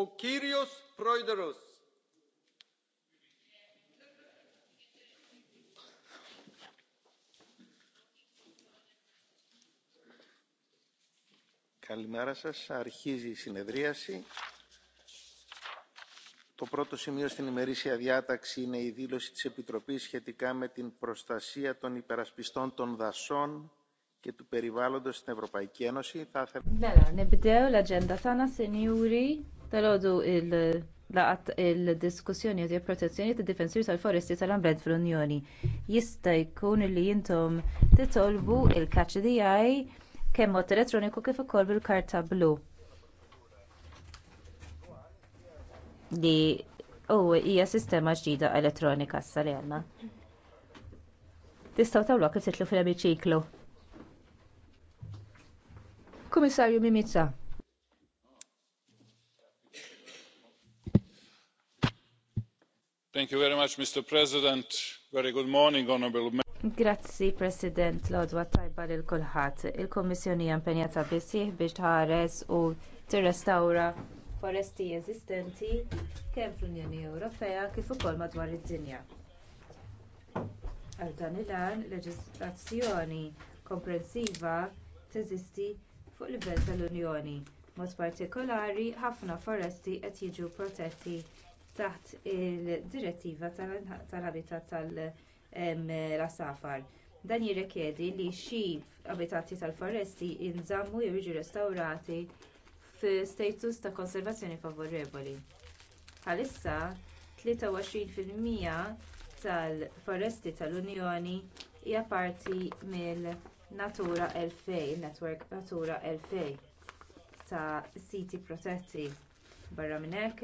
u Kyrios Proideros. Καλημέρα σας. Αρχίζει η συνεδρίαση. Το πρώτο σημείο στην ημερήσια διάταξη είναι η δήλωση της Επιτροπής σχετικά με την προστασία των υπερασπιστών των δασών και του περιβάλλοντος στην Ευρωπαϊκή Ένωση. Θα ήθελα... Μέλα, νεμπιδέω, l-agenda tana, Dalodu il- laqat il-diskussjoni għad protezzjoni ta' difensur tal-foresti tal-ambred fl-Unjoni. Jista' jkun li jintom titolbu il-kaċ DI kemm mod elettroniku kif ukoll bil-karta blu. Li u hija sistema ġdida elettronika issa li għandna. Tistgħu tawlu kif titlu fil-emiċiklu. Komissarju Mimica. mr president very good morning members. Grazzi President l-għodwa tajba lil kulħadd. Il-Kummissjoni hija impenjata bisih biex tħares u tirrestawra foresti eżistenti kemm fl-Unjoni Ewropea kif ukoll madwar id-dinja. Għal dan il-għan leġiżlazzjoni komprensiva teżisti fuq livell tal-Unjoni. Mod partikolari ħafna foresti qed jiġu protetti taħt il-direttiva tal abitat tal-rasafar. Dan jirrekedi li xi abitati tal-foresti jinżammu jew jiġu restawrati f'status ta' konservazzjoni favorevoli. Bħalissa 23% tal-foresti tal-Unjoni hija parti mill-Natura 2000, netwerk Natura 2000 ta' siti protetti. Barra minn hekk,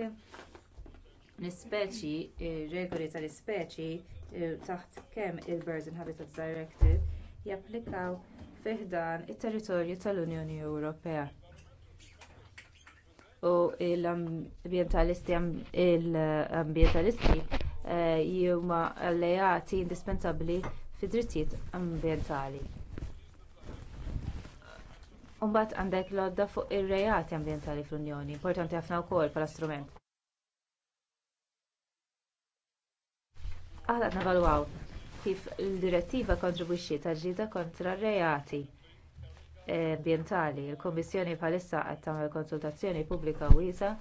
l-ispeċi ir-regoli tal-ispeċi eh, taħt kemm il-birds and habitats directive japplikaw fi ħdan it-territorju tal-unjoni ewropea u l-ambjentalisti eh, huma alleati indispensabbli fid-drittijiet ambjentali Umbat għandek lodda fuq ir-reati ambjentali fl-Unjoni, importanti ħafna wkoll bħala strument. aħna navalwaw kif id direttiva kontribwixxi tal-ġida kontra r-reati eh, ambjentali. Il-Kummissjoni bħalissa qed tagħmel konsultazzjoni pubblika wiesa'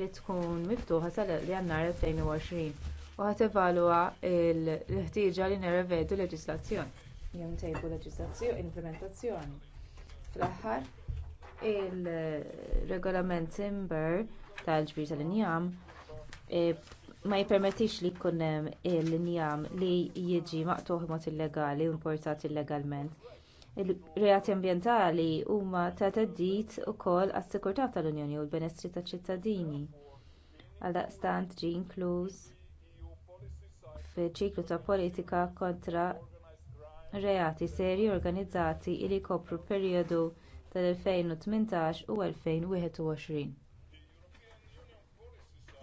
li tkun miftuħa sal-jannar 2020 u ħadd evalwa l-ħtieġa li nirrevedu leġislazzjoni jew ntejbu leġislazzjoni implementazzjoni. Fl-aħħar il-regolament timber tal-ġbir tal-injam eh, ma jippermettix li jkun hemm il-njam li jiġi maqtuħ mod illegali u importat illegalment. Ir-reati ambjentali huma ta' theddid ukoll għas-sigurtà tal-Unjoni u l-benessri taċ-ċittadini. Għaldaqstant ġie inkluż fiċ-ċiklu ta' politika kontra reati serji organizzati li jkopru perjodu tal-2018 u 2021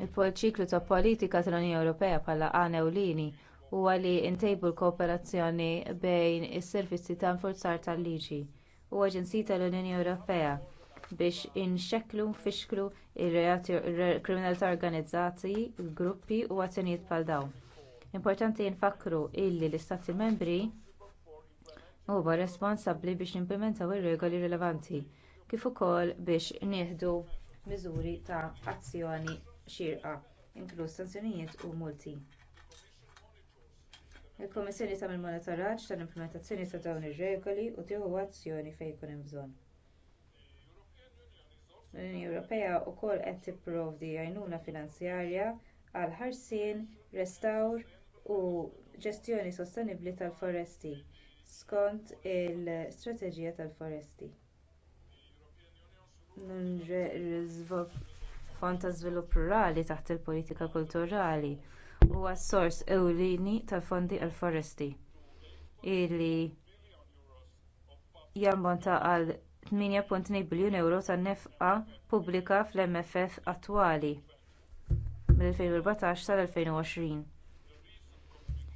il-ċiklu ta' politika tal-Unjoni Ewropea bħala għan ewlieni huwa li ntejbu l-kooperazzjoni bejn is-servizzi ta' infurzar tal-liġi u aġenziji tal-Unjoni Ewropea biex inxekklu r reati kriminalità organizzati, gruppi u azzjonijiet bħal dawn. Importanti nfakru illi l-Istati membri huwa responsabbli biex jimplementaw ir-regoli rilevanti kif ukoll biex nieħdu miżuri ta' azzjoni xierqa inkluż sanzjonijiet u multi il-kummissjoni tagħmel monitoraġġ tal-implementazzjoni ta' dawn ir-regoli u tieħu azzjoni fejn ikun hemm bżonn l-unjoni ewropea wkoll qed tipprovdi għajnuna finanzjarja għal ħarsien restawr u ġestjoni sostenibbli tal-foresti skont il-strateġija tal-foresti fond ta' żvilupp rurali taħt il-politika kulturali huwa s-sors ewlieni tal-fondi għall-foresti illi jammonta għal 8.2 biljun euro tan-nefqa pubblika fl-mff attwali mill-2014 sal-2020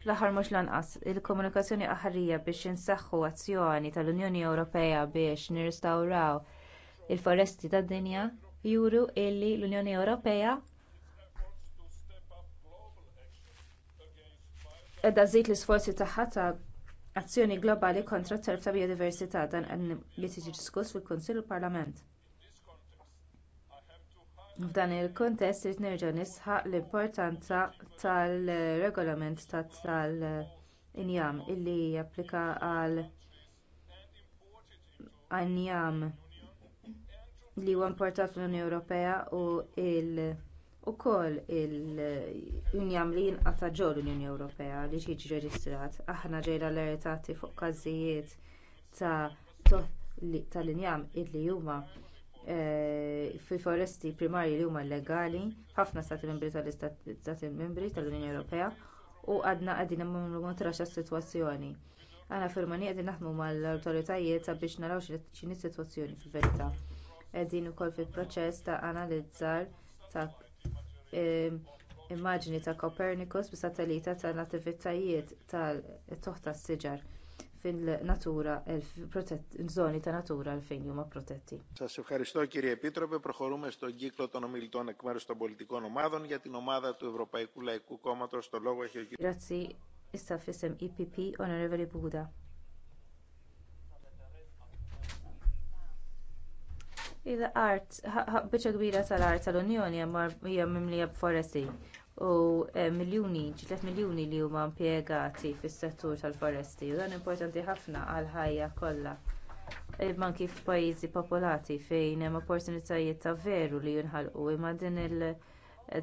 l-aħħar mhux lanqas il-komunikazzjoni aħħarija biex insaħħu azzjoni tal-unjoni ewropea biex nirrestawraw il-foresti tad-dinja juru illi l-Unjoni Ewropea edha żżid l-isforzi tagħha ta' azzjoni globali kontra t-telf ta' biodiversità dan qed li tiġi diskuss fil-Kunsill u l-Parlament. F'dan il-kuntest trid nerġa' nisħaq l-importanza tal-regolament tal-injam illi japplika għal injam li huwa importat fl-Unjoni Ewropea u il ukoll il-unjam li jinqata ġol l-Unjoni Ewropea li ġiġi reġistrat. Aħna ġejra l-eritati fuq każijiet tal-injam illi huma e, fi foresti primarji li huma illegali, ħafna stati membri tal-istati membri tal-Unjoni Ewropea u għadna qegħdin nagħmlu montrax għas-sitwazzjoni. Għana firmani għadin naħdmu mal-autoritajiet sabiex naraw x'inhi s-sitwazzjoni fil-verità qegħdin ukoll fil-proċess ta' analizzar ta' immaġni ta' copernicus bis-satellita tal-attivitajiet tal-toħ tas-siġar fin-natura żoni ta' natura għal fejn huma protetti. Σας ευχαριστώ κύριε Επίτροπε. Προχωρούμε στον κύκλο των ομιλητών εκ των πολιτικών ομάδων για την ομάδα του Ευρωπαϊκού Λαϊκού Το λόγο έχει ο Grazie. Issa fissem EPP Onorevoli Buda. Il-art, biċa kbira tal-art tal-Unjoni hija mimlija b'foresti u eh, miljuni, ġilet miljuni li huma impjegati fis-settur tal-foresti u dan importanti ħafna għal ħajja kollha. E, manki f'pajjiżi popolati fejn hemm opportunitajiet ta' veru li jinħalqu imma din il-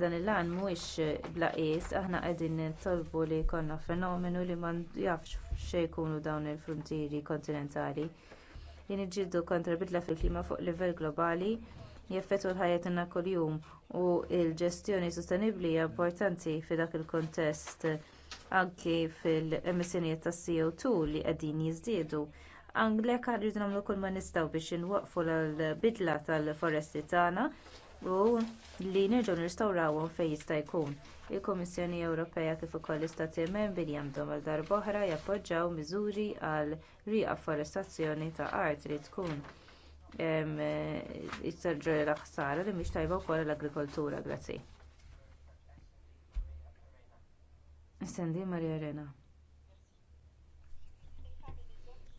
dan il-lan mhuwiex blaqis aħna qegħdin nitolbu li jkollna fenomenu li ma jafx xejn dawn il-fruntieri kontinentali li niġġieldu kontra bidla fil-klima fuq livell globali jaffettwa l-ħajja tagħna kuljum u l-ġestjoni sostenibbli hija importanti f'dak il-kuntest anki fil-emissjonijiet tas-co2 li qegħdin jiżdiedu għalhekk rridu nagħmlu kull ma nistgħu biex inwaqqfu l-bidla tal-foresti tagħna u li nerġgħu nirrestawrawhom fejn jista' jkun il-kummissjoni ewropea kif ukoll l-istati membri li għandhom għal darb'oħra jappoġġjaw miżuri għal riafforestazzjoni ta' art li tkun jistaġġel l-ħsara li mhix tajba wkoll l-agrikoltura grazzi. Sendi Maria Arena.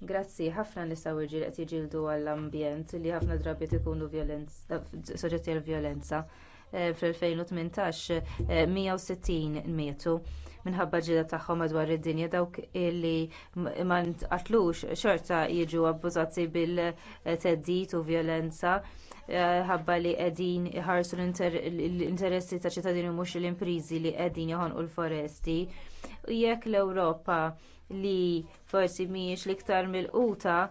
Grazzi, ħafna nisa u ġil qed jiġildu għall-ambjent li ħafna drabi ikunu soġġetti għal violenza. Eh, Fl-2018 160 eh, mietu minħabba ġida tagħhom madwar id-dinja dawk illi ma ntqatlux xorta jiġu abbużati bil-teddit u violenza eh, ħabba li qegħdin ħarsu l-interessi ta' ċittadini mhux l-imprizi li qegħdin joħonqu l-foresti. Jekk l-Ewropa li forsi mhijiex l-iktar quta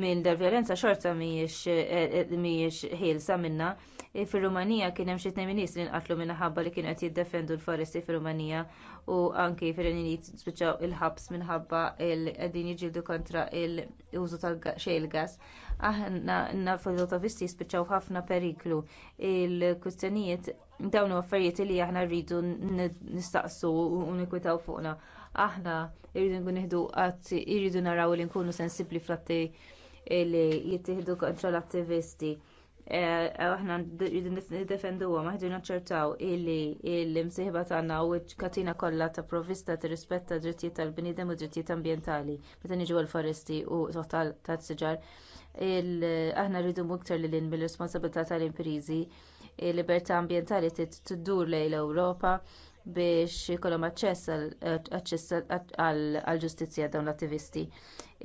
minn da violenza xorta mhijiex eh, eh, ħilsa minnha. Eh, Fir-Rumanija kien hemm xi tnejn nies li nqatlu minħabba li kienu qed jiddefendu l-foresti fir-Rumanija u anki fir-Renjinijiet spiċċaw il-ħabs minħabba l qegħdin jiġildu kontra l-użu tal-xejl gas. Aħna nafu l-autovisti spiċċaw ħafna periklu. Il-kustenijiet dawn u affarijiet li aħna rridu nistaqsu u nikwitaw fuqna aħna irridu nkun nieħdu qatt irridu naraw li nkunu sensibbli flatti li jittieħdu kontra l-attivisti. E, e, aħna rridu nifenduhom, aħna naċċertaw illi l imsiħba tagħna u katina kollha ta' provvista rispetta drittijiet tal-bniedem u drittijiet ambjentali meta niġu għal foresti u ta' tas-siġar. Aħna rridu muktar lil mill-responsabilità tal-imprizi, l libertà ambjentali tiddur lejn l-Ewropa, biex jkollhom aċċess għall-ġustizzja dawn l-attivisti.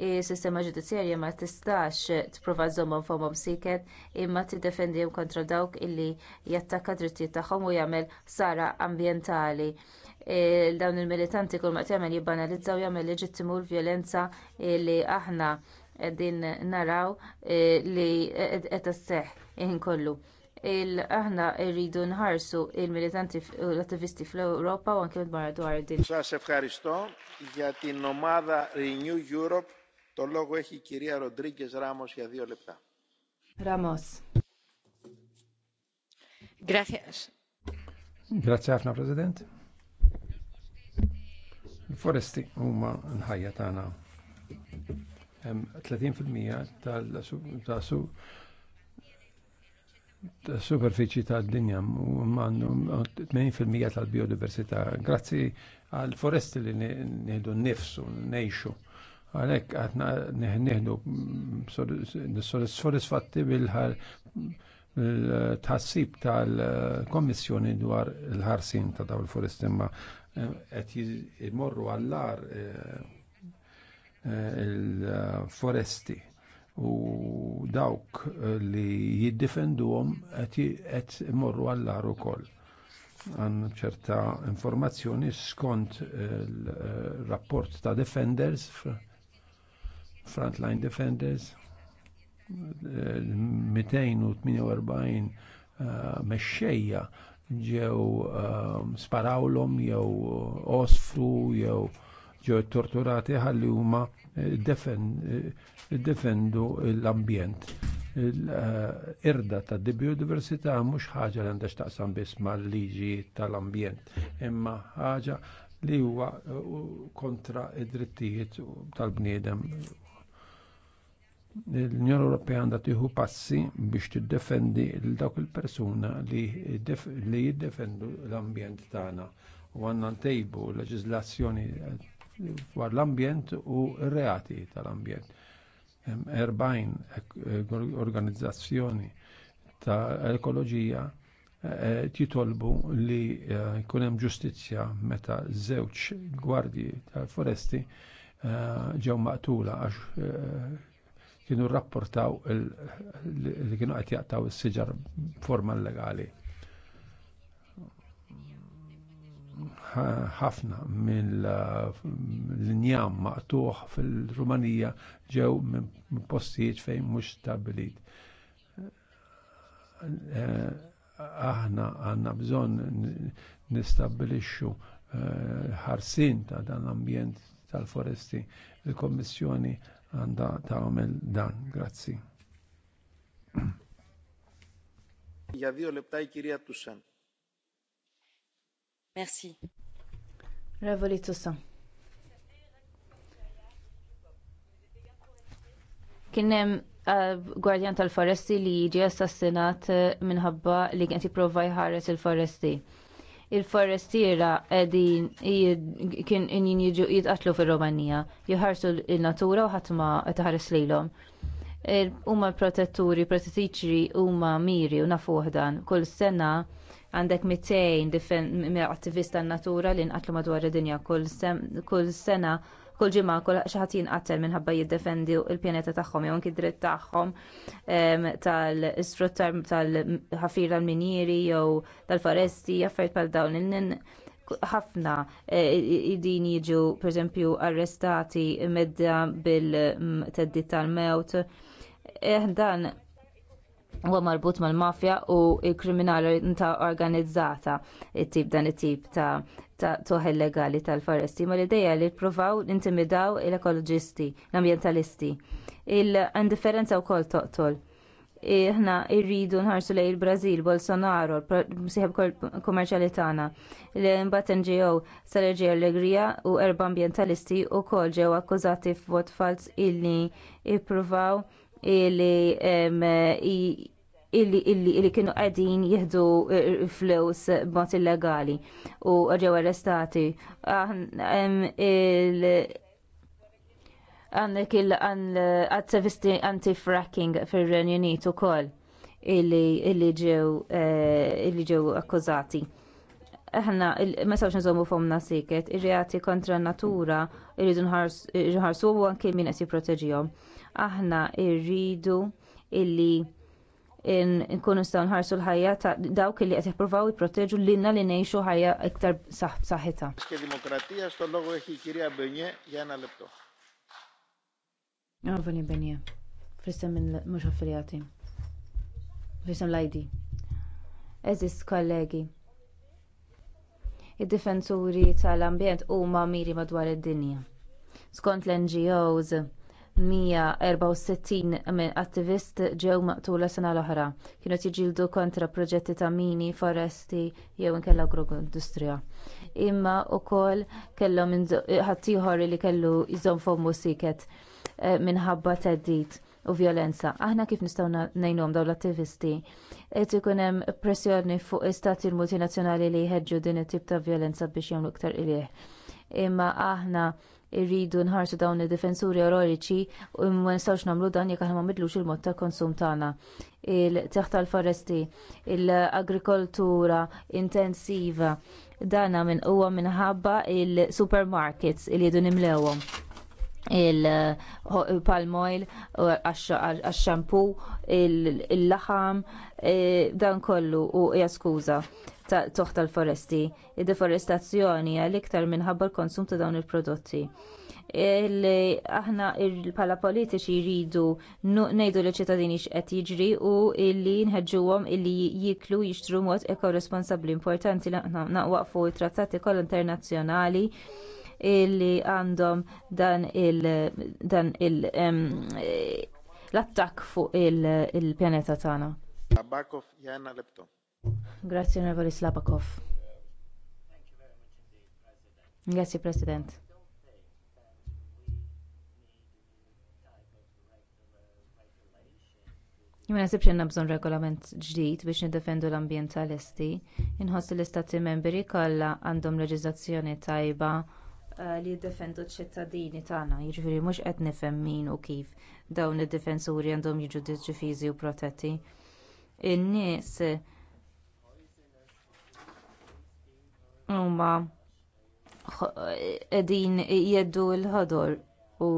Is-sistema ġudizzjarja ma tistax tipprova żommhom fomhom siket imma tiddefendihom kontra dawk illi jattakka drittijiet tagħhom u jagħmel sara ambjentali. Dawn il-militanti kull ma jagħmel jibbanalizzaw jagħmel leġittimu l-vjolenza li aħna qegħdin naraw eh, li qed isseħħ kollu aħna rridu nħarsu il militanti u l-attivisti fl-Ewropa u anke barra dwar din. Σας ευχαριστώ για την nomada Renew Europe. Το λόγο έχει η κυρία Ροντρίγκες Ράμος για δύο Ramos. Gracias. Grazie ħafna President. Il-foresti huma nħajja ħajja tagħna. Hemm 30% tal-su superfiċi ta' d dinja għandhom 80% tal-biodiversità grazzi għal foresti li neħdu nifsu, nnifsu nejxu. għatna neħdu s sodisfatti bil-ħar tħassib tal komissjoni dwar il-ħarsin ta' dawn il-foresti imma għet eh, jmorru għallar eh, eh, il-foresti u dawk eh, li jiddefenduhom. qed imorru għall-ar ukoll. Għan ċerta informazzjoni skont il-rapport eh, ta' Defenders, Frontline Defenders, 248 eh, mexxejja ġew sparawlom jew osfru jew ġew torturati ħalli huma Eh, defendu l-ambjent. Eh, irda ta' biodiversità mhux ħaġa li għandha x'taqsam biss mal-liġi tal-ambjent, imma ħaġa li huwa eh, kontra id-drittijiet tal-bniedem l-Unjoni Ewropea għandha tieħu passi biex tiddefendi l dawk il-persuna li jiddefendu l-ambjent tagħna u għandna ntejbu l-leġiżlazzjoni dwar l-ambjent u r-reati tal-ambjent. Erbajn organizzazzjoni ta' ekoloġija eh, titolbu li eh, jkun hemm ġustizzja meta żewġ gwardji tal-foresti eh, ġew maqtula għax kienu rrapportaw li kienu qed jaqtaw is-siġar forma legali. ħafna mill eh, injam maqtuħ fil-Rumanija ġew minn postijiet fejn mhux stabilit. Eh, aħna għandna bżonn nistabbilixxu eh, ħarsin ta' dan l-ambjent tal-foresti. Il-Kommissjoni għandha tagħmel dan. Grazzi. Merci. Revoli Tussa. Kienem uh, gwardjan tal-foresti li jiġi assassinat uh, minħabba li kien jipprova jħares il-foresti. Il-forestiera qegħdin kien jiġu jitqatlu fir-Romanija, jħarsu l-natura u ħadd ma taħares lilhom. Er, huma protetturi, protettiċi huma miri u nafuħdan. Kull sena għandek 200 attivista natura li nqatlu madwar id-dinja kull sena kull ġimgħa kull xi ħadd jinqatel minħabba jiddefendi l-pjaneta tagħhom jew anki dritt tagħhom tal istruttar tal-ħafir tal-minieri jew tal-foresti affarijiet bħal dawn il-nin ħafna eh, din jiġu pereżempju arrestati medda bil-teddit tal-mewt eh, dan huwa marbut mal-mafja u l ta' organizzata it-tip dan it-tip ta' toħ illegali tal-foresti ma l-ideja li provaw intimidaw l-ekoloġisti, l-ambientalisti. Il-indifferenza wkoll toqtol. Iħna irridu nħarsu lejn il brażil Bolsonaro, msieħeb kummerċjali tagħna, li mbagħad NGO Salerġija Allegrija u erba' ambjentalisti wkoll ġew akkużati f'vot fals illi ippruvaw illi illi, illi, illi kienu qegħdin jieħdu eh, flus b'mod illegali u ġew arrestati. Għandek il-attivisti anti-fracking fir-Renju Unit ukoll illi eh, ġew akkużati. Aħna, ma sawx nżommu fomna siket, ir-reati kontra natura irridu nħarsu u anke min qed jipproteġihom aħna rridu illi nkunu staw nħarsu l-ħajja ta' dawk li qed jippruvaw jipproteġu lilna li ngħixu ħajja iktar saħħitha. Għavani Benje, fissem minn mhux affiljati. Fissem lajdi. Eżist Eżis kollegi. Id-difensuri tal-ambjent huma miri madwar id-dinja. Skont l-NGOs, 164 minn attivist ġew maqtula sena l-oħra kienu jiġġieldu kontra proġetti ta' mini foresti jew inkella agroindustrija imma wkoll kellhom ħaddieħor li kellu jżomm fommu siket eh, minħabba theddid u vjolenza. Aħna kif nistgħu ngħinuhom dawn l-attivisti qed ikun hemm pressjoni fuq istati multinazzjonali li jħeġġu din it-tip ta' vjolenza biex jagħmlu iktar ilih. Imma aħna irridu nħarsu dawn id-difensuri eroriċi u ma nistgħux nagħmlu dan jekk aħna ma midlux il-mod tal-konsum tagħna. Il-teħ tal-foresti, l-agrikoltura intensiva, dana minn huwa minħabba il-supermarkets il jdu nimlewhom il-palm oil, għax-xampu, il-laħam, eh, dan kollu u jaskuza toħ tal-foresti. Id-deforestazzjoni għal iktar minħabba l-konsum ta' dawn il-prodotti. Illi aħna bħala politiċi jridu ngħidu li ċittadini x'qed jiġri u illi nħeġġuhom illi jiklu jixtru mod ekorresponsabbli importanti naqwaqfu trattati kollha internazzjonali illi għandhom dan il dan il l-attakk fuq il-pjaneta tagħna. Tabakov Grazie, Onorevoli Slabakov. Grazie, President. Jumma nasib xenna bżon regolament ġdid biex nidefendu l-ambientalisti. Inħoss l-istati membri kollha għandhom leġiżlazzjoni tajba eh, li jiddefendu ċ-ċittadini tagħna, jiġifieri mhux qed nifhem min u kif dawn id defensuri għandhom jiġu diffiżi u protetti. In-nies huma qegħdin jeddu l-ħodor u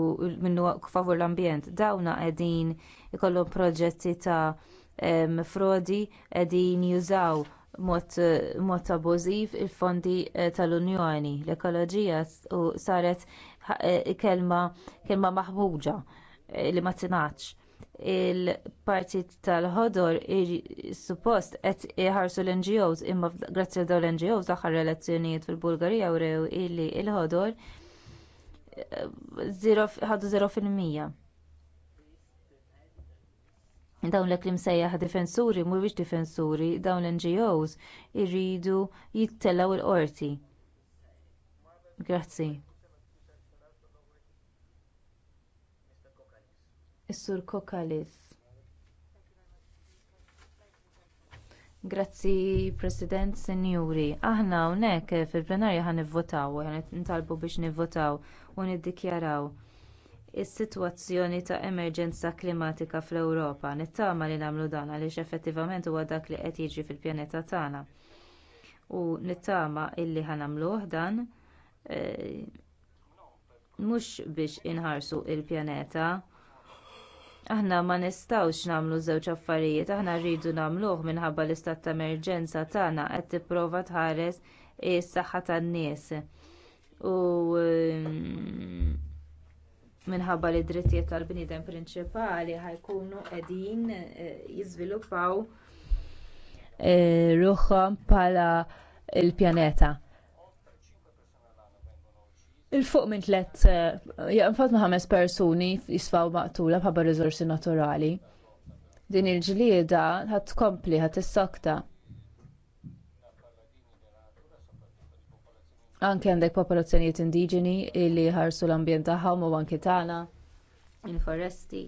minnu favur l-ambjent. Dawna qegħdin ikollhom proġetti ta' frodi qegħdin jużaw mod abużiv il-fondi eh, tal-Unjoni. L-ekoloġija saret eh, kelma kelma maħmuġa eh, li ma tingħatx il-partit tal-ħodor suppost qed iħarsu l-NGOs imma grazzi għal dawn l-NGOs aħħar elezzjonijiet fil-Bulgarija wrew illi l ħodor eh, ħadu 0%. Dawn l-eklim sejjaħ difensuri, mhuwiex difensuri, dawn l-NGOs irridu jittellgħu l-qorti. Grazzi. is-sur Kokalis. Grazzi President Sinjuri. Aħna hawnhekk fil-plenarja ħa nivvotaw, ħan nitalbu biex nivvotaw u niddikjaraw is-sitwazzjoni ta' emerġenza klimatika fl-Ewropa. Nittama li nagħmlu dan għaliex effettivament huwa dak li qed jiġi fil-pjaneta tagħna. U nittama illi nagħmluh dan eh, mhux biex inħarsu l pjaneta Aħna ma nistgħux nagħmlu żewġ affarijiet, aħna rridu nagħmluh minħabba l-istat ta' emerġenza tagħna qed tipprova tħares is-saħħa tan-nies. U mm, minħabba li d-drittijiet tal-bniedem prinċipali ħajkunu qegħdin eh, jiżviluppaw eh, ruħhom bħala l pjaneta Il-fuq minn tlet, eh, jgħanfat ma' ħames persuni jisfaw maqtula bħabba rizorsi naturali. Din il-ġlieda ħat kompli ħat is-sakta. Anke għandek popolazzjonijiet indiġeni li ħarsu l-ambjent tagħhom u anke tagħna, il-foresti,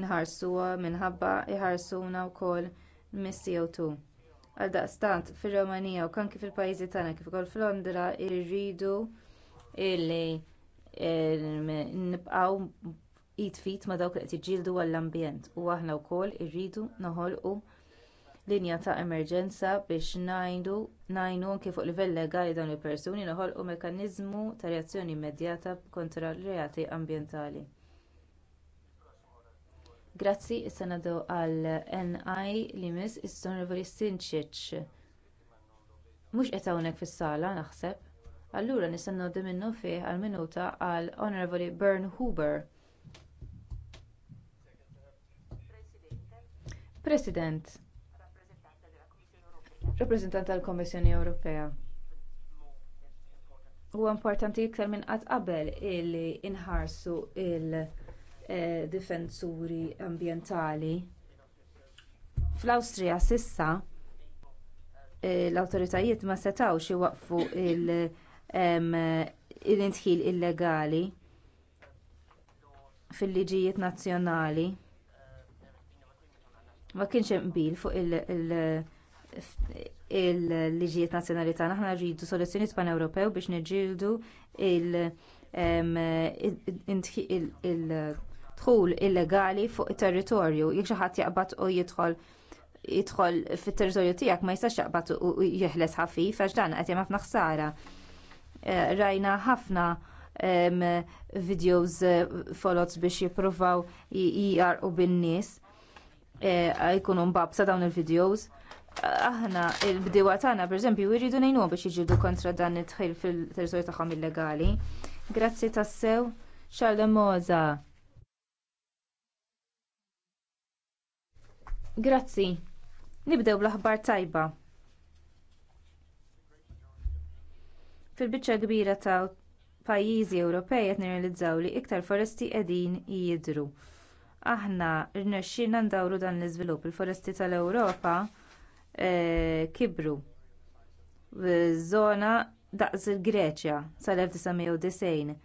inħarsuha minħabba iħarsuna wkoll mis-CO2 għaldaqstant fir-rumanija u kanki fil-pajjiżi tagħna kif ukoll f'londra irridu illi eh, nibqaw id-fit ma dawk li tiġildu għall-ambjent u aħna wkoll irridu noħolqu linja ta' emerġenza biex ngħinu anke fuq livell legali dawn il-persuni noħolqu mekkaniżmu ta' reazzjoni immedjata kontra r-reati ambjentali. Grazzi issa ngħaddu għal NI li miss is-Onorevoli Sinčić. Mhux qed hawnhekk fis-sala naħseb. Allura nistennew din minnu fih għal minuta għall Honorable Bern Huber. President, rappresentant tal-Kommissjoni Ewropea. Huwa importanti iktar minn qatt qabel illi inħarsu il-difensuri eh, ambjentali. Fl-Awstrija sissa eh, l-awtoritajiet ma setgħux iwaqfu il- l-intħil illegali fil-liġijiet nazzjonali ma kienx hemm bil fuq il-liġijiet nazzjonali tagħna aħna rridu soluzzjonijiet pan-Ewropew biex niġġieldu il-dħul illegali fuq it-territorju jekk xi ħadd jaqbad u jidħol jidħol fit-territorju tiegħek ma jistax jaqbad u jeħles ħafif għax dan qed jagħmel ħafna ħsara. Eh, rajna ħafna videos eh, folots biex jippruvaw jgħarqu bin-nies eh, jkunu mbabsa dawn il-videos. Aħna il-bdewa tagħna pereżempju jridu ngħinu biex jiġildu kontra dan it-tħil fil-territorju tagħhom illegali. Grazzi tassew, xalda Moza. Grazzi. Nibdew bl-aħbar tajba. Fil-biċċa kbira ta' pajjiżi Ewropej qed nirrealizzaw li iktar foresti qegħdin jidhru. Aħna rnexxielna ndawru dan l-iżvilupp. Il-foresti tal-Ewropa eh, kibru żona daqs il-Greċja sal-1990.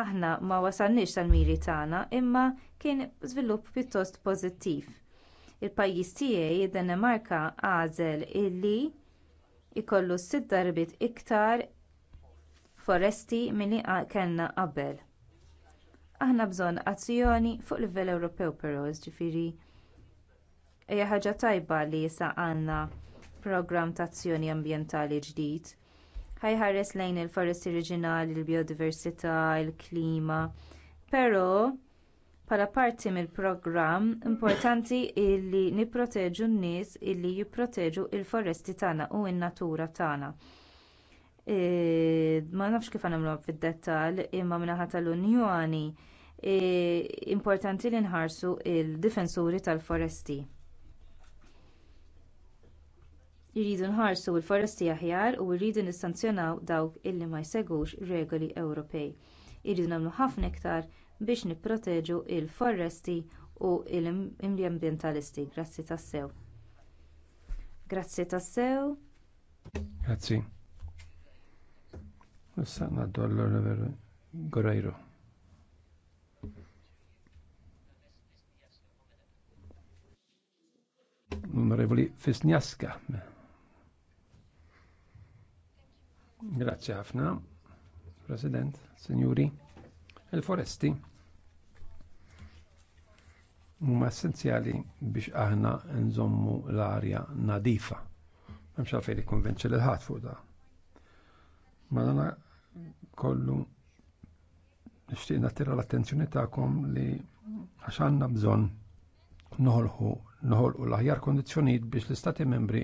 Aħna ma wasalniex tal-miri tagħna imma kien żvilupp pjuttost pożittiv. Il-pajjiż tiegħi id-Danimarka għażel illi jkollu sitt darbiet iktar foresti milli kellna qabel aħna bżonn azzjoni fuq livell Ewropew però jiġifieri hija ħaġa tajba li issa għandna programm ta' azzjoni ambjentali ġdid ħajħares lejn il-foresti oriġinali il-biodiversità il-klima però bħala parti mill-programm importanti li nipproteġu n-nies illi jipproteġu l-foresti tagħna u n-natura tagħna E, ma nafx kif għamlu fid-dettal imma minnaħa tal-Unjoni e, importanti li nħarsu l difensuri tal-foresti. Iridu nħarsu l foresti aħjar u rridu nistanzjonaw dawk illi ma jsegwux regoli Ewropej. Irridu nagħmlu ħafna iktar biex nipproteġu l foresti u l-imri ambjentalisti. Grazzi tassew. Grazzi tassew. Grazzi. Issa ngħaddu l Guerrero. Onorevoli Fisnjaska. Grazie Afna, President, Signori, El foresti huma essenzjali biex aħna nżommu l-arja nadifa. M'hemmx għalfejn ikkonvinċi l ħadd fuq da. Ma kollu nixtieq nattira l-attenzjoni tagħkom li għax għandna bżonn noħolħu noħolqu l-aħjar kondizzjonijiet biex l-Istati membri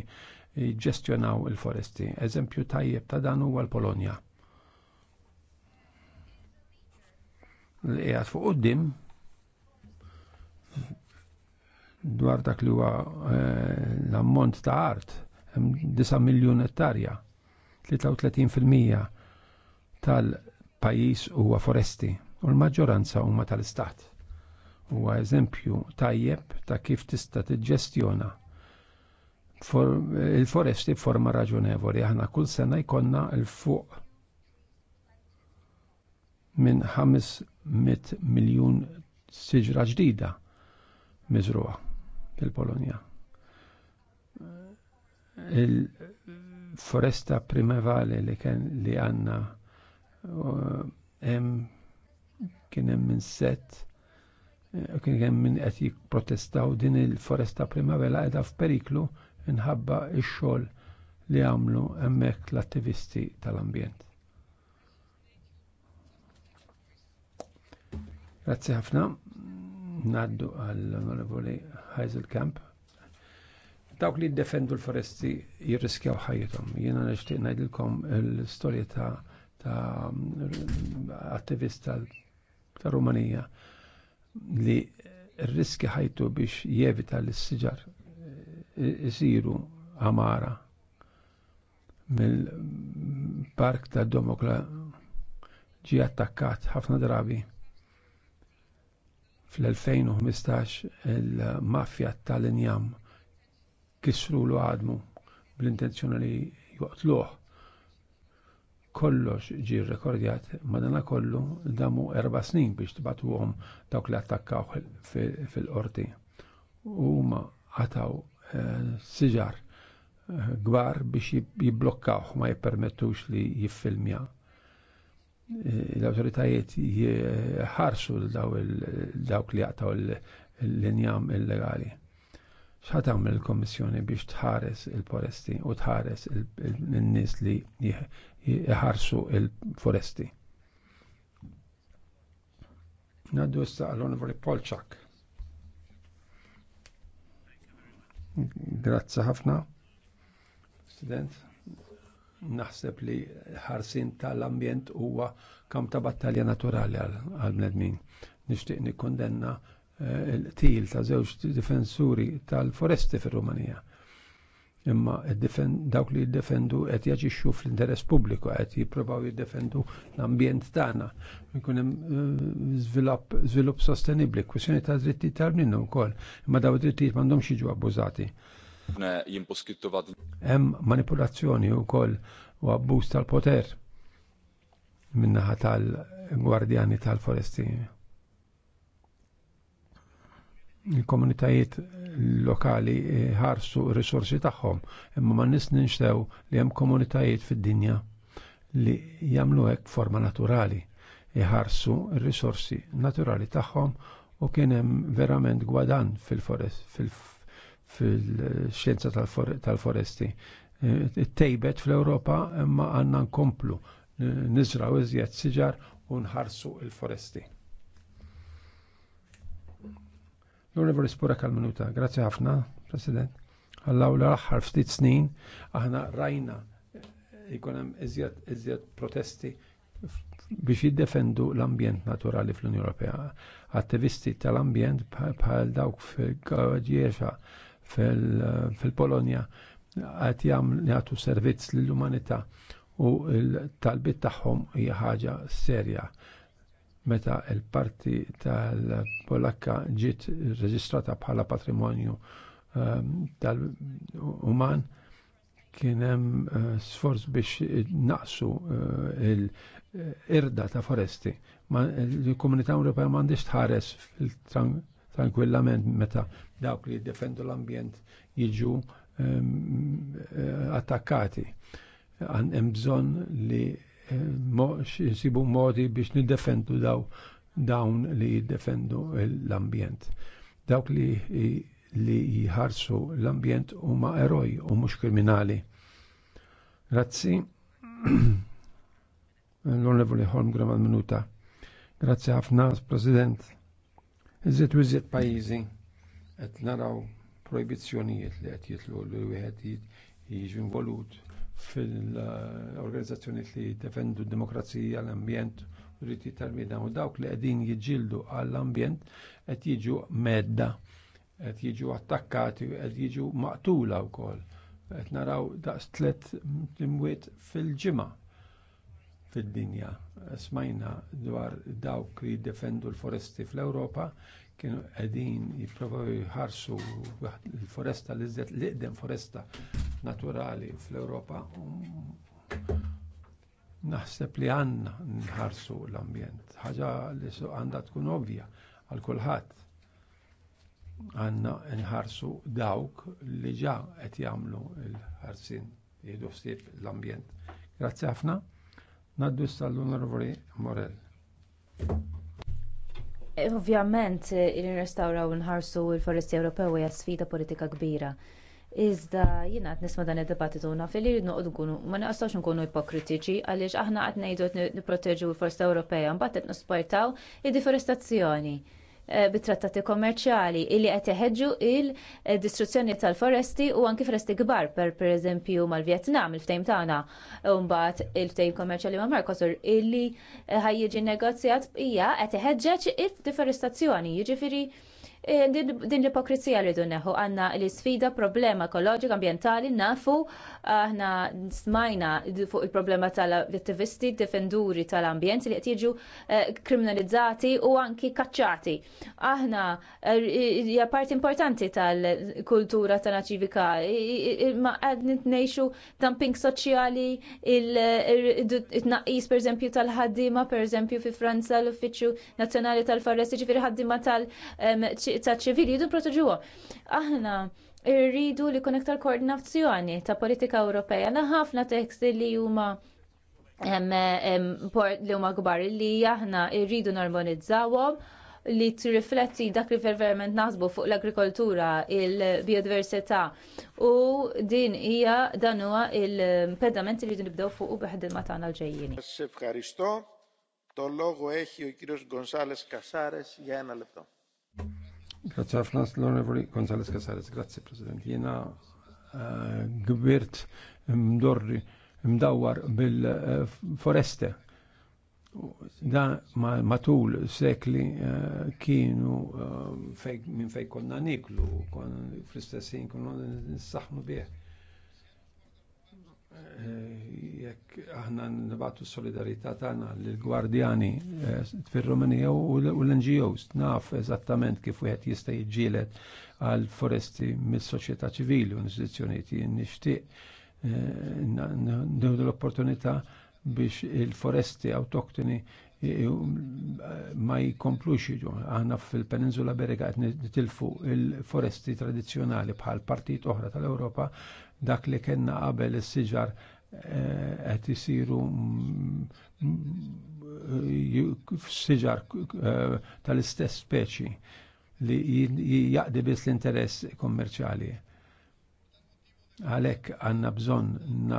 jġestjonaw il-foresti. Eżempju tajjeb ta' dan huwa l-Polonja. l qiegħed fuq quddiem dwar dak li huwa eh, l-ammont ta' art hemm 9 miljun ettarja 33 fil-mija tal-pajis huwa foresti u l-maġġoranza huma tal-istat. Huwa eżempju tajjeb ta' kif tista' tiġġestjona il-foresti b'forma raġunevoli. Aħna kull sena jkollna l fuq minn 500 miljun siġra ġdida miżruha fil-Polonja. Il-foresta primevali li kien li għanna Uh kien hemm minn set eh, kien hemm min qed jipprotestaw din il-foresta primavera qiegħda f'periklu minħabba x-xogħol li għamlu hemmhekk l-attivisti tal-ambjent. Grazzi ħafna. Naddu għall-Onorevoli Heiselkamp. Dawk li defendu l-foresti jirriskjaw ħajjithom. Jiena nixtieq ngħidilkom l-istorja ta' ta' attivista ta' Rumanija li riski ħajtu biex jevita l-siġar e, isiru għamara mill-park ta' Domokla ġi attakkat ħafna drabi fl-2015 il-mafja tal-injam kisru l għadmu bl-intenzjoni li juqtluħ kollox ġi rekordjat madana kollu damu erba snin biex għom dawk li attakkaw fil-qorti. Huma għataw eh, siġar eh, gbar biex jiblokkaw ma jippermettux li jiffilmja. Eh, l-autoritajiet jħarsu dawk li jaqtaw l-injam illegali xħat għamil il-Komissjoni biex tħares il-foresti u tħares il-nis li jħarsu il-foresti. Naddu issa għall-Onorevoli Polczak. Grazzi ħafna, Student. Naħseb li ħarsin tal-ambjent huwa kam ta' battalja naturali għal-bnedmin. Nixtieq nikkondenna Eh, il-til ta' żewġ difensuri tal-foresti fir-Rumanija. Imma dawk li jiddefendu qed jaġixxu fl-interess pubbliku, qed jippruvaw jiddefendu l-ambjent tagħna. jkun hemm eh, żvilupp sostenibbli, kwistjoni ta' dritti tal bnien ukoll. imma daw id-drittijiet m'għandhomx jiġu abbużati. Hemm manipulazzjoni wkoll u abbuż tal-poter minnaħa tal-gwardjani tal-foresti il-komunitajiet lokali eh, ħarsu r-risorsi tagħhom, imma ma nis ninxtew li hemm komunitajiet fid-dinja li jagħmlu hekk forma naturali, iħarsu r-risorsi naturali tagħhom u kien hemm verament gwadan fil-forest fil-xjenza tal-foresti. Eh, Tejbet fl-Ewropa imma għandna nkomplu nizraw iżjed siġar u nħarsu l-foresti. L-Onorevoli kal-minuta. Grazie ħafna, President. Għallaw l aħħar ftit snin, aħna rajna eh, hemm iżjed protesti biex jiddefendu l-ambjent naturali fl-Unjoni Ewropea. Attivisti tal-ambjent bħal dawk fil-Gawġiexa fil-Polonja għat jgħatu servizz l umanita u l-talbit tagħhom hija ħaġa serja meta l-parti tal-Polakka ġiet reġistrata bħala patrimonju ehm, tal-uman kien hemm eh, sforz biex naqsu eh, l-irda ta' foresti. Il-Komunità Ewropea m'għandix tħares tranquillament meta dawk li jiddefendu l-ambjent jiġu ehm, eh, attakkati. Hemm bżonn li sibu modi biex niddefendu daw dawn li jiddefendu l-ambjent. Dawk li li jħarsu l-ambjent huma eroj u mhux kriminali. Grazzi. L-Onorevoli Holmgren għal-minuta. Grazzi ħafna, President. Iżiet u iżiet pajizi qed naraw projbizzjonijiet li qed jitlu li wieħed jiġu involut fil-organizzazzjoni li defendu d-demokrazija, l-ambjent u dritti tal-bnidem u dawk li qegħdin jġildu għall-ambjent qed jiġu medda, qed jiġu attakkati, qed jiġu maqtula wkoll. Qed naraw daqs tlet imwiet fil-ġimgħa fid-dinja. Smajna dwar dawk li jiddefendu l-foresti fl-Ewropa, kienu qegħdin jipprovaw jħarsu l-foresta li iżjed l-iqdem foresta naturali fl-Ewropa. Mm, naħseb li għandna nħarsu l-ambjent, ħaġa li għandha tkun ovvja għal kulħadd. Għandna nħarsu dawk li ġa qed jagħmlu l-ħarsin jgħidu ħsieb l-ambjent. Grazzi ħafna. Naddu issa l-Onorevoli Morel. Ovvjament, eh, il-nirrestawraw nħarsu l foresti Ewropew hija sfida politika kbira. Iżda jiena qed nisma' dan id-dibattitu naf li jrid noqgħod nkunu ma naqsawx nkunu ipokritiċi għaliex aħna qed ngħidu nipproteġu l-foresta Ewropea mbagħad qed nisportaw id-deforestazzjoni. Eh, bit-trattati kommerċjali illi qed jeħeġġu il-distruzzjoni tal-foresti u anki foresti kbar per pereżempju mal-Vjetnam il-ftejm tagħna u mbagħad il-ftejm kommerċjali ma' Mercosur illi ħajjiġi negozjat hija qed iħeġġeġ id-deforestazzjoni. Jiġifieri Eh, din l-ipokrizija li dunneħu għanna l-sfida problema ekoloġika ambientali nafu aħna smajna fuq il-problema tal-attivisti defenduri tal-ambjent li qed jiġu eh, kriminalizzati u anki kaċċati. Aħna er, hija parti importanti tal-kultura tagħna ċivika ma qed nitnejxu dumping soċjali il-tnaqqis er, pereżempju tal per pereżempju fi Franza l-Uffiċċju Nazzjonali tal-Foresti ġifir ħaddima tal- ta' ċivili jridu proteġuha. Aħna rridu li kun iktar koordinazzjoni ta' politika Ewropea. Na ħafna teksti li huma li huma kbar li aħna rridu normalizzawhom li tirrifletti dak li verament nasbu fuq l-agrikoltura, il-biodiversità u din hija dan huwa il-pedament li nibdew fuq u il tagħna l-ġejjini. Ευχαριστώ. Το λόγο έχει ο Grazie a l-Onorevoli Gonzales Casares. Grazie President. Jena eh, gbirt mdorri mm, mdawwar mm, bil-foreste. Eh, da matul sekli eh, kienu minn fej konna niklu, fl-istessin konna nissaħnu bieħ Eh, jekk aħna nibatu solidarità tagħna lill gwardjani eh, fir-Rumenija u l-NGOs naf eżattament kif wieħed jista' jiġġieled għal foresti mis-soċjetà ċivili u l-istituzzjonijiet nixtieq eh, nħu l-opportunità biex il-foresti autoktoni um, ma jkomplux jiġu. Aħna fil-Peninsula Berega qed nitilfu il-foresti tradizzjonali bħal partit oħra tal-Ewropa dak li kellna qabel is-siġar eh, qed isiru siġar eh, tal-istess speċi li jaqdi biss l-interess kommerċjali. Għalhekk għandna bżonn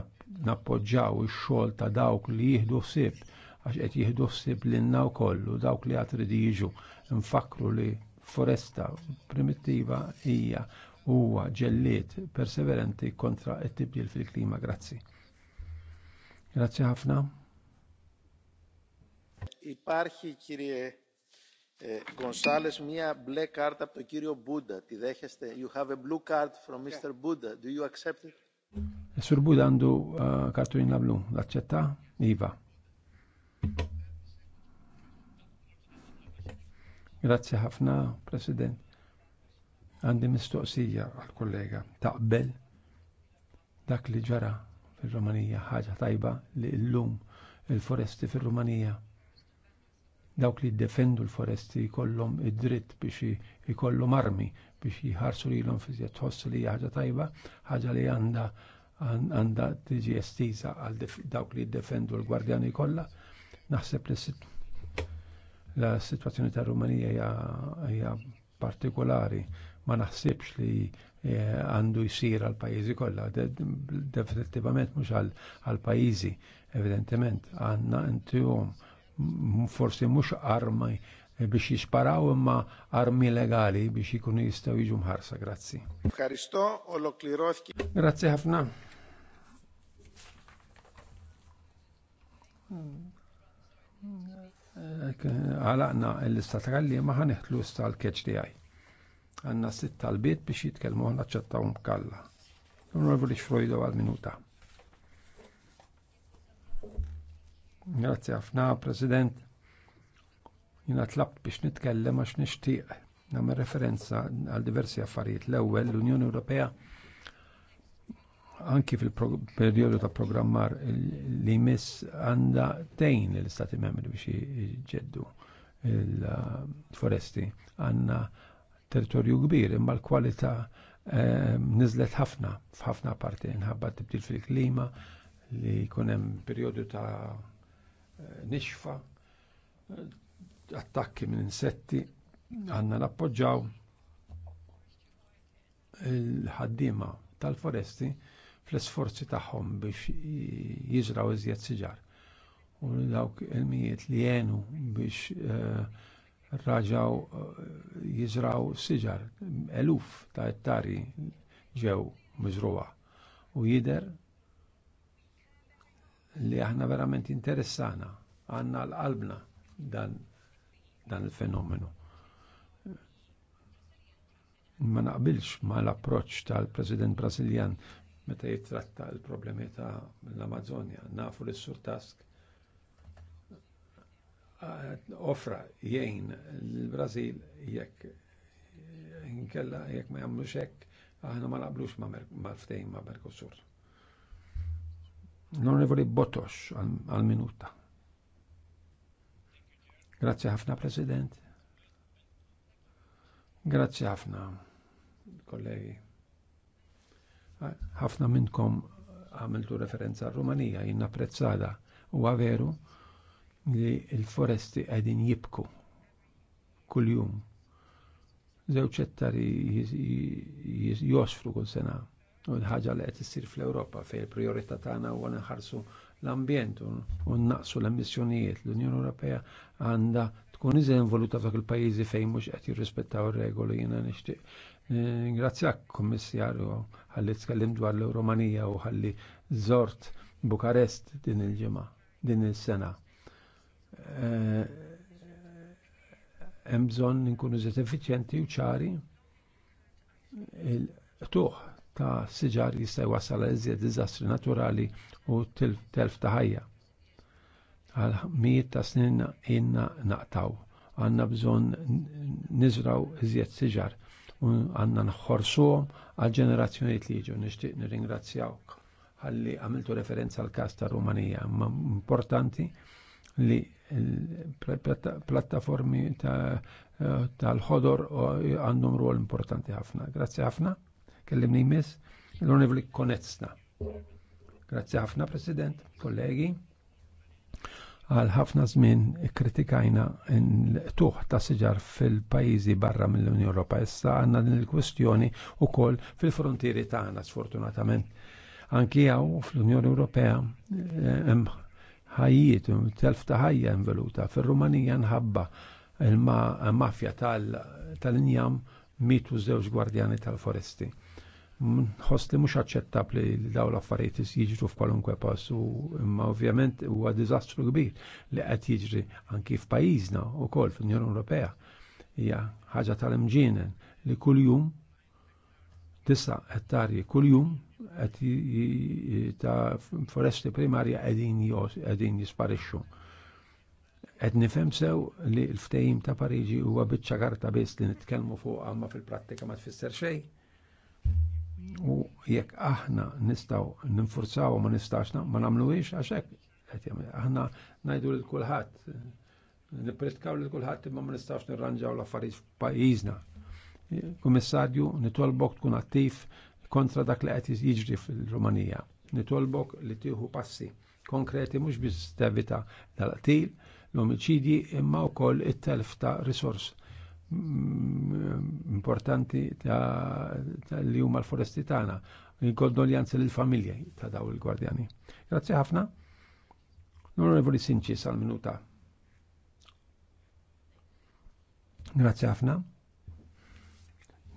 nappoġġaw ix-xogħol ta' dawk li jieħdu ħsieb għax qed jieħdu ħsieb lilna wkoll u dawk li għad jiġu nfakru li foresta primittiva hija huwa ġellied perseverenti kontra t-tibdil fil-klima. Grazzi. Grazzi ħafna. Υπάρχει κύριε ε, Γκονσάλες μία μπλε κάρτα από τον κύριο Μπούντα. Τη δέχεστε. You have a blue card from Mr. Buddha. Do you accept it? Sur Buddha għandu kartulina blu. Λατσέτα. Ήβα. Grazie ħafna, President. Għandi mistoqsija għal-kollega taqbel dak li ġara fil-Rumanija ħaġa tajba li llum il-foresti fil-Rumanija dawk li jiddefendu l-foresti jkollhom id-dritt biex jkollhom armi biex jħarsu lilhom fiżjed tħoss li ħaġa tajba, ħaġa li għandha għandha tiġi estiża għal dawk li jiddefendu l-gwardjani kollha. Naħseb li la situazzjoni tar-Rumanija hija partikolari ma naħsibx li eh, għandu jsir għal pajjiżi kollha, definitivament mhux għal pajjiżi, evidentement għandna intuhom forsi mhux armi biex jisparaw imma armi legali biex ikunu jistgħu jiġu mħarsa, grazzi. Grazzi ħafna. Hmm. Għalaqna l-istatakal li maħan iħtlu sta l-keċ għaj. Għanna sitt talbiet biex jitkelmu għanna mkalla. kalla. Onorevoli Xfrojdo għal-minuta. Grazie għafna, President. Jina tlabt biex nitkellem għax nishtiq. Namme referenza għal diversi affarijiet. L-ewwel l-Unjoni Ewropea anki fil-periodu ta' programmar li jmiss għanda tejn l istati membri biex jġeddu il-foresti għanna territorju kbir, imma l-kwalità ehm, nizlet ħafna f'ħafna parti nħabba tibdil fil-klima li jkun hemm perjodu ta' eh, nixfa, eh, attakki minn insetti, għandna nappoġġaw il-ħaddiema tal-foresti fl isforzi tagħhom biex jiżraw iżjed siġar. U dawk il-mijiet li jenu biex uh, raġaw eh, jizraw siġar, eluf ta' ettari ġew mizruwa. U jider li aħna verament interessana, għanna l-qalbna dan, dan il-fenomenu. Ma naqbilx ma l-approċ tal-President Brasiljan meta jitratta l-problemi ta' l-Amazonja, nafu l-surtask Offra jgħin l-Brazil jekk inkella jekk ma jagħmlux xekk aħna ma naqblux mal ftejn ma' Mercosur. L-Onorevoli Botox għal-minuta. Grazie ħafna, President. Grazie ħafna, kollegi. ħafna minnkom għamiltu referenza għal Rumanija, jinn apprezzada u għaveru li l-foresti qegħdin jibku kuljum. Zewċ ettari josfru kull sena. U l-ħaġa li qed issir fl europa fejn il-priorità tagħna u nħarsu l-ambjent u naqsu l-emissjonijiet. L-Unjoni Ewropea għandha tkun iżen involuta f'dak il pajizi fejn mhux qed jirrispettaw ir-regoli jiena nixtieq eh, Grazzjak, kommissarju, għalli t-skallim dwar l-Romanija u għalli zort Bukarest din il-ġimgħa, din il sena Eh, hemm bżonn inkunu żed effiċjenti u ċari il-tuħ ta' siġar jista' jwassal iżjed diżastri naturali u telf ta' ħajja. Għal mijiet ta' snin inna naqtaw. Għanna bżon nizraw iżjed siġar u għanna nħorsuhom għal ġenerazzjoniet li jiġu nixtieq nirringrazzjawk ħalli għamiltu referenza għal kas ta' Rumanija, ma importanti li plattaformi tal-ħodor għandhom rol importanti ħafna. Grazzi ħafna, kellimni jmiss, l-onivli konetzna. Grazzi ħafna, President, kollegi għal ħafna żmien kritikajna tuħ ta' siġar fil-pajjiżi barra mill-Unjoni Ewropa. Issa għandna din il-kwestjoni wkoll fil-frontieri tagħna sfortunatament. Anki hawn fl-Unjoni Ewropea eh, hemm ħajjiet, um, telf ta' ħajja involuta. Fir-Rumanija nħabba il-mafja tal-injam mitu żewġ gwardjani tal-foresti. Nħoss li mhux aċċettabbli li dawn l-affarijiet jiġru f'kwalunkwe pass u imma ovvjament huwa diżastru kbir li qed jiġri anki f'pajjiżna wkoll fl-Unjoni Ewropea. Hija ħaġa tal-imġienen li kuljum 9 ettarji kuljum ta' foresti primarja qegħdin jisparixxu. Qed nifhem sew li l-ftehim ta' Pariġi huwa biċċa karta biss li nitkellmu fuq għamma fil-prattika ma tfisser xejn. U jekk aħna nistgħu ninfurzaw ma nistax ma nagħmluhiex għax hekk aħna ngħidu lil kulħadd nipprettkaw lil kulħadd imma ma nistax nirranġaw l-affarijiet f'pajjiżna. Kummissarju, nitolbok tkun attiv kontra dak li qed jiġri fil-Rumanija. Nitolbok li tieħu passi konkreti mhux biss tevita dal-qtil, l-omiċidji imma wkoll it-telf ta' risors importanti ta' li huma l-foresti tagħna. Kondoljanzi lill familji ta' daw il-gwardjani. Grazzi ħafna. L-Onorevoli Sinċi sal-minuta. Grazzi ħafna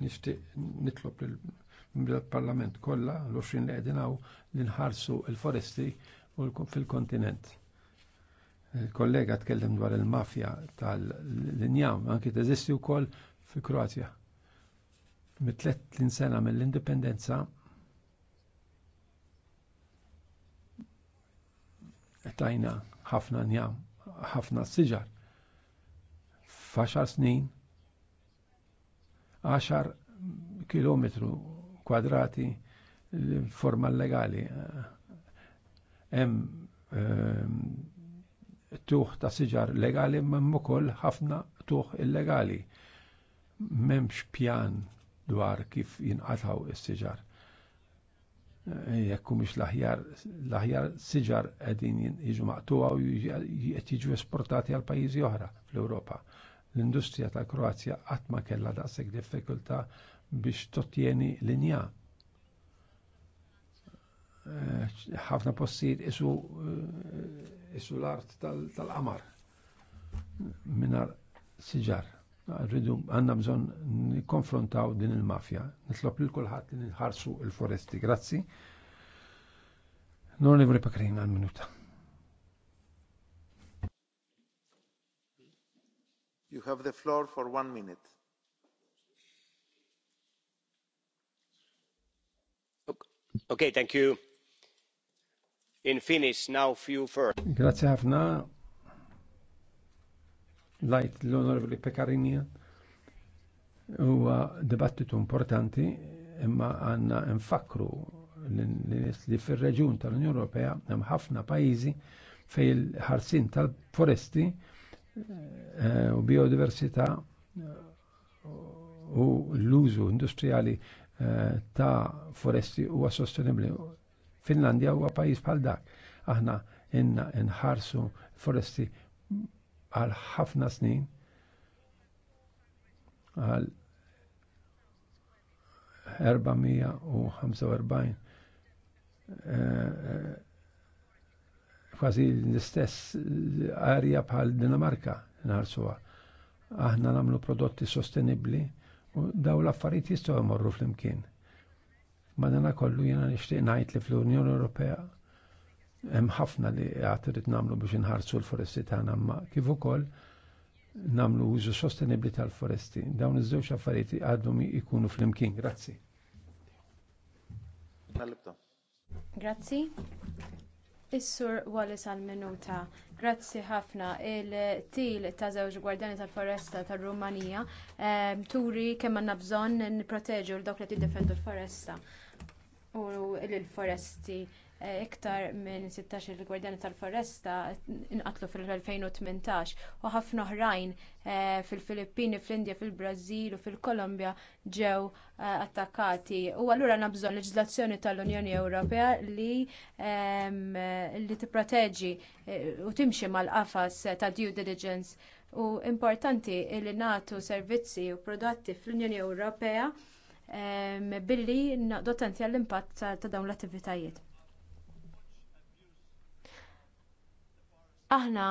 nixtieq nitlob lill-Parlament kollha l-20 li qegħdin li nħarsu l-foresti fil-kontinent. Il-kollega tkellem dwar il-mafja tal-linjam anki teżisti wkoll fil-Kroatja. Mitlet l sena mill-indipendenza tajna ħafna njam, ħafna siġar. faxar snin 10 kilometru kwadrati forma legali. Hemm tuħ ta' siġar legali m'hemm ukoll ħafna tuħ illegali. M'hemmx pjan dwar kif jinqataw is-siġar. Jekk mhux l-aħjar l-aħjar siġar qegħdin jiġu maqtuha u qed jiġu esportati għal pajjiżi oħra fl-Ewropa L-industrija tal-Kroazja qatt ma kellha daqshekk diffikultà biex tottieni linja. Eh, ħafna postijiet isu eh, isu l-art tal-qamar minar siġar. Rridu għandna bżon nikkonfrontaw din il-mafja. Nitlob lil kulħadd li nħarsu il-foresti. Grazzi. Non li vri pakrin għal-minuta. You have the floor for one minute. Okay, thank you. In Finnish, now few first. Grazie ħafna. Light l-onorevoli Pekarinja. Huwa dibattitu importanti imma għanna nfakru li fil-reġun tal-Unjoni Ewropea hemm ħafna pajjiżi fej il-ħarsin tal-foresti Eh, u biodiversità eh, u l-użu industriali eh, ta' foresti huwa sostenibbli. Finlandja huwa pajjiż bħal dak. Aħna inna nħarsu foresti għal ħafna snin għal 445 kważi l-istess arja bħal Dinamarka nħarsuha. Aħna namlu prodotti sostenibli u daw l-affarijiet jistgħu jmorru flimkien. Madana kollu jiena nixtieq ngħid li fl-Unjoni Ewropea hemm ħafna li għad irid nagħmlu biex inħarsu l-foresti tagħna ma kif ukoll namlu użu sostenibli tal-foresti. Dawn iż-żewġ affarijiet għadhom ikunu flimkien. Grazzi. Grazzi. Is-sur Wallis għal minuta. Grazzi ħafna. Il-til ta' żewġ gwardjani tal-foresta tar-Rumanija eh, turi kemm għandna bżonn nipproteġu l dawk li tiddefendu l-foresta u l-foresti. Eh, iktar minn 16 il-Gwardjani tal-Foresta inqatlu fil-2018 u ħafna oħrajn eh, fil-Filippini, fl-Indja, fil-Brażil u fil-Kolombja ġew eh, attakkati. U allura nabżon leġislazzjoni tal-Unjoni Ewropea li ehm, li tipproteġi u timxi mal-qafas ta' due diligence u importanti li nagħtu servizzi u prodotti fl-Unjoni Ewropea ehm, billi naqdu għall-impatt ta' dawn l-attivitajiet. Aħna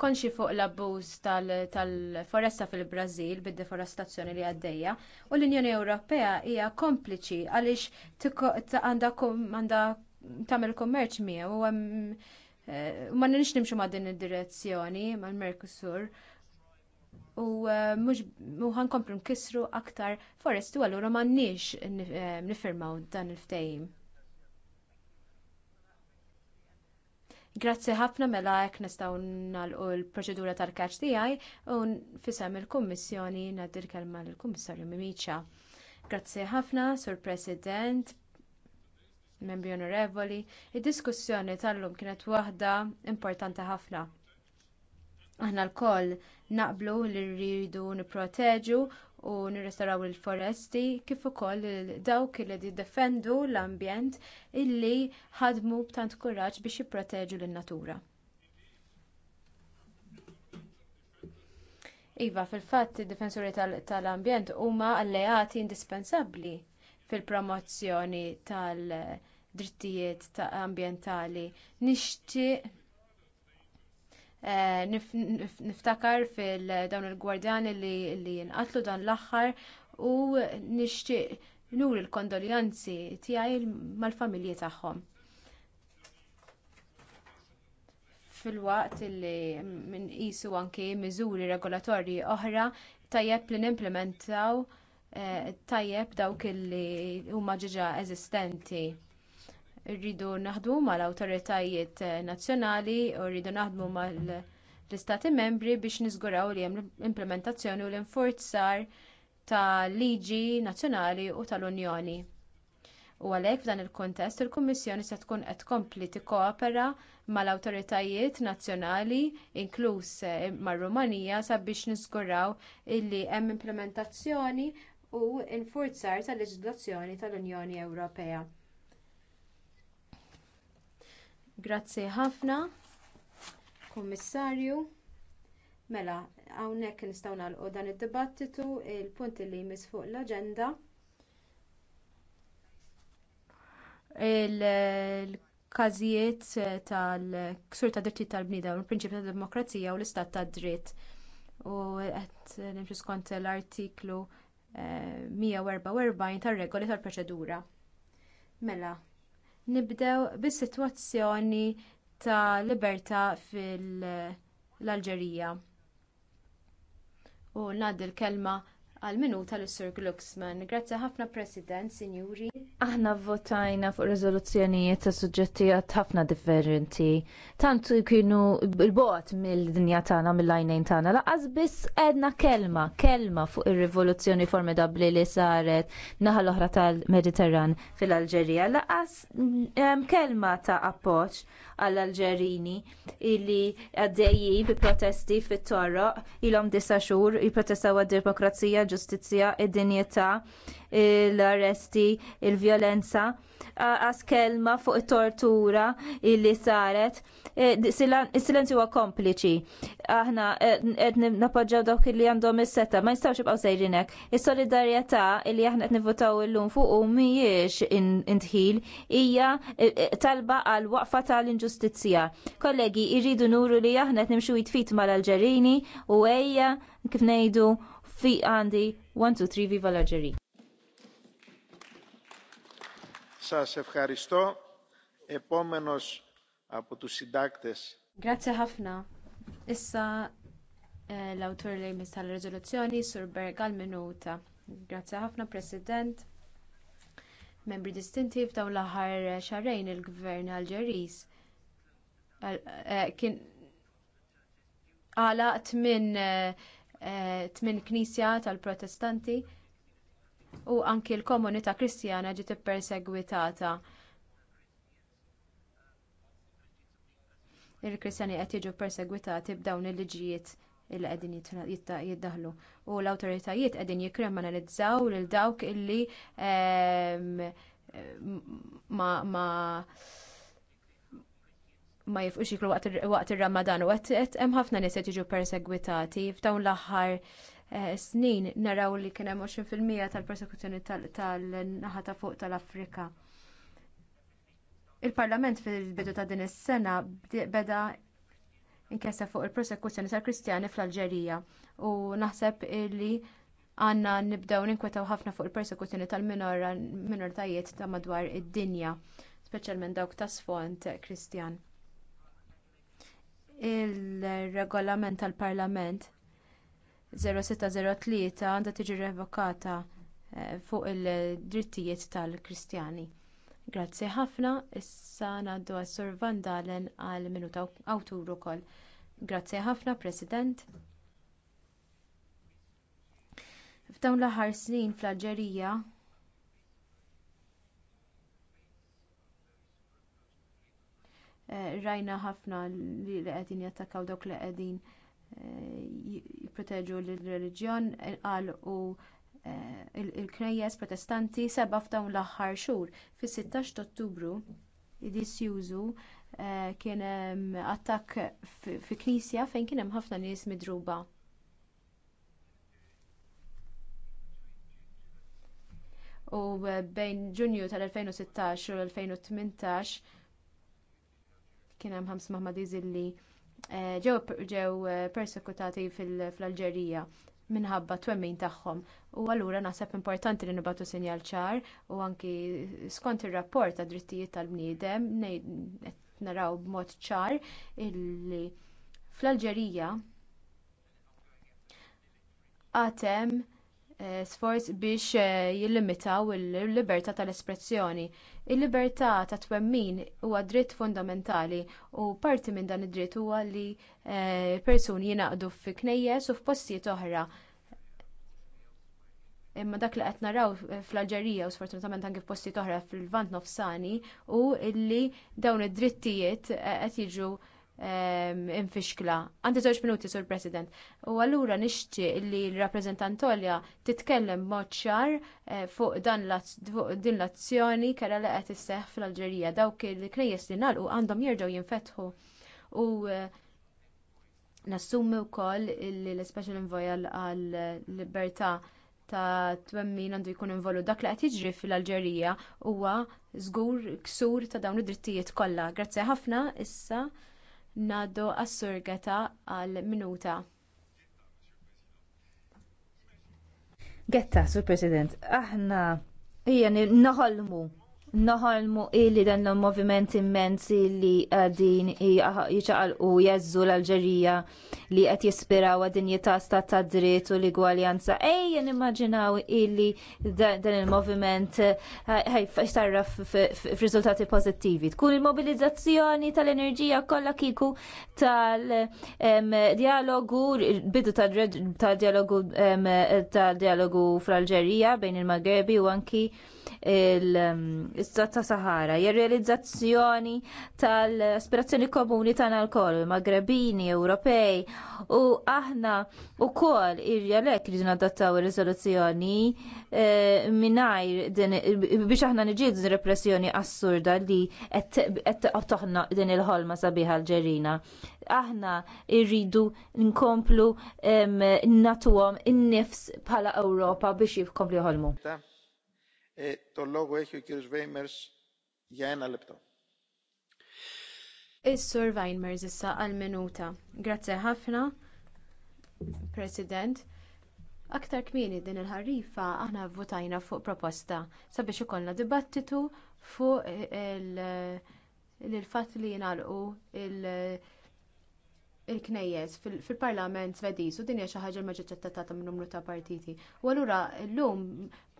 konxi fuq l-abbuż tal-foresta fil-Brażil bid-deforestazzjoni li għaddejja u l-Unjoni Ewropea hija kompliċi għaliex għandha tagħmel kummerċ miegħu u eh, ma nix nimxu ma' din id-direzzjoni mal-Mercosur u eh, mhux ħankomplu nkissru aktar foresti u allura m'għandniex eh, nifirmaw dan il-ftehim. Grazzi ħafna mela hekk nistgħu nagħlqu l-proċedura tal-kaċ tiegħi u fisem il-Kummissjoni ngħaddi kelma lill-Kummissarju Mimiċa. Grazzi ħafna, Sur President, membri onorevoli, id-diskussjoni tal-lum kienet waħda importanti ħafna. Aħna lkoll naqblu li rridu nipproteġu u nirrestaraw il-foresti kif ukoll dawk li jiddefendu l-ambjent illi ħadmu b'tant kuraġġ biex jipproteġu lin-natura. Iva, fil-fatt id-difensuri tal-ambjent huma alleati indispensabbli fil-promozzjoni tal-drittijiet ambjentali. Nixtieq Eh, niftakar fil-dawn il-gwardjani li nqatlu dan l-aħħar u nixtieq nur il-kondoljanzi tiegħi mal-familji tagħhom. Filwaqt li minn qisu anke miżuri regolatorji oħra tajjeb li nimplementaw eh, tajjeb dawk li huma ġiġa eżistenti. Irridu naħdmu mal-awtoritajiet eh, nazzjonali u rridu naħdmu mal-istati membri biex niżguraw li hemm l-implementazzjoni u l-infurzar ta' liġi nazzjonali u tal-Unjoni. U għalhekk f'dan il-kuntest il-Kummissjoni se tkun qed tkompli tikkoopera mal-awtoritajiet nazzjonali inkluż eh, mar-Rumanija sabiex niżguraw illi hemm implementazzjoni u nfurzar tal-leġiżlazzjoni tal-Unjoni Ewropea. Grazzi ħafna, Kummissarju. Mela, hawnhekk nistgħu nagħlqu dan id-dibattitu il-punti li jmiss fuq l-aġenda. Il-każijiet tal-ksur ta' dritti tal-bnida u l-prinċipju tad demokrazija u l-istat tad dritt. U qed nimxu skont l-artiklu 144 eh, tar-regoli tal-proċedura. Mela, Nibdew bis-sitwazzjoni ta' libertà fil-Alġerija. U ngħaddi l-kelma għal minuta l sur Glucksman. Grazzi ħafna President, Sinjuri. Aħna votajna fuq rezoluzzjonijiet ta' suġġetti għad ħafna differenti. Tant kienu il-bot mill-dinja tagħna mill-lajnejn tagħna laqas biss edna kelma, kelma fuq ir-rivoluzzjoni formidabbli li saret naħa l-oħra tal-Mediterran fil-Alġerija. Laqas mm, kelma ta' appoġġ għall-Alġerini illi għaddejji bi protesti fit-torroq ilhom disa xhur jipprotestaw għad-demokrazija ġustizzja, id-dinjità, l-arresti, il-vjolenza, għas kelma fuq it-tortura illi saret, e, is-silenzju huwa kompliċi. Aħna e, qed napoġġaw dawk li għandhom is-seta, ma jistgħux sejrinek. sejrin hekk. Is-solidarjetà illi aħna votaw il illum fuq mhijiex intħil hija e, talba għal waqfa tal-inġustizzja. Kollegi, irridu nuru li aħna qed nimxu jitfit mal-Alġerini u ejja kif ngħidu fi għandi 123 Viva l-Alġeri. Σας ευχαριστώ. Επόμενος από τους συντάκτες. Grazie ħafna. Issa l-autor li jmiss tal-rezoluzzjoni Sur Bergal minuta. Grazie ħafna President. Membri distintiv f'dawn l-aħħar xarrejn il-Gvern Alġeriż eh, kien għalaqt minn eh, Eh, tmin knisja tal-Protestanti u anki l-komunità Kristjana ġiet ippersegwitata. Il-Kristjani qed jiġu ppersegwitati b'dawn il-liġijiet illi qegħdin jiddaħlu u l-awtoritajiet qegħdin jikkriminalizzaw lil dawk illi ehm, ma ma jifqux jiklu waqt il ramadan u għet hemm ħafna nies qed jiġu persegwitati f'dawn l-aħħar eh, snin naraw li kien hemm 20% tal-persekuzzjoni tal-naħa ta' fuq tal-Afrika. Il-Parlament fil-bidu ta' din is-sena beda inkessa fuq il-prosekuzzjoni tal-Kristjani fl-Alġerija u naħseb li għanna nibdew ninkwetaw ħafna fuq il-persekuzzjoni tal-minoritajiet ta' madwar id-dinja, speċjalment dawk ta' sfond Kristjan ir regolament tal-Parlament 0603 għandha tiġi revokata eh, fuq id drittijiet tal-Kristjani. Grazzi ħafna, issa ngħaddu għas-Sur Van Dalen għal minuta awtur ukoll. Grazzi ħafna, President. F'dawn l-aħħar snin fl-Alġerija Eh, rajna ħafna li qegħdin jattakaw dawk li qegħdin eh, jipproteġu l-reliġjon eh, qal u il-knejjes protestanti seba' f'dawn l-aħħar xhur. Fis-16 ta' Ottubru id-disjużu kien hemm attakk fi knisja fejn kien hemm ħafna nies midruba. U bejn Ġunju tal-2016 u l-2018 kien hemm ħams Maħmadiz illi eh, ġew ġew eh, persekutati fl-Alġerija minħabba twemmin tagħhom. U allura naħseb importanti li nibatu sinjal ċar u anki skont ir-rapport ta' drittijiet tal-bniedem qed naraw b'mod ċar illi fl-Alġerija għatem Eh, sforz biex eh, jillimitaw il-libertà tal-espressjoni. Il-libertà ta' twemmin huwa dritt fundamentali u parti minn dan id-dritt huwa li eh, persuni jingħaqdu fi knejjes u f'postijiet oħra imma dak li qed naraw fl-Alġerija u sfortunatament anke f'postijiet oħra fil-Lvant nofsani u illi dawn id-drittijiet qed jiġu infixkla. Għandi żewġ minuti, Sur President. U allura nixtieq li l-rappreżentant Olja titkellem b'mod ċar eh, fuq dan din l-azzjoni kera li qed isseħħ fl-Alġerija. Dawk il-knejjes li nagħlqu għandhom jerġgħu jinfetħu. U eh, nassumi wkoll li l-Special Envoy għal-Libertà ta' twemmin għandu jkun involu dak li qed jiġri fil-Alġerija huwa żgur ksur ta' dawn id-drittijiet kollha. Grazzi ħafna issa Ngħaddu għas-surgeta għal minuta. Getta, Sur President, aħna hija naħolmu naħalmu illi dan l moviment immensi li għadin eh, ah, jċaqal u jazzu l-Alġerija li għat jispiraw għadin jitasta ta' dritt u l-igwaljanza. Ejja nimmaġinaw illi dan il-moviment eh, ħajtarraf f-rizultati pozittivi. Tkun il-mobilizzazzjoni tal-enerġija kollha kiku tal-dialogu, bidu tal-dialogu tal-dialogu fl-Alġerija bejn il-Magrebi u anki il-Izzat um, ta' Sahara, jar-realizzazzjoni tal-aspirazzjoni komuni tagħna l Magrebini, Ewropej, u aħna wkoll irjalek li nadattaw ir-riżoluzzjoni eh, mingħajr biex aħna nġid din repressjoni assurda li qed toħna din il-ħolma sabiħa l-ġerina. Aħna irridu nkomplu natuhom in-nifs bħala Ewropa biex jifkomplu jħolmu το λόγο έχει ο κύριος Βέιμερς Is-Sur Weinmers issa għal minuta. Grazzi ħafna, President. Aktar kmieni din il-ħarifa aħna votajna fuq proposta sabiex ikollna dibattitu fuq e, il-fatt li jingħalqu il-knejjes fil-Parlament Svediż u din hija xi ħaġa ma ġiet ċettata minn numru ta' partiti. U allura llum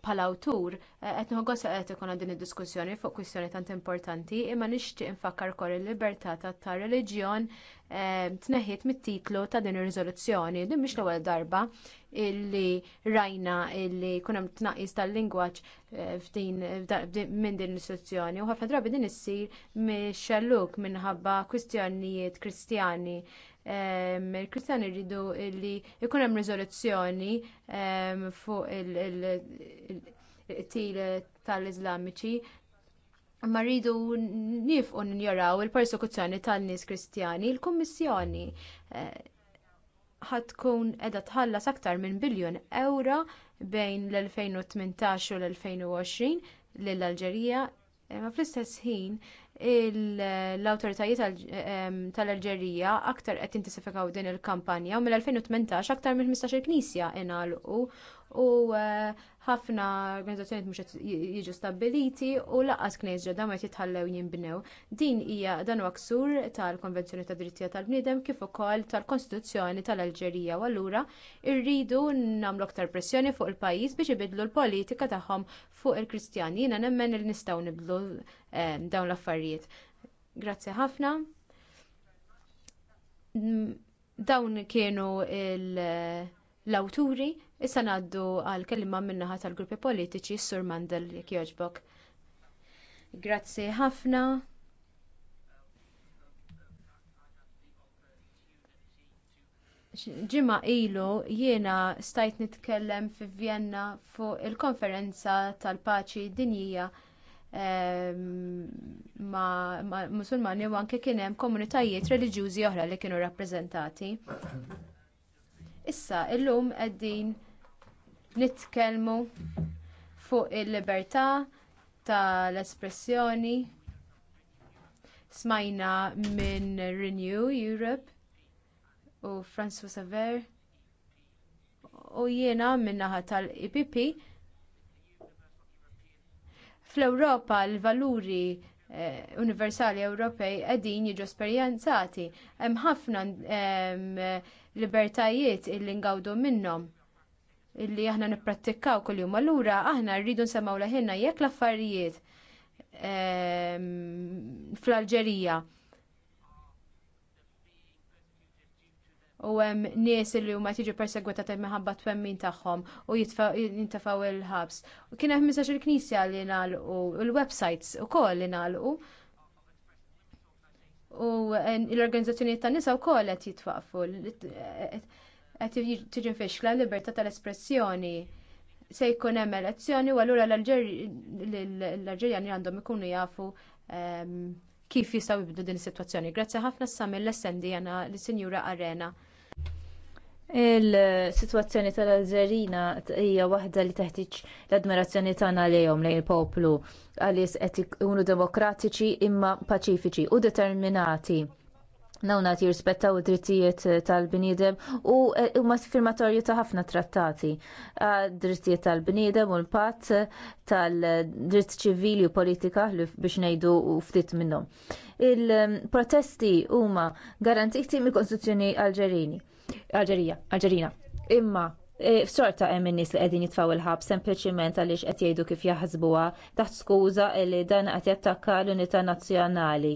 bħala awtur eh, qed nħoggos qed ikun din id-diskussjoni fuq kwistjoni tant importanti imma nixtieq infakkar ukoll il-libertà ta' reliġjon eh, tneħħiet mit-titlu ta' din ir-riżoluzzjoni. Din mhix l-ewwel darba illi rajna illi kun hemm tnaqqis tal-lingwaġġ eh, minn din l-istituzzjoni u ħafna drabi din issir mhix xelluk minħabba kwistjonijiet Kristjani il-Kristjani rridu li jkun hemm riżoluzzjoni fuq il-til tal-Iżlamiċi ma rridu nifqu ninjoraw il-persekuzzjoni tan-nies Kristjani, il-Kummissjoni eh, ħatkun qiegħda tħallas aktar minn biljun euro bejn l-2018 u l-2020 lill-Alġerija Eh, ma fl-istess ħin l-awtoritajiet tal-Alġerija aktar qed intensifikaw din il-kampanja u mill-2018 aktar minn 15-il knisja ingħalqu u eh, ħafna organizzazzjonijiet mhux qed jiġu stabbiliti u laqas knejs ġodda ma jitħallew jinbnew. Din hija dan huwa ksur tal-Konvenzjoni ta' Drittija tal-Bniedem kif ukoll tal-Kostituzzjoni tal-Alġerija u allura rridu nagħmlu aktar pressjoni fuq il-pajjiż biex ibidlu l-politika tagħhom fuq il-Kristjani. Jiena nemmen li nistgħu nibdlu eh, dawn l-affarijiet. Grazzi ħafna dawn kienu l-awturi Issa ngħaddu għal kelliema min-naħa tal-gruppi politiċi Sur Mandel jekk jogħġbok. Grazzi ħafna. Ġimgħa ilu jiena stajt nitkellem fi Vienna fuq il-konferenza tal-paċi dinjija ehm, ma' musulmani u anke kien hemm komunitajiet reliġjużi oħra li kienu rappreżentati. Issa, illum qegħdin nitkellmu fuq il-libertà tal-espressjoni smajna minn Renew Europe u François Saver u jiena min-naħa tal-IPP fl-Ewropa l-valuri eh, universali Ewropej qegħdin jiġu esperjenzati hemm ħafna libertajiet illi ngawdu minnhom illi aħna nipprattikaw kuljum. Allura aħna rridu nsemmaw leħinna jekk l-affarijiet ehm, fl-Alġerija u hemm nies li huma tiġi persegwitati minħabba twemmin tagħhom u jintefgħu il-ħabs. Kien hemm miżax il-knisja li nagħlqu, il-websites ukoll li nagħlqu u eh, l-organizzazzjoni tan nisa wkoll qed jitwaqfu qed tiġi fixkla la libertà tal-espressjoni se jkun hemm elezzjoni u allura l-Alġerjani għandhom ikunu jafu ehm, kif jistgħu jibdu din is-sitwazzjoni. Grazzi ħafna sammi l essendi għana l-Sinjura Arena. Il-situazzjoni tal-Alġerina hija waħda li teħtieġ l-admirazzjoni tagħna lejhom lejn il-poplu għaliex qed ikunu demokratiċi imma paċifiċi u determinati. Nawna jirrispettaw id-drittijiet tal-bniedem u eh, huma firmatorju ta' ħafna trattati. Drittijiet tal-bniedem u l-patt tal-dritt ċivili u politika biex ngħidu ftit minnhom. Il-protesti huma garantiti mill-Kostituzzjoni Alġerini. Alġerija, Alġerina. Imma eh, F'sorta hemm in-nies li qegħdin jitfgħu il ħab sempliċiment għaliex qed jgħidu kif jaħsbuha taħt skuża li dan qed jattakka l-unità nazzjonali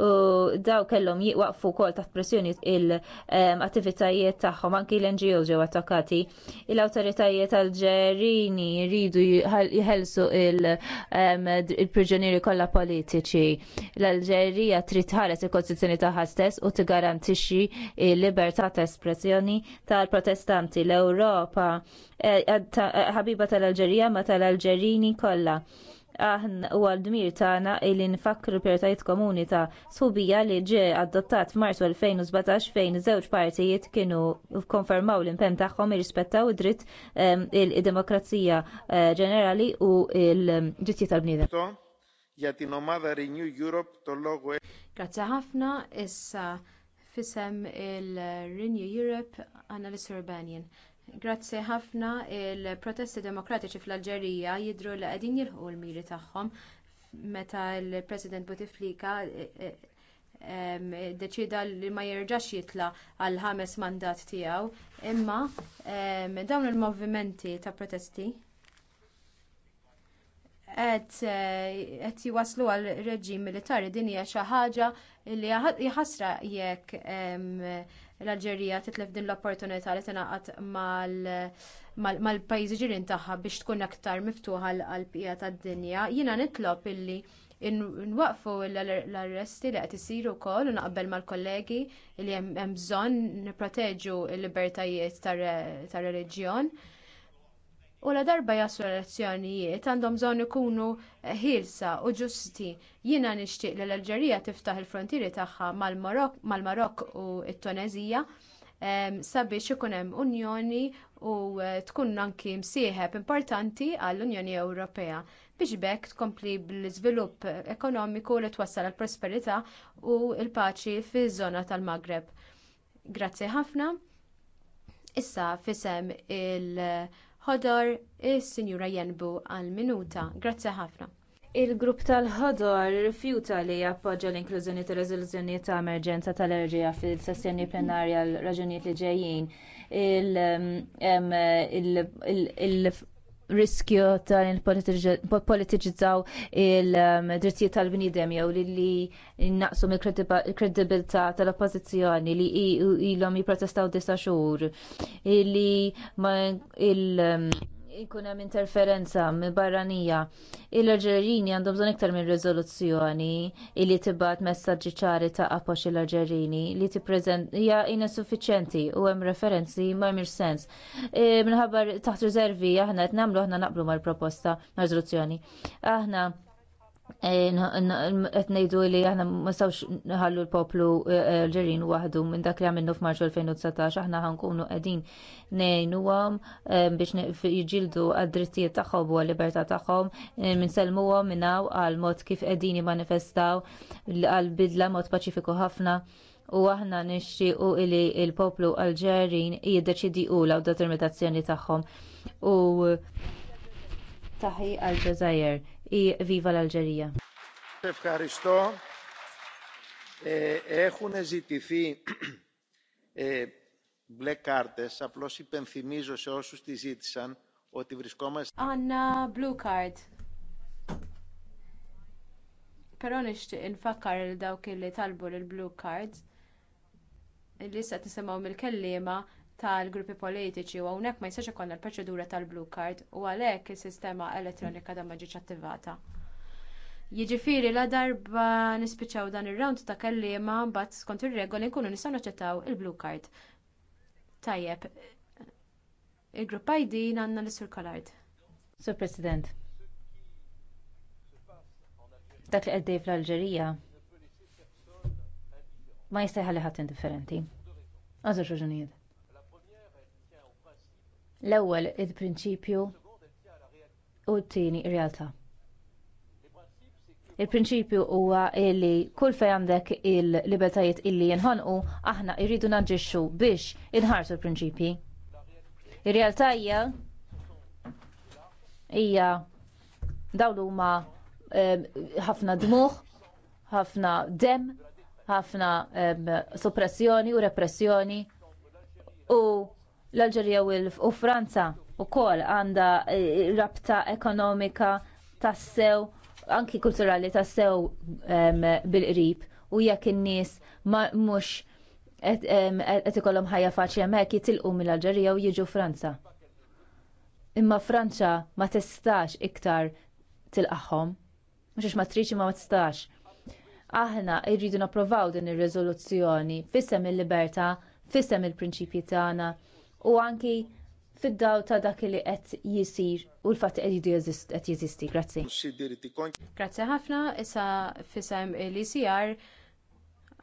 u daw kellhom jiqwaqfu wkoll taħt pressjoni il-attivitajiet tagħhom anki l-NGOs ġew attakkati. Il-awtoritajiet Alġerini jridu jħelsu il-priġunieri kollha politiċi. L-Alġerija trid tħares il-Kostituzzjoni tagħha stess u tigarantixxi l-libertà ta' espressjoni tal-protestanti l-Ewropa eh, eh, eh, ħabiba tal-Alġerija ma tal-Alġerini kollha aħna u għal-dmir tagħna illi nfakru prioritajiet komuni ta' subija li ġie adottat f'Marzu 2017 fejn żewġ partijiet kienu konfermaw l impem tagħhom irrispettaw id-dritt ehm, il-demokrazija eh, ġenerali u l-ġittijiet tal-bniedem. Jati nomada Renew Europe tollogu. E- Grazzi ħafna issa fisem il-Renew Europe Annalisa Urbanian. Grazzi ħafna il-protesti demokratiċi fl-Alġerija jidhru li qegħdin jilħqu l-miri tagħhom meta l-President Bouteflika eh, eh, deċida li ma jerġax jitla għal ħames mandat tiegħu, imma dawn il-movimenti ta' protesti qed eh, jiwaslu għal reġim militari din hija xi ħaġa li jħassra jekk l-Alġerija titlef din l-opportunità li tingħaqad mal-pajjiżi ġirien tagħha biex tkun aktar miftuħa għall bqija tad-dinja. Jiena nitlob illi nwaqfu l-arresti li qed isiru wkoll u naqbel mal-kollegi li hemm bżonn nipproteġu l-libertajiet tar-reliġjon. U la darba jaslu l-elezzjonijiet għandhom bżonn ikunu ħilsa u ġusti. Jiena nixtieq li l-Alġerija tiftaħ il-frontieri tagħha mal-Marokk u t-Tunezija sabiex ikun hemm unjoni u eh, tkun anki msieħeb importanti għall-Unjoni Ewropea biex bekk tkompli bl-iżvilupp ekonomiku li twassal għall prosperità u l-paċi fiż-żona tal-Magreb. Grazzi ħafna. Issa fisem il- ħodor is-Sinjura Jenbu għal minuta. Grazzi ħafna. Il-grupp tal-ħodor rifjuta li jappoġġa l-inklużjoni ta' riżoluzzjoni ta' emerġenza tal-erġija fil-sessjoni plenarja l raġunijiet li ġejjin riskju ta' politiċizzaw il-drittijiet um, tal-bnidem jew li li naqsum il kredibilta tal-oppożizzjoni li ilhom jipprotestaw disa xhur li ma il- um, ikun hemm interferenza minn barranija. Il-Alġerini għandhom bżonn iktar minn riżoluzzjoni li tibgħat messaġġi ċari ta' appoġġ il-Alġerini li hija insuffiċjenti u hemm referenzi ma jmir sens. E, minħabba taħt riservi aħna qed nagħmlu aħna naqblu mal-proposta ma' riżoluzzjoni. Aħna Eh, qed ngħidu li aħna ma stawx nħallu l-poplu eh, eh, ġerin waħdu minn dak li għamilnu f'Marċu 2019 aħna ħankunu qegħdin ngħinuhom biex jġildu għad-drittijiet tagħhom u għall-libertà tagħhom minselmuhom minnaw għal mod kif qegħdin jimmanifestaw għal bidla mod paċifiku ħafna u aħna nixtiequ li l-poplu Alġerin jiddeċidi u l determinazzjoni tagħhom u taħi għal-Ġeżajer i Viva l-Alġerija. Ευχαριστώ. Ε, έχουν ζητηθεί ε, μπλε κάρτες. Απλώς υπενθυμίζω σε όσους τη ζήτησαν ότι βρισκόμαστε... Anna blue card. Però nixtieq infakkar il dawk li talbu l blue card li issa tisimgħu mill-kellima tal-gruppi politiċi u hawnhekk ma jistax ikollna l-proċedura tal-blue card u għalhekk is-sistema elettronika da ma ġietx attivata. Jiġifieri la darba nispiċċaw dan ir-round ta' kelliema mbagħad skont ir-regoli nkunu nistgħu naċċettaw il-blue card. Tajjeb, il-grupp ID għandna l-Sur Collard. Sur President, dak li għaddej fl-Alġerija ma jistajħalli ħadd indifferenti. Għazur raġunijiet l-ewwel il-prinċipju u t-tieni realtà Il-prinċipju huwa li kull fejn għandek il-libertajiet illi jinħonqu aħna jridu naġixxu biex inħarsu l-prinċipji. Ir-realtà hija hija dawn huma ħafna dmuħ, ħafna dem, ħafna suppressjoni u repressjoni u L-Alġerija u Franza wkoll għandha eh, rabta ekonomika tassew, anki kulturali tassew bil-qrib u jekk in-nies mhux qed ikollhom ħajja faċli hemmhekk jitilqu mill-Alġerija u jiġu Franza. Imma Franza ma tistax iktar tilqaħħom. Mhux ma triċi ma tistax. Aħna rridu napprovaw din ir-riżoluzzjoni fissem il-libertà, fissem il-prinċipji tagħna, u anki fid-daw ta' dak li qed jisir u l-fatt qed jeżisti. Grazzi. Grazzi ħafna issa fisem l-ICR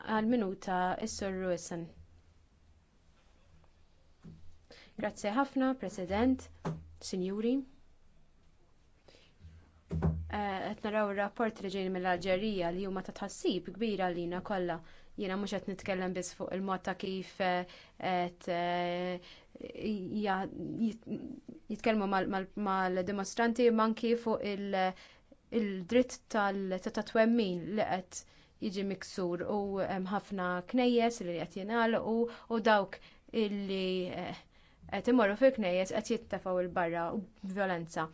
għal minuta is-Sur Ruisen. Grazzi ħafna, President, Sinjuri. Eh, qed naraw ir-rapport li ġejjin mill-Alġerija li huma ta' tħassib kbira lina kollha jiena mhux qed nitkellem biss fuq il-mod ta' kif eh, qed eh, jitkellmu mal-dimostranti manki fuq il-dritt tal-tatwemmin li qed jiġi miksur u hemm ħafna knejjes li qed jingħalqu u dawk illi eh, qed imorru fil-knejjes qed jittefgħu il barra u violenza.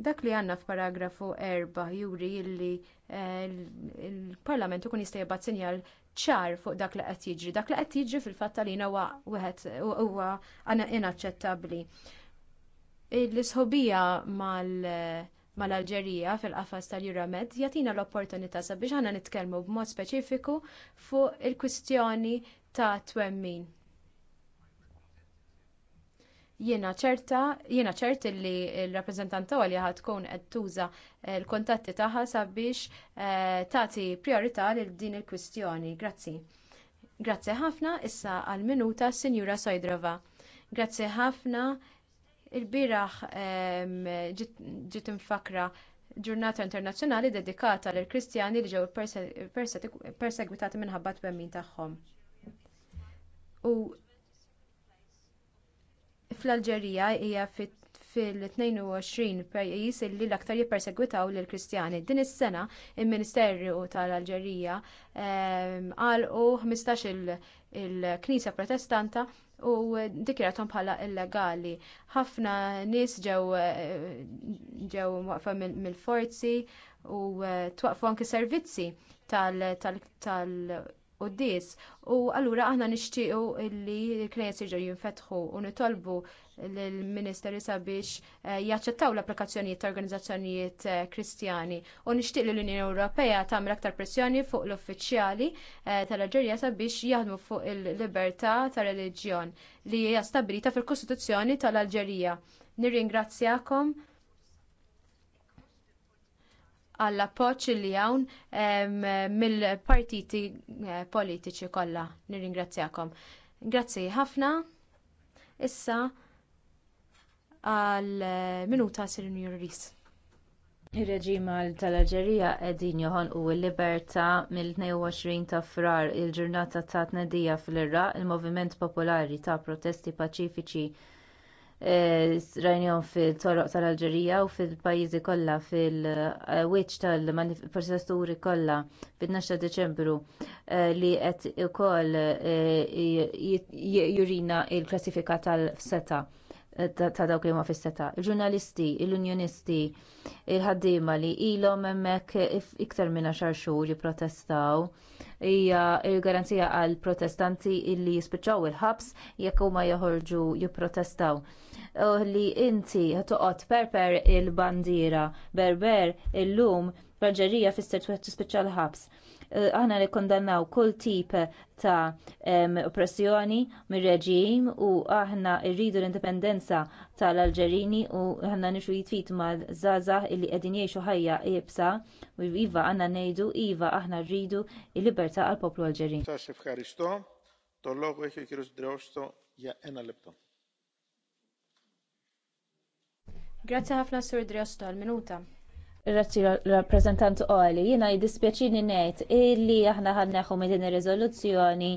Dak li għandna f'paragrafu erba' juri illi eh, il-Parlament ikun jista' jibgħat sinjal ċar fuq dak li qed jiġri. Dak li qed jiġri fil-fatt għalina huwa wieħed huwa inaċċettabbli. L-isħobija mal-Alġerija fil-qafas tal-Juramed jagħtina l-opportunità sabiex aħna nitkellmu b'mod speċifiku fuq il-kwistjoni ta' twemmin Jiena ċert li l-rappreżentanta għalja ħad tkun qed tuża eh, l-kontatti tagħha sabiex eh, tagħti priorità lil din il-kwistjoni. Grazzi. Grazzi ħafna issa għal minuta Sinjura Sojdrova. Grazzi ħafna il-biraħ ehm, ġiet infakra ġurnata internazzjonali dedikata lill kristjani li ġew persegwitati minħabba twemmin tagħhom. U fl-Alġerija hija fil-22 pajjiż illi l-aktar jipperseguitaw lill kristjani Din is-sena il-Ministeru tal-Alġerija ehm, għallqu 15 il il-Knisja Protestanta u dikjaratom bħala illegali. Ħafna nies ġew eh, ġew waqfa mill-forzi u eh, twaqfu anki servizzi tal qudies. U allura aħna nixtiequ li l-knejjes jiġu jinfetħu u nitolbu lill-Ministeri sabiex eh, jaċċettaw l-applikazzjonijiet ta' organizzazzjonijiet eh, kristjani u nixtieq li l-Unjoni Ewropea tagħmel aktar pressjoni fuq l-uffiċjali eh, tal-Alġerija sabiex jaħdmu fuq il-libertà ta' reliġjon li hija stabilita fil-Kostituzzjoni tal-Alġerija. Nirringrazzjakom għall appoġġ li hawn mill-partiti eh, politiċi kollha. Nirringrazzjakom. Grazzi ħafna. Issa għal eh, minuta Sir Ris. Ir-reġim tal-Alġerija qegħdin u l-libertà mill-22 ta' frar il-ġurnata ta' tnedija fl-Iraq, il-Moviment Popolari ta' protesti paċifiċi Eh, rajnjom fil-toroq tal-Alġerija u fil-pajjiżi kollha fil-wiċċ tal-protesturi kollha fid-12 Deċembru eh, li qed ukoll eh, jurina l klassifika tal-seta ta' dawk li ma' fis Il-ġurnalisti, l-unjonisti, il-ħaddiema li ilhom hemmhekk iktar minn għaxar xhur jipprotestaw hija l-garanzija għal protestanti li jispiċċaw il-ħabs jekk huma joħorġu jipprotestaw. Oh, li inti per perper il bandira berber illum Ranġerija fisser tispiċċa l-ħabs Eh, aħna nikkondannaw kull tip ta' oppressjoni mir-reġim u aħna rridu l-indipendenza tal-Alġerini u aħna nixu jitfit mal-żaza li qegħdin jgħixu ħajja jibsa u iva aħna ngħidu iva aħna rridu l-libertà għall-poplu Alġerin. Tollogu jekk kirus drewxto ja ena Grazzi ħafna Sur Drosto għal minuta. Grazzi rappresentant għali, jina jidispjaċini nejt illi aħna ħanneħu me din il-rezoluzzjoni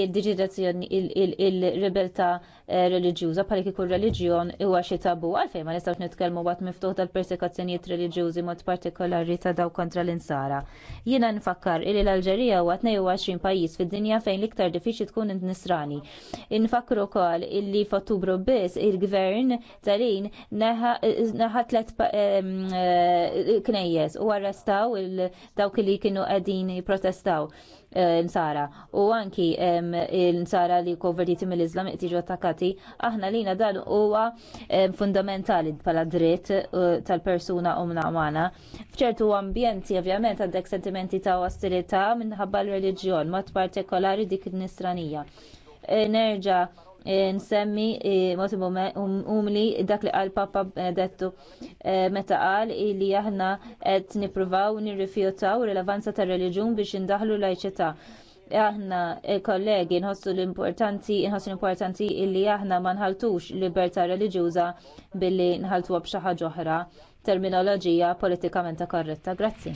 il-digitazzjoni il-rebelta Eh, reliġjuża bħal ikun reliġjon huwa xi tabu għalfejn ma nistgħux nitkellmu waqt miftuħ tal-persekuzzjonijiet reliġjużi mod partikolari ta' daw kontra l-insara. Jiena nfakkar illi l-Alġerija huwa 22 pajjiż fid-dinja fejn l-iktar diffiċli tkun nisrani. Infakru wkoll illi f'Ottubru biss il-gvern tal-in neħa tliet eh, knejjes u arrestaw dawk li kienu qegħdin jipprotestaw nsara u anki l-nsara li konvertiti mill-Islam tiġu attakati aħna lina dan huwa fundamentali bħala dritt eh, tal-persuna umna umana. F'ċertu ambjenti ovvjament għandek sentimenti ta' ostilità minħabba l-reliġjon mod partikolari dik nisranija. Eh, nerġa' Eh, nsemmi eh, um, umli dak li qal Papa dettu eh, meta qal li aħna qed nippruvaw nirrifjutaw rilevanza tar religjon biex indaħlu lajċità. Aħna kollegi nħossu l-importanti, nħossu l-importanti illi aħna ma nħaltux libertà reliġjuża billi nħaltuha b'xi ħaġa oħra terminoloġija politikament korretta. Grazzi.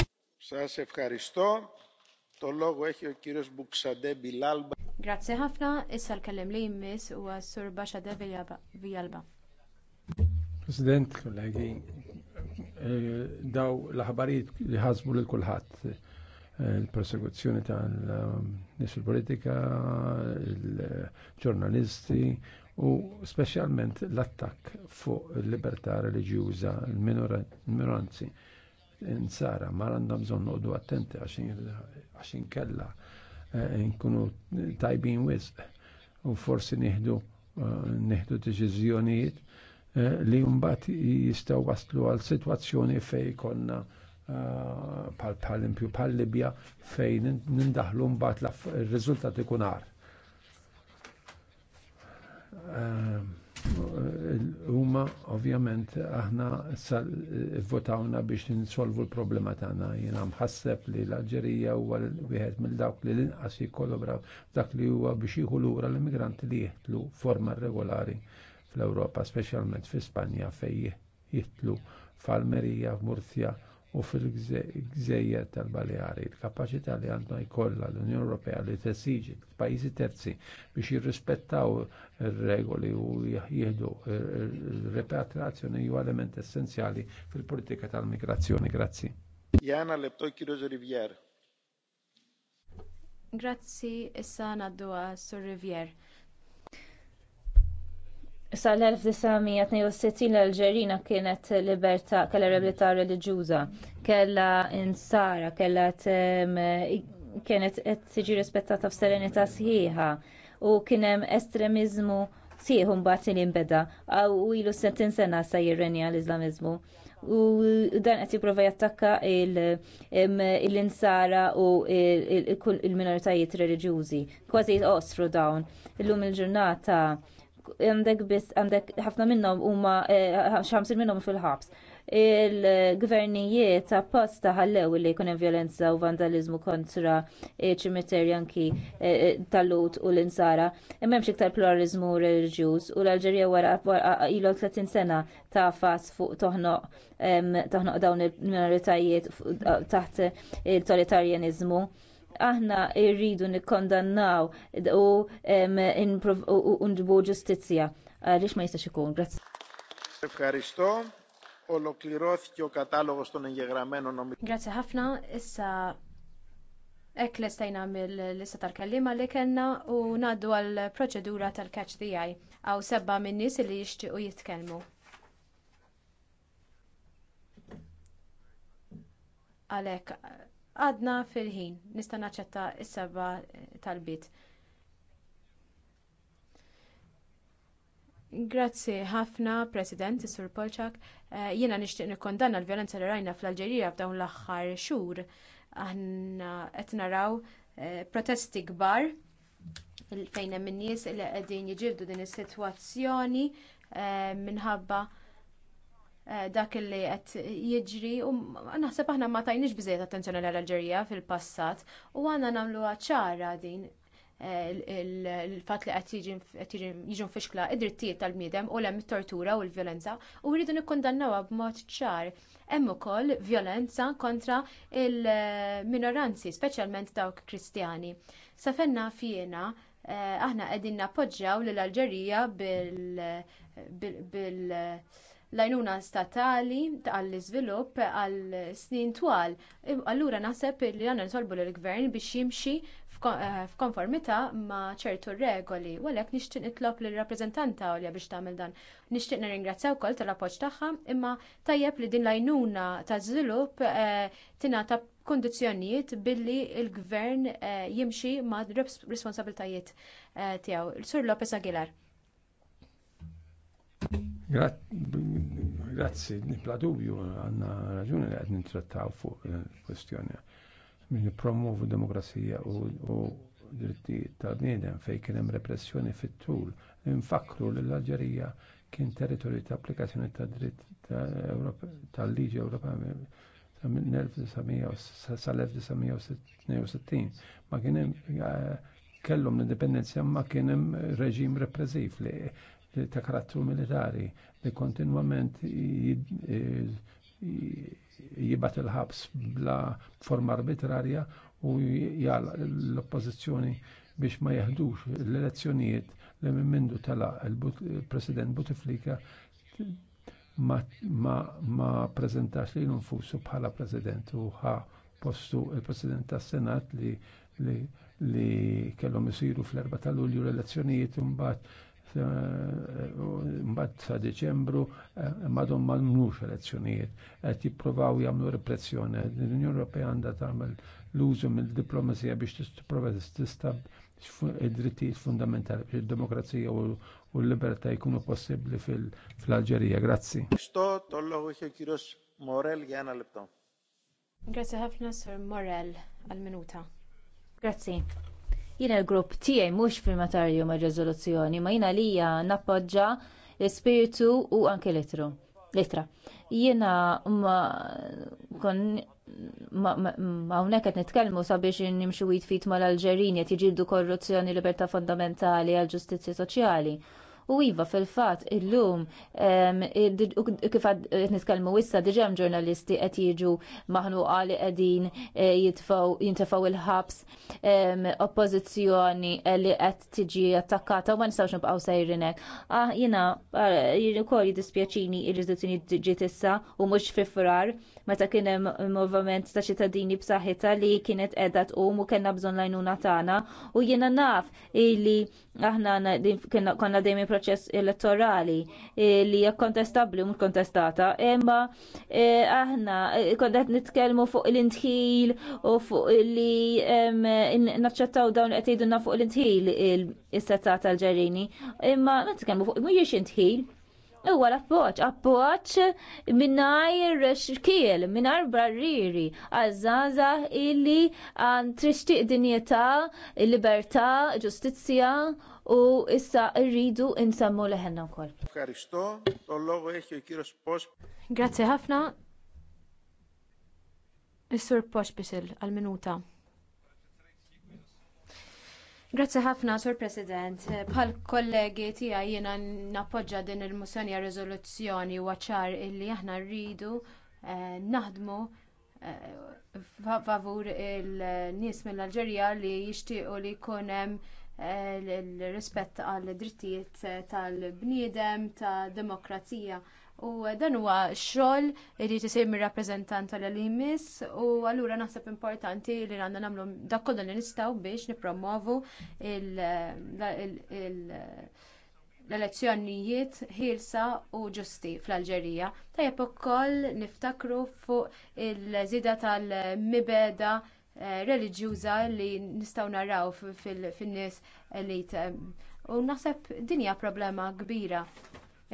Grazie ħafna, issa l-kellem li jimmis u għassur Baxade Vijalba. President, kollegi, daw l-ħabarijiet li ħazmu l kulħadd il-persekuzzjoni tal-nis politika il-ġurnalisti u specialment l-attak fuq il-libertà religjuża, il-minoranzi. il minoranzi insara ma għandna bżonn noqdu attenti għax inkella eh, nkunu tajbin wisq u forsi nieħdu eh, nieħdu deċiżjonijiet eh, li mbagħad jistgħu waslu għal sitwazzjoni fejn ikonna pal impju pal Libja fejn nindaħlu mbagħad l riżultat ikun għar huma ovvjament aħna votawna biex ninsolvu l-problema tagħna. Jiena mħasseb li l-Alġerija huwa wieħed mill-dawk li l-inqas jikkolobra dak li huwa biex jieħu lura l-immigranti li jihtlu forma regolari fl-Ewropa, speċjalment fi Spanja fejn jihtlu f'Almerija, f'Murzja, u fil-gżejjer tal-Baleari il-kapaċità li għandna jkollha l-Unjoni Ewropea li tesiġi pajjiżi terzi biex jirrispettaw ir-regoli u jieħdu repatriazzjoni huwa element essenzjali fil-politika tal-migrazzjoni. Grazzi. Jana Leptoj Kirjoġo Rivier. Grazzi, issa naddu Sur Rivier sal 1962 l-Alġerina kienet libertà, kellha libertà reliġjuża, kellha insara, kella kienet qed tiġi rispettata f'serenità sħiħa u kien hemm estremiżmu sieħu mbagħad li nbeda u ilu settin sena sa jirrenja l-Iżlamiżmu. U dan qed jipprova jattakka l-insara u l-minoritajiet reliġjużi. Kważi osfru dawn. Illum il-ġurnata għandek biss għandek ħafna minnhom huma eh, xamsin minnhom fil-ħabs. Il-gvernijiet apposta ħallew li jkun hemm violenza u vandaliżmu kontra ċimiterji anki eh, tal-lut u l-insara. M'hemmx iktar pluralizmu reliġjuż u l-Alġerija wara ilu 30 sena ta' fas fuq toħnoq toħnoq dawn il-minoritajiet taħt il-totalitarjanizmu aħna rridu nikkondannaw u nġibu ġustizzja għaliex ma jistax ikun. Grazzi. Ευχαριστώ. Ολοκληρώθηκε ο κατάλογος των εγγεγραμμένων νομικών. Grazie ħafna. Issa hekk lestajna mill-lista tal-kellima li kellna u ngħaddu għall proċedura tal-catch the eye għaw sebba minn nies li jixtiequ jitkellmu. Għalhekk għadna fil-ħin nista' naċċetta s-seba talbiet Grazzi ħafna, President, Sur Polċak. Eh, jiena nixtieq nikkondanna l-vjolenza li rajna fl-Alġerija f'dawn l-aħħar xhur. Aħna qed naraw eh, protesti kbar fejn hemm in-nies li qegħdin jiġildu din is-sitwazzjoni eh, minħabba Eh, dak li qed jiġri u naħseb aħna ma tajniex biżejjed attenzjoni l alġerija fil-passat u għandna nagħmluha ċara din eh, il-fat li qed jiġu fixkla id-drittijiet tal-bniedem u hemm it-tortura u l-vjolenza u rridu nikkondannawha b'mod ċar. Hemm ukoll vjolenza kontra il-minoranzi, speċjalment dawk Kristjani. Sa fenna fjena eh, aħna qegħdin nappoġġjaw lill-Alġerija bil l-għajnuna statali għall iżvilupp għal snin twal. Allura naħseb li għandna nsolbu lill gvern biex jimxi eh, f'konformità ma' ċertu regoli. u għalhekk nixtieq nitlob lill rappreżentanta għolja biex tagħmel dan. Nixtieq nirringrazzja wkoll tal-appoġġ tagħha, imma tajjeb li din l-għajnuna ta' żvilupp eh, tingħata kundizzjonijiet billi l gvern eh, jimxi ma' responsabiltajiet tiegħu. Sur Lopez Aguilar. Grazzi, nipla dubju għanna raġuni li għed nintrattaw fuq il-kwestjoni. Eh, Min promuvu demokrazija u dritti tal-bniedem fej kien hemm repressjoni fit-tul. Infakru li l-Alġerija kien territorju ta' applikazzjoni ta' dritt tal-liġi Ewropea sal-1962 ma kien hemm eh, kellhom l-indipendenza ma kien hemm reġim repressiv li ta' karattru militari li kontinwament e, jibat il-ħabs bla forma arbitrarja u jgħal l-oppozizjoni biex ma jahdux l-elezzjonijiet li minn mindu tala il-President Bouteflika ma, prezentax li l-nfusu bħala President u ħa postu il-President tas senat li, li, kellhom isiru fl erba ta' Lulju l-elezzjonijiet u mbagħad Eh, mbatt sa Deċembru eh, madhom ma nmnux elezzjonijiet qed jippruvaw jagħmlu repressjoni. L-Unjoni Ewropea għandha tagħmel l-użu mill-diplomazija biex tipprova tistab id-drittijiet fundamentali biex id-demokrazija u l-libertà jkunu possibbli fil-Alġerija. Grazzi. Morel jena libtom. Grazzi ħafna Sir Morel għal-minuta. Grazzi. Jiena l-grupp tiegħi mhux firmatarju ma' riżoluzzjoni, ma jiena lija nappoġġa l-ispiritu u anke l Litra. Jiena ma kon ma hawnhekk qed nitkellmu sabiex nimxu wid fit mal-Alġerin qed jiġildu korruzzjoni libertà fondamentali għal ġustizzja soċjali U iva fil-fat illum kif qed nitkellmu issa diġem ġurnalisti qed jiġu maħnu għali qegħdin eh, jintefgħu il-ħabs oppożizzjoni eh, li qed tiġi attakkata u ma għaw nibqgħu sejrin jina, ah, Jiena eh, kol jiddispjaċini il-riżoluzzjoni ġiet issa u mhux fifrar frar meta kien hemm moviment ta' ċittadini b'saħħita li kienet edat u u kellna bżonn lajnuna tagħna u jiena naf li aħna konna dejjem proċess elettorali eh, li hija kontestabbli u mkontestata. kontestata, imma eh, aħna eh, kont qed nitkellmu fuq l-intħil u fuq li naċċettaw dawn qed jgħidulna fuq l-intħil is settata tal-ġerini, imma nitkellmu fuq mhijiex intħil huwa l-appoġġ, appoġġ minnajr xkiel, mingħajr barriri, għazzaza illi għan trixtieq dinjeta libertà, ġustizzja u issa rridu insammu leħenna wkoll. Grazzi ħafna. Is-sur Posh bisil għal-minuta. Grazzi ħafna, Sur President. Bħal kollegi tiegħi jiena nappoġġa din il-mozzjoni għal rezoluzzjoni u ċar illi aħna rridu eh, naħdmu eh, favur il-nies mill-Alġerija li jixtiequ li jkun hemm eh, rispett għal drittijiet eh, tal-bniedem, tad demokrazija. U dan huwa xogħol irid isir mir-rappreżentant tal-Limis u allura naħseb importanti li għandna nagħmlu dak kollu li nistgħu biex nippromovu l-elezzjonijiet ħilsa u ġusti fl-Alġerija. Tajjeb ukoll niftakru fuq il-żida tal-mibeda eh, reliġjuża li nistgħu naraw fin-nies elit. U naħseb din hija problema kbira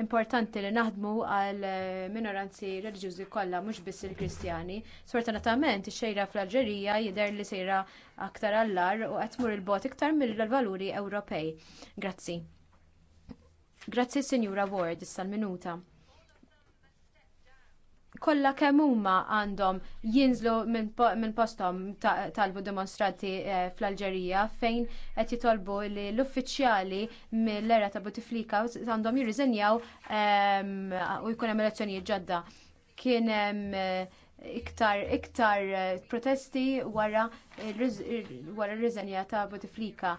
importanti li naħdmu għal eh, minoranzi reliġjużi kollha mhux biss il-Kristjani. Sfortunatament ix-xejra fl-Alġerija jidher li sejra aktar allar u qed tmur il-bot iktar mill-valuri Ewropej. Grazzi. Grazzi Sinjura Ward issa l-minuta kollha kemm huma għandhom jinżlu minn posthom talbu dimostranti eh, fl-Alġerija fejn qed jitolbu li l-uffiċjali mill-era ta' Butiflika għandhom jirriżenjaw ehm, u jkun hemm elezzjonijiet ġodda. Kien hemm eh, iktar iktar eh, protesti wara wara r-riżenja ta' Butiflika.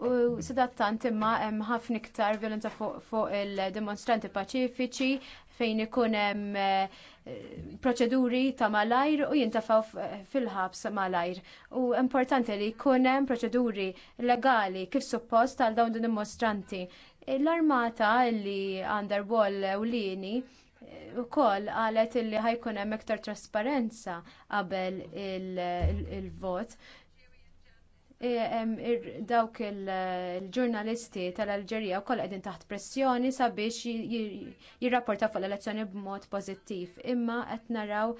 U sadattant imma hemm ħafna iktar violenza fuq il-demonstranti paċifiċi fejn ikun hemm proċeduri ta' malajr u jintafaw fil-ħabs malajr. U importanti li jkun hemm proċeduri legali kif suppost għal dawn dimostranti. L-armata li u lini u wkoll qalet li ħajkun hemm iktar trasparenza qabel il-vot. Il il Eh, dawk eh, il-ġurnalisti tal-Alġerija wkoll għedin taħt pressjoni sabiex jirrapporta fuq l-elezzjoni b'mod pozittiv. Imma qed naraw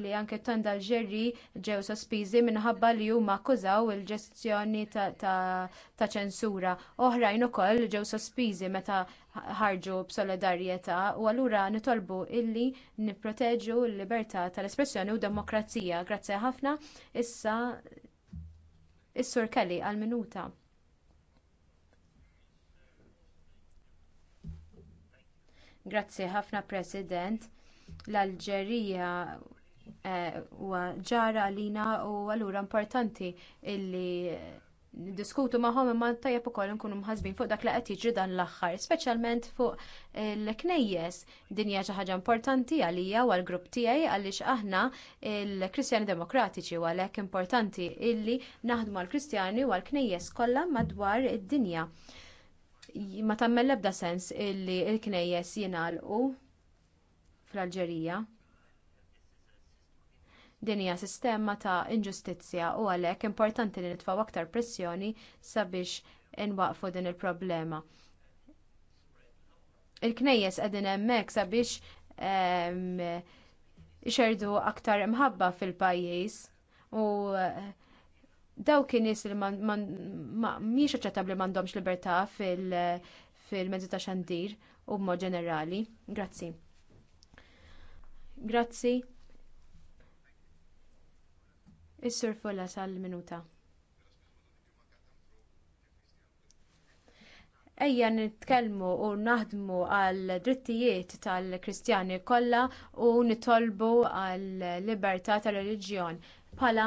li anke ton dal-ġerri ġew sospiżi minħabba li huma akkużaw il-ġestjoni ta' ċensura. Oħrajn ukoll ġew sospiżi meta ħarġu b'solidarjetà u allura nitolbu illi nipproteġu l-libertà tal-espressjoni u demokrazija. Grazzi ħafna. Issa Is-Sur Kelly għal minuta. Grazzi ħafna President. L-Alġerija eh, huwa ġara għalina u allura importanti illi diskutu maħom imma tajjeb ukoll nkunu mħasbin fuq dak li qed jiġri dan l-aħħar, speċjalment fuq eh, l-knejjes. Din hija xi ħaġa importanti għalija u għall-grupp tiegħi għaliex aħna l-Kristjani Demokratiċi u għalhekk importanti illi naħdmu għall-Kristjani u għall-knejjes kollha madwar id-dinja. Ma tammel l-ebda sens illi l-knejjes jingħalqu fl-Alġerija Din hija sistema ta' inġustizzja u għalhekk importanti li nitfgħu aktar pressjoni sabiex inwaqfu din il-problema. Il-knejjes qegħdin hemmhekk sabiex ehm, ixerdu aktar imħabba fil-pajjiż u eh, dawk in-nies li mhijiex aċċettabbli m'għandhomx libertà fil-mezzi ta' xandir u b'mod ġenerali. Grazzi. Grazzi Is-Sur Fulla minuta Ejja nitkellmu u naħdmu għal drittijiet tal-Kristjani kollha u nitolbu għal libertà tar reliġjon bħala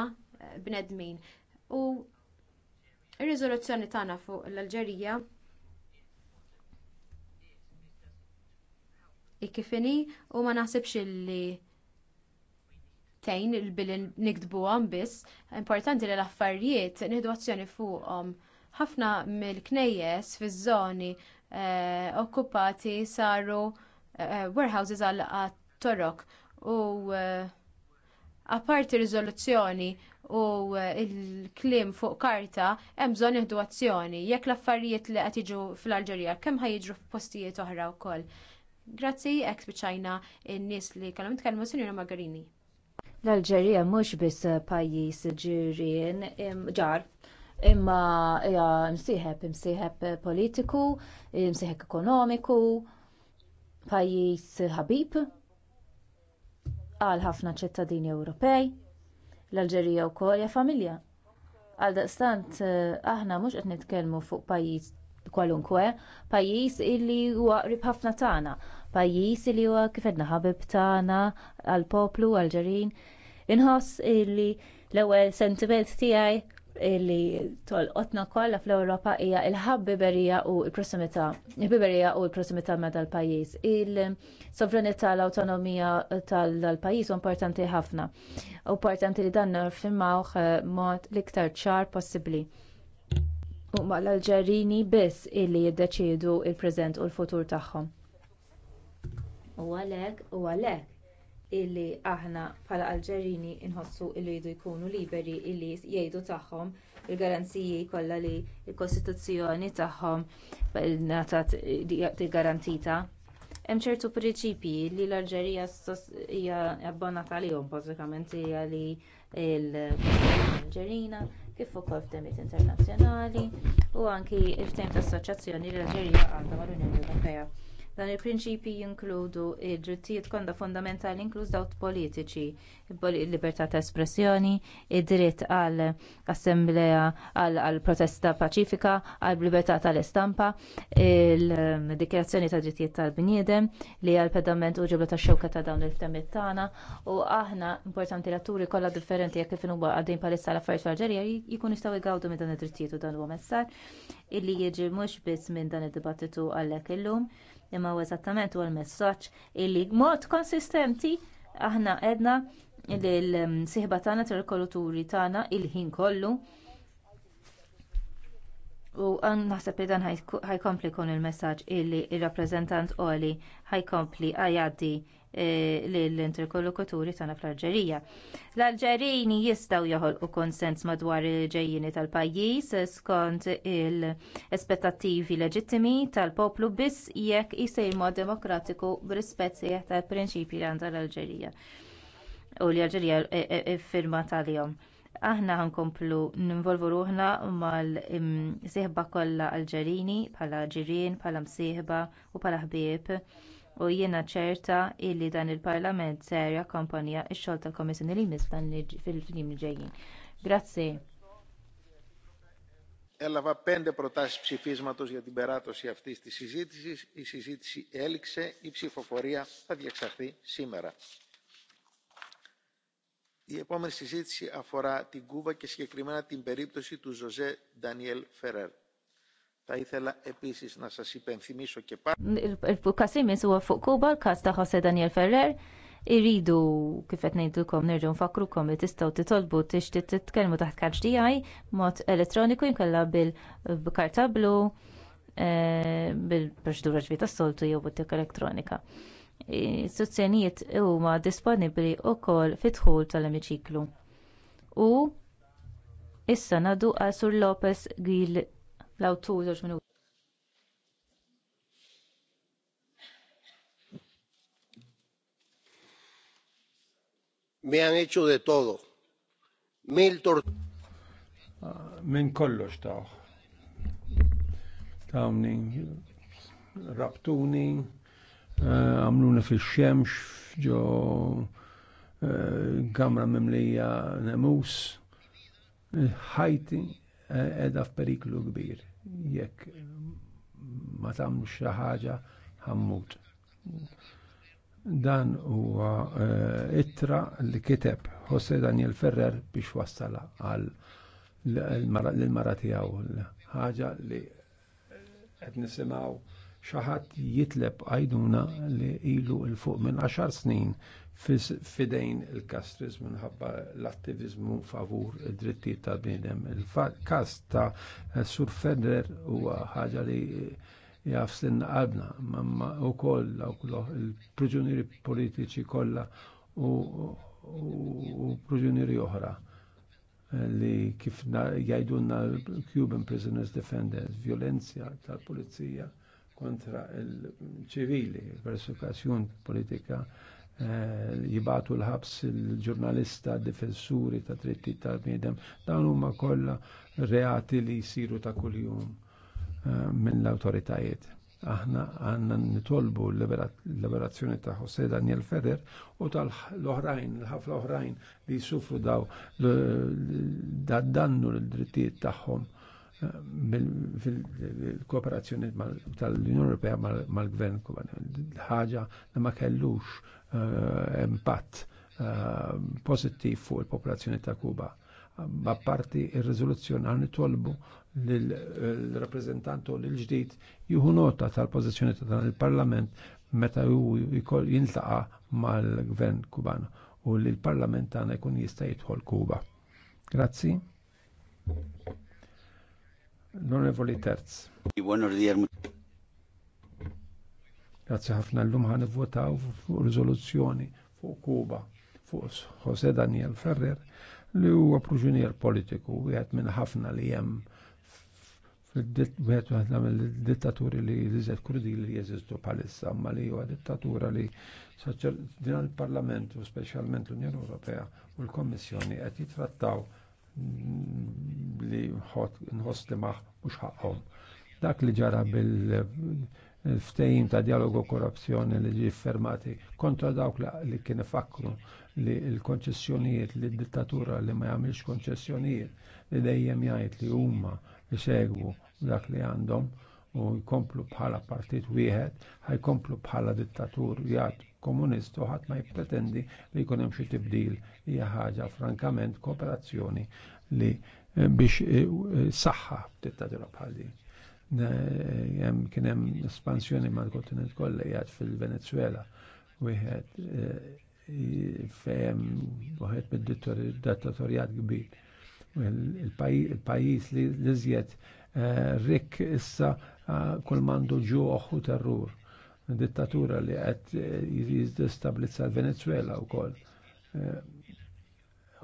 bnedmin. U ir-riżoluzzjoni tagħna fuq l-Alġerija ikkifini u ma naħsibx li tejn il bili nikdbu għan biss, importanti li l-affarijiet nħidu azzjoni fuqhom. Ħafna mill-knejjes fiż-żoni eh, okkupati saru eh, warehouses għal torok u eh, apparti riżoluzzjoni u l kliem fuq karta hemm bżonn nieħdu azzjoni jekk l-affarijiet li qed jiġu fl-Alġerija kemm ħajġru f'postijiet oħra wkoll. Grazzi hekk biċajna n-nies li kellhom jitkellmu Sinjura Magarini. L-Alġerija mhux biss pajjiż ġirien ġar imma hija msieħeb imsieħeb politiku, msieħeb ekonomiku, pajjiż ħabib għal ħafna ċittadini Ewropej. L-Alġerija wkoll hija familja. Għaldaqstant aħna mhux qed nitkellmu fuq pajjiż kwalunkwe, pajjiż illi huwa qrib ħafna tagħna pajjiż li huwa kif qed ħabib tagħna għall-poplu Alġerin. Inħoss illi l-ewwel sentiment tiegħi li tolqotna kollha fl-Ewropa hija il-ħabbiberija u l-prossimità, il-biberija u l-prossimità ma' dal-pajjiż. Il-sovranità l-awtonomija tal-pajjiż u importanti ħafna. U importanti li dan nirfimawh eh, mod l-iktar ċar possibbli. U ma l-Alġerini biss illi jiddeċiedu l preżent u l-futur tagħhom u għalhekk u għalhekk illi aħna bħala Alġerini nħossu li jridu jkunu liberi illi jgħidu tagħhom il-garanziji kollha li l-kostituzzjoni tagħhom ngħatat garantita. Hemm ċertu prinċipji li l-Alġerija hija abbonata għalihom bażikament hija li l-Kostituzzjoni Alġerina kif ukoll f'temiet internazzjonali u anki l-ftehim ta' assoċjazzjoni li l-Alġerija għandha mal-Unjoni Ewropea Dan il prinċipju jinkludu id-drittijiet kollha fondamentali inkluż dawk politiċi, il-libertà ta' espressjoni, id-dritt għal assembleja għal protesta paċifika, għal libertà tal-istampa, il-dikjarazzjoni ta' drittijiet tal-bniedem li għal pedament u ġibla ta' xewka ta' dawn il-ftemiet tagħna u aħna importanti l-atturi kollha differenti jekk kif huma għaddejn palissa l-affarijiet fl-Alġerija jkun jistgħu jgawdu minn dan id-drittijiet u dan huwa messar illi jiġi mhux biss minn dan id-dibattitu għalhekk illum imma huwa eżattament huwa l-messaġġ illi mod konsistenti aħna qedna l-sieħba tagħna tal kulturi tagħna il-ħin kollu u naħseb li dan ħajkompli jkun il-messaġġ illi r rappreżentant qoli ħajkompli għajaddi Eh, l-interkollokaturi tagħna fl-Alġerija. L-Alġerini jistgħu u konsens madwar il-ġejjini tal-pajjiż skont l-espettattivi leġittimi tal-poplu biss jekk mod demokratiku b'rispett sejħ tal-prinċipji li għandha l-Alġerija u li Alġerija eh, eh, tal-jom. aħna ħankomplu ninvolvu ruħna mal sihba kollha Alġerini bħala ġirien, bħala msihba u bħala ħbieb u jiena ċerta li dan il-Parlament se jakkompanja x-xogħol tal-Kommissjoni li jmiss fil-flim li ġejjin. Grazzi. Έλαβα πέντε προτάσεις ψηφίσματος για την περάτωση αυτής της συζήτησης. Η συζήτηση έληξε. Η ψηφοφορία θα διεξαχθεί σήμερα. Η επόμενη συζήτηση αφορά την Κούβα και συγκεκριμένα την περίπτωση του Ζωζέ Ντανιέλ Φερέρ. Ta' jithella episis na Il-Kasimis huwa fuq Kuba, l-kas ta' Jose Daniel Ferrer, irridu kifet nejdukom nerġu nfakrukom li tistaw titolbu t-tkelmu taħt karġ DI mod elettroniku jinkella bil-karta blu eh, bil-proċedura ġvita soltu jew bottek elettronika. Istruzzjonijiet huma disponibbli wkoll fit-dħul tal-emiċiklu. U issa nadu għal Sur Lopez Gil L-awtur żewġ minuti. Me han hecho de todo. Mil tor ah, Min kollox taw. Tawni raptuni, eh, għamluna fil-xemx ġo eh, gamra mimlija nemus, eh, ħajti edha f'periklu kbir jekk ma tagħmlux xi ħaġa ħammut. Dan huwa eh, ittra li kiteb Jose Daniel Ferrer biex wassala għal l-mara tiegħu ħaġa li eh, qed nisimgħu xi ħadd jitleb għajduna li ilu il fuq minn 10 snin fidejn il-kastris minħabba l-attivizmu favur id-drittijiet tal-bniedem. Il-kas ta' Sur Federer huwa ħaġa li jaf għadna, qalbna, mamma u koll il-priġunieri politiċi kollha u priġunieri oħra li kif jgħidulna Cuban Prisoners Defenders, violenza tal-pulizija kontra il-ċivili, persekuzzjoni politika Eh, jibatu l-ħabs il-ġurnalista, difensuri ta' dritti tal-bniedem, dan huma kollha reati li jsiru ta' kuljum eh, minn l-autoritajiet. Aħna għanna nitolbu l-liberazzjoni ta' Jose Daniel Ferrer u tal-oħrajn, l-ħafla oħrajn li jisufru daw dannu l-drittijiet tagħhom eh, fil-kooperazzjoni tal-Unjoni Ewropea mal-Gvern Kuban. Ħaġa li ma kellux Eh, impatt eh, pozittiv fuq il-popolazzjoni ta' Kuba. Ma parti il-rezoluzzjoni għan nitolbu eh, l-rappresentantu l-ġdid juhu nota tal-pozizjoni tal-parlament meta jintlaqa mal-gvern kuban u li l-parlament għana jkun jista' jitħol Kuba. Grazzi. L-Onorevoli Terz. Grazie ħafna l-lum ħan votaw fuq rizoluzzjoni fuq Kuba fuq Jose Daniel Ferrer li huwa proġunier politiku wieħed minn ħafna li hemm wieħed waħda mill-dittaturi li liżet kurdi li jeżistu bħalissa, ma li huwa dittatura li din il-Parlament u speċjalment l-Unjoni Ewropea u l-Kommissjoni qed jitrattaw li nħost li maħ mhux ħaqhom. Dak li ġara bil Ftehim ta' dialogu korruzzjoni li ġi fermati kontra dawk li kien ifakru li l-konċessjonijiet li d-dittatura li ma jagħmilx konċessjonijiet li dejjem jgħid li huma jsegwu dak li għandhom u jkomplu bħala partit wieħed, ħajkomplu bħala dittatur jgħad komunist u ħadd ma jippretendi li jkun hemm xi tibdil hija ħaġa frankament kooperazzjoni li biex saħħa dittatura bħal din kien hemm espansjoni mal-kontinent kolli jgħad fil-Venezuela wieħed eh, fejem waħed mid-dittatorjat kbir. il pajis li iżjed eh, rik issa eh, kull mandu ġu uħu terrur. Dittatura li qed jizdestablizza l-Venezuela wkoll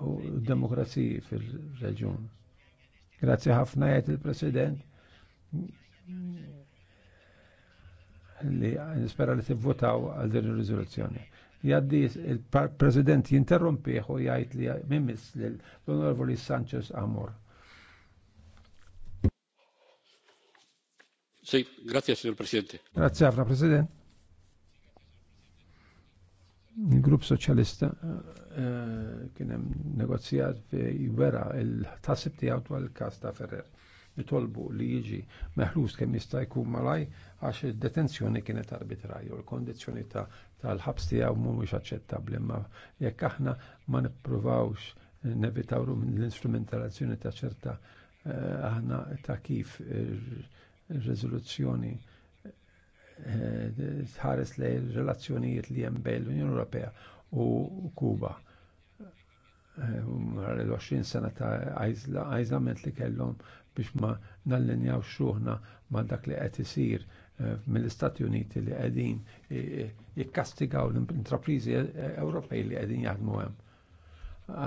u demokrazija fil-reġjun. Grazie ħafna jgħid il-President li nispera li tivvotaw għal din ir-riżoluzzjoni. Jaddi il-President jinterrompih u jgħid li mimis l-Onorevoli Sanchez Amor. Sì, grazie signor Presidente. Grazie Avra Presidente. il gruppo socialista Soċjalista eh, eh, kien hemm negozjat fi vera il-tasib tiegħu dwar il-każ ta' Ferrer jitolbu li jiġi meħlus kemm jista' jkun malaj għax id-detenzjoni kienet arbitrarju, l-kondizzjoni tal-ħabs tiegħu mhumiex aċċettabbli, ma jekk aħna ma nippruvawx nevitaw l-instrumentalazzjoni ta' ċerta eh, aħna ta' kif ir-riżoluzzjoni eh, tħares lej relazzjonijiet li hemm bejn l-Unjoni Ewropea u Kuba eh, um, għal 20 sena ta' għajzlament li kellhom biex ma nallinjaw xuħna ma dak li qed isir eh, mill-Istati Uniti li qegħdin jikkastigaw eh, eh, l-intrapriżi Ewropej li qegħdin jaħdmu hemm.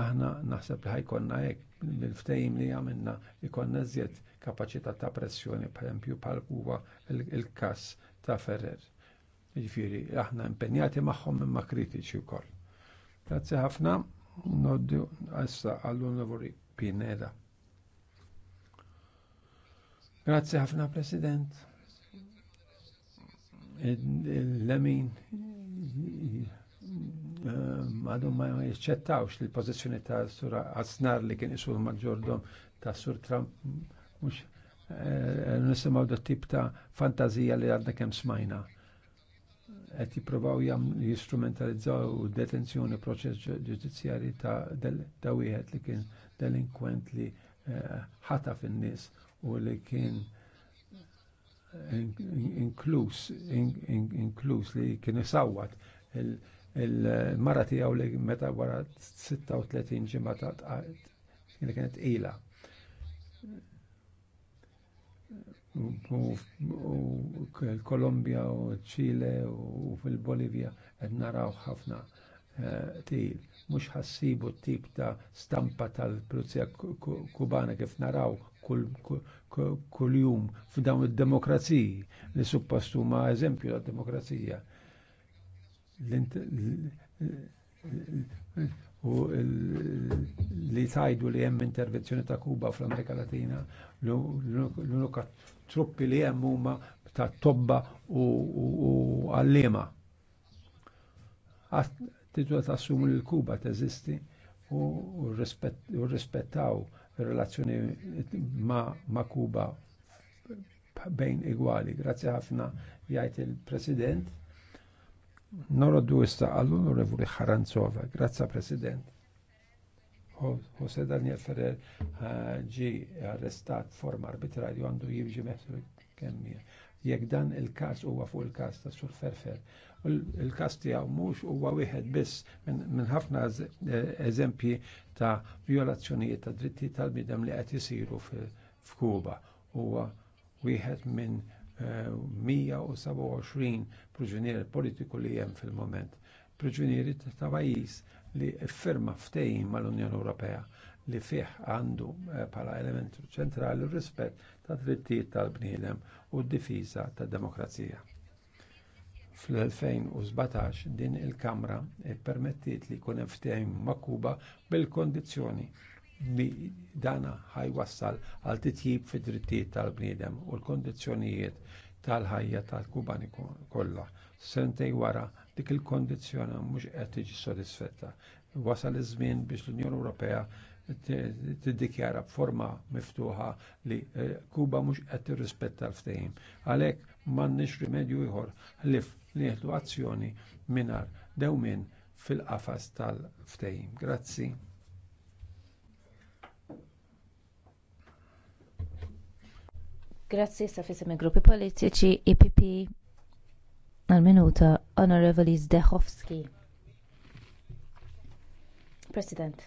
Aħna naħseb li ħajkonna hekk mill ftehim li għamilna ikonna żjed kapaċità ta' pressjoni pereżempju bħal huwa il-każ ta' Ferrer. Jiġifieri aħna impenjati magħhom imma kritiċi wkoll. Grazzi ħafna, noddu issa għall-Onorevoli Pineda. Grazzi ħafna President. l Lemin eh, għadhom ma jiċċettawx li pozizjoni ta' sura Aznar li kien isu maġġordom ta' sur Trump mux eh, nisimaw da' tip ta' fantazija li għadna kem smajna qed jam jistrumentalizzaw detenzjoni proċess ġudizzjarji ta' wieħed li kien delinkwent li eh, ħata fin-nies u li kien inkluż inkluż li kien isawwat il-mara tiegħu li meta wara 36 ġimgħa ta' li kienet ila. U kolombja u ċile u fil-Bolivja qed naraw ħafna eh, til. Mhux ħassibu t-tip ta' stampa tal pruzija Kubana kif naraw kull jum f'dawn id-demokraziji li suppostu ma eżempju ta' demokrazija. U li tajdu li hemm intervenzjoni ta' Kuba fl-Amerika Latina, l-unika truppi li hemm huma ta' tobba u għallima. Tidu ta' assum li l-Kuba teżisti u rispettaw relazzjoni ma', ma Kuba bejn igwali. Grazie ħafna jgħajt il-President. Noroddu issa għall-Onorevoli Ħaranzova. Grazie President. Jose Daniel Ferrer eh, ġi arrestat forma arbitrarju għandu jibġi meħsu kemmija jekk dan il-każ huwa fuq il-każ ta' Sur Ferfer. Il-każ tiegħu mhux huwa wieħed biss minn ħafna eżempji ta' violazzjonijiet ta' dritti tal-bidem li qed isiru f'Kuba. Huwa wieħed minn 127 eh, priġunier politiku li hemm fil-moment. Priġunieri ta' pajjiż li firma ftehim mal-Unjoni Ewropea li fih għandu eh, bħala element ċentrali rispett ta' drittijiet tal-bniedem u d-difiża tad-demokrazija. Fl-2017 din il-Kamra permettiet li jkun hemm ftehim ma' Kuba bil-kondizzjoni li dana ħajwassal għal titjib fid-drittijiet tal-bniedem u l-kondizzjonijiet tal-ħajja tal-Kubani kollha. Sentej wara dik il-kondizzjoni mhux qed tiġi sodisfetta. Wasal iż-żmien biex l-Unjoni Ewropea tiddikjara b'forma miftuħa li eh, Kuba mhux qed rispetta l-ftehim. Għalhekk m'għandniex rimedju ieħor li nieħdu azzjoni mingħajr dewmien fil-qafas tal-ftehim. Grazzi. Grazzi safis me gruppi politiċi IPP għal-minuta Onorevoli Zdechowski. President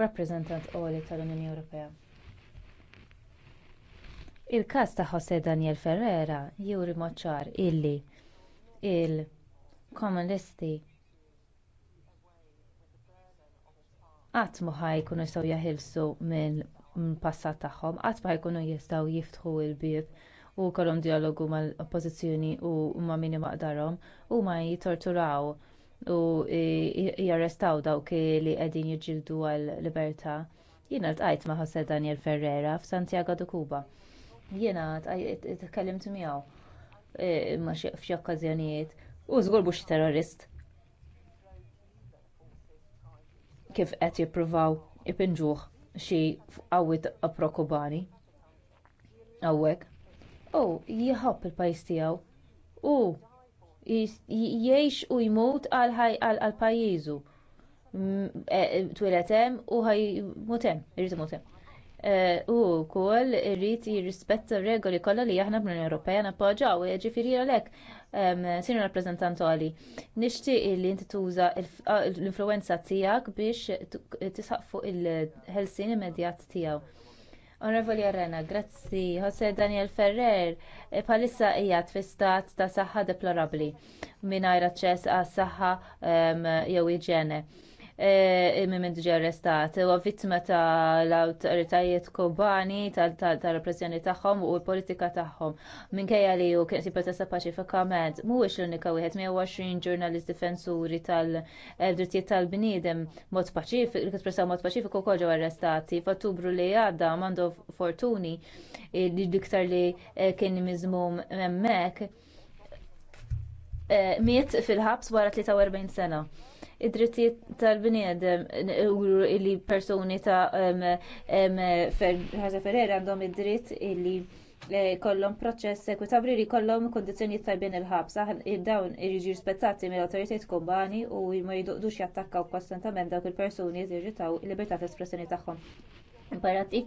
rappreżentant għoli tal-unjoni ewropea il-każ ta' josé daniel ferreira juri moċċar illi il-komunisti qatt ma jkunu jistgħu jaħilsu mill-passat tagħhom qatt ma jkunu jistgħu jiftħu l-bieb u jkollhom dijalogu mal-oppożizzjoni u huma min imaqdarhom huma jittorturaw u jarrestaw dawk li qegħdin jiġġieldu għal libertà. Jiena tqajt ma' Jose Daniel Ferrera f'Santiago de Cuba. Jiena tkellimtu miegħu e, ma' f'xi okkażjonijiet u żgur mhux terrorist. Kif qed jippruvaw ipinġuh xi qawwiet approkubani Hawnhekk. U jħobb il-pajjiż tiegħu u jgħix u jmut għal pajjiżu. E, Twilet hemm u ħajmut mutem, irid mutem. E, u wkoll irrid jirrispetta r-regoli kollha li aħna bl-Unjoni Ewropea nappoġġaw, e, ġifieri għalhekk sinu għali. Nixtieq li inti tuża l-influenza tiegħek biex tisħaffu fuq il-ħelsin immedjat tiegħu Onorevoli Arena, grazzi. Jose Daniel Ferrer, eh, palissa ijat fi stat ta' saħħa deplorabli mingħajr aċċess għas saħħa ehm, jew iġene. E, minn ġi arrestat. Huwa vittma tal-awtoritajiet kubani, tal-repressjoni tagħhom u l-politika tagħhom. Minkejja li hu kien protesta paċifikament, mhuwiex l-unika wieħed 120 ġurnalist difensuri tal-drittijiet tal-bniedem mod paċifik, espressaw mod paċifiku wkoll ġew arrestati. F'Ottubru li għadda Mando Fortuni li diktar li e, kien miżmum memmek. E, miet fil-ħabs wara 43 sena id-drittijiet tal-bniedem u li persuni ta' Ħaġa Ferrer għandhom id-dritt illi eh, kollom proċess ekwitabri li kollom kondizjoni tajbin il-ħabs. Dawn irriġi rispettati mill autoritajiet kumbani u ma jduqdux jattakkaw kostantament dawk il-persuni li jirritaw il-libertà ta' espressjoni tagħhom. Imparati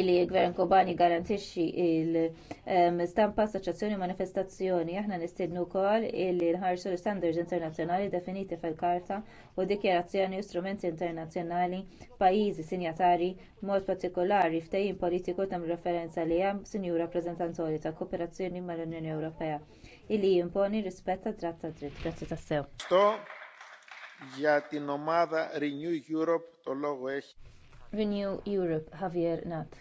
illi gvern Kobani garantixxi il-stampa ehm, u manifestazzjoni. Aħna nistednu wkoll li nħarsu l-standards internazzjonali definiti fil-karta u dikjarazzjoni u strumenti internazzjonali pajjiżi sinjatari mod partikolari ftehim politiku tam referenza li hemm Sinju rappreżentanzoli ta' kooperazzjoni mal-Unjoni Ewropea illi jimponi rispetta tad dratt tad dritt. Grazzi tassew. Renew Europe, Javier Nat.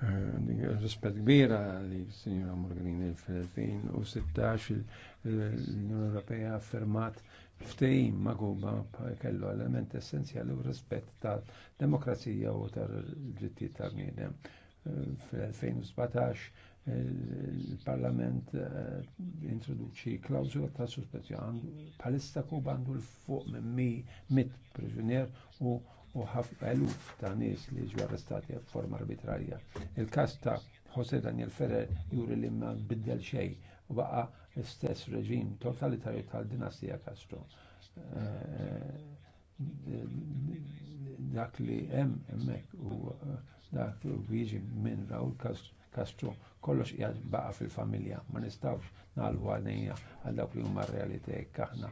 Eh, rispet kbira li signora Morganini il 2016 l-Unjoni Ewropea affermat ftehim ma' Kuba kellu element essenzjali u rispett tal-demokrazija u tal-ġittijiet tal-bniedem. Eh, Fil-2017 il-Parlament eh, introduċi klawzula ta' għandu palista kub għandu l-fuq minn mi mit priġunier u u eluf ta' nis li ġu arrestati forma arbitrarja. Il-kas ta' Jose Daniel Ferrer juri li ma biddel xej u baqa l-istess reġim totalitarju tal-dinastija Castro eh, eh, dak li hemm hemmhekk u dak li jiġi minn Raul Castro Kastru kollox jgħad baqa' fil-familja, ma nistgħux nagħlqu għalnejja għal dawk li huma r-realitajiet aħna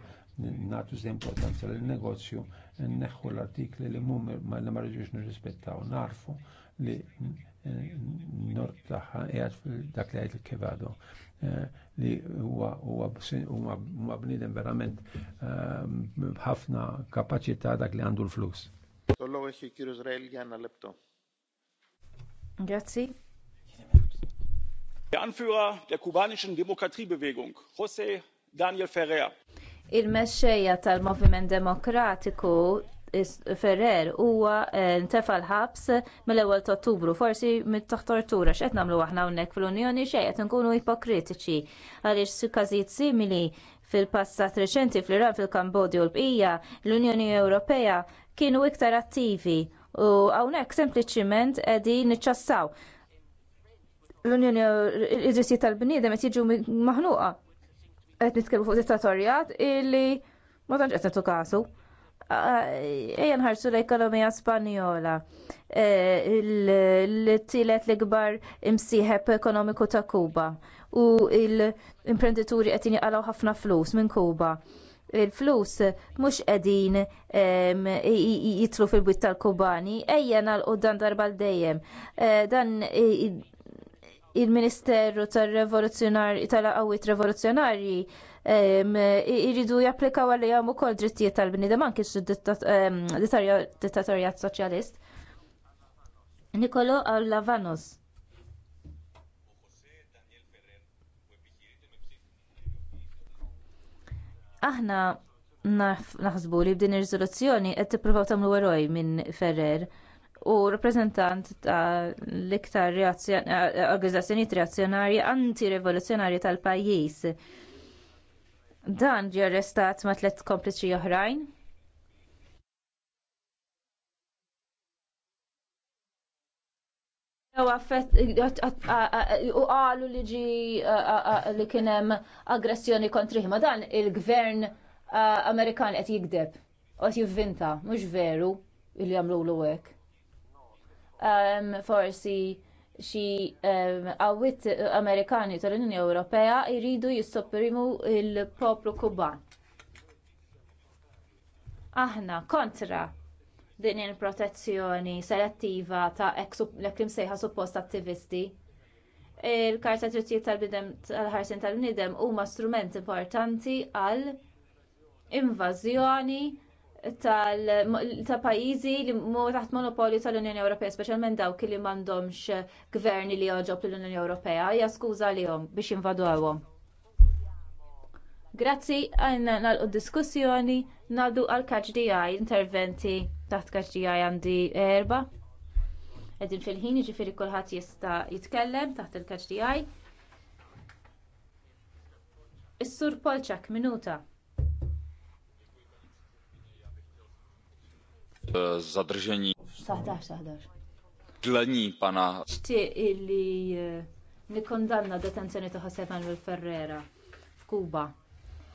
nagħtu importanza lil negozju nneħħu l-artikli li mhum ma rridux nirrispettaw, narfu li nord tagħha qiegħed fil-dak li qed il-kevado li huwa huwa bniedem verament b'ħafna kapaċità dak li għandu l-flus. Tollu għiex kiru Zrael għanna lepto. Grazie. Der Anführer der kubanischen Demokratiebewegung, José Daniel Ferrer. Il-mexxejja tal-Moviment Demokratiku Ferrer huwa eh, l ħabs mill-ewwel ta' Ottubru, forsi mit taħt tortura x'qed nagħmlu aħna hawnhekk fl-Unjoni xejn qed inkunu ipokritiċi għaliex każijiet simili fil-passat reċenti fl-Iran fil-Kambodja u l-bqija l-Unjoni Ewropea kienu iktar attivi u hawnhekk sempliċiment qegħdin niċċassaw l-Unjoni id-drittijiet tal-bniedem qed jiġu maħnuqa qed nitkellmu fuq dittatorjat illi ma tantx qed kasu. Ejja nħarsu l-ekonomija Spanjola. E, l-tielet l-ikbar imsiħeb ekonomiku ta' Kuba u l-imprenditori qed jinqalgħu ħafna flus minn Kuba il-flus mhux qegħdin jitlu fil-bit tal-kubani, ejja għal dan darba dejjem e, Dan il-Ministeru tal-Revoluzzjonari tal-Qawwiet Revoluzzjonarji jridu japplikaw għalihom ukoll drittijiet tal-bniedem anke dittatorjat soċjalist. Nikolo Lavanos. Aħna naħsbu li b'din ir-riżoluzzjoni qed tippruvaw tagħmlu eroj minn Ferrer u rappreżentant tal-iktar eh, organizzazzjonijiet reazzjonarji anti-rivoluzzjonarji tal-pajjiż. Dan ġie arrestat ma' tliet kompliċi oħrajn. U għalu li ġi eh, eh, li kienem aggressjoni kontriħi, ma dan il-gvern Amerikan qed jikdeb, għet jivvinta, mhux veru il-li l-għek forsi xi qawwiet Amerikani tal-Unjoni Ewropea jridu jissopprimu l-poplu Kuban. Aħna kontra din il-protezzjoni selettiva ta' l-ekrim sejħa suppost attivisti. Il-karta trittijiet tal-bidem tal-ħarsin tal-bnidem huma strument importanti għal invażjoni ta' pajizi li mu taħt monopolju tal-Unjoni Ewropea, speċjalment dawk li m'għandhomx eh, gvern li joġob l-Unjoni Ewropea, hija skuża lihom biex invadu għawhom. Grazzi għanna nalqu diskussjoni nadu għal KGDI interventi taħt KGDI għandi erba. Edin fil-ħin ġifiri kullħat jista jitkellem taħt il-KGDI. Is-sur Polċak minuta. E, Zadrżeni. Saħdax, saħdax. Dlani pana. Xtieq illi e, nikkondanna detenzjoni ta' Stefan Ferrera f'Kuba.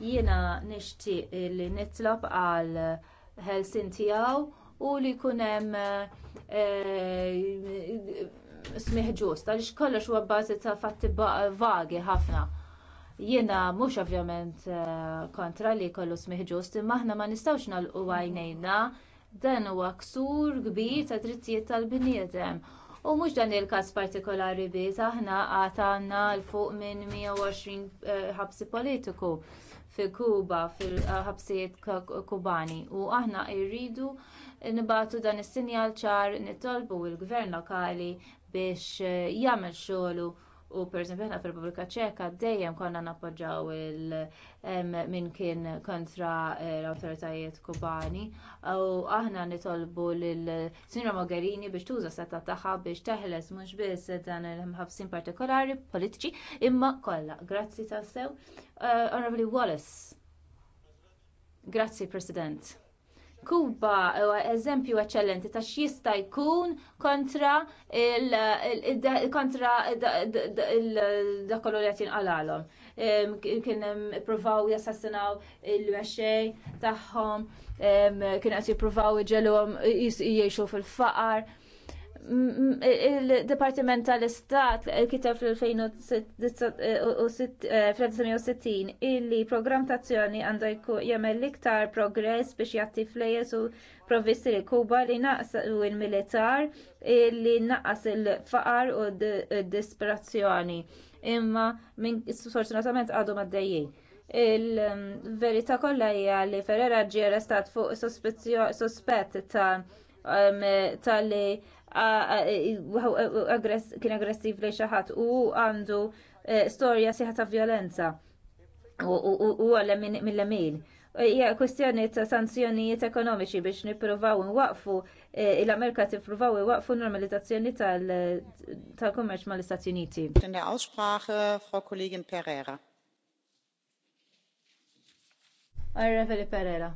Jiena nixtieq li nitlob għal ħelsin tiegħu u li jkun hemm e, smih ġust għaliex kollox huwa ta' fatti vagi ħafna. Jiena mhux ovvjament kontra li kollu smiħ ġust, imma aħna ma nistgħux nagħlqu għajnejna dan huwa ksur kbir ta' drittijiet tal-bniedem. U mhux dan il-każ partikolari biss aħna għad għandna l fuq minn 120 eh, ħabsi politiku fi Kuba fil-ħabsijiet kubani u aħna rridu nibatu dan is-sinjal ċar nitolbu il gvern lokali biex eh, jagħmel xogħlu U esempio, aħna fil republika Ċeka dejjem konna nappoġġaw il min kien kontra eh, l-awtoritajiet kubani u aħna nitolbu l Sinra Mogherini biex tuża seta tagħha biex teħles mhux biss dan il-ħabsin partikolari politiċi imma kollha. Grazzi tassew. Eh, Honorable Wallace. Grazzi President. Kuba huwa eżempju eċċellenti ta' x'jista' jkun kontra kontra dakollu li qed jinqalalhom. Kien hemm ippruvaw jassassinaw il wexej tagħhom, kien qed jippruvaw iġelhom jgħixu fil-faqar il-Departiment tal-Istat kiteb fl-1960 eh, eh, illi program tazzjoni għandu jagħmel liktar iktar progress biex jagħti flejes u provvisti li Kuba li u il-militar li naqas il-faqar u d-disperazzjoni. Eh, Imma minn sfortunatament għadu maddejjin il-verità kollha hija li Ferrera ġie arrestat fuq sospett tal-li kien aggressiv li xaħat u għandu e, storja siħa ta' violenza u għalem mill-emil. Hija kwestjoni ta' sanzjonijiet ekonomiċi biex nippruvaw nwaqfu e, l-Amerika tippruvaw iwaqfu normalizzazzjoni tal kommerċ mal-Istati Uniti. In der Aussprache, Frau Kollegin Pereira. Arreveli Pereira.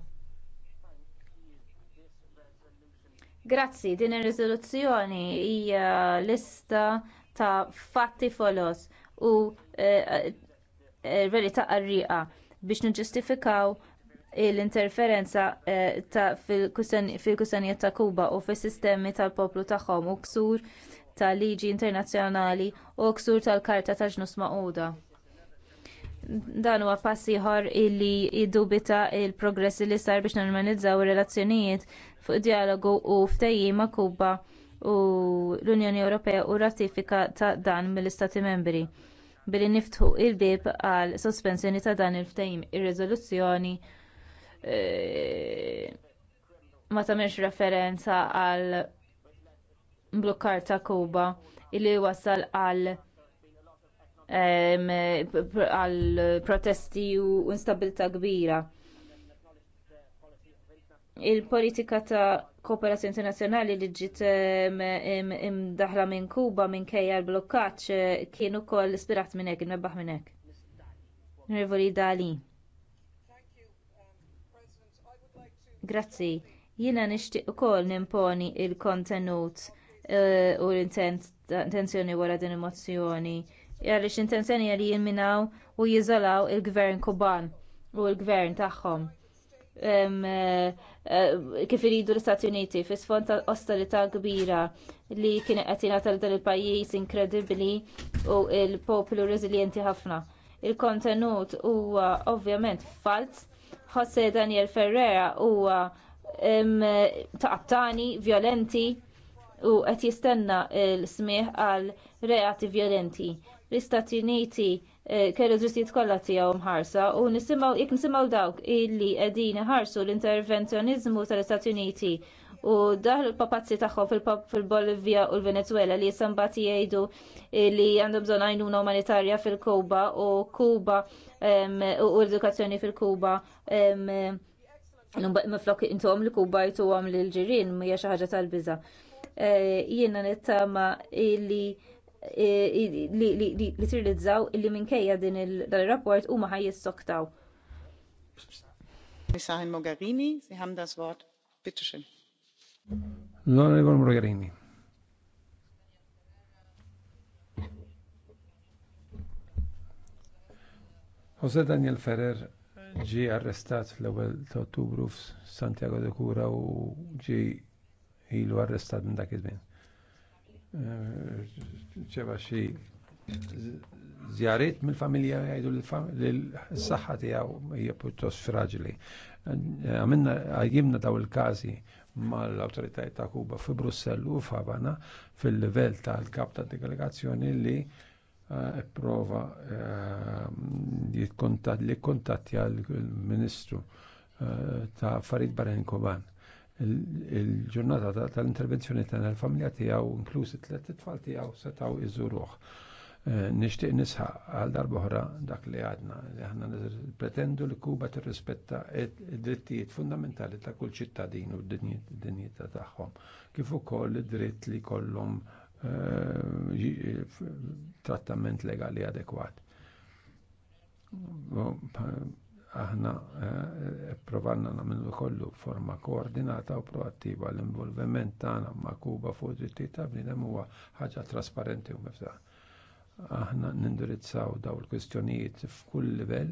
Grazzi, din ir-riżoluzzjoni hija lista ta' fatti folos u eh, eh, eh, verità qarrieqa biex niġġustifikaw l-interferenza fil-kustanijiet ta' Kuba u fis-sistemi tal-poplu tagħhom u ksur tal-liġi internazzjonali u ksur tal-karta ta' ġnus Magħquda dan huwa pass ieħor illi jiddubita l il progressi li sar biex normalizzaw ir-relazzjonijiet fuq dialogu u ftehim ma' Kuba u l-Unjoni Ewropea u ratifika ta' dan mill-Istati Membri billi niftħu il-bib għal sospensjoni ta' dan il-ftehim ir-riżoluzzjoni e, ma tagħmilx referenza għal blukkar ta' Kuba illi wasal għal għal protesti u instabilta kbira. Il-politika ta' kooperazzjoni internazzjonali li ġiet imdaħla minn Kuba minkejja l-blokkaċ eh, kien ukoll ispirat minn hekk, imnebbaħ minn hekk. Rivoli Dali. Grazzi. Jiena nixtieq ukoll nimponi l kontenut eh, u l-intenzjoni wara din il-mozzjoni għaliex intenzjoni li jilminaw u jiżolaw il-gvern kuban u l-gvern tagħhom eh, eh, kif iridu l-Istati Uniti fi sfond ta' ostalità kbira li kien qed jingħatel dan il-pajjiż inkredibbli u l-poplu reżiljenti ħafna. Il-kontenut huwa ovvjament fals. Jose Daniel Ferrera huwa taqtani vjolenti u qed jistenna l-smih għal reati vjolenti l-Istati Uniti eh, kellu drittijiet kollha tiegħu mħarsa u nisimgħu jekk nisimgħu dawk illi qegħdin iħarsu l-intervenzjoniżmu tal-Istati Uniti u daħ il papazzi tagħhom fil-Bolivja u l-Venezuela li jisambat jgħidu li għandhom bżonn għajnuna umanitarja fil-Kuba u Kuba u edukazzjoni fil-Kuba Miflok intom li kuba jtu għam li l-ġirin, mija xaħġa tal-biza. Eh, jiena nittama illi li tirrizzaw illi minkejja din il-rapport u ħaj jissoktaw. Kommissarin Mogherini, Sie haben das Wort. Bitte schön. L'onorevole Mogherini. Jose Daniel Ferrer ġi arrestat l ewwel ta' Ottubru f'Santiago de Cura u ġi ilu arrestat minn dak iż-żmien ċeva xi zjarit mill-familja jgħidu l saxħa tijaw hija pjuttost fragili. Għamilna għajjimna daw il-każi mal-awtoritajiet ta' Kuba fi Brussell u f'Habana fil-livell tal-kap ta' delegazzjoni li eh, prova eh, li kontatti l ministru eh, ta' Farid Baren Koban il-ġurnata tal-intervenzjoni tal-familja tiegħu inkluż it-tlet tfal tiegħu setgħu iżuruh. Eh, nixtieq nisħa għal darbohra dak li għadna li aħna pretendu li Kuba tirrispetta id-drittijiet fundamentali ta' kull ċittadin u d-dinjità tagħhom. Kif ukoll id-dritt li kollhom eh, trattament legali adekwat aħna eh, provanna nagħmlu kollu b'forma koordinata u proattiva l-involviment tagħna ma' Kuba fuq drittijiet ta' bniedem huwa ħaġa trasparenti u mifta. Aħna nindirizzaw daw il-kwistjonijiet f'kull livell,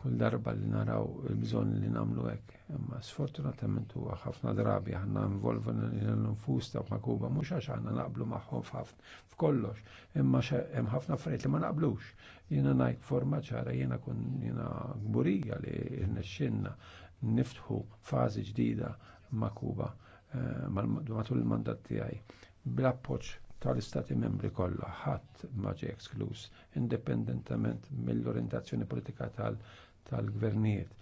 kull darba li naraw il-bżonn li nagħmlu hekk. Imma sfortunatament huwa ħafna drabi aħna involvu l-infus ta' ma' Kuba mhux għax aħna naqblu magħhom f'kollox, imma hemm ħafna affarijiet li ma naqblux jina najt forma ċara jina kun jina burija li rnexxinna niftħu fażi ġdida ma' Kuba eh, matul il-mandat tiegħi bl-appoġġ tal-istati membri kollha ħadd ma ġie eksklus indipendentament mill-orientazzjoni politika tal-gvernijiet.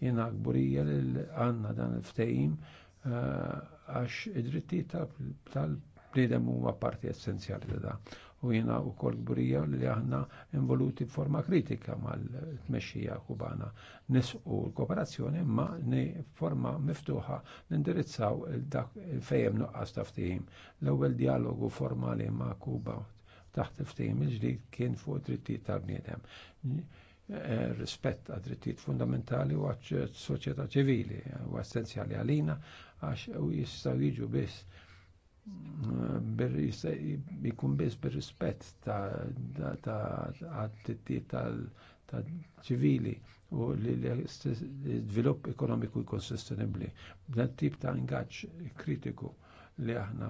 Jiena gburija li għandna dan il-ftehim eh, għax id dritti tal-bliedem huma parti essenzjali ta' da u jina u kol gburija li aħna involuti forma kritika mal-tmexxija kubana. Nisqu l-kooperazzjoni ma ni forma miftuħa nindirizzaw dak fejem nuqqas taftijim. L-ewwel dialogu formali ma' Kuba taħt il-ftehim il-ġdid kien fuq drittijiet tal-bniedem. Eh, rispett għad drittijiet fundamentali u għax soċjetà ċivili u essenzjali għalina għax u jistaw jiġu biss jikun biss bir-rispett ta' għat ta' ċivili u li l-izvilupp ekonomiku jkun sostenibli. Dan tip ta' ingaċ kritiku li aħna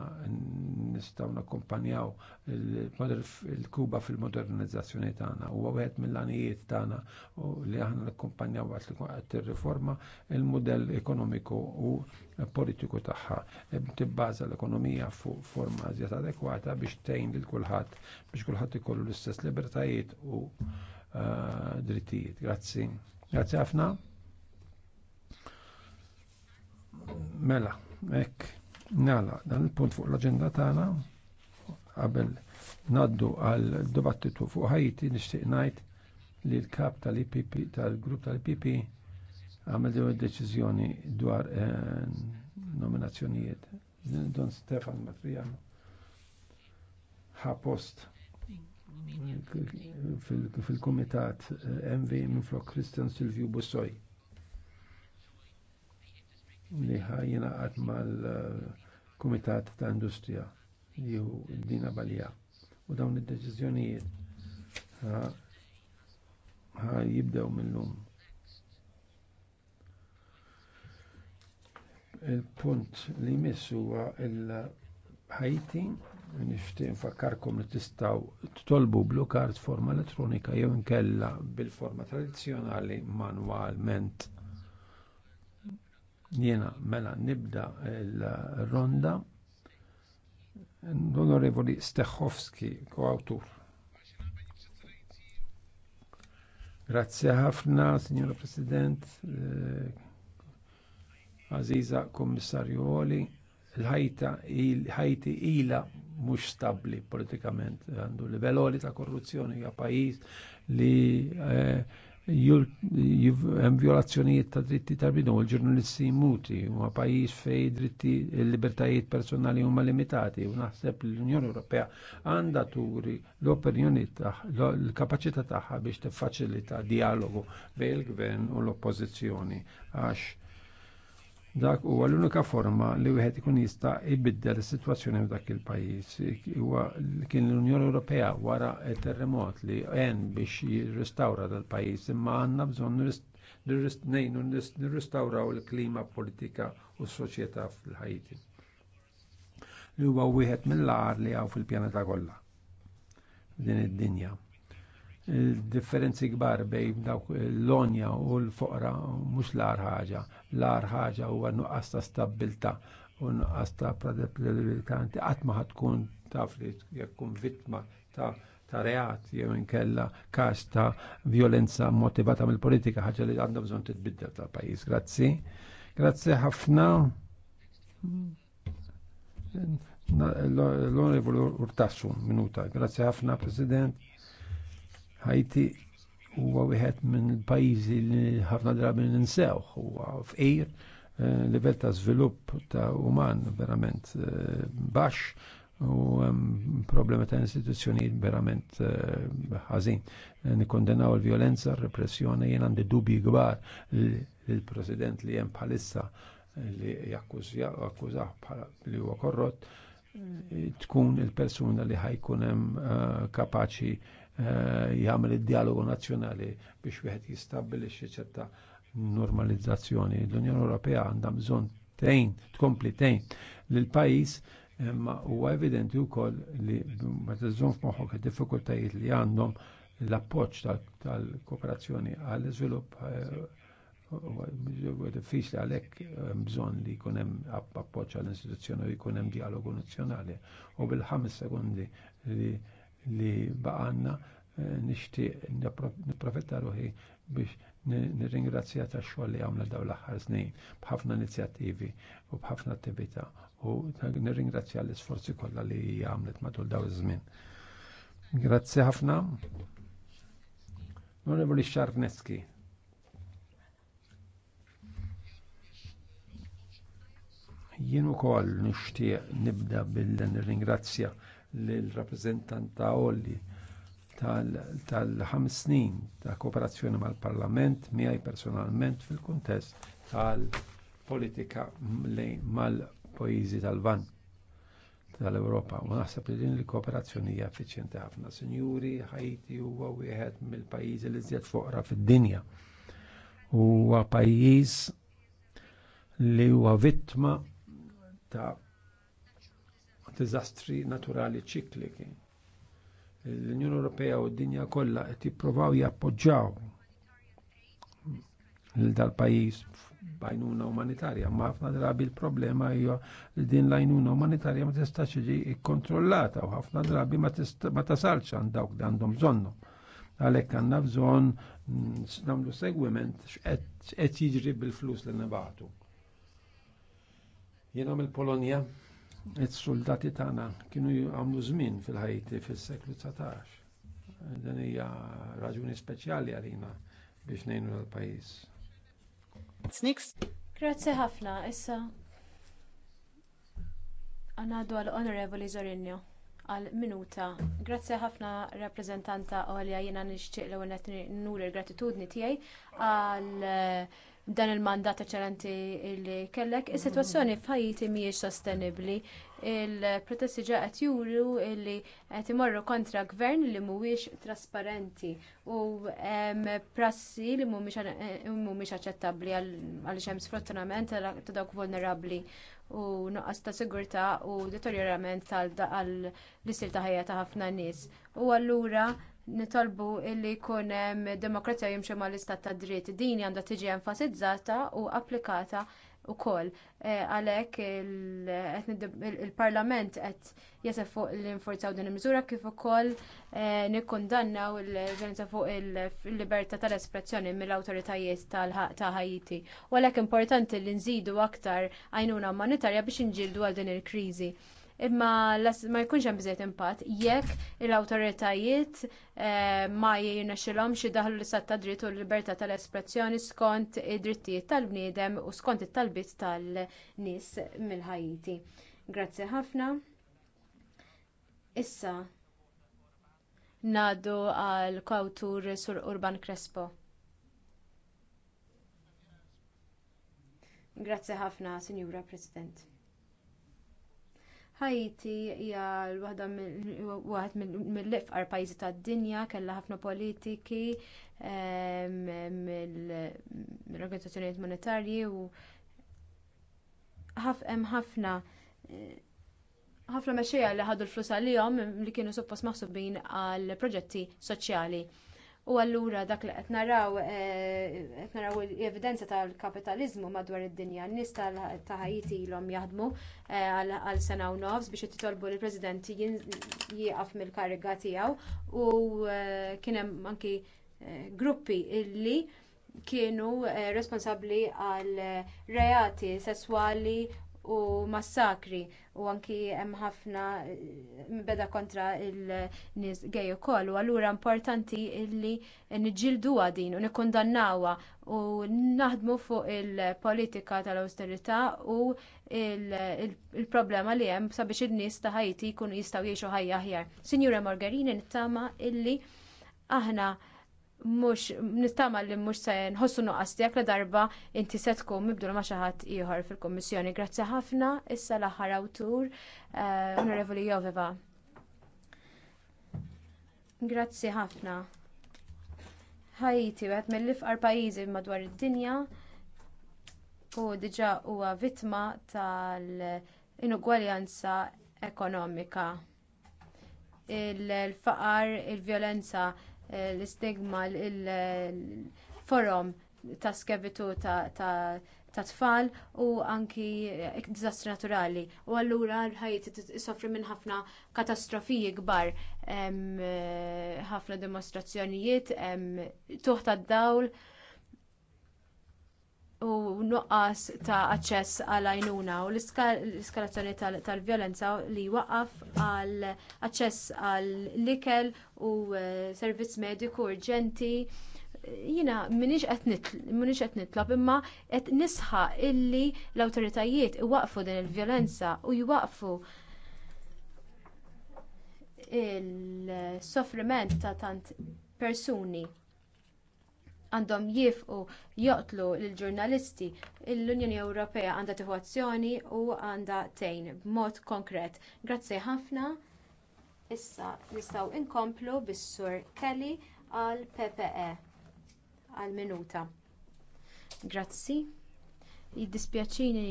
nistgħu nakkumpanjaw il-Kuba fil-modernizzazzjoni tagħna huwa wieħed mill-għanijiet tagħna li aħna nakkumpanjaw għat tir-riforma il-mudell ekonomiku u politiku tagħha tibbaża l-ekonomija fuq forma żjed adekwata biex tgħin lil kulħadd biex kulħadd ikollu l-istess libertajiet u eh, drittijiet. Grazzi. Grazzi ħafna. Mela, hekk. Nala, dan il-punt fuq l-agenda tagħna qabel naddu għal dibattitu fuq Ħajti nixtieq ngħid li l-kap tal-IPP tal-grupp tal-IPP għamel deċiżjoni dwar eh, nominazzjonijiet. Don Stefan Matriano ħa post fil-komitat eh, MV minn flok Christian Silvio Bussoj li ħajjina għat mal-Komitat eh, ta' Industrija li hu dina balija. U dawn id-deċizjonijiet ħaj jibdew mill-lum. Il-punt li jmissu huwa il-Ħajti nixtieq nfakkarkom li tistaw tolbu blue card forma elettronika jew inkella bil-forma tradizzjonali manwalment. Jena mela nibda l-ronda. L-Onorevoli Stechowski, koautur. Grazie ħafna, Signora President, eh, Aziza Kommissarju Oli. L-ħajta il ħajti ila mhux stabbli politikament għandu livell ta' korruzzjoni hija pajjiż li eh, hemm violazzjonijiet ta' dritti ta' bidu, u l-ġurnalisti muti huma pajjiż fej dritti l-libertajiet personali huma limitati u naħseb l-Unjoni Ewropea għandha turi l-opinjoni l-kapaċità tagħha biex tiffaċilita dialogu bejn il-gvern u l-oppożizzjoni għax Dak huwa l-unika forma li wieħed ikun jista' jbiddel is-sitwazzjoni f'dak il-pajjiż. Huwa kien l-Unjoni Ewropea wara terremot li għen biex jirrestawra dal-pajjiż imma għandna bżonn nejnu nirrestawraw il-klima politika u s-soċjetà fil-Ħajti. Li huwa wieħed mill-għar li għaw fil-pjaneta kollha. Din id-dinja differenzi kbar bej dawk l-lonja u l-foqra mhux l-ar ħaġa. L-ar ħaġa huwa nuqqas ta' stabilta u għasta ta' predabilità inti qatt ma tkun taf jekk tkun vittma ta' ta' reat jew inkella każ ta' violenza motivata mill-politika ħaġa li għandha bżonn titbiddel tal-pajjiż. Grazzi. Grazzi ħafna. L-onorevole Urtassu, minuta. Grazzi ħafna, President Ħajti huwa wieħed minn pajjiżi li ħafna drabi ninsew huwa fqir eh, livell ta' żvilupp ta' uman verament eh, baxx u problemi ta' istituzzjonijiet verament eh, ħażin. Nikondenaw il-violenza, repressjoni, jien għandi dubji kbar il-president li hemm bħalissa li jakkużaħ li huwa korrott tkun il-persuna li ħajkun hemm kapaċi Eh, jgħamil id-dialogu nazzjonali biex wieħed jistabilix ċetta normalizzazzjoni. L-Unjoni Ewropea għandha bżonn tejn, tkompli tejn lil pajjiż imma eh, huwa evidenti wkoll li meta żżomm f'moħħok id-diffikultajiet li għandhom l-appoġġ tal-kooperazzjoni għall-iżvilupp eh, diffiċli għalhekk bżonn li jkun hemm appoġġ għall-istituzzjoni u jkun hemm dialogu nazzjonali. U bil-ħames sekundi li li baqanna eh, nixtieq niprofetta ruħi biex nirringrazzja ta' xogħol li għamla daw l snin b'ħafna inizjattivi u b'ħafna attività u nirringrazzja l-isforzi kollha li għamlet matul daw iż-żmien. Grazzi ħafna. Onorevoli Sharneski. Jien ukoll nixtieq nibda billi ringrazzja l-rappresentanta Olli tal-ħam snin ta' kooperazzjoni mal-Parlament, miegħi personalment fil-kuntest tal-politika mal-pajjiżi tal-Van tal-Ewropa. U naħseb li din il-kooperazzjoni hija effiċjenti ħafna. Sinjuri, Ħajti huwa wieħed mill-pajjiżi li żjed foqra fid-dinja. Huwa pajjiż li huwa vittma ta' diżastri naturali ċikliki. L-Unjoni Ewropea u d-dinja kollha qed jippruvaw jappoġġjaw lil dal-pajjiż bajnuna umanitarja, ma ħafna drabi l problema hija li din l-għajnuna umanitarja ma tistax iġi kontrollata u ħafna drabi ma tasalx għand dawk għandhom bżonnhom. Għalhekk għandna bżonn mm, nagħmlu segwiment x'qed jiġri bil-flus li nibagħtu. Jien mill-Polonja il-soldati tagħna kienu għamlu żmien fil-Ħajti fis-seklu 19. Dan hija raġuni speċjali għalina biex ngħinu l-pajjiż. Grazzi ħafna, issa għanadu għal-Onorevoli Zorinjo għal minuta. Grazzi ħafna rappreżentanta għalja jiena nixtieq l-ewwel nuri gratitudni tiegħi għal dan il-mandat eċċellenti li kellek, is-sitwazzjoni f'Ħajti mhijiex sostenibbli. Il-protesti ġa qed juru li qed imorru kontra gvern li mhuwiex trasparenti u prassi li mhumiex eh, aċċettabbli għaliex hemm sfruttament ta' dawk vulnerabbli u nuqqas ta' sigurtà u deterjorament tal-istil ta' ħajja ta' ħafna nies. U allura nitolbu illi jkun hemm demokrazija jimxi mal-istat ta' dritt. Din għandha tiġi enfasizzata u applikata wkoll e, għalhekk il-Parlament qed jasef fuq l-infurzaw din il-miżura kif ukoll e, nikkundannaw il ġenza fuq il-libertà tal-espressjoni mill-awtoritajiet ta' Ħajiti. U għalhekk importanti li nżidu aktar għajnuna umanitarja biex inġildu għal din il-kriżi imma ma jkunx hemm bżejt impatt jekk l-awtoritajiet eh, ma jirnexxilhom xi daħlu l-istat ta' dritt u l-libertà tal-espressjoni skont id-drittijiet tal-bniedem u skont it-talbiet tan-nies mill ħajiti Grazzi ħafna. Issa ngħaddu għal kawtur sur Urban Crespo. Grazzi ħafna, Sinjura President. Ħajti hija waħda waħed mill-ifqar pajjiżi tad-dinja kellha ħafna politiki mill-organizzazzjonijiet monetarji u hemm ħafna ħafna mexxejja li ħadu l-flus għalihom li kienu suppost maħsubin għal proġetti soċjali. U allura dak li qed naraw eh, qed naraw l-evidenza tal-kapitaliżmu madwar id-dinja, n-nies ta' Ħajti ilhom jaħdmu eh, għal sena u nofs biex titolbu li president jieqaf mill-kariga tiegħu u eh, kien hemm anki gruppi illi kienu responsabbli għal reati sesswali u massakri u anki hemm ħafna eh, mbeda kontra il-nies gej ukoll u allura importanti illi niġġielduha din u nikkundannawha u naħdmu fuq il-politika tal-austerità u il-problema li hemm sabiex in-nies ta' Ħajti jkunu jistgħu jgħixu ħajja aħjar. Sinjura Margarini nittama illi aħna mux, nittama li mux se nħossu noqqas tiegħek la darba inti se tkun mibdul ma' xi ħadd ieħor fil kummissjoni Grazzi ħafna, issa l aħħar awtur, eh, Onorevoli Joveva. Grazzi ħafna. Ħajti, għet mill-ifqar pajjiżi madwar id-dinja u diġà huwa vittma tal-inugwaljanza ekonomika. Il-faqar, il-violenza, il vjolenza l-istigma l forum ta' skevitu ta' tfal u anki dizastri naturali. U allura l-ħajti isofri minn ħafna katastrofiji kbar, ħafna dimostrazzjonijiet, tuħ tad dawl u nuqqas ta' aċċess għal għajnuna u l-iskalazzjoni tal-vjolenza li waqqaf għal aċċess għal l-ikel u eh, servizz mediku urġenti. Jiena minix qed nitlob imma qed nisħaq illi l-awtoritajiet iwaqfu din il-vjolenza u jwaqfu il-soffriment ta' tant persuni għandhom jifqu joqtlu lill-ġurnalisti l-unjoni ewropea għandha tieħu azzjoni u għandha tgħin b'mod konkret grazzi ħafna issa nistgħu nkomplu bis-sur kelly għall ppe għal minuta grazzi jiddispjaċini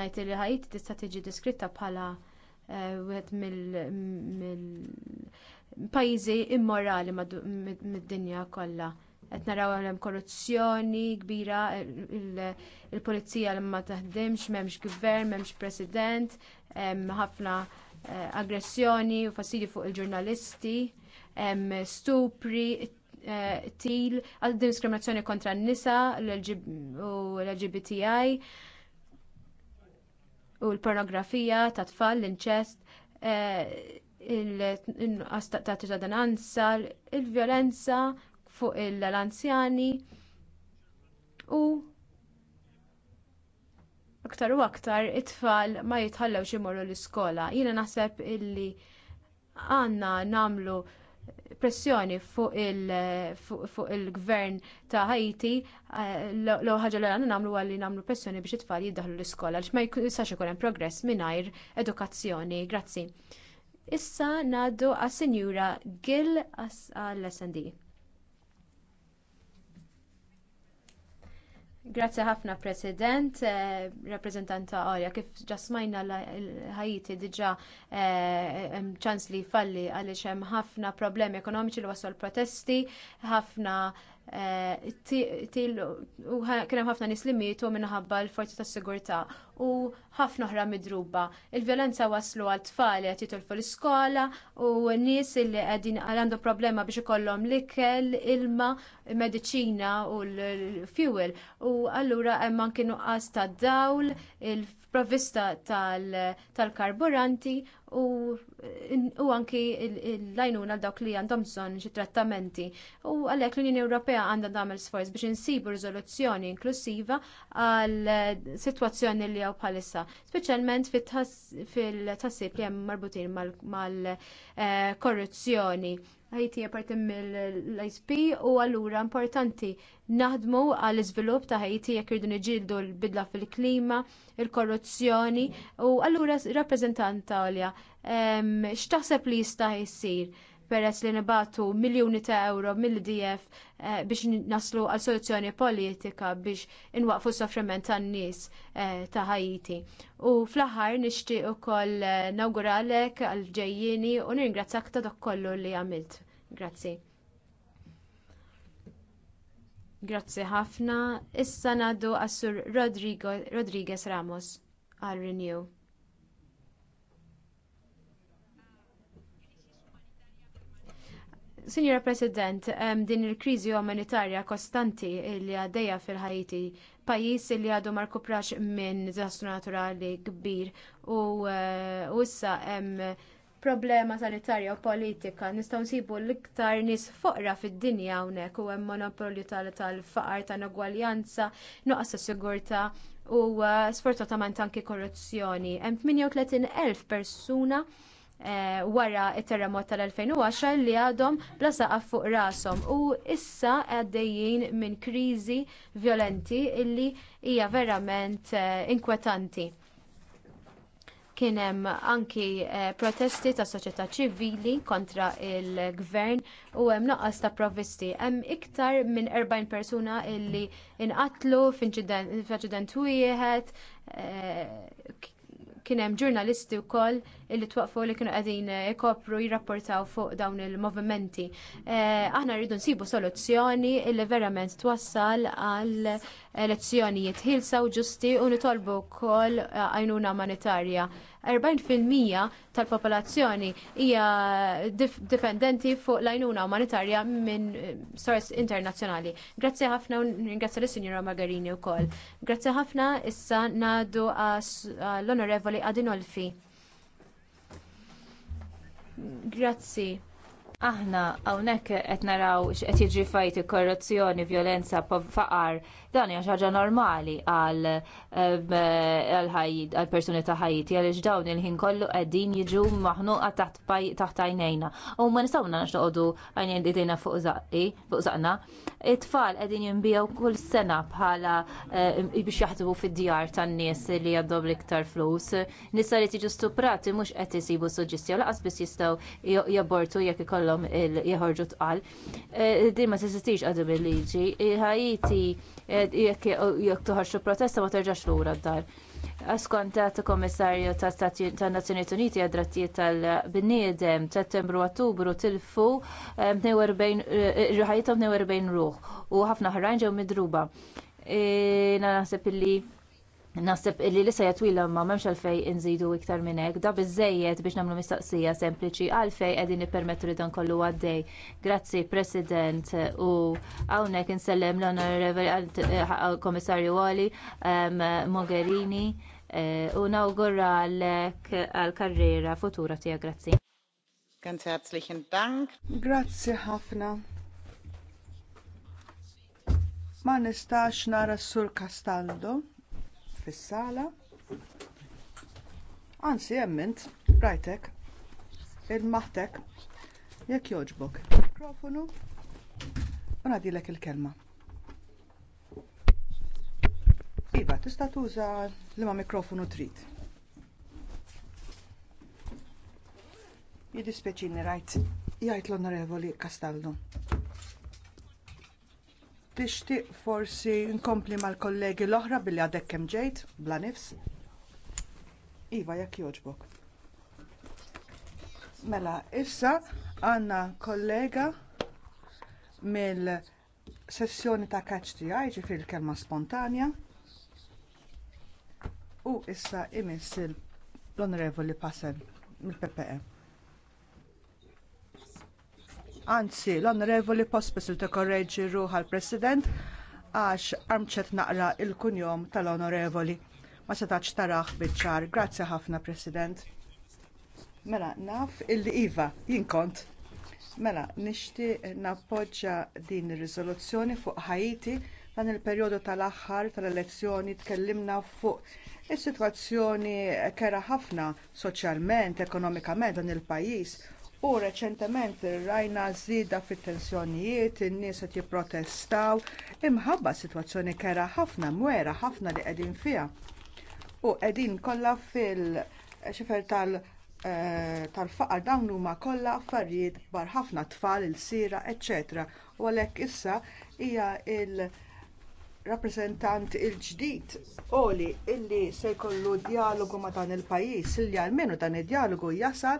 ngħid li ħajt tista' tiġi diskritta bħala eh, wieħed mill-pajjiżi immorali mid-dinja kollha qed naraw hemm korruzzjoni kbira, il-pulizija li ma taħdimx, m'hemmx gvern, m'hemmx president, hemm ħafna eh, aggressjoni u fastidju fuq il-ġurnalisti, hemm stupri, eh, til, għal diskriminazzjoni kontra n-nisa u l-LGBTI u l-pornografija ta' tfal, l-inċest, eh, il-nuqqas ta' ċittadinanza, il-vjolenza fuq l-anzjani u aktar u aktar it-tfal ma jitħallewx imorru l-iskola. Jiena naħseb illi għandna nagħmlu pressjoni fuq il-gvern ta' Haiti eh, l ħaġa li għandna nagħmlu għalli nagħmlu pressjoni biex it-tfal jiddaħlu l-iskola għaliex ma jistax ikun hemm progress mingħajr edukazzjoni. Grazzi. Issa ngħaddu għas-Sinjura Gill għall-SND. Grazzi ħafna President, eh, rappresentanta Arja, kif ġasmajna l-ħajti diġa eh, ċans li falli għaliex hemm ħafna problemi ekonomiċi li wasol protesti, ħafna Eh, u kien hemm ħafna nies li mietu minħabba l-forzi tas-sigurtà u ħafna oħra midruba. Il-vjolenza waslu għal tfal qed jitolfu l-iskola u n-nies li qegħdin għandu problema biex ikollhom l-ikel, ilma, mediċina u l-fuel. U allura hemm kienu nuqqas ta' dawl, il-provvista tal-karburanti u anki l-lajnuna għal dawk li għandhom bżonn xi trattamenti. U għalhekk l-Unjoni Ewropea għandha tagħmel sforz biex insibu riżoluzzjoni inklusiva għal sitwazzjoni li hawn bħalissa, speċjalment fil-tassib li hemm marbutin mal-korruzzjoni. Eh, ħajti parti mill-ISP u allura importanti naħdmu għall iżvilupp ta' ħajti jekk irdu niġildu l-bidla fil-klima, il-korruzzjoni u allura rappreżentant għalja. x'taħseb li jista' jsir peress li nibatu miljuni ta' euro mill-DF eh, biex naslu għal soluzzjoni politika biex inwaqfu s-soffriment tan nies eh, ta' ħajti. U fl-aħħar nixtieq ukoll eh, nawguralek għal ġejjini u nirringrazzak ta' dak kollu li għamilt. Grazzi. Grazzi ħafna. Issa ngħaddu għas-Sur Rodriguez Ramos għal Renew. Signora President, din il-kriżi umanitarja kostanti li għaddejja fil-Ħajti, pajjiż li għadu marku minn disastru naturali kbir u eh, issa um, problema sanitarja u politika nistgħu nsibu l-iktar nies foqra fid-dinja hawnhekk u hemm monopolju tal-faqar ta' negwaljanza nuqqas ta' sigurtà u uh, sfortunatament anki korruzzjoni. Hemm 38,000 persuna eh, wara t terremot tal-2010 li għadhom bla saqaf fuq rashom u issa għaddejjin minn kriżi vjolenti illi hija verament eh, inkwetanti. Kien hemm anki eh, protesti tas soċjetà ċivili kontra l gvern u hemm noqqas ta' provvisti. Hemm iktar minn 40 persuna illi inqatlu f'inċident wieħed eh, kien hemm ġurnalisti wkoll li twaqfu li kienu qegħdin eh, ikopru jirrapportaw fuq dawn il-movimenti. Aħna rridu nsibu soluzzjoni li verament twassal għal elezzjonijiet ħilsa u ġusti u nitolbu wkoll għajnuna umanitarja. 40% tal-popolazzjoni hija dipendenti fuq l ajnuna umanitarja minn eh, sors internazzjonali. Grazzi ħafna u ringrazzja l sinjora Margarini wkoll. Grazzi ħafna issa ngħadu għall onorevoli Adinolfi. Grazzi aħna hawnhekk qed naraw x'qed jiġri fajt korruzzjoni, violenza, faqar, dan hija xi ħaġa normali għal ehm, għal persuni ta' ħajti għaliex dawn il-ħin kollu qegħdin jiġu maħnuqa taħt għajnejna. U ma nistgħu nagħmel noqogħdu għajnejn idejna fuq zaqi, fuq zaqna. It-tfal qegħdin jinbijaw kull sena bħala ehm, biex jaħdmu fid-djar tan-nies li għandhom l-iktar flus. Nisa li tiġu stuprati mhux qed isibu suġġistjaw laqas biss jistgħu jabortu jekk ikollhom ikollhom jħorġu tqal. Eh, din ma t-sistix għadhom il-liġi. Ħajti eh, jekk toħarxu protesta ma terġax lura d-dar. Askontat komissarju ta' Nazzjonijiet Uniti għad tal-bniedem settembru ottubru tilfu eh, ħajjithom 42 ruħ u ħafna ħrajn ġew midruba. Naħseb illi Nasib li lissa jatwila ma memx għalfej nżidu iktar minn hekk, da bizzejiet biex nagħmlu mistaqsija sempliċi għalfej qegħdin nippermettu li dan kollu għaddej. Grazzi President u hawnhekk insellem l-Onorevoli eh, Komissarju Oli Mogherini eh, u nawgurra għalek għal-karriera futura tiegħek grazzi. Ganz herzlichen Dank. Grazzi ħafna. Ma nistax nara s-sur Castaldo fis-sala. Anzi, emmint, rajtek, il-maħtek, jekk jogħġbok. Mikrofonu, u nadilek il-kelma. Iva, tista' tuża liema mikrofonu trid. Jidispeċini rajt, jgħid l-Onorevoli Castaldo. Tixtieq forsi nkompli mal-kollegi l-oħra billi għadek kemm ġejt, bla nifs. Iva, jekk jogħġbok. Mela, issa għandna kollega mill-sessjoni ta' kaċ għaj ġifir kelma spontanja. U issa imissil l-Onorevoli Passen mill ppm e anzi l-Onorevoli Pospisil tikkorreġi ruħa l-President għax armċet naqra l kunjom tal-Onorevoli. Ma setax taraħ biċ-ċar. Grazzi ħafna, President. Mela, naf il-Iva, jinkont. Mela, nixtieq nappoġġa din ir-riżoluzzjoni fuq Ħajti dan il-perjodu tal-aħħar tal-elezzjoni tkellimna fuq is-sitwazzjoni kera ħafna soċjalment, ekonomikament dan il-pajjiż U reċentement rajna żieda fit-tensjonijiet, in-nies qed jipprotestaw imħabba sitwazzjoni kera ħafna mwera ħafna li qegħdin fiha. U qegħdin kollha fil-xifer tal- eh, tal-faqar dawn huma kollha affarijiet kbar ħafna tfal il-sira, eċċetera. U għalhekk issa hija il- rappreżentant il-ġdid oli illi se jkollu djalogu ma' dan il-pajjiż illi għalmenu dan id-dialogu jasal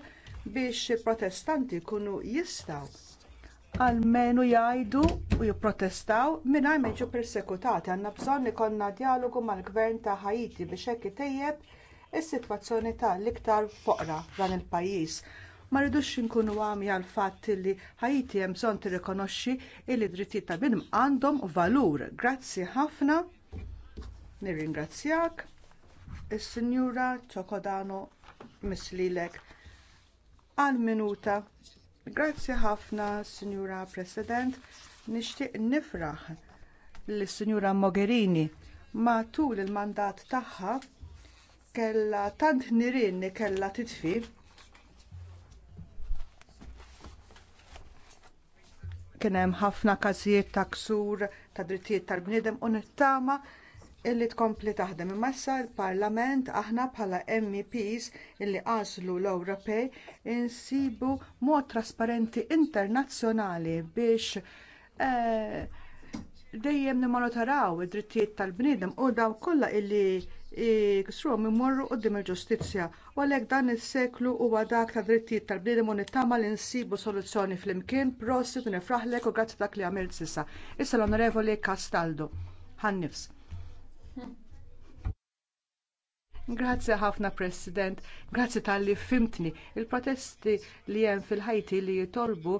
biex protestanti jkunu jistgħu għalmenu jgħidu u jipprotestaw mingħajr ma jiġu persekutati għandna bżonn ikollna dijalogu mal-gvern ta' Ħajti biex hekk itejjeb is-sitwazzjoni tal-iktar foqra dan il-pajjiż. Ma rridux inkunu għami għal fatt li Ħajti hemm bżonn tirrikonoxxi li drittijiet ta' bidm għandhom valur. Grazzi ħafna. Nirringrazzjak. Is-Sinjura Ċokodano mislilek għal minuta. Grazzi ħafna, Sinjura President, nixtieq nifraħ li sinjura Mogherini matul il-mandat tagħha kellha tant nirien li kellha titfi kien hemm ħafna każijiet ta' ksur ta' drittijiet tal-bniedem u nittama illi tkompli taħdem imma issa l-Parlament aħna bħala MEPs illi għażlu l-Ewropej insibu mod trasparenti internazzjonali biex eh, dejjem nimmonitoraw id-drittijiet tal-bniedem u daw kollha illi jkisruhom imorru quddiem il-ġustizzja u għalhekk dan is-seklu huwa dak ta' drittijiet tal-bniedem u nittama li nsibu soluzzjoni flimkien prosit u nifraħlek u grazzi dak li għamilt sissa. Issa l-Onorevoli Castaldo. Ħannifs. Grazzi ħafna President, grazzi tal-li fimtni. Il-protesti li hemm fil-ħajti li jitolbu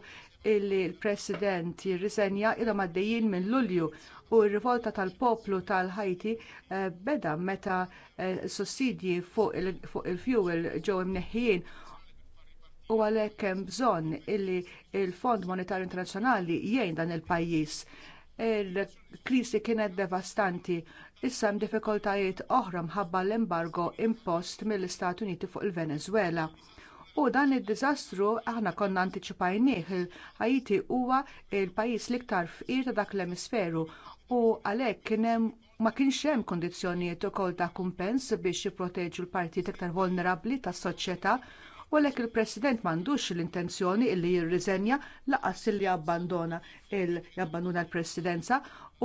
illi l-President jirriżenja ilhom għaddejjin minn Lulju u r-rivolta tal-poplu tal-ħajti eh, beda meta eh, sussidji fuq il-fuel ġew imneħħijin u għalhekk hemm bżonn illi l fond Monetarju Internazzjonali jgħin dan il-pajjiż. il kriżi kienet devastanti Issa hemm diffikultajiet oħra mħabba l-embargo impost mill-Istati Uniti fuq il-Venezuela. U dan id-diżastru aħna konna antiċipajnieh Haiti huwa l pajjiż l-iktar fqir ta' dak l-emisferu u għalhekk kien hemm ma kienx hemm kundizzjonijiet ukoll ta' kumpens biex jipproteġu l-partijiet iktar vulnerabbli tas-soċjetà u għalhekk il-President m'għandux l-intenzjoni illi jirriżenja laqas illi abbandona il jabbanduna l-Presidenza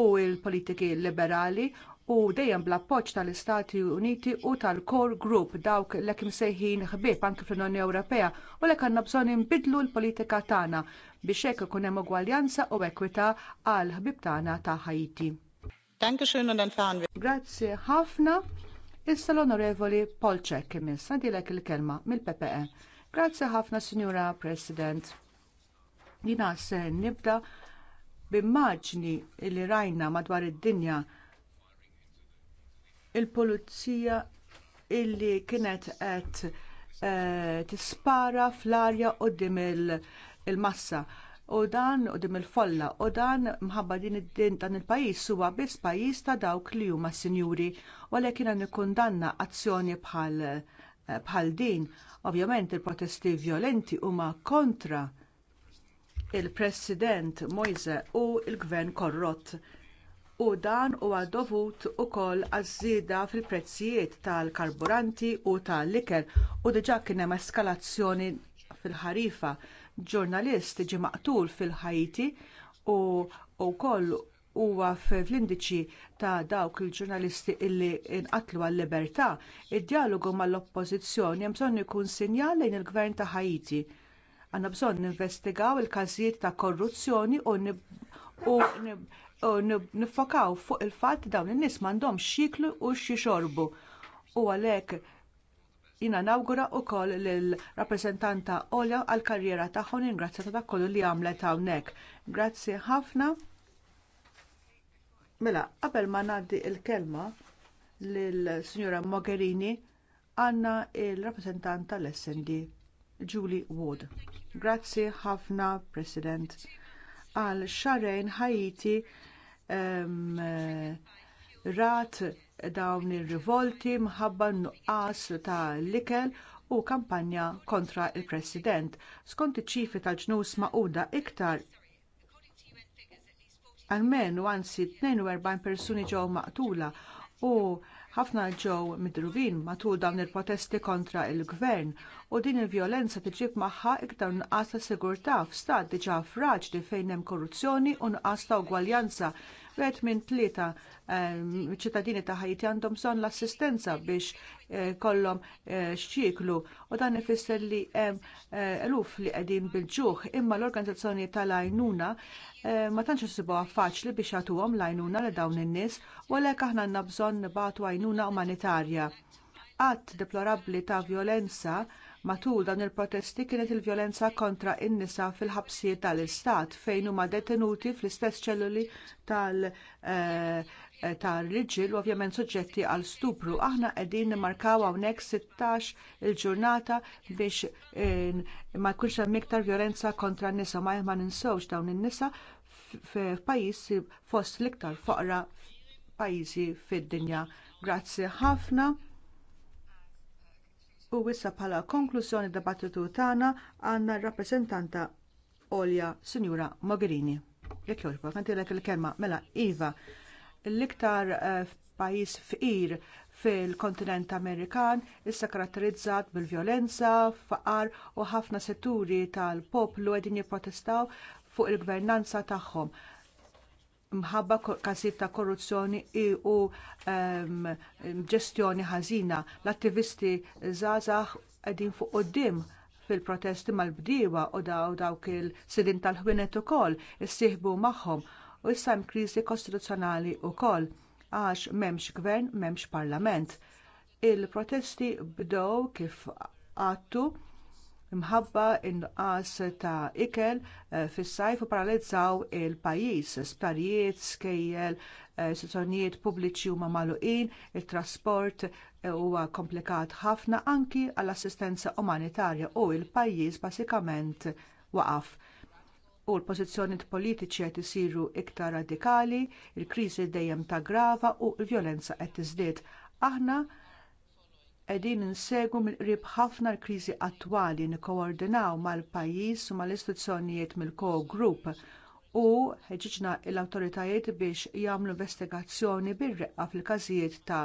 u l-politiki liberali u dejjem bl-appoġġ tal-Istati Uniti u tal-Core Group dawk l imsejħin ħbieb anke fl-Unjoni Ewropea u l għandna bżonn inbidlu l-politika tagħna biex hekk ikun hemm ugwaljanza u ekwità għal ħbieb tagħna ta' Ħajti. Grazzi ħafna. Issa l-Onorevoli Polczek miss. għandilek il-kelma mill-PPE. Grazzi ħafna, Sinjura President. Jina se nibda b'immaġni li rajna madwar id-dinja il-pulizija illi kienet qed eh, tispara fl-arja quddiem il-massa u dan quddiem il-folla u dan mħabba din id-din dan il-pajjiż huwa biss pajjiż ta' dawk li huma sinjuri u għalhekk jiena nikkundanna azzjoni bħal eh, bħal din. Ovvjament il-protesti vjolenti huma kontra il-President Mojze u l gvern korrott u dan huwa dovut ukoll għaż-żieda fil-prezzijiet tal-karburanti u tal-ikel u diġà kien hemm eskalazzjoni fil-ħarifa. Ġurnalist ġie maqtul fil-Ħajti u wkoll huwa fl-indiċi ta' dawk il-ġurnalisti illi inqatlu għal-libertà, id-dialogu mal-oppożizzjoni hemm bżonn ikun sinjal lejn il-gvern ta' Ħajti. Għandna bżonn ninvestigaw il każijiet ta' korruzzjoni u nifokaw fuq il-fatt dawn in-nies m'għandhomx xiklu u xixorbu. U għalhekk jina nawgura wkoll lill-rappreżentanta Olja għall karriera tagħhom ingrazzja ta' dak kollu li għamlet hawnhekk. Grazzi ħafna. Mela, qabel ma ngħaddi l kelma lill sinjura Mogherini għandna l rappreżentanta tal-SND Julie Wood. Grazzi ħafna, President. Għal xarejn Ħajti Eh, rat dawn ir-rivolti minħabba nuqqas ta' l-ikel u kampanja kontra l president Skont iċ-ċifi tal-ġnus maquda iktar almenu anzi 42 persuni ġew maqtula u ħafna ġew midrubin matul dawn il-protesti kontra l gvern u din il-vjolenza tiġib magħha iktar nqas ta' sigurtà f'stat diġà fraġli fejn hemm korruzzjoni u nqas ta' ugwaljanza. Wieħed minn tlieta ehm, ċittadini ta' Ħajti għandhom bżonn l-assistenza biex eh, kollhom eh, xċiklu u dan ifisser li hemm eh, eluf li qegħdin bil-ġuħ imma l-organizzazzjoni tal-għajnuna ma tantx isibuha faċli biex jagħtuhom l-għajnuna li dawn in-nies u għalhekk aħna għandna bżonn nibagħtu għajnuna umanitarja. Qatt deplorabbli ta' vjolenza Matul dan il-protesti kienet il-vjolenza kontra in-nisa fil-ħabsijiet tal-istat fejn huma detenuti fl-istess ċelluli tal- eh, tar-riġil u ovvjament suġġetti għal stupru. Aħna qegħdin nimmarkaw hawnhekk 16 il-ġurnata biex eh, ma jkunx hemm iktar vjolenza kontra n-nisa ma ma ninsewx dawn in-nisa f'pajjiż fost l-iktar foqra pajjiżi fid-dinja. Grazzi ħafna. U wissa bħala konklużjoni dibattitu tagħna għandna r-rappreżentanta Olja Sinjura Mogherini. Jekk jogħġbok, għandilek il-kelma mela Iva, l-iktar eh, pajjiż fqir fil-kontinent Amerikan issa karatterizzat bil-vjolenza, faqar u ħafna setturi tal-poplu qegħdin jipprotestaw fuq il-gvernanza tagħhom mħabba każijiet ta' korruzzjoni u ehm, ġestjoni ħażina. L-attivisti żgħażagħ qegħdin fuq quddiem fil-protesti mal-bdiewa u daw dawk il-sidin tal-ħwienet ukoll issieħbu magħhom u issa hemm kriżi kostituzzjonali wkoll għax m'hemmx gvern, m'hemmx parlament. Il-protesti bdew kif għattu imħabba inqas ta' ikel eh, fis-sajf u paralizzaw il-pajjiż, Sparijiet, skejjel, istituzzjonijiet eh, pubbliċi huma magħluqin, it trasport eh, huwa komplikat ħafna anki għall-assistenza umanitarja u l pajjiż basikament waqaf u l-pożizzjonijiet politiċi qed isiru iktar radikali, il-kriżi dejjem grava u l-vjolenza qed tiżdied. Aħna qegħdin insegu mill-qrib ħafna l-kriżi attwali nikkoordinaw mal-pajjiż u mal-istituzzjonijiet mill-co group u ħeġġiġna l-awtoritajiet biex jagħmlu investigazzjoni bir-reqqa fil-każijiet ta'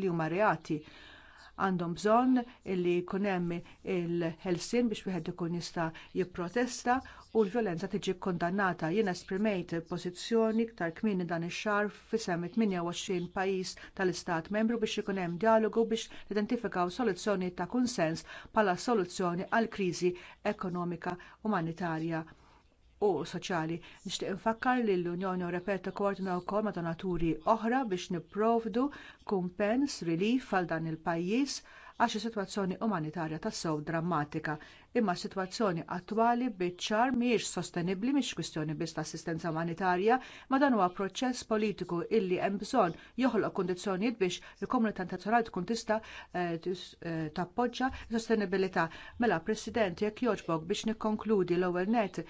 li huma reati għandhom bżonn li jkun hemm il-ħelsien biex wieħed ikun jista' jipprotesta u l-violenza tiġi kondannata. Jien esprimejt pożizzjoni iktar kmieni dan ix-xahar fisem 28 pajjiż tal-Istat membru biex ikun hemm dijalogu biex identifikaw soluzzjoni ta' kunsens bħala soluzzjoni għall kriżi ekonomika, umanitarja u soċjali. Nixtieq infakkar li l-Unjoni Ewropea tikkoordina wkoll ma' donaturi oħra biex nipprovdu kumpens relief għal dan il-pajjiż għax is-sitwazzjoni umanitarja tassew drammatika, imma s-sitwazzjoni attwali biċ-ċar mhijiex sostenibbli mhix kwistjoni biss ta' assistenza umanitarja, ma dan huwa proċess politiku illi hemm bżonn joħloq kundizzjonijiet biex il-komunità internazzjonali tkun tista' eh, eh, tappoġġja s sostenibilità. Mela President jekk jogħġbok biex nikkonkludi l-ewwel nett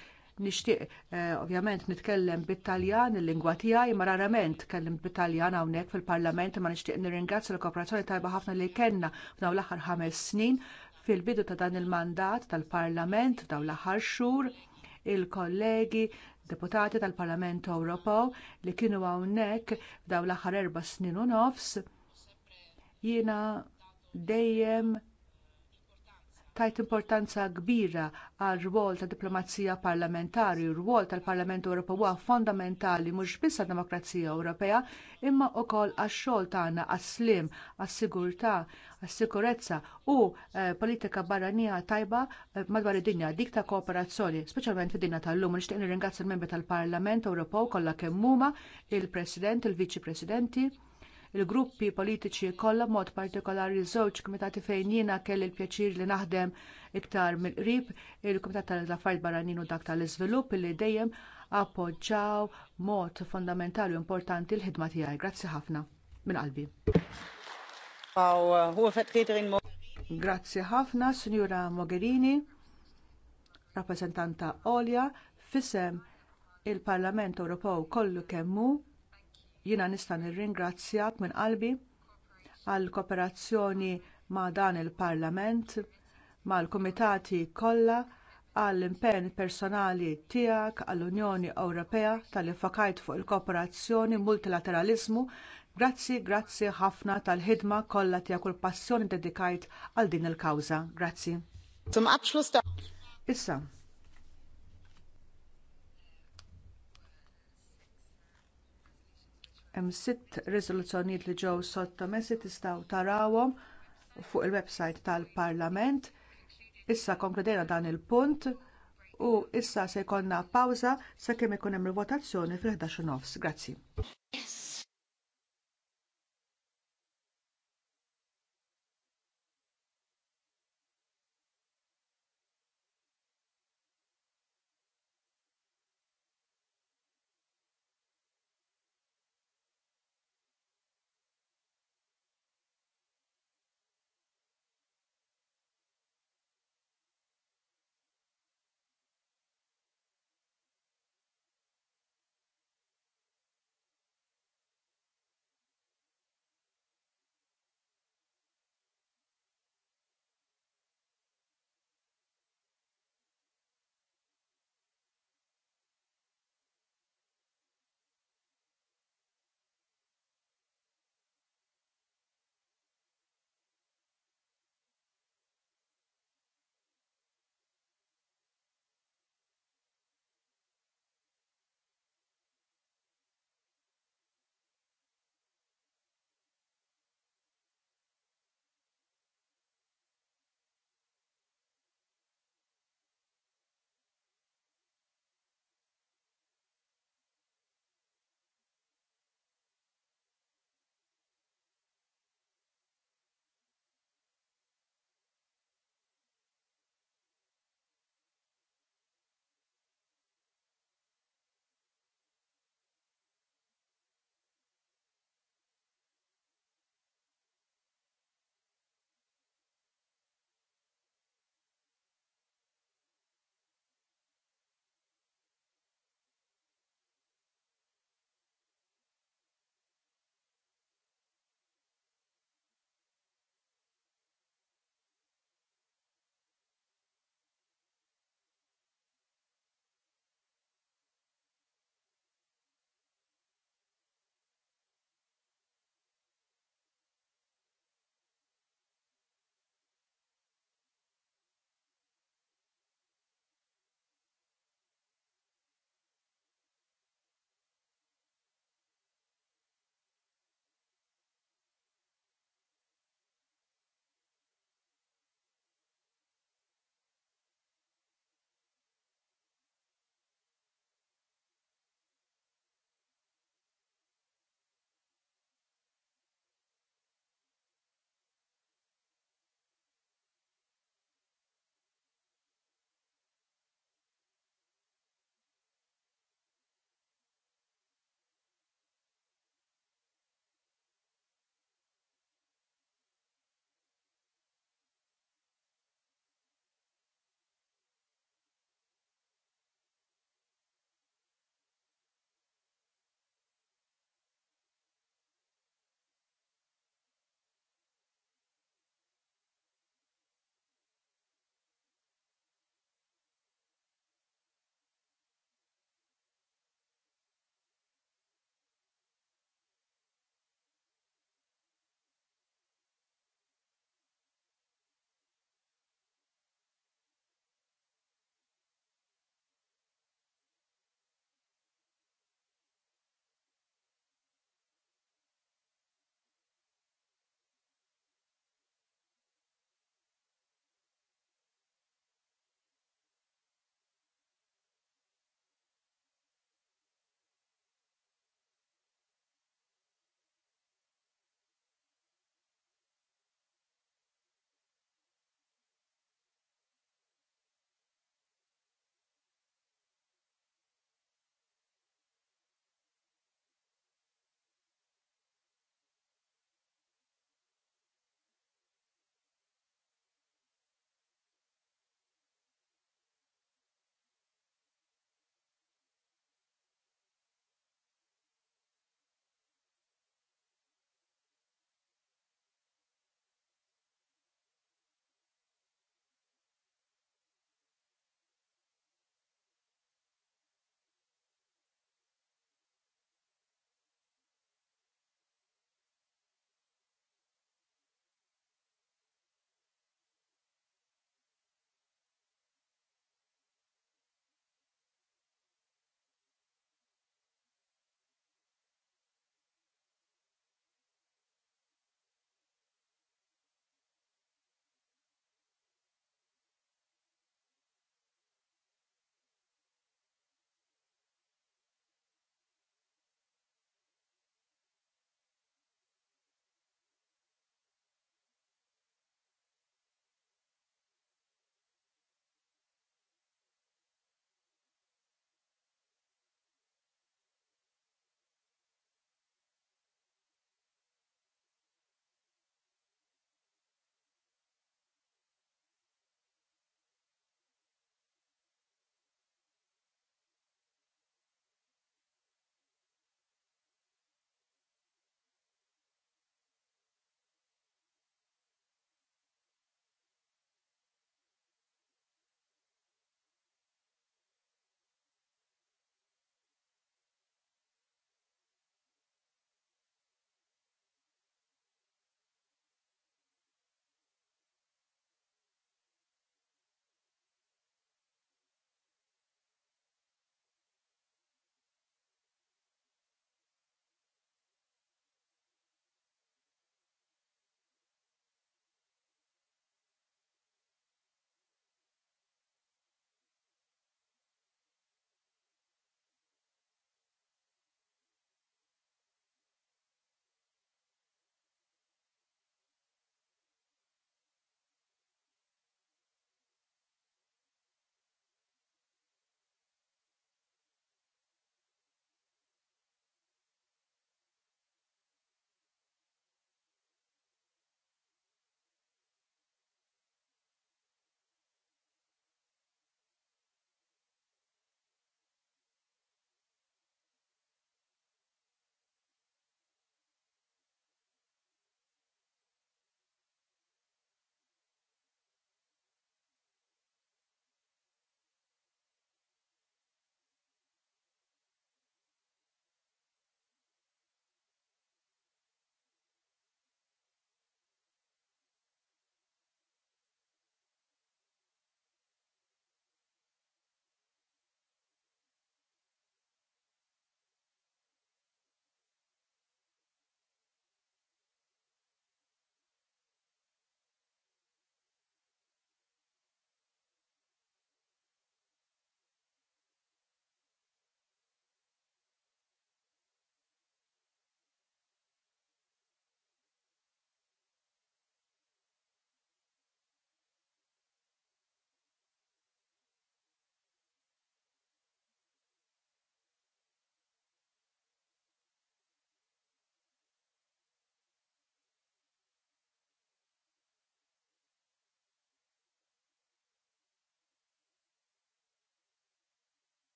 Nixtieq eh, ovvjament nitkellem bit-Taljan il-lingwa tiegħi ma rarament tkellem bit-Taljan hawnhekk fil-Parlament ma nixtieq nirringrazzja l-kooperazzjoni tajba ħafna li kellna f'dawn l-aħħar ħames snin fil-bidu ta' dan il-mandat tal-Parlament dawn l-aħħar xhur il-kollegi deputati tal-Parlament Ewropew li kienu hawnhekk f'dawn l-aħħar erba' snin u nofs jiena dejjem tajt importanza kbira għal rwol ta' diplomazija parlamentari, u rwol tal-Parlament Ewropew huwa fondamentali mhux biss għad-demokrazija Ewropea, imma wkoll għax-xogħol tagħna għas-slim, għas-sigurtà, għas-sikurezza u eh, politika barranija tajba eh, madwar id-dinja dik ta' kooperazzjoni, speċjalment fid-dinja tal-lum. Nixtieq nirringrazzja l-membri tal-Parlament Ewropew kollha kemm huma, il-President, il-Viċi-Presidenti, il president il viċi il president il viċi presidenti il-gruppi politiċi kollha mod partikolari żewġ kumitati fejn jiena kelli l-pjaċir li naħdem iktar mill-qrib, il-Kumitat tal-Affarijiet Barranin u dak tal-Iżvilupp li dejjem appoġġjaw mod fondamentali u importanti l-ħidma tiegħi. Grazzi ħafna minn qalbi. Äh, Grazzi ħafna, Sinjura Mogherini, rappreżentanta Olja, fisem il-Parlament Ewropew kollu kemm hu Jiena nista' nirringrazzjak minn qalbi għall kooperazzjoni ma' dan il-Parlament, mal kumitati kollha għall impenn personali tiegħek għall-Unjoni Ewropea tal fakajt fuq il-kooperazzjoni multilateraliżmu. Grazzi, grazzi ħafna tal-ħidma kollha tiegħek u l-passjoni dedikajt għal din il-kawża. Grazzi. Issa, Hemm sitt riżoluzzjonijiet li ġew sottomessi tistgħu tarawhom fuq il-website tal-Parlament. Issa konkludejna dan il-punt u issa se jkollna pawża sakemm ikun hemm il-votazzjoni fil-11 nofs. Grazzi.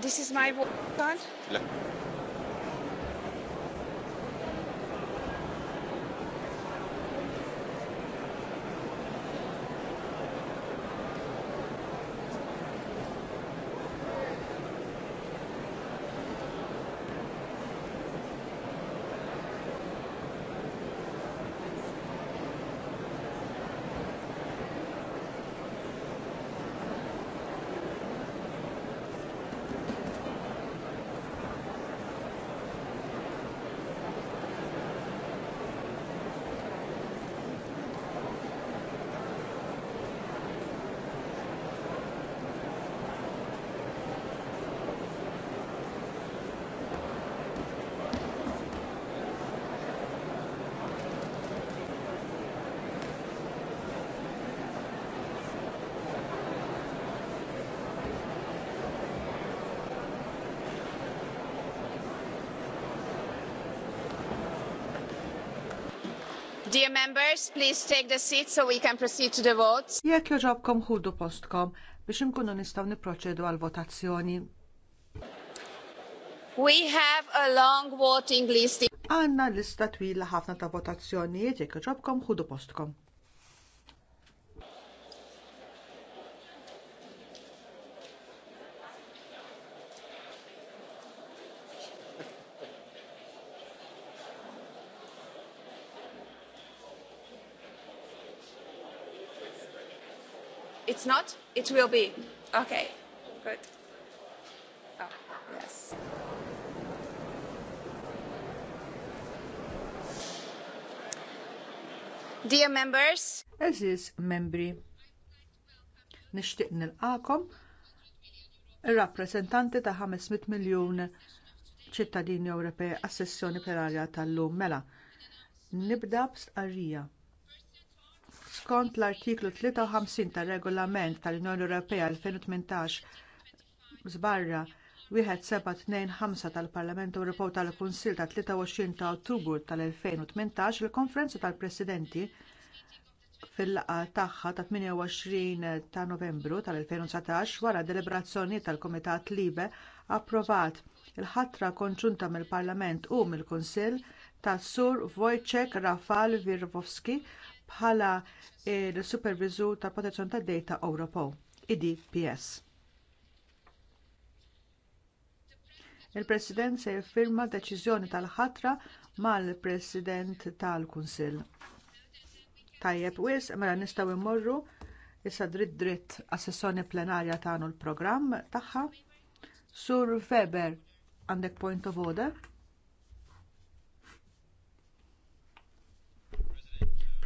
This is my work card. Members, please take the seat so we can proceed to the votes. Jekk joġobkom ħudu postkom biex inkunu nistgħu niproċedu għal votazzjoni. We have a long voting list. Għanna lista twila ħafna ta' votazzjonijiet jekk joġobkom ħudu postkom. it's not? It will be. Okay, good. Oh, yes. Dear members. Eżis membri. Nixtieq nilqakom ir-rappreżentanti ta' 500 miljun ċittadini Ewropej għas-sessjoni plenarja tal-lum mela. Nibda b'stqarrija skont l-artiklu 53 tar-regolament tal-Unjoni Ewropea 2018 żbarra 1725 tal-Parlament Ewropew tal-Kunsill ta' 23 ta' Ottubru tal-2018 il-Konferenza tal-Presidenti fil laqgħa tagħha ta' 28 ta' Novembru tal-2019 wara deliberazzjonijiet tal-Kumitat Libe approvat il-ħatra konġunta mill-Parlament u mill-Kunsill tas Sur Wojciech Rafal Virwowski bħala l-Supervisur ta' Protezzjoni tad Data Ewropew, IDPS. Il-President se jiffirma deċiżjoni tal-ħatra mal-President tal-Kunsill. Tajjeb wis, mela nistgħu immorru issa dritt dritt għas-sessjoni plenarja tagħna l-programm tagħha. Sur Feber, għandek point of order?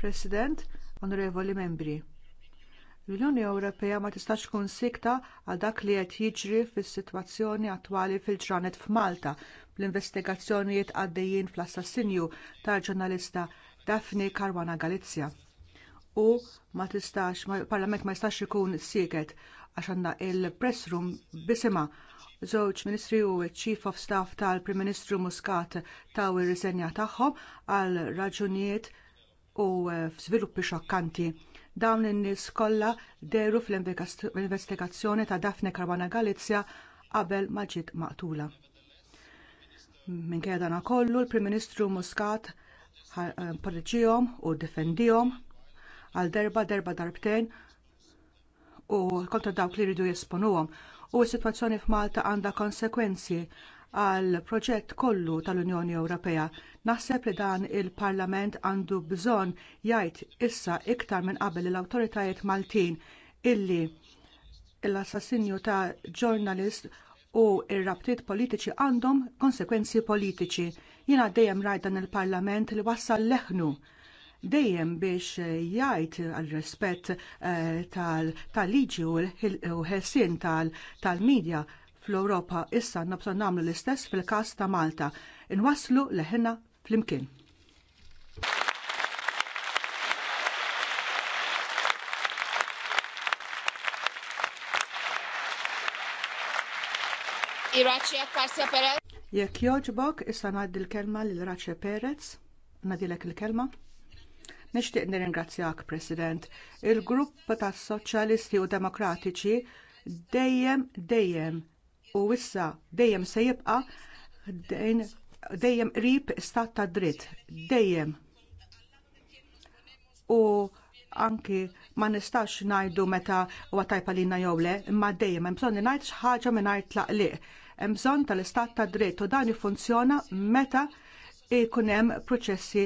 President, Onorevoli Membri. L-Unjoni Ewropea ma tistax tkun sikta għal dak li qed jiġri fis-sitwazzjoni attwali fil-ġranet f'Malta bl-investigazzjonijiet għaddejjin fl-assassinju tal-ġurnalista Daphne Caruana Galizia. U ma tistax, parlament ma jistax ikun sieket għax għandna il press room bisimha żewġ ministri u chief of staff tal-Prim Ministru Muscat taw ir-riżenja tagħhom għal raġunijiet u f'żviluppi eh, xokkanti. Dawn in-nies kollha deru fl-investigazzjoni ta' Dafne Karwana Galizja qabel ma ġiet maqtula. Minkejja dan kollu l-Prim Ministru Muscat eh, parriġihom u defendihom għal darba darba darbtejn u kontra dawk li jridu jesponuhom u s-sitwazzjoni f'Malta għandha konsegwenzi għal proġett kollu tal-Unjoni Ewropea. Naħseb li dan il-Parlament għandu bżonn jgħid issa iktar minn qabel l-awtoritajiet Maltin illi l-assassinju ta' ġurnalist u r rabtiet politiċi għandhom konsegwenzi politiċi. Jiena dejjem rajt dan il-Parlament li wassal leħnu dejjem biex jgħid għal rispett eh, tal-liġi u l-ħelsien tal-medja fl-Ewropa. Issa nabson nagħmlu l-istess fil-każ ta' Malta. Inwasslu leħina flimkien. Iraċja Karsja Perez. Jekk joġbok, issa ngħaddi l-kelma lil Raċja Perez. Nadilek il-kelma. Nixtieq nirringrazzjak, President. Il-grupp tas-Soċjalisti u Demokratiċi dejjem dejjem u issa dejjem se jibqa dejjem qrib stat ta' dritt, dejjem. U anki ma nistax ngħidu meta huwa tajpa lilna jew le, imma dejjem hemm bżonn li ngħid xi ħaġa mingħajr tlaqliq. Hemm bżonn tal-istat ta' dritt u dan jiffunzjona meta jkun hemm proċessi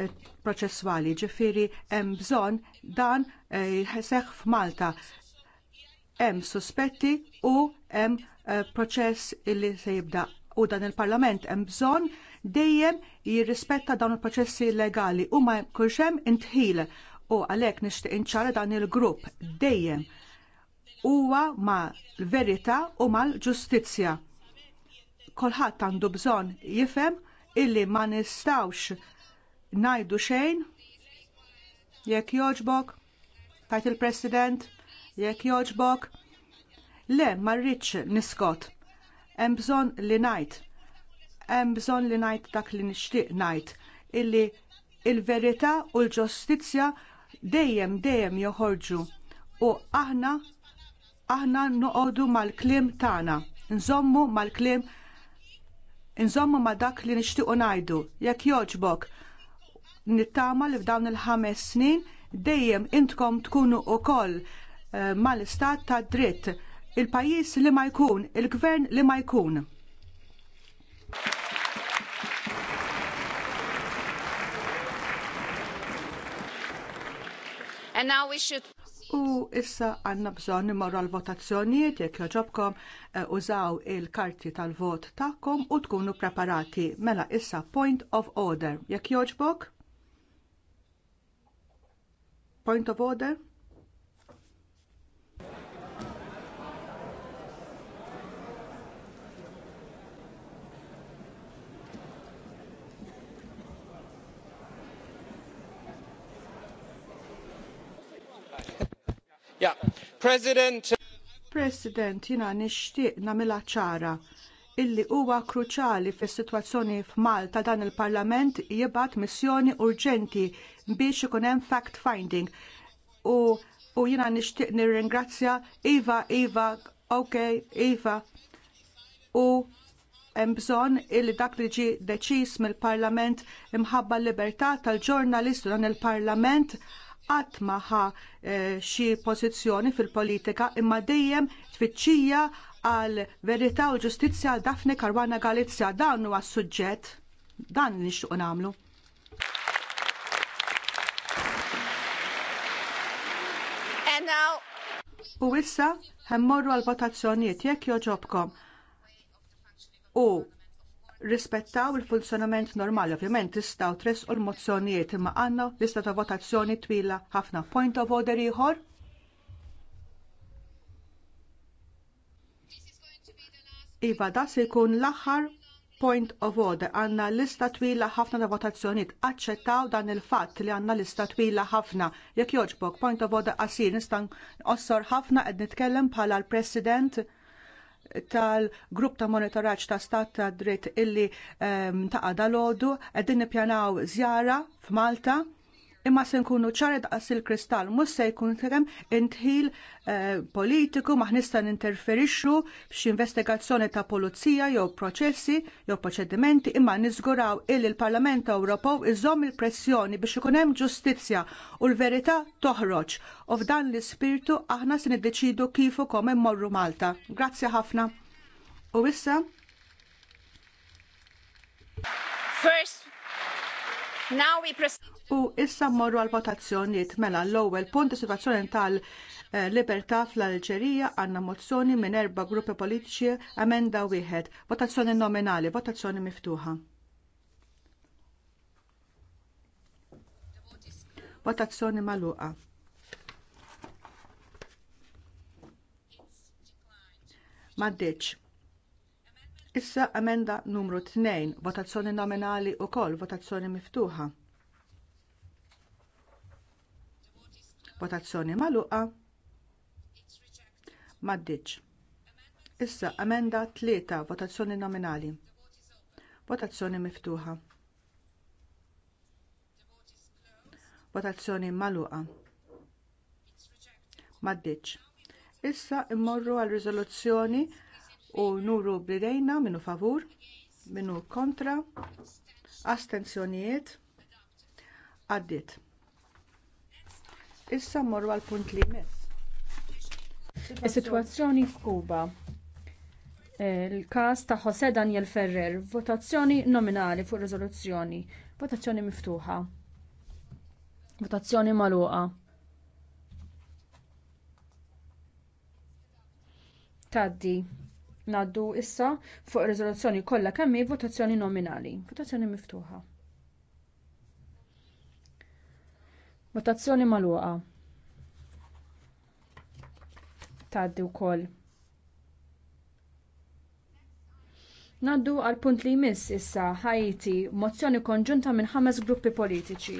eh, proċessuali, ġifiri hemm bżonn dan eh, jseħħ f'Malta hemm suspetti u hemm eh, proċess illi se jibda u dan il-Parlament hemm bżonn dejjem jirrispetta dawn il-proċessi legali u ma jkunx hemm intħil u għalhekk nixtieq inċara dan il-grupp dejjem huwa ma' l-verità u l ġustizzja Kulħadd għandu bżonn jifhem illi ma nistawx ngħidu xejn jekk jogħġbok, tajt il-President jekk jogħġbok. Le, ma rridx niskot. Hemm bżonn li ngħid. Hemm bżonn li ngħid dak li nixtieq ngħid illi il-verità u l-ġustizzja dejjem dejjem joħorġu u aħna aħna noqogħdu mal-kliem tagħna, nżommu mal-kliem nżommu ma dak li nixtiequ ngħidu jekk jogħġbok, nittama li f'dawn il-ħames snin dejjem intkom tkunu wkoll mal-istat ta' dritt il pajjiż li ma jkun, il-gvern li ma jkun. And now we should U issa għanna bżon nimorru l-votazzjonijiet jekk joġobkom eh, użaw il-karti tal-vot tagħkom u tkunu preparati. Mela issa point of order. Jekk joġbok? Point of order? President. President, jina nixtieq nagħmilha ċara illi huwa kruċjali fis-sitwazzjoni f'Malta dan il-Parlament jibgħat missjoni urġenti biex ikun hemm fact finding. U, u jiena nixtieq nirringrazzja Iva, Iva, OK, Iva. U hemm bżonn illi dak li ġie deċiż mill-Parlament imħabba l-libertà tal-ġurnalist dan il-Parlament qatt ma ħa eh, xi pożizzjoni fil-politika imma dejjem tfittxija għal verità u ġustizzja għal Dafne Karwana Galizja dan huwa suġġett dan nixtuq nagħmlu. U issa morru għal votazzjonijiet jekk joġobkom. U rispettaw il-funzjonament normali. Ovvjament tres u l-mozzjonijiet imma għandna lista ta' votazzjoni twila ħafna. Point of order ieħor. Iva, da se jkun l-aħħar point of order. għanna lista twila ħafna ta' votazzjoniet Aċċettaw dan il-fatt li għandna lista twila ħafna. Jekk jogħġbok, point of order għasir, nista' ossor ħafna qed nitkellem bħala l-President tal-grupp ta' monitoraġġ ta' stat ta' dritt illi um, ehm, ta' għadalodu għedin nippjanaw zjara f'Malta imma se nkunu ċaret għas il-kristall, mhux se jkun kemm intħil eh, politiku ma nista' ninterferixxu f'xi investigazzjoni ta' pulizija jew proċessi jew proċedimenti imma niżguraw il il-Parlament Ewropew iżomm il-pressjoni biex ikun hemm ġustizzja u l-verità toħroġ u f'dan l-ispirtu aħna se niddeċidu kif ukoll immorru Malta. Grazzi ħafna. U issa First, now we U issa mmorru għal votazzjonijiet mela l-ewwel punt is-sitwazzjoni tal-libertà fl-Alġerija għandna mozzjoni minn erba' gruppi politiċi emenda wieħed. Votazzjoni nominali, votazzjoni miftuħa. Votazzjoni magħluqa. Maddeċ. Issa emenda numru 2, votazzjoni nominali wkoll votazzjoni miftuħa. Votazzjoni magħluqa. Maddiċ. Issa emenda tlieta votazzjoni nominali. Votazzjoni miftuħa. Votazzjoni magħluqa. Maddiċ. Issa mmorru għal riżoluzzjoni u nuru bidejna minu favur, minu kontra, astenzjonijiet, għaddit. Issa mmorru għal punt li jmiss. Is-sitwazzjoni f'Kuba. Il-każ eh, ta' Jose Daniel Ferrer, votazzjoni nominali fuq riżoluzzjoni, votazzjoni miftuħa. Votazzjoni magħluqa. Taddi. Naddu issa fuq riżoluzzjoni kollha kemm votazzjoni nominali, votazzjoni miftuħa. Votazzjoni magħluqa. u wkoll. Naddu għal punt li jmiss issa ħajti mozzjoni konġunta minn ħames gruppi politiċi.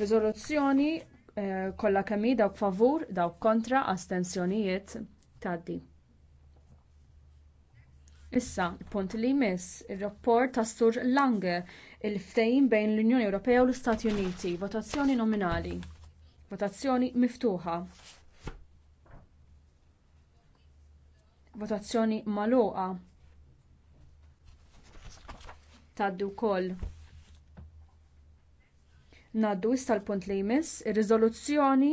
Riżoluzzjoni eh, kollha kemm hi dawk favur, dawk kontra, astensjonijiet taddi. Issa, punt li jmiss ir-rapport ta' Sur Lange il-ftehim bejn l-Unjoni Ewropea u l-Istati Uniti, votazzjoni nominali. Votazzjoni miftuħa. Votazzjoni magħluqa. Taddu wkoll. Naddu issa l-punt li jmiss ir-riżoluzzjoni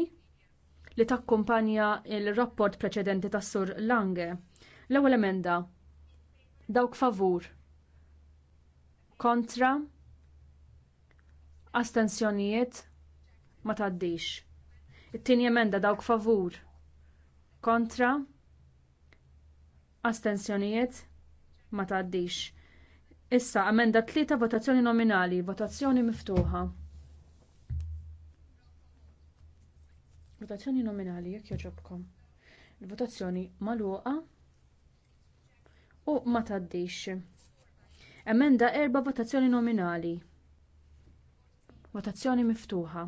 li takkumpanja l rapport preċedenti tas Sur Lange. L-ewwel emenda. Dawk favur. Kontra. Astensjonijiet ma taddix. It-tieni emenda dawk favur. Kontra. Astensjonijiet ma tgħaddix. Issa emenda tlieta votazzjoni nominali, votazzjoni miftuħa. Votazzjoni nominali jekk joġobkom. Il-votazzjoni magħluqa u ma tgħaddix. Emenda erba' votazzjoni nominali. Votazzjoni miftuħa.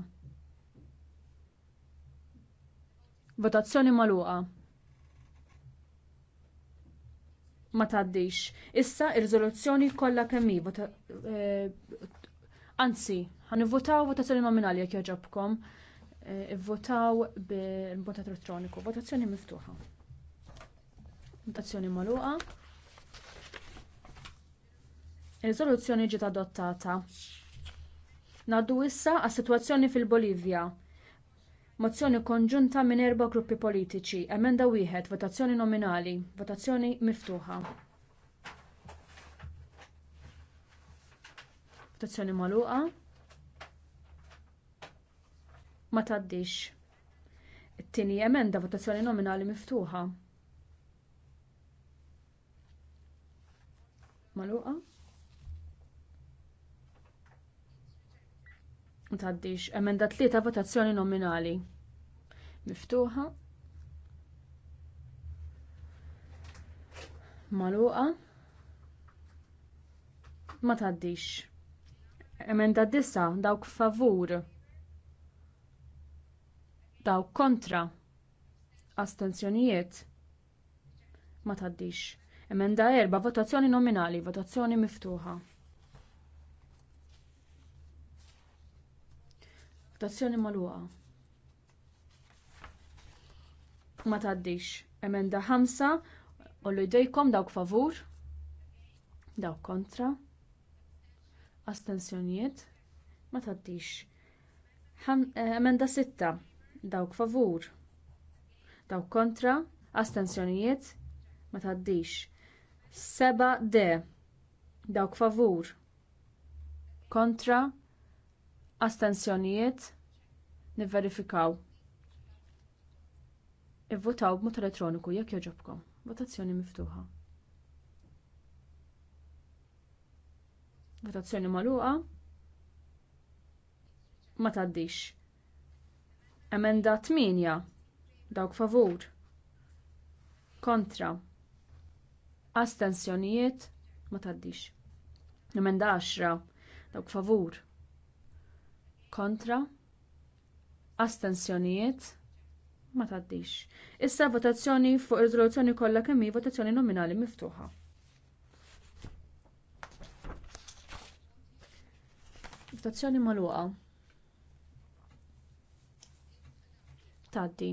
Votazzjoni magħluqa. Ma tgħaddix. Issa ir-riżoluzzjoni kollha kemm hi. Eh, anzi, votaw votazzjoni nominali jekk jogħġobkom. Ivvotaw eh, bil vota elettroniku. Votazzjoni miftuħa. Votazzjoni magħluqa. Ir-riżoluzzjoni ġiet adottata. Ngħaddu issa għas-sitwazzjoni fil-Bolivja. Mozzjoni konġunta minn erba' gruppi politiċi. Emenda wieħed, votazzjoni nominali, votazzjoni miftuħa. Votazzjoni magħluqa. Ma tgħaddix. It-tieni emenda votazzjoni nominali miftuħa. Magħluqa. Taddix, emenda tlieta votazzjoni nominali. Miftuħa. Maluqa. Ma taddix. Emenda disa, dawk favur. Dawk kontra. Astenzjonijiet. Ma taddix. Emenda erba, votazzjoni nominali, votazzjoni miftuħa. Votazzjoni magħluqa. Ma taddix. Emenda 5 l-idejkom dawk favur, dawk kontra, astensjonijiet, ma taddix. Eh, emenda 6 dawk favur, dawk kontra, astensjonijiet, ma taddix. 7 d dawk favur, kontra astensjonijiet nivverifikaw ivvutaw b'mod elettroniku jekk jogħġobkom votazzjoni miftuħa votazzjoni magħluqa ma tgħaddix emenda 8 dawk favur kontra astensjonijiet ma tgħaddix emenda 10 dawk favur kontra astensjonijiet ma tgħaddix. Issa votazzjoni fuq ir-riżoluzzjoni kollha kemm hi votazzjoni nominali miftuħa. Votazzjoni magħluqa. Taddi.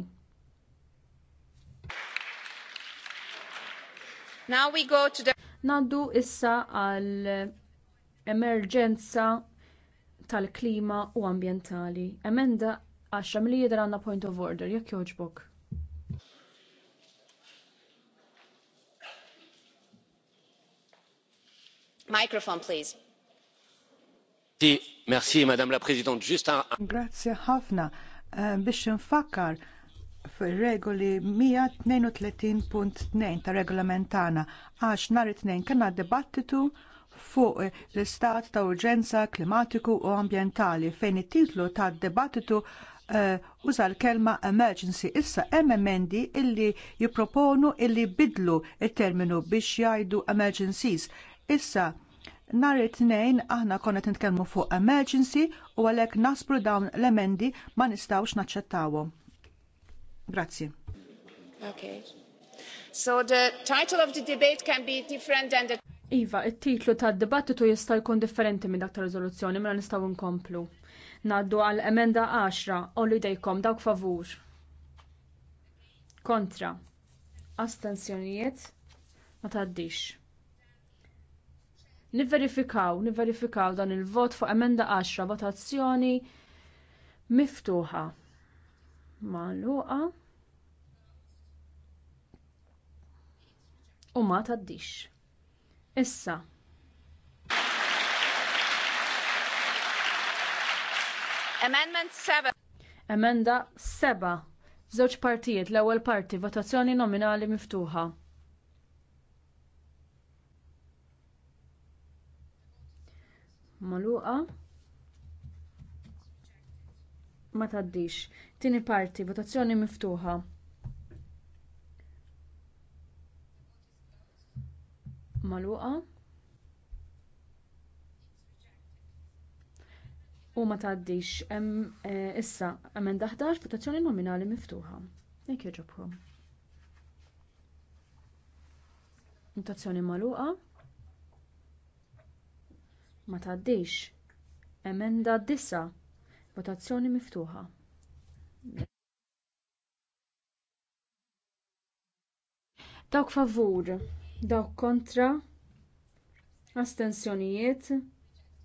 Now we go to the Naddu issa għal emerġenza tal-klima u ambjentali. Emenda 10 milli jidher għandna point of order, jekk jogħġbok. Microphone, please. Merci, Madame la Présidente. Juste un... Grazie ħafna. Eh, biex nfakkar fir-regoli 132.2 ta' regolamentana għax nhar it-tnejn kellna dibattitu fuq l-istat ta' urġenza klimatiku u ambjentali fejn it-titlu tad dibattitu eh, uża l-kelma emergency. Issa hemm emendi illi jipproponu illi bidlu it terminu biex jgħidu emergencies. Issa nhar it-tnejn aħna konna nitkellmu fuq emergency u għalhekk nasbru dawn l-emendi ma nistgħux naċċettawhom. Grazzi. Okay. So the title of the debate can be different than the Iva, it-titlu tad dibattitu jista' jkun differenti minn dak ta' riżoluzzjoni mela nistgħu nkomplu. Ngħaddu għal emenda 10 ollu jdejkom dawk favur. Kontra. Astensjonijiet ma tgħaddix. Nivverifikaw, nivverifikaw dan il-vot fuq emenda 10 votazzjoni miftuħa. Magħluqa. U ma tgħaddix. Issa. Amendment 7. Emenda 7. Żewġ partijiet l-ewwel parti votazzjoni nominali miftuħa. Maluqa. Ma taddix. Tieni parti votazzjoni miftuħa. magħluqa u ma tgħaddix hemm eh, issa emenda 11 votazzjoni nominali miftuħa jekk jogħġobkom votazzjoni magħluqa ma tgħaddix emenda 9 votazzjoni miftuħa dawk favur dawk kontra astensjonijiet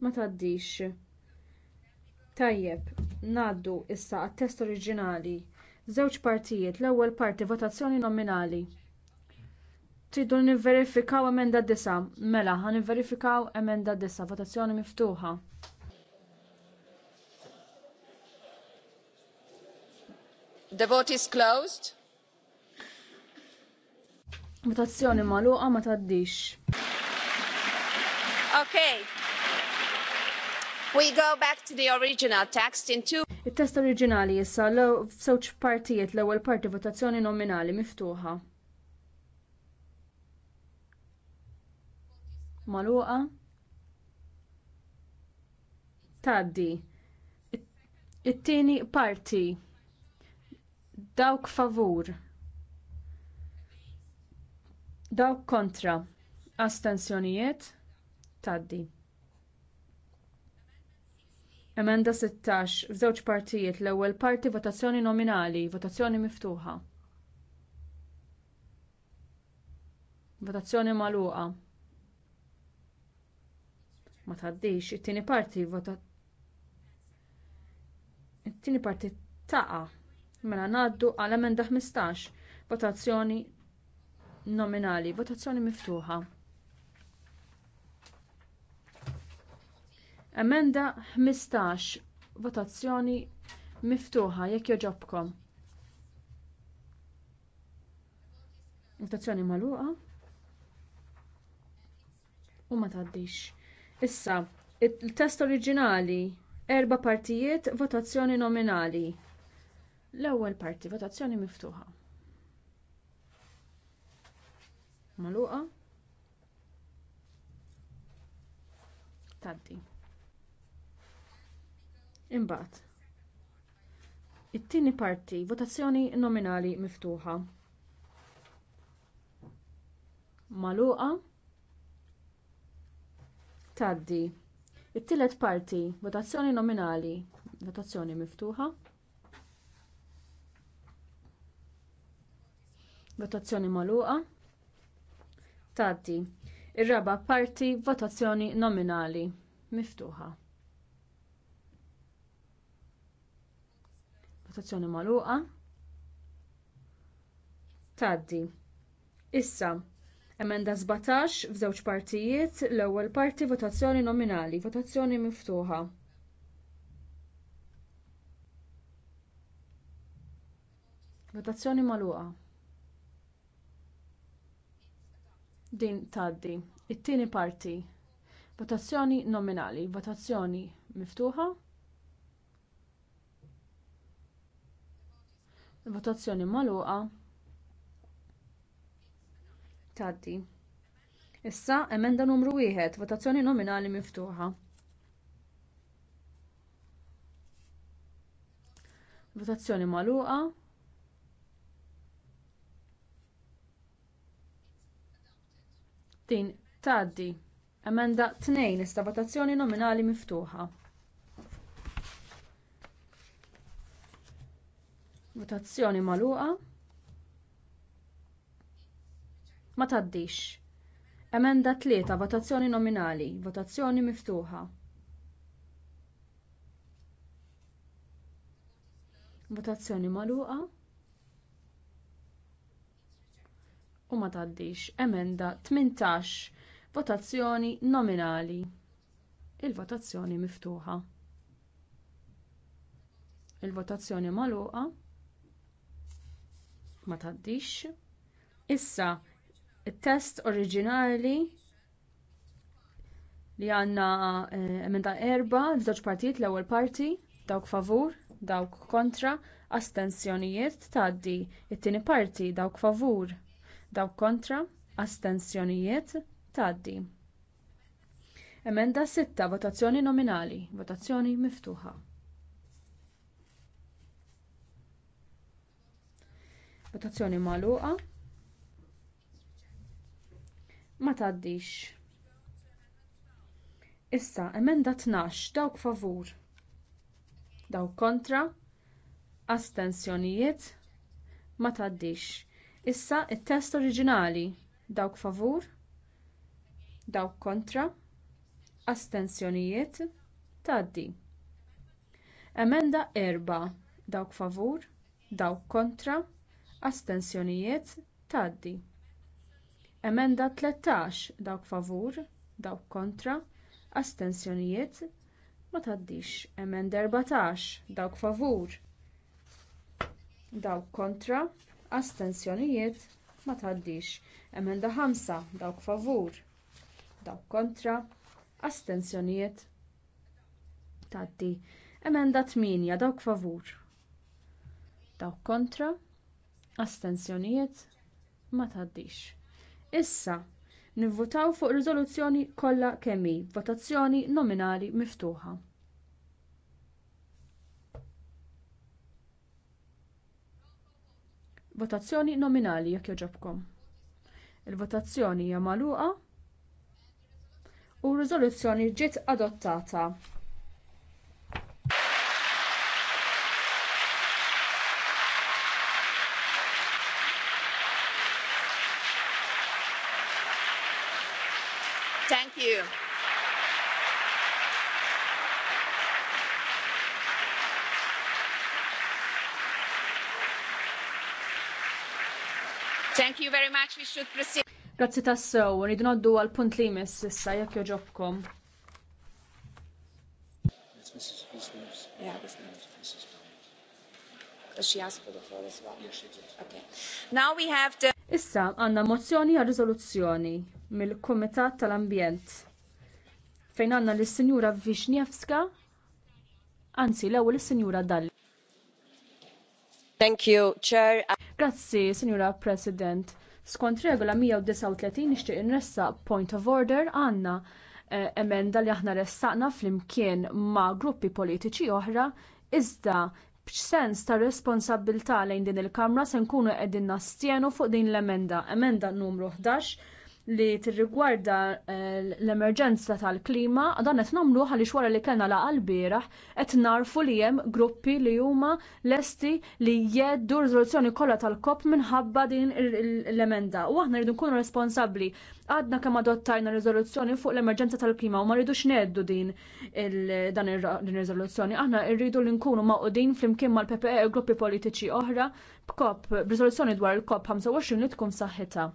ma tgħaddix tajjeb ngħaddu issa għat-test oriġinali żewġ partijiet l-ewwel parti votazzjoni nominali tridu nivverifikaw emenda disa' mela ħanivverifikaw emenda disa' votazzjoni miftuħa the vote is closed Votazzjoni magħluqa ma taddix. Ok. We go back to the original text in two. Il-test oriġinali issa l partijiet l-ewwel parti votazzjoni nominali miftuħa. Maluqa. Taddi. It-tieni parti. Dawk favur. Dawk kontra. Astensjonijiet tgħaddi. Emenda 16 f'żewġ partijiet l-ewwel parti votazzjoni nominali, votazzjoni miftuħa. Votazzjoni magħluqa. Ma tgħaddix, it-tieni parti vota it-tieni parti taqa' mela ngħaddu għal emenda 15 votazzjoni nominali, votazzjoni miftuħa. Emenda 15, votazzjoni miftuħa jekk joġobkom. Votazzjoni magħluqa. U ma tgħaddix. Issa, il-test oriġinali, erba partijiet, votazzjoni nominali. L-ewwel parti, votazzjoni miftuħa. magħluqa tgħaddi imbagħad it-tieni parti votazzjoni nominali miftuħa Maluqa. Taddi. it-tielet parti votazzjoni nominali votazzjoni miftuħa votazzjoni magħluqa tgħaddi. Ir-raba parti votazzjoni nominali miftuħa. Votazzjoni magħluqa tgħaddi. Issa emenda 17 f'żewġ partijiet, l-ewwel parti votazzjoni nominali, votazzjoni miftuħa. Votazzjoni magħluqa. din tgħaddi. It-tieni parti. Votazzjoni nominali, votazzjoni miftuħa. Votazzjoni magħluqa. Tgħaddi. Issa emenda numru wieħed, votazzjoni nominali miftuħa. Votazzjoni magħluqa. din tgħaddi emenda tnejn iżda votazzjoni nominali miftuħa votazzjoni magħluqa ma tgħaddix emenda tlieta votazzjoni nominali votazzjoni miftuħa votazzjoni magħluqa u ma tgħaddix. Emenda 18. Votazzjoni nominali. Il-votazzjoni miftuħa. Il-votazzjoni magħluqa ma tgħaddix. Issa it-test oriġinali li għandna eh, emenda erba, żewġ partijiet l-ewwel parti, dawk favur, dawk kontra, astensjonijiet tgħaddi, it-tieni parti dawk favur, dawk kontra astensjonijiet tgħaddi emenda 6 votazzjoni nominali votazzjoni miftuħa votazzjoni magħluqa ma tgħaddix issa emenda 12 dawk favur dawk kontra astensjonijiet ma tgħaddix Issa t test oriġinali dawk favur, dawk kontra, astensjonijiet tgħaddi. Emenda erba' dawk favur, dawk kontra, astensjonijiet tgħaddi. Emenda 13 dawk favur, dawk kontra, astensjonijiet ma tgħaddix. Emenda 14 dawk favur, dawk kontra, astensjonijiet ma tgħaddix emenda ħamsa dawk favur dawk kontra astensjonijiet tgħaddi emenda 8 dawk favur dawk kontra astensjonijiet ma tgħaddix issa nivvotaw fuq riżoluzzjoni kollha kemm hi b'votazzjoni nominali miftuħa Votazzjoni nominali jekk joġobkom. Il-votazzjoni hija magħluqa u r-riżoluzzjoni ġiet adottata. you very much. We should proceed. Grazzi tassew, rridu noddu għal punt li jmiss issa jekk joġobkom. Issa għandna mozzjoni għal riżoluzzjoni mill-Kumitat tal-Ambjent fejn għandna lis-Sinjura Vixniewska, anzi l-ewwel is-Sinjura Dalli. Thank you, Chair. Grazzi, Signora President. Skont regola 139 nixtieq inressa point of order għandna eh, emenda li aħna ressaqna flimkien ma' gruppi politiċi oħra iżda b'sens ta' responsabilta lejn din il-Kamra se nkunu qegħdin nastienu fuq din l-emenda, emenda numru 11 li tirrigwarda eh, l-emerġenza tal-klima, dan qed nagħmlu għaliex wara li kellna laqgħa lbieraħ qed narfu li hemm gruppi li huma lesti li jeddu riżoluzzjoni kollha tal-kop minħabba din l-emenda. U aħna rridu nkunu responsabbli. Għadna kemm adottajna riżoluzzjoni fuq l-emerġenza tal-klima u ma rridux ngħeddu din dan ir-riżoluzzjoni. Aħna rridu li nkunu maqudin flimkien mal-PPE u gruppi politiċi oħra b'kop b'riżoluzzjoni dwar il-kop 25 li tkun saħħitha.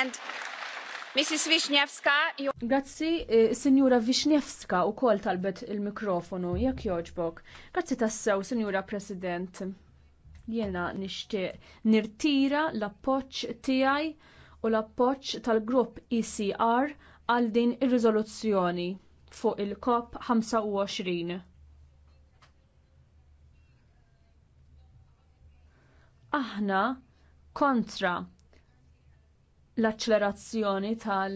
And Mrs. Wisniewska, you... Grazzi, eh, Signora Wisniewska, u kol talbet il-mikrofonu, jak joġbok. Grazzi tassew, Signora President. Jena nishtiq nirtira l-appoċ tijaj u l-appoċ tal-grupp ECR għal din ir-riżoluzzjoni fuq il-COP 25. Aħna kontra l-accelerazzjoni tal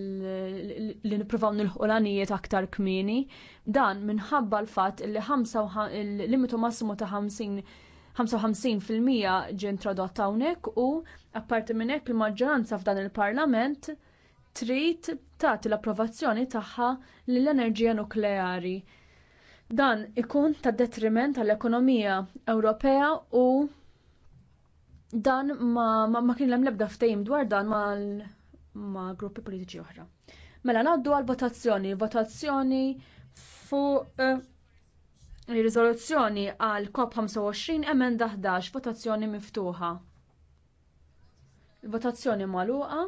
li nippruvaw nilħu l aktar kmieni, dan minħabba l-fatt li l-limitu massimo ta' 55% ġie introdott hawnhekk u apparti minn hekk il-maġġoranza f'dan il-Parlament trid tagħti l-approvazzjoni tagħha lill-enerġija nukleari. Dan ikun ta' detriment tal-ekonomija Ewropea u dan ma, ma, ma kien l-ebda ftejim dwar dan ma ma' gruppi politiċi oħra. Mela ngħaddu għal votazzjoni, votazzjoni fuq uh, riżoluzzjoni għal COP25 emenda 11, votazzjoni miftuħa. Votazzjoni magħluqa.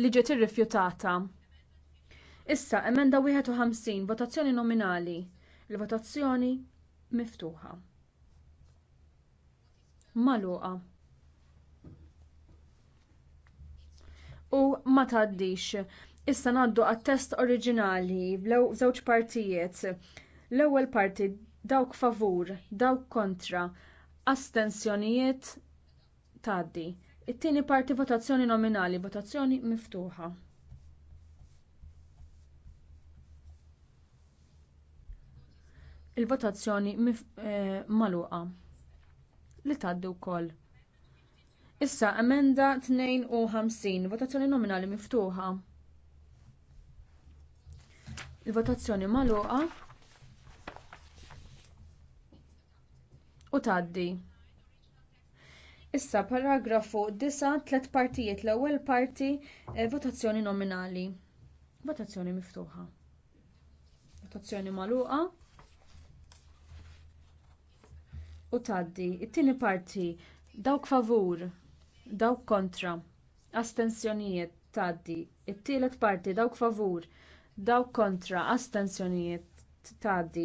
Li ġiet irrifjutata. Issa emenda 51, votazzjoni nominali. Il-votazzjoni miftuħa magħluqa u ma tgħaddix. Issa ngħaddu għat-test oriġinali b'żewġ partijiet. L-ewwel parti dawk favur, dawk kontra, astensjonijiet tgħaddi. It-tieni parti votazzjoni nominali, votazzjoni miftuħa. Il-votazzjoni mif eh, maluqa li tgħaddi wkoll. Issa emenda 52, votazzjoni nominali miftuħa. Il-votazzjoni magħluqa u tgħaddi. Issa paragrafu 9 tliet partijiet l-ewwel parti eh, votazzjoni nominali. Votazzjoni miftuħa. Votazzjoni magħluqa. u tgħaddi. It-tieni parti dawk favur, dawk kontra, astensjonijiet tgħaddi. It-tielet parti dawk favur, dawk kontra, astensjonijiet tgħaddi.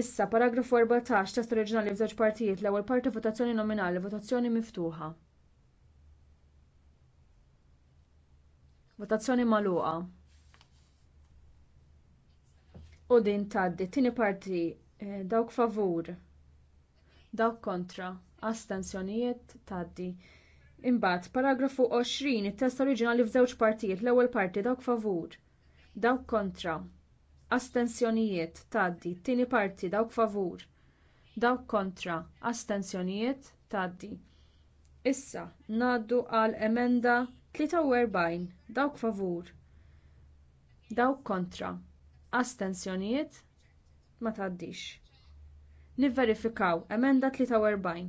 Issa paragrafu 14 test oriġinali f'żewġ partijiet l-ewwel parti votazzjoni nominali, votazzjoni miftuħa. Votazzjoni magħluqa. U din tgħaddi. Tieni parti eh, dawk favur, dawk kontra astensjonijiet tgħaddi imbagħad paragrafu 20 it-test oriġinali f'żewġ partijiet l-ewwel parti dawk favur dawk kontra astensjonijiet tgħaddi it-tieni parti dawk favur dawk kontra astensjonijiet tgħaddi issa ngħaddu għal emenda 43 dawk favur dawk kontra astensjonijiet ma tgħaddix Nivverifikaw emenda 43.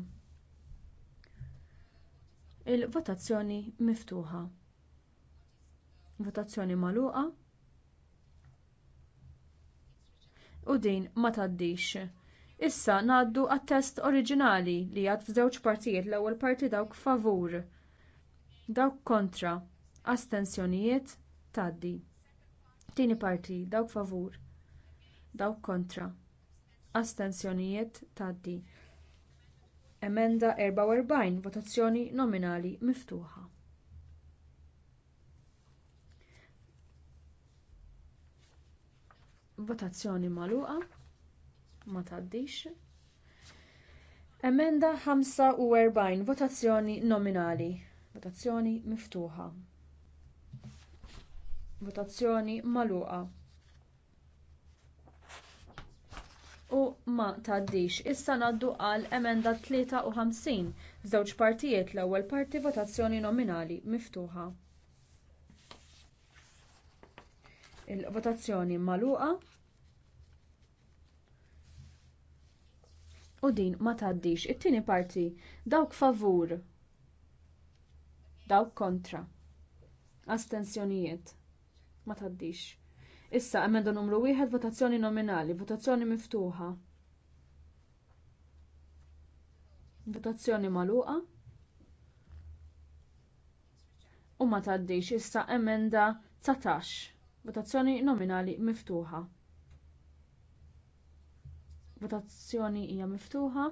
Il-votazzjoni miftuħa. Votazzjoni magħluqa. U din ma tgħaddix. Issa ngħaddu għat-test oriġinali li għad f'żewġ partijiet l-ewwel parti dawk favur. Dawk kontra. Astensjonijiet tgħaddi. Tieni parti dawk favur. Dawk kontra astensjonijiet tgħaddi emenda 44 votazzjoni nominali miftuħa votazzjoni magħluqa ma tgħaddix emenda 45 votazzjoni nominali votazzjoni miftuħa votazzjoni magħluqa u ma taddix. Issa ngħaddu għal emenda 53 żewġ partijiet l-ewwel parti votazzjoni nominali miftuħa. Il-votazzjoni magħluqa u din ma tgħaddix. It-tieni parti dawk favur dawk kontra. Astensjonijiet ma taddix. Issa emenda numru wieħed votazzjoni nominali, votazzjoni miftuħa. Votazzjoni magħluqa. U ma tgħaddix issa emenda 19. Votazzjoni nominali miftuħa. Votazzjoni hija miftuħa.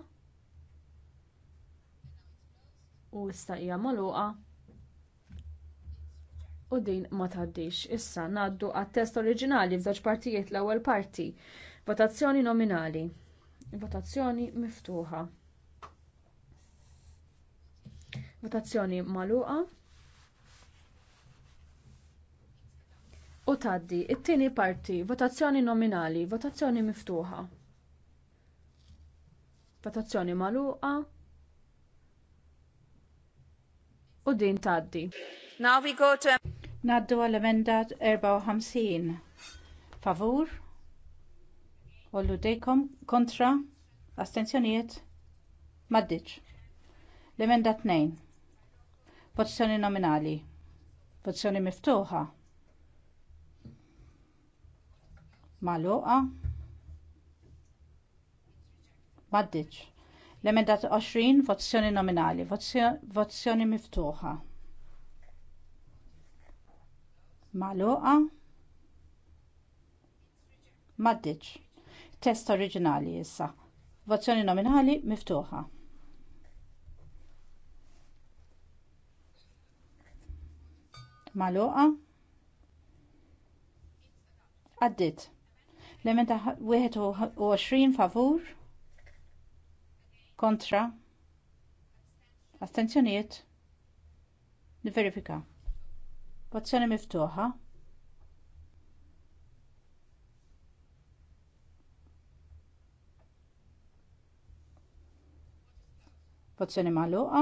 U issa hija magħluqa u din ma tgħaddix. Issa ngħaddu għat-test oriġinali f'żewġ partijiet l-ewwel parti. Votazzjoni nominali. Votazzjoni miftuħa. Votazzjoni magħluqa. U tgħaddi it-tieni parti, votazzjoni nominali, votazzjoni miftuħa. Votazzjoni magħluqa. U din tgħaddi. Now we go to Naddu għal-emenda 54. Favur? Ollu dejkom? Kontra? Astenzjonijiet? Maddiċ. L-emenda 2. Votazzjoni nominali. Votazzjoni miftuħa. Maluqa. Maddiċ. L-emenda 20. Votazzjoni nominali. Votazzjoni miftuħa magħluqa m'għaddietx test oriġinali issa Vozzjoni nominali miftuħa magħluqa għaddiet l-emenda 21 favur kontra astenzjonijiet nivverifika Votazzjoni miftuħa. Votazzjoni magħluqa.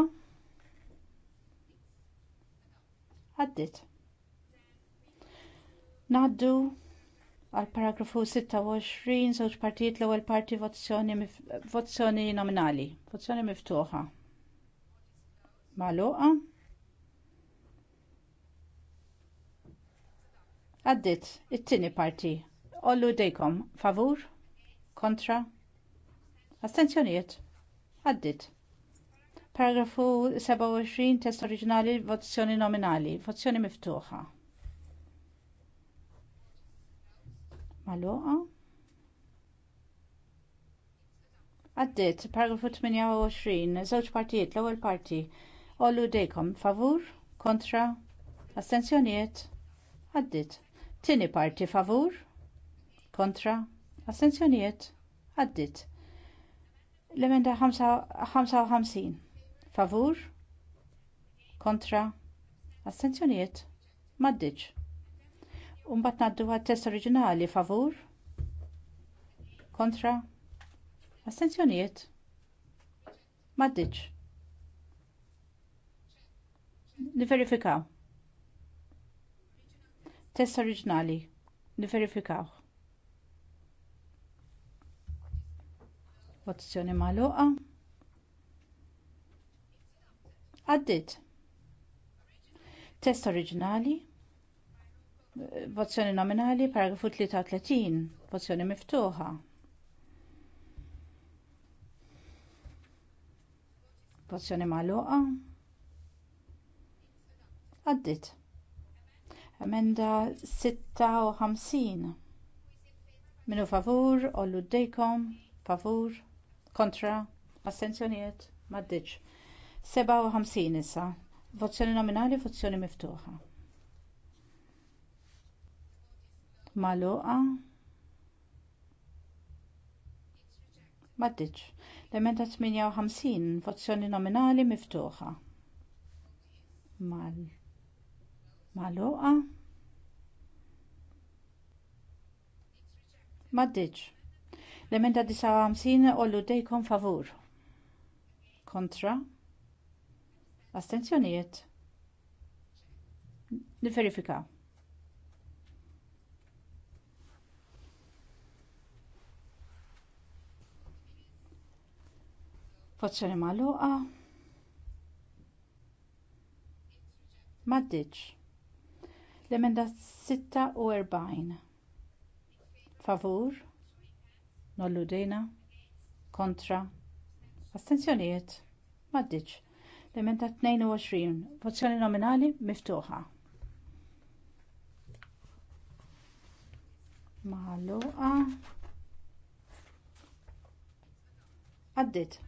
Għaddit. Naddu għal paragrafu 26 żewġ partijiet l-ewwel parti vozzjoni nominali, vozzjoni miftuħa. Magħluqa. Għaddit, it-tini parti. Ollu dejkom, favur, kontra, astenzjoniet, għaddit. Paragrafu 27, test oriġinali, votazzjoni nominali, votazzjoni miftuħa. Maluqa. Għaddit, paragrafu 28, żewġ partijiet, l-ewwel parti. Ollu dejkom, favur, kontra, astenzjoniet, għaddit Tini parti favur? Kontra? assenzjoniet, Għaddit. L-emenda 55. Favur? Kontra? assenzjoniet, Maddiċ. Umbat naddu għad test oriġinali favur? Kontra? assenzjoniet, Maddiċ. Niverifikaw test oriġinali nivverifikaw votazzjoni magħluqa għaddiet test oriġinali votazzjoni nominali paragrafu 33 votazzjoni miftuħa votazzjoni magħluqa għaddiet Emenda 56. Minu favur, ollu dejkom favur, kontra, astenzjonijiet, maddiċ. 57 issa. Vozzjoni nominali, votazzjoni miftuħa. Maluqa. Maddiċ. L-emenda 58, vozzjoni nominali miftuħa. Mal. Magħluqa. Maddiġ. L-emenda 59 ollu dejkom favur. Kontra. Astenzjonijiet. Niverifika. Fazzjoni magħluqa. Maddiġ. L-emenda 46. Favur. Nollu Kontra. Astenzjonijiet. Maddiċ. L-emenda 22. Vozzjoni nominali miftuħa. Maluqa. Għaddit.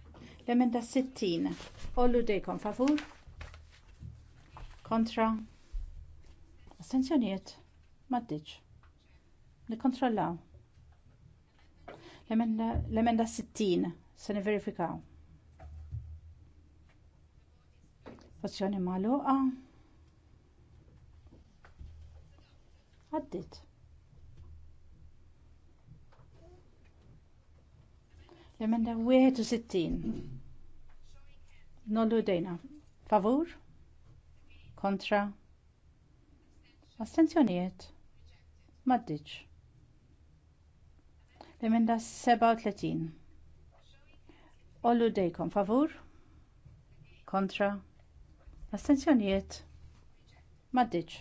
L-emenda 60. Ollu dejkom favur. Kontra. Astenzjonijiet maddiċ. Nikkontrollaw. L-emenda 60 se niverifikaw. Votazzjoni magħluqa. Għaddit. L-emenda 61. Nollu dejna. Favur? Kontra? Astenzjonijiet? Maddiċ. L-emenda 37. Ollu dejkom favur? Kontra? Astenzjonijiet? Maddiċ.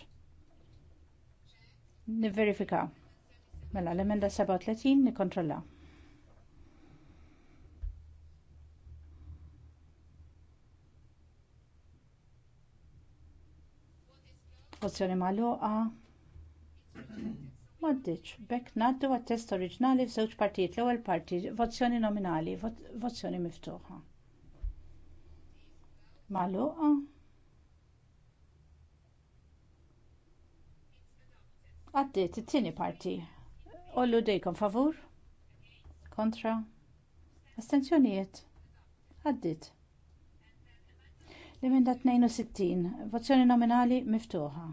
Niverifika. Mela l-emenda 37 nikontrolla. mal-oqa Maddiċ, b'hekk ngħaddu għat-test oriġinali f'żewġ partijiet l-ewwel parti vozzjoni nominali vozzjoni miftuħa magħluqa għaddiet it-tieni parti Ollu dejkom favur kontra astenzjonijiet għaddiet minn emenda 62, votazzjoni nominali miftuħa.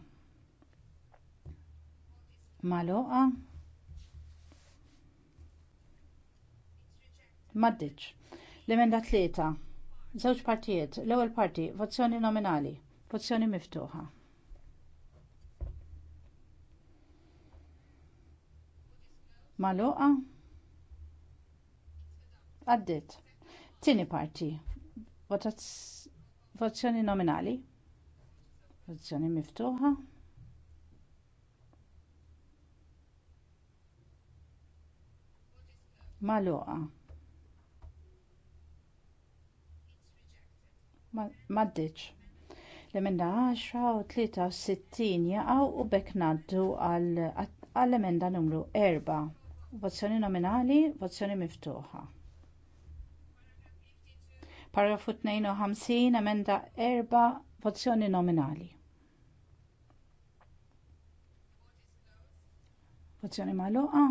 Maluqa. Maddiċ. L-emenda tlieta. żewġ partijiet, l-ewwel parti, vozzjoni nominali, Vozzjoni miftuħa. Maluqa? Għaddit. Tini parti. Votazzjoni Pozzjoni nominali. Pozzjoni miftuħa. Maluqa. Maddiċ. L-emenda 10 u 63 jaqgħu u bekk ngħaddu għall-emenda numru 4. Votazzjoni nominali, votazzjoni miftuħa. Paragrafu 52, emenda 4, votazzjoni nominali. Votazzjoni magħluqa.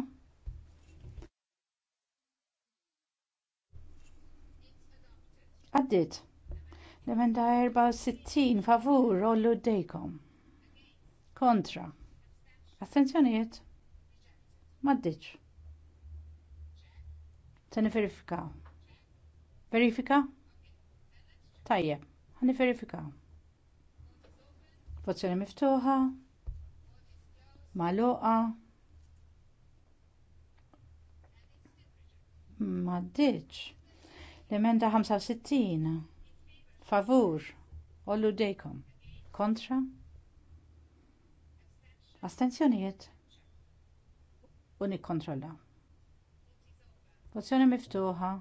Għaddit. L-emenda 64 favur rollu dejkom. Kontra. Attenzjonijiet. Maddiċ. Tani verifikaw. Verifika? verifika? Tajjeb, ħani verifikaw. pozzjoni miftuħa. Maluqa. Maddiċ. L-emenda 65. Favur. Ollu dejkom. Kontra. Astenzjonijiet. Unik kontrolla. pozzjoni miftuħa.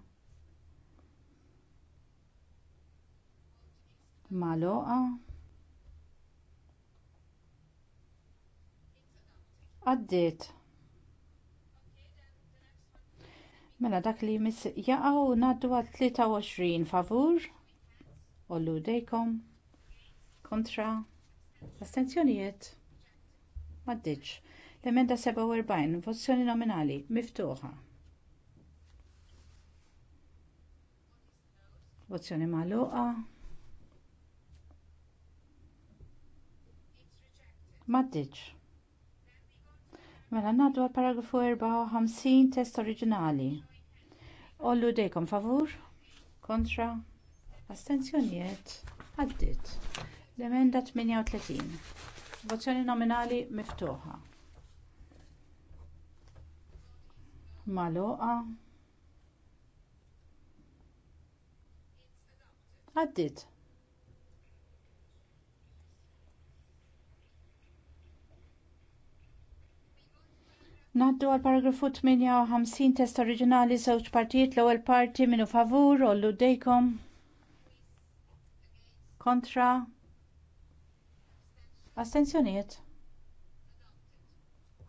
Maloqa. Għaddit. Mela dak li mis jaqaw naddu għad 23 favur. Ollu dejkom. Kontra. Astenzjonijiet. Maddiċ. L-emenda 47, votazzjoni nominali, miftuħa. Votazzjoni maluqa. Maddiċ. Mela ngħaddu għal paragrafu 54 test oriġinali. Ollu dejkom favur, kontra, astenzjonijiet, għaddit. L-emenda 38. Vozzjoni nominali miftuħa. Maloqa. Għaddit. Naddu għal paragrafu 58 test oriġinali żewġ partijiet l-ewwel parti minu favur ollu dejkom kontra astenzjonijiet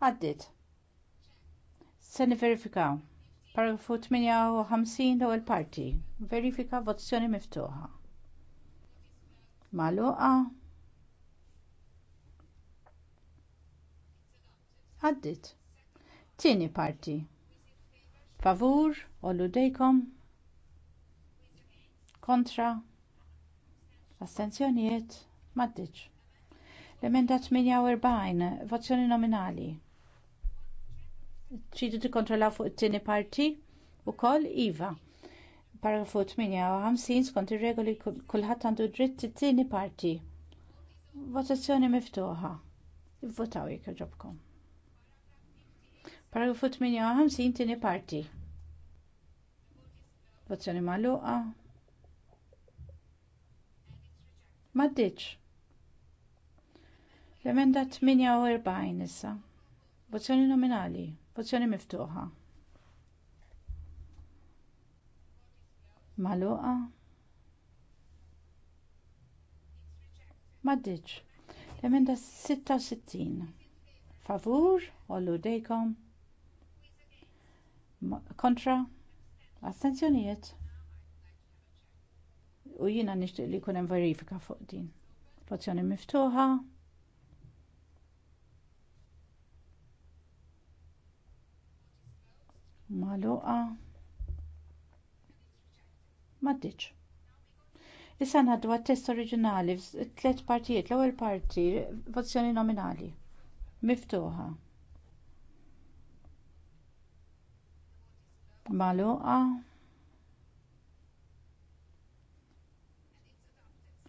għaddit. Se niverifikaw. Paragrafu 58 l-ewwel parti. Verifika votazzjoni miftuħa. Maluqa. Għaddit. Tieni parti. Favur, o ludejkom? Kontra. Astenzjonijiet, maddiċ. L-emenda 48, vozzjoni nominali. Ċidu tikkontrollaw fuq it-tieni parti ukoll iva paragrafu 58 skont ir-regoli kulħadd għandu dritt it-tieni parti. Votazzjoni miftuħa. Ivvotaw jekk jogħġobkom. Paragrafu 58 tieni parti. Votazzjoni magħluqa. Maddiċ. L-emenda 48 issa. Votazzjoni nominali, votazzjoni miftuħa. Magħluqa. Maddiċ. L-emenda 66. Favur, ollu dejkom kontra astenzjonijiet u jiena nishtiq li jkun hemm verifika fuq din votazzjoni miftuħa maluqa maddiċ Issa ngħaddu għat-test oriġinali t-tlet partijiet l-ewwel parti votazzjoni nominali miftuħa. Maluqa.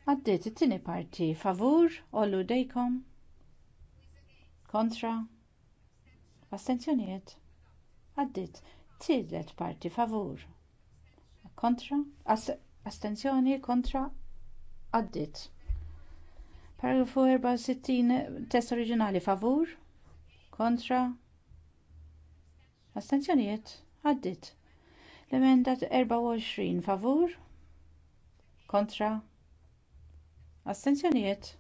Għaddiet it-tieni parti favur ollu dejkom kontra astenzjonijiet għaddiet tielet parti favur kontra astenzjoni kontra għaddiet paragrafu 64 test oriġinali favur kontra astenzjonijiet għaddit. L-emenda 24 favur kontra astenzjonijiet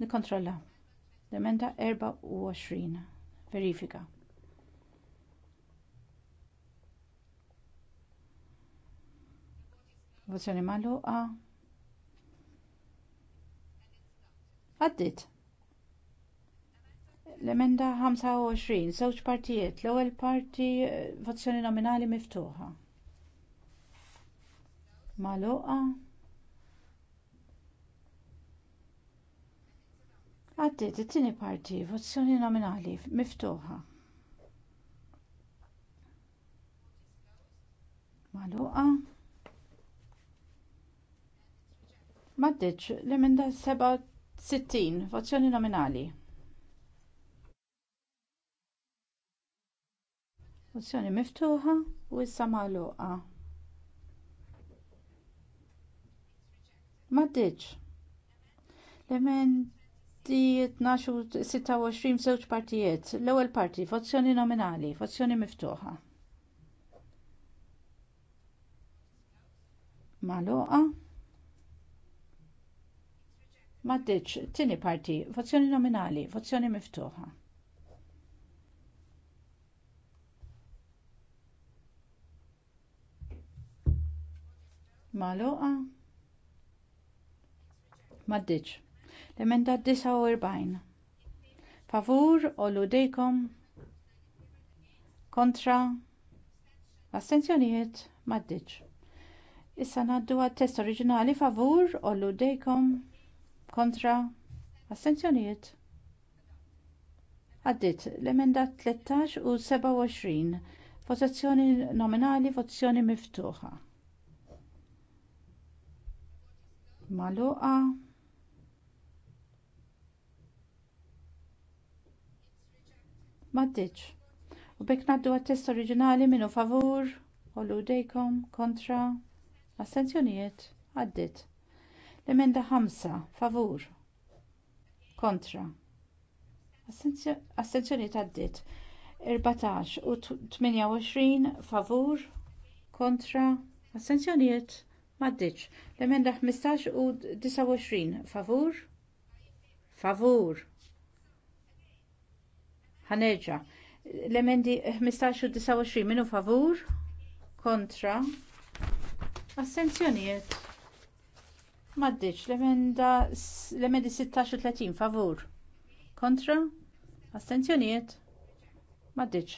nikontrolla. L-emenda 24 verifika. Votazzjoni magħluqa. Għaddit. L-emenda 25, żewġ partijiet, l-ewwel parti votazzjoni nominali miftuħa. Maluqa. Għaddiet it-tieni parti, votazzjoni nominali miftuħa. Maluqa. Maddiċ, l-emenda 67, votazzjoni nominali. Mozzjoni miftuħa u issa magħluqa. M'għaddiġ. Lemen di 12 26 żewġ partijiet. L-ewwel parti, vozzjoni nominali, vozzjoni miftuħa. Magħluqa. M'għaddiġ. Tieni parti, vozzjoni nominali, vozzjoni miftuħa. Maluqa. Maddiċ. L-emenda 49. Favur u ludejkom. Kontra. Astenzjonijiet. Maddiċ. Issa naddu għat-test oriġinali favur u dejkom? Kontra. assenzjonijiet? Għaddit l-emenda 13 u 27. Votazzjoni nominali, votazzjoni miftuħa. maluqa maddiċ U bekk ngħaddu għat-test oriġinali minnu favur, ollu dejkom, kontra, assenzjonijiet għaddit. L-emenda 5, favur, kontra. assenzjonijiet għaddit. 14 u 28 favur, kontra, astenzjonijiet Maddiċ. L-emenda 15 u 29. Favur? Favur. Ħanerġa. L-emendi 15 u 29 minu favur? Kontra? Assenzjonijiet. Maddiċ. L-emenda l-emendi 16 u 30 favur? Kontra? Assenzjonijiet. Maddiċ.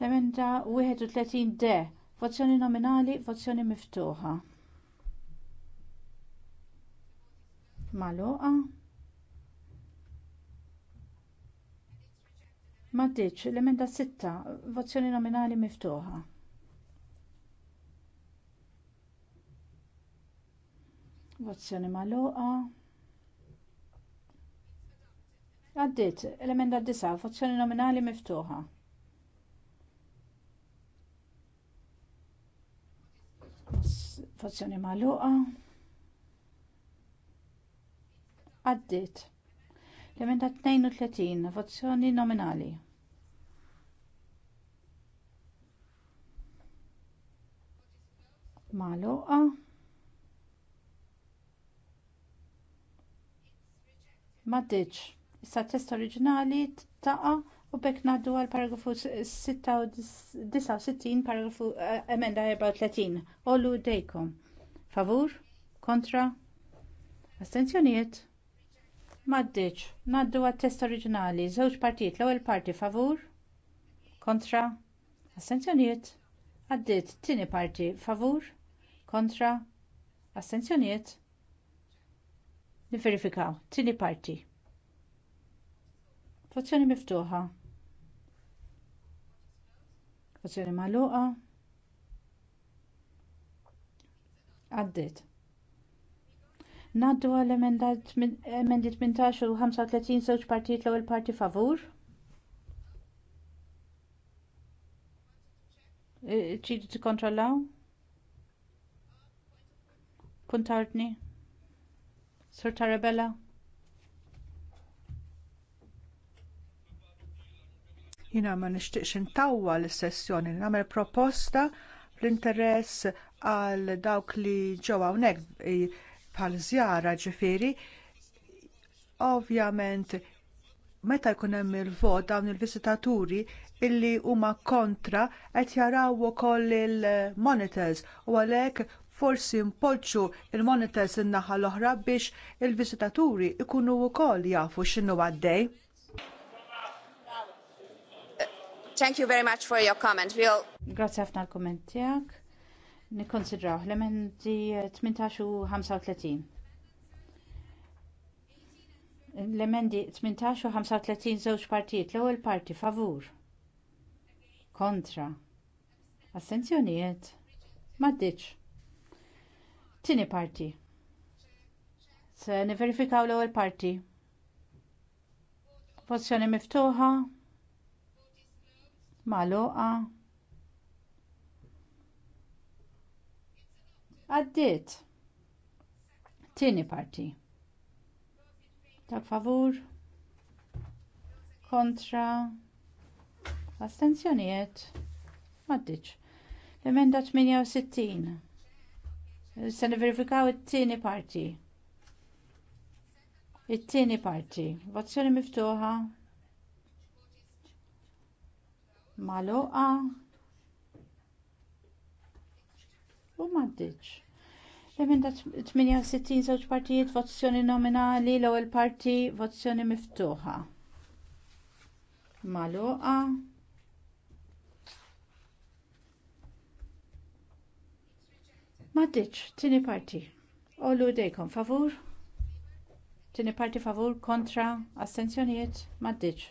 L-emenda 31 de. Vozzjoni nominali, vozzjoni miftuħa. magħluqa m'għaddietx l-emenda 6 vozzjoni nominali miftuħa Vozzjoni magħluqa għaddiet l-emenda disa vozzjoni nominali miftuħa votazzjoni magħluqa għaddiet. L-emenda 32, votazzjoni nominali. Maluqa. Maddiċ. Issa test oriġinali taqa u bekk naddu għal paragrafu 69 paragrafu eh, emenda 34. Ollu dejkom. Favur? Kontra? Astenzjonijiet? Maddiċ, naddu għat-test oriġinali, żewġ partijiet, l-ewwel parti favur, kontra, astenzjonijiet, għaddiet tieni parti favur, kontra, astenzjonijiet. Niverifikaw, tieni parti. Votazzjoni miftuħa. Votazzjoni magħluqa. Għaddiet. Naddu għal emendi 18 u 35 żewġ partijiet l-ewwel parti favur. Ċidu e, kontrollaw? Puntartni? Sur Tarabella? Jina ma nixtieqx intawwa l-sessjoni, nagħmel proposta fl-interess għal dawk li ġew hawnhekk bħal żjara ġifieri, ovvjament meta jkun hemm il-vot dawn il-visitaturi illi huma kontra qed jaraw ukoll il-monitors u għalhekk forsi mpoġġu l monitors in-naħa l-oħra biex il-visitaturi ikunu wkoll jafu x'inhu għaddej. Thank you very much for your comment. We'll... Grazie ħafna l-komment tiegħek nikkonsidraw l-emendi 18 u 35. L-emendi 18 u 35 żewġ partijiet l-ewwel parti favur. Kontra. Assenzjonijiet. Maddiċ. Tini parti. Se niverifikaw l-ewwel parti. Pozzjoni miftuħa. Maluqa. Għaddiet. Tieni parti. Dak favur. Kontra. Astenzjonijiet. l Emenda 68. Se verifikaw it-tieni parti. It-tieni parti. Vozzjoni miftuħa. Maloqa. U maddiċ l 68 żewġ partijiet votazzjoni nominali l-ewwel parti votazzjoni miftuħa. Maluqa. Maddiċ, tini parti. Ollu dejkom favur. Tini parti favur kontra astenzjonijiet maddiċ.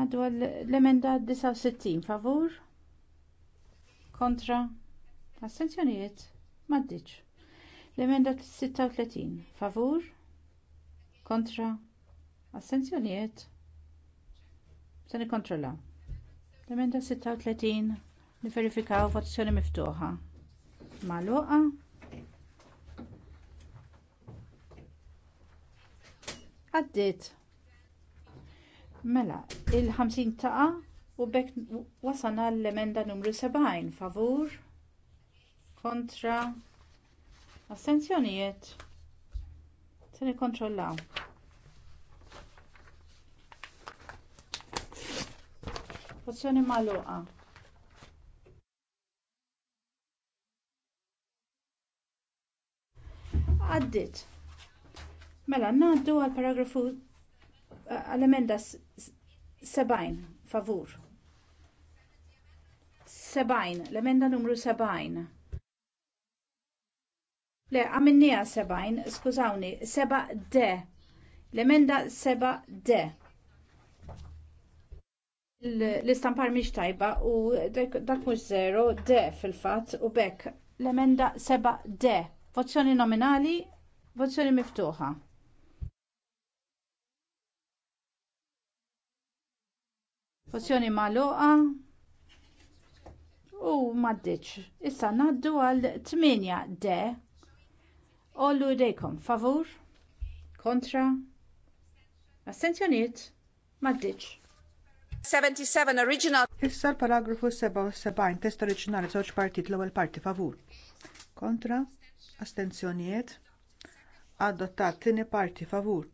Nadu l-emenda 69 favur kontra Astenzjonijiet maddiċ. L-emenda 36 favur kontra astenzjonijiet se nikkontrolla. L-emenda 36 niverifikaw votazzjoni miftuħa. Maluqa. Għaddit. Mela, il-50 taqa u bekk wasalna l-emenda numru 70 favur kontra astenzjonijiet se nikkontrollaw votazzjoni magħluqa għaddiet mela naddu għal paragrafu eh, għal emenda 70 favur 70 l-emenda numru 70 Le, għamennija sebajn, skużawni, seba de. L-emenda seba de. L-istampar miex tajba u dak mux zero de fil-fat u bekk. L-emenda seba de. Vozzjoni nominali, vozzjoni miftuħa. Pozzjoni magħluqa u maddiċ. Issa naddu għal 8 de Ollu idejkom favur, kontra, astenzjoniet, maddiċ. 77 original. Issa l-paragrafu 77, test oriġinali żewġ partit l-ewwel parti favur. Kontra, Astenzjoniet? adottat tini parti favur.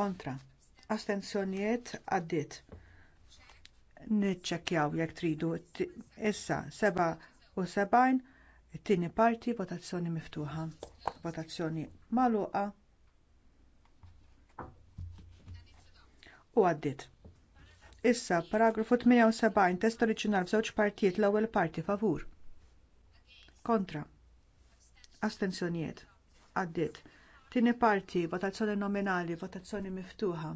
Kontra, Astenzjoniet? addit. Niċċekkjaw jekk tridu issa 77 It-tieni parti votazzjoni miftuħa. Votazzjoni magħluqa. U għaddiet. Issa paragrafu 78 test oriġinali f'żewġ partijiet l-ewwel parti favur. Kontra. Astenzjonijiet. Għaddiet. Tieni parti votazzjoni nominali, votazzjoni miftuħa.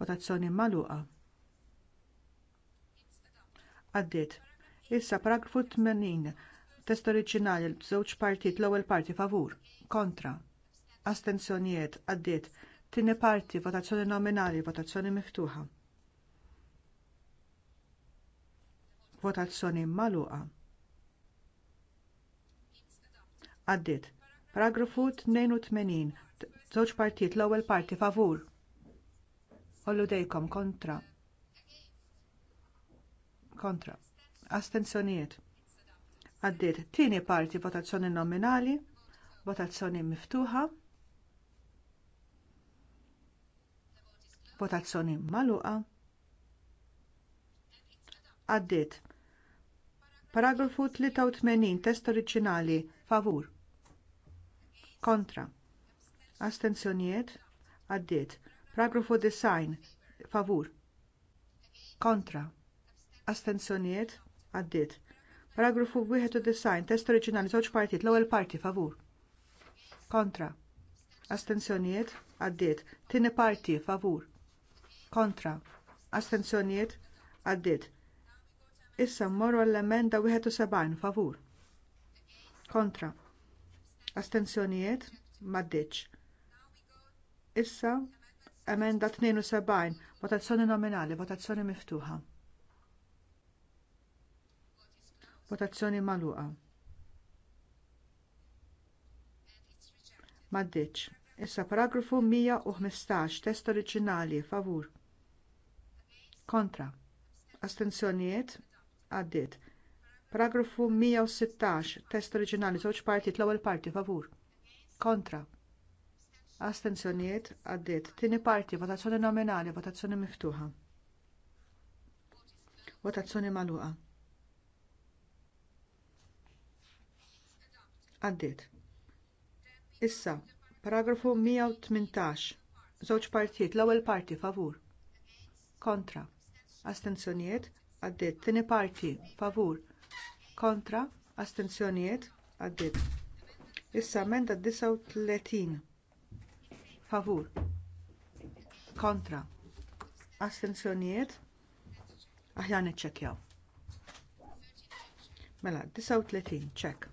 Votazzjoni magħluqa. Għaddiet Issa paragrafu 80 test oriġinali b'żewġ partit l-ewwel parti favur, kontra, astensjonijiet għaddiet, tieni parti votazzjoni nominali, votazzjoni miftuħa. Votazzjoni magħluqa. Għaddiet. Paragrafu 82 żewġ partit l-ewwel parti favur. Ollu dejkom kontra. Kontra astenzjonijiet għaddiet tieni parti votazzjoni nominali votazzjoni miftuħa votazzjoni magħluqa għaddiet paragrafu 83 test oriġinali favur kontra astenzjonijiet għaddiet paragrafu design favur kontra astenzjonijiet għaddiet. Paragrafu 91, test oriġinali żewġ partit, l-ewwel parti favur. Kontra. Astenzjonijiet għaddiet. Tieni parti favur. Kontra. Astenzjonijiet għaddiet. Issa mmorru għall-emenda 71 favur. Kontra. Astenzjonijiet m'għaddietx. Issa emenda 72, votazzjoni nominali, votazzjoni miftuħa. Votazzjoni magħluqa. m'għaddietx Issa paragrafu 115, test oriġinali, favur. Kontra. Astenzjonijiet, għaddiet. Paragrafu 116, test oriġinali, żewġ partit, l-ewwel parti, favur. Kontra. Astenzjonijiet, għaddiet. Tieni parti, votazzjoni nominali, votazzjoni miftuħa. Votazzjoni magħluqa. għaddiet. Issa, paragrafu 118, żewġ partijiet, l-ewwel parti favur. Kontra. Astenzjonijiet għaddiet. Tieni parti favur. Kontra. Astenzjonijiet għaddiet. Issa emenda 39. Favur. Kontra. Astenzjonijiet aħjar niċċekkjaw. Mela 39 check.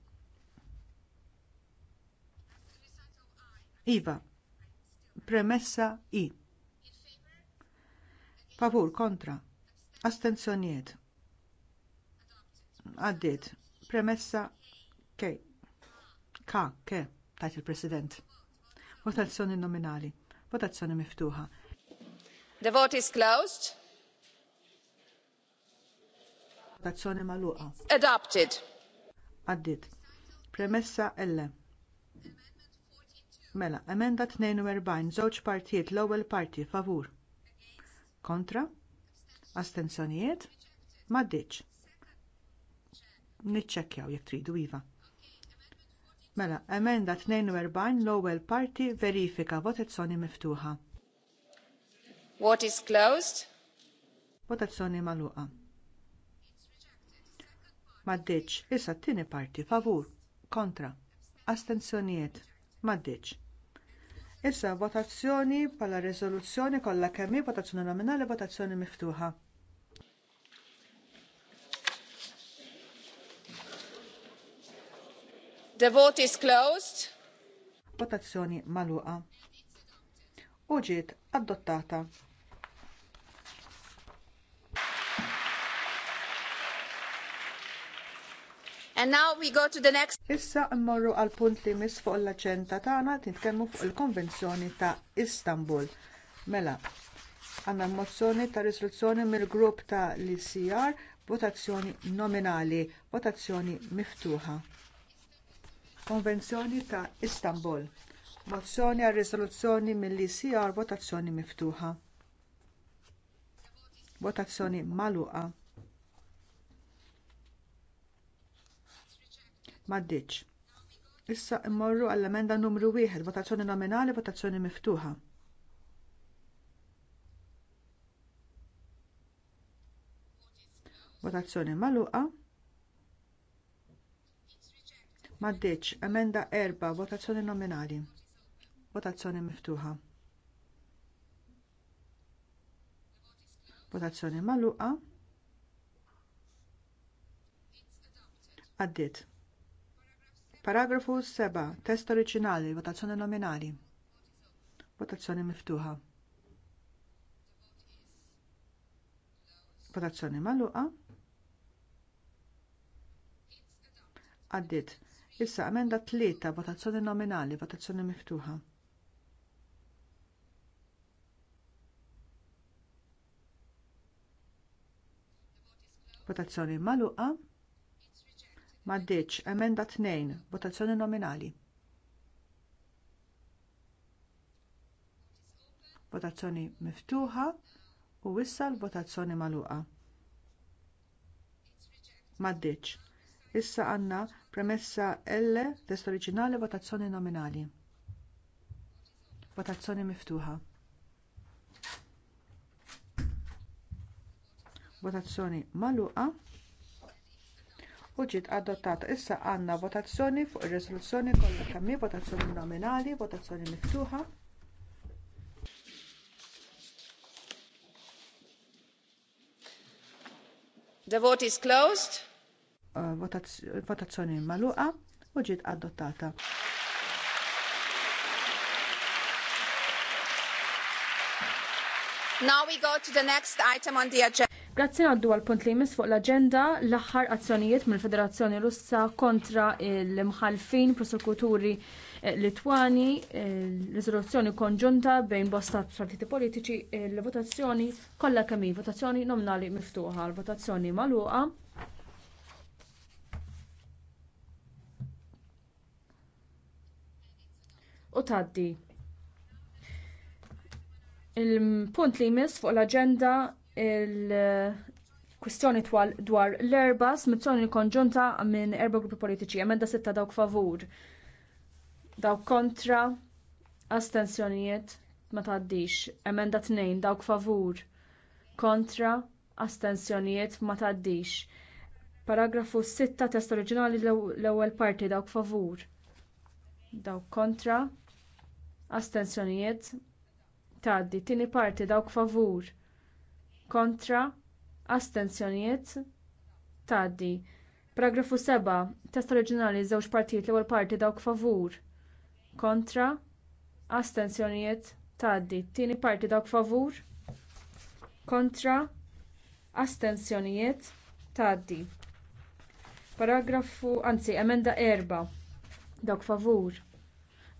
Iva, premessa i. Favur kontra. Astenzjonijiet. Għaddit. Premessa ke. Ka, ke, tajt il-President. Votazzjoni nominali. Votazzjoni miftuħa. The vote is closed. Votazzjoni maluqa. Adopted. Għaddit. Premessa elle. Mela, emenda 42, żewġ partijiet l-ewwel parti favur. Kontra? Astenzjonijiet? Maddiċ. Niċċekkjaw jekk tridu iva. Mela, emenda 42 l-ewwel parti verifika votazzjoni miftuħa. What is closed? Votazzjoni magħluqa. Maddiċ, issa t-tieni parti favur. Kontra. Astenzjonijiet Maddiċ. Issa votazzjoni bħala riżoluzzjoni kollha kemm hi votazzjoni nominali votazzjoni miftuħa. The vote is closed. Votazzjoni magħluqa. U ġiet adottata. And now we go to the next. Issa mmorru għal punt li mis fuq l aċenta tagħna titkellmu fuq il-Konvenzjoni ta' Istanbul. Mela, għandna mozzjoni ta' risoluzzjoni mill-grupp ta' LCR icr votazzjoni nominali, votazzjoni miftuħa. Konvenzjoni ta' Istanbul. Mozzjoni għal risoluzzjoni mill-ICR votazzjoni miftuħa. Votazzjoni magħluqa. m'għaddiċ. Issa mmorru għall-emenda numru 1, votazzjoni nominali, votazzjoni miftuħa. Votazzjoni magħluqa. M'għaddiċ, emenda 4, votazzjoni nominali. Votazzjoni miftuħa. Votazzjoni magħluqa. Għaddiet. Paragrafu 7. Test oriġinali, votazzjoni nominali. Votazzjoni miftuħa. Votazzjoni magħluqa. Għaddiet. Issa emenda tlieta votazzjoni nominali, votazzjoni miftuħa. Votazzjoni magħluqa. Maddiċ, emenda tnejn votazzjoni nominali. Votazzjoni miftuħa u issa l-votazzjoni magħluqa. Maddiċ. Issa għandna premessa L test oriġinali votazzjoni nominali. Votazzjoni miftuħa. Votazzjoni magħluqa u ġiet adottata. Issa għandna votazzjoni fuq ir-riżoluzzjoni kollha kemm votazzjoni nominali, votazzjoni miftuħa. The vote is closed. Uh, votazzjoni magħluqa u ġiet adottata. Now we go to the next item on the agenda. Grazzi għaddu għal punt li jmiss fuq l-agenda l-aħħar azzjonijiet mill-Federazzjoni Russa kontra l-imħalfin prosekuturi eh, Litwani, l-riżoluzzjoni eh, konġunta bejn bosta partiti politiċi, eh, l-votazzjoni kollha kemm votazzjoni nominali miftuħa, l-votazzjoni magħluqa. U tgħaddi. Il-punt li jmiss fuq l-agenda il-kwistjoni dwar l airbus mizzjoni konġunta minn erba gruppi politiċi, emenda sitta dawk favur, dawk kontra, astensjonijiet ma taddix, emenda tnejn dawk favur, kontra, astensjonijiet ma taddix. Paragrafu 6 test oriġinali l-ewwel parti dawk favur. Dawk kontra, astensjonijiet tgħaddi. Tieni parti dawk favur kontra astensjonijiet tgħaddi paragrafu 7 test oriġinali żewġ partijiet l-ewwel parti dawk favur kontra astensjonijiet tgħaddi tieni parti dawk favur kontra astensjonijiet tgħaddi paragrafu anzi emenda 4 dawk favur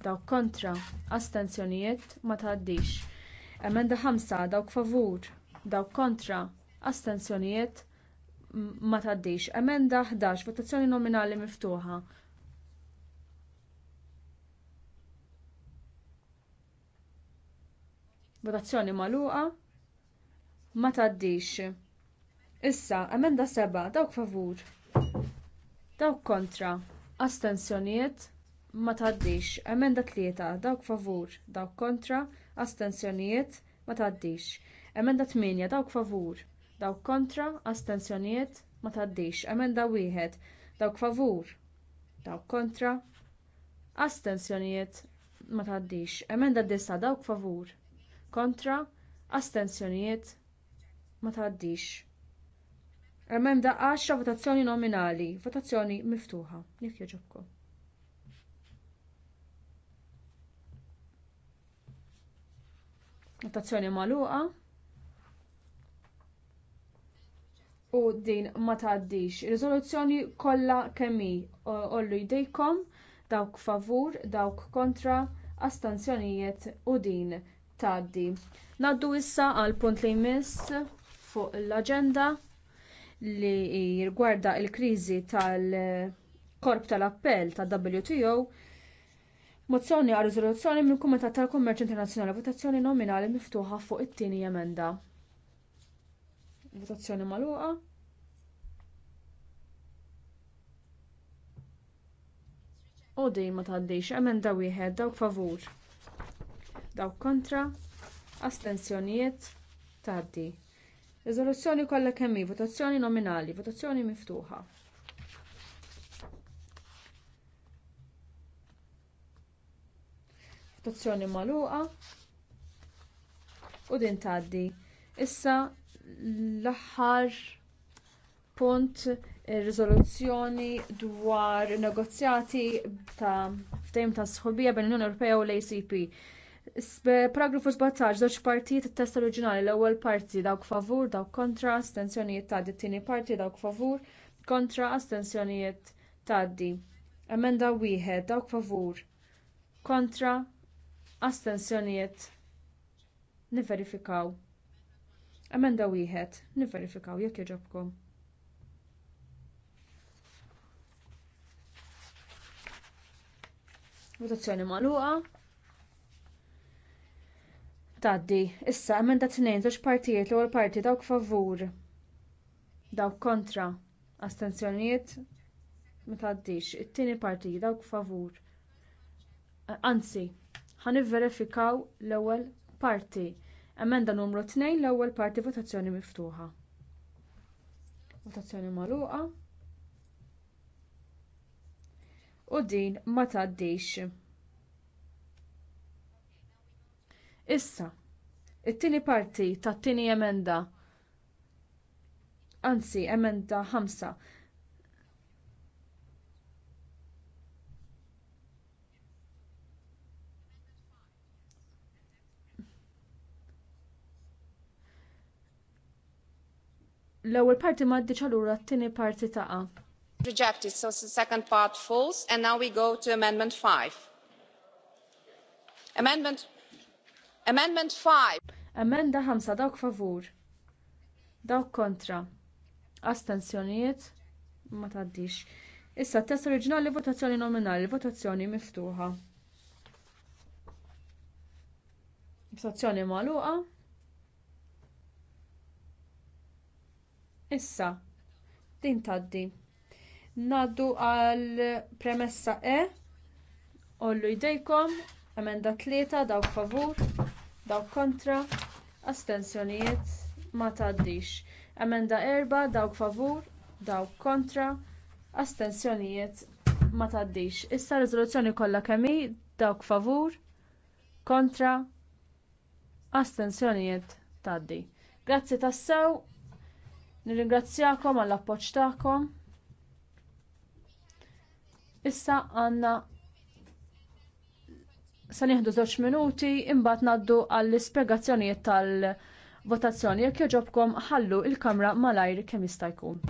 dawk kontra astensjonijiet ma tgħaddix emenda 5 dawk favur dawk kontra astensjonijiet ma tgħaddix emenda 11 votazzjoni nominali miftuħa votazzjoni magħluqa ma tgħaddix issa emenda 7 dawk favur dawk kontra astensjonijiet ma tgħaddix emenda 3 dawk favur dawk kontra astensjonijiet ma tgħaddix Emenda 8 dawk favur, dawk kontra, astenzjonijiet ma taddix. Emenda wieħed dawk favur, dawk kontra, astenzjonijiet ma taddix. Emenda 9, dawk favur, kontra, astensjonijiet ma taddix. Emenda 10 votazzjoni nominali, votazzjoni miftuħa. Nik jogħġobkom. Votazzjoni magħluqa. u din ma tgħaddix. Riżoluzzjoni kollha kemm hi ollu jdejkom dawk favur, dawk kontra, astanzjonijiet u din tgħaddi. Naddu issa għal punt li jmiss fuq l-aġenda li jirgwarda l kriżi tal-korp tal-appell tal-WTO Mozzjoni għal riżoluzzjoni minn kumitat tal-Kummerċ Internazzjonali votazzjoni nominali miftuħa fuq it-tieni emenda votazzjoni magħluqa u dejjem ma tgħaddix emenda wieħed dawk favur dawk kontra astensjonijiet tgħaddi Rezoluzzjoni kollha kemm hi votazzjoni nominali votazzjoni miftuħa votazzjoni magħluqa u din tgħaddi issa l-aħħar punt ir-riżoluzzjoni eh, dwar in negozjati ta' ftehim ta' sħubija bejn l-Unjoni Ewropea u l-ACP. Paragrafu 17, żewġ partijiet it test oriġinali l-ewwel parti dawk favur, dawk kontra, astensjonijiet tgħaddi, it-tieni parti dawk favur, kontra, astensjonijiet tgħaddi. Emenda wieħed dawk favur, kontra, astensjonijiet niverifikaw. Emenda wieħed, nifverifikaw jekk jogħġobkom. Votazzjoni magħluqa. Taddi, issa emenda tnejn żewġ partijiet l-ewwel parti dawk favur. Dawk kontra. Astenzjonijiet ma tgħaddix. It-tieni parti dawk favur. Anzi, ħanivverifikaw l-ewwel parti Emenda numru 2 l-ewwel parti votazzjoni miftuħa. Votazzjoni magħluqa. U din ma tgħaddix. Issa, it-tieni parti tat-tieni emenda anzi emenda L-ewwel parti m'għaddiċ allura t-tieni parti taqa'. Rejected, so the second part falls, and now we go to Amendment 5. Amendment Amendment 5. Amenda 5 dawk favur. Dawk kontra. Astensjonijiet ma tgħaddix. Issa t-test oriġinali votazzjoni nominali, votazzjoni miftuħa. Votazzjoni magħluqa. Issa, din tgħaddi. Ngħaddu għall premessa E. Ollu jdejkom, emenda tlieta dawk favur, dawk kontra, astensjonijiet ma tgħaddix. Emenda erba dawk favur, dawk kontra, astensjonijiet ma tgħaddix. Issa riżoluzzjoni kollha kemm hi dawk favur, kontra, astensjonijiet tgħaddi. Grazzi tassew Nirringrazzjakom għall appoġġ tagħkom. Issa għandna se nieħdu żewġ minuti imbagħad ngħaddu għall-ispjegazzjonijiet tal-votazzjoni jekk jogħġobkom ħallu l kamra malajr kemm jista' jkun.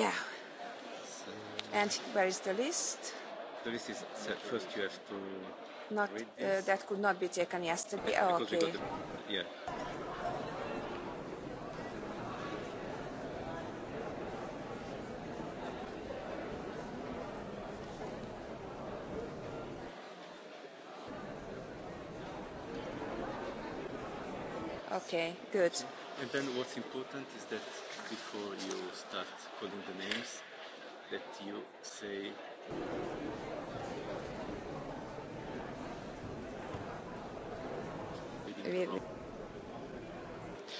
Yeah. And where is the list? The list is set first you have to. Not read uh, this. Uh, that could not be taken yesterday. Yeah, oh, okay. the, yeah. Okay, good. And then what's important is that before you start calling the names that you say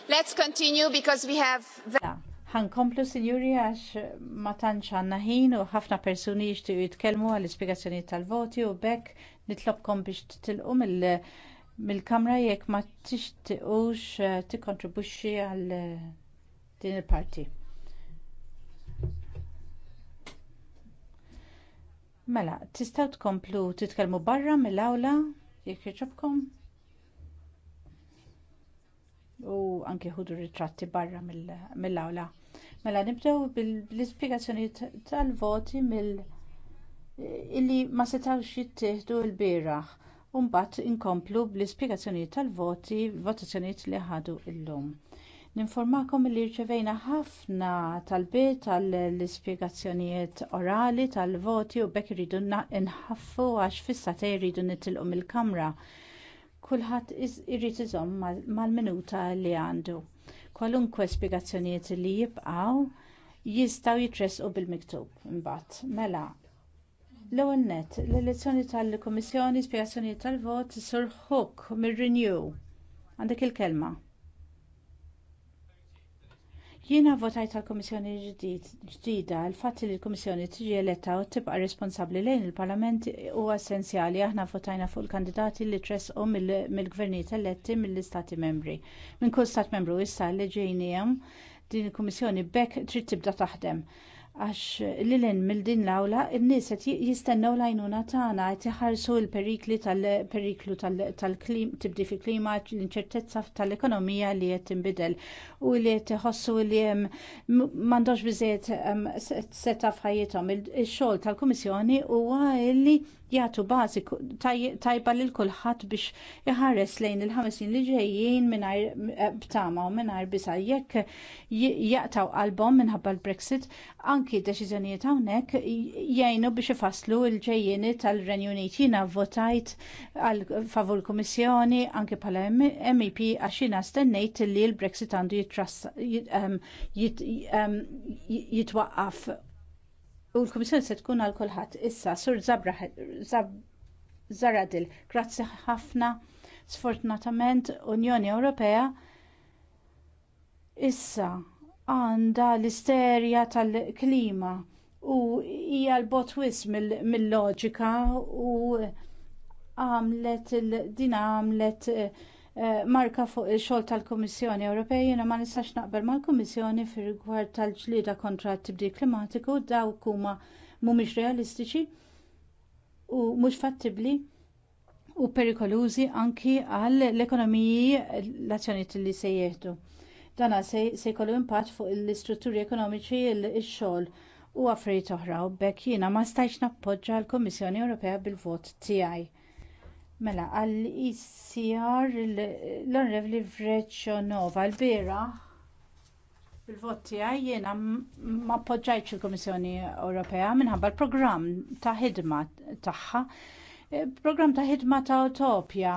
Let's continue because we have komplu sinjuri għax matan ċanna ħin u ħafna personi jixtiequ jitkelmu għal ispjegazzjoni tal-voti u bekk nitlobkom biex titilqu mill-kamra jek ma tixtiqux eh, tikkontribwixxi għal din il-parti. Mela, tistgħu tkomplu titkellmu barra mill-awla jekk jogħġobkom? U anke ħudu ritratti barra mill-awla. Mela nibdew bil-ispjegazzjoni tal-voti mill- illi ma setawx jittieħdu l-bieraħ u mbagħad inkomplu bl-ispjegazzjonijiet tal-voti votazzjonijiet li ħadu llum. Ninformakom li rċevejna ħafna talbiet tal-ispjegazzjonijiet orali tal-voti u bekk rridu nħaffu għax te jridu nitilqu mill-kamra. Kulħadd irrid iżomm mal-minuta li għandu. Kwalunkwe spjegazzjonijiet li jibqgħu jistgħu jitresqu bil-miktub imbagħad. Mela, l-ewwel nett, l-elezzjoni tal-Kummissjoni Spjegazzjonijiet tal-Vot Sur Hook mir-Renew. Għandek il-kelma. Jiena votajt għal komissjoni ġdida, il fatti li l-komissjoni tiġi eletta u tibqa responsabbli lejn il-parlament huwa essenzjali aħna votajna fuq il-kandidati li u mill-gvernijiet eletti mill-istati membri. Minn kull stat membru issa li ġejnijem din il-komissjoni bekk trid tibda taħdem għax l-len mill-din l-awla, n-nis qed jistennew l-għajnuna tagħna qed iħarsu l-perikli tal-periklu tal-klim tibdi fil klima l-inċertezza tal-ekonomija li qed tinbidel u li qed iħossu li hemm m'għandhomx biżejjed seta' f'ħajjithom. Ix-xogħol tal-Kummissjoni huwa li jgħatu bazi tajba lil kulħadd biex iħares lejn il-ħames li ġejjin mingħajr eh, btama u mingħajr bisa jekk jgħataw qalbhom minħabba l-Brexit anki deċiżjonijiet hawnhekk jgħinu biex ifasslu l ġejjien tal-Renju Unit jiena votajt għal favur kummissjoni anke bħala MEP għaxina stennejt li l-Brexit għandu jitwaqqaf U l-Komissjoni se tkun għal kulħadd issa sur Zaradil, grazzi ħafna sfortunatament Unjoni Ewropea issa għandha l-isterja tal-klima u hija l-bot wis mill-loġika u għamlet din għamlet uh, Eh, marka fuq il-xogħol tal-Kummissjoni Ewropej jiena ma nistax naqbel mal-Kummissjoni fir-rigward tal-ġlieda kontra t-tibdil klimatiku dawk huma mhumiex realistiċi u mhux fattibbli u perikolużi anki għall ekonomiji l-azzjonijiet li se jieħdu. Dana se jkollu impatt fuq l-istrutturi ekonomiċi il-xogħol u affarijiet oħra u bekk jiena ma stajtx nappoġġa l-Kummissjoni Ewropea bil-vot tiegħi Mela, għall icr l-onrevli Vreċonova, l-bira, il-vot tiegħi jiena ma appoġġajtx il-Kummissjoni Ewropea minħabba l-programm ta' ħidma tagħha. Eh, programm ta' ħidma ta' Utopja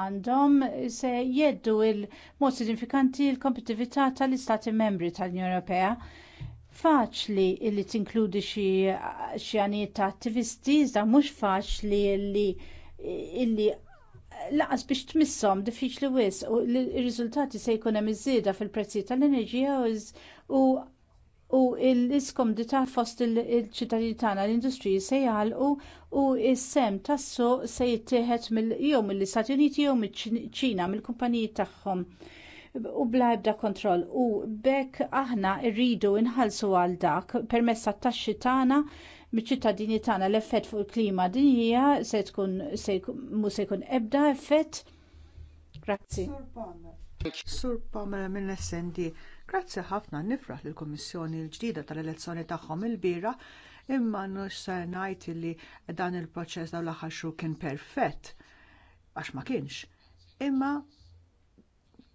għandhom se jeddu il-mod sinifikanti l-kompetitività tal-Istati membri tal-Unjoni Ewropea. Faċli li tinkludi xi għanijiet ta' attivisti, iżda mhux faċli li, li illi laqas biex tmissom diffiċli wis u l-riżultati se jkun hemm iż fil-prezzi tal-enerġija u u l ta' fost il-ċittadini tagħna l-industriji se jgħalqu u s-sem tas-suq se jittieħed jew mill-Istati Uniti jew mill-Ċina mill-kumpaniji tagħhom u bla ebda kontroll u bekk aħna rridu nħallsu għal dak permessa tax taxxi tagħna miċ-ċittadini tagħna l-effett fuq il-klima din hija se tkun mhux se jkun ebda effett. Grazzi. Sur Pamela minn SND, grazzi ħafna nifraħ lill kummissjoni l-ġdida tal-elezzjoni tagħhom il-bira imma nux se ngħid li dan il-proċess dawn l-aħħar xhur kien perfett għax ma kienx. Imma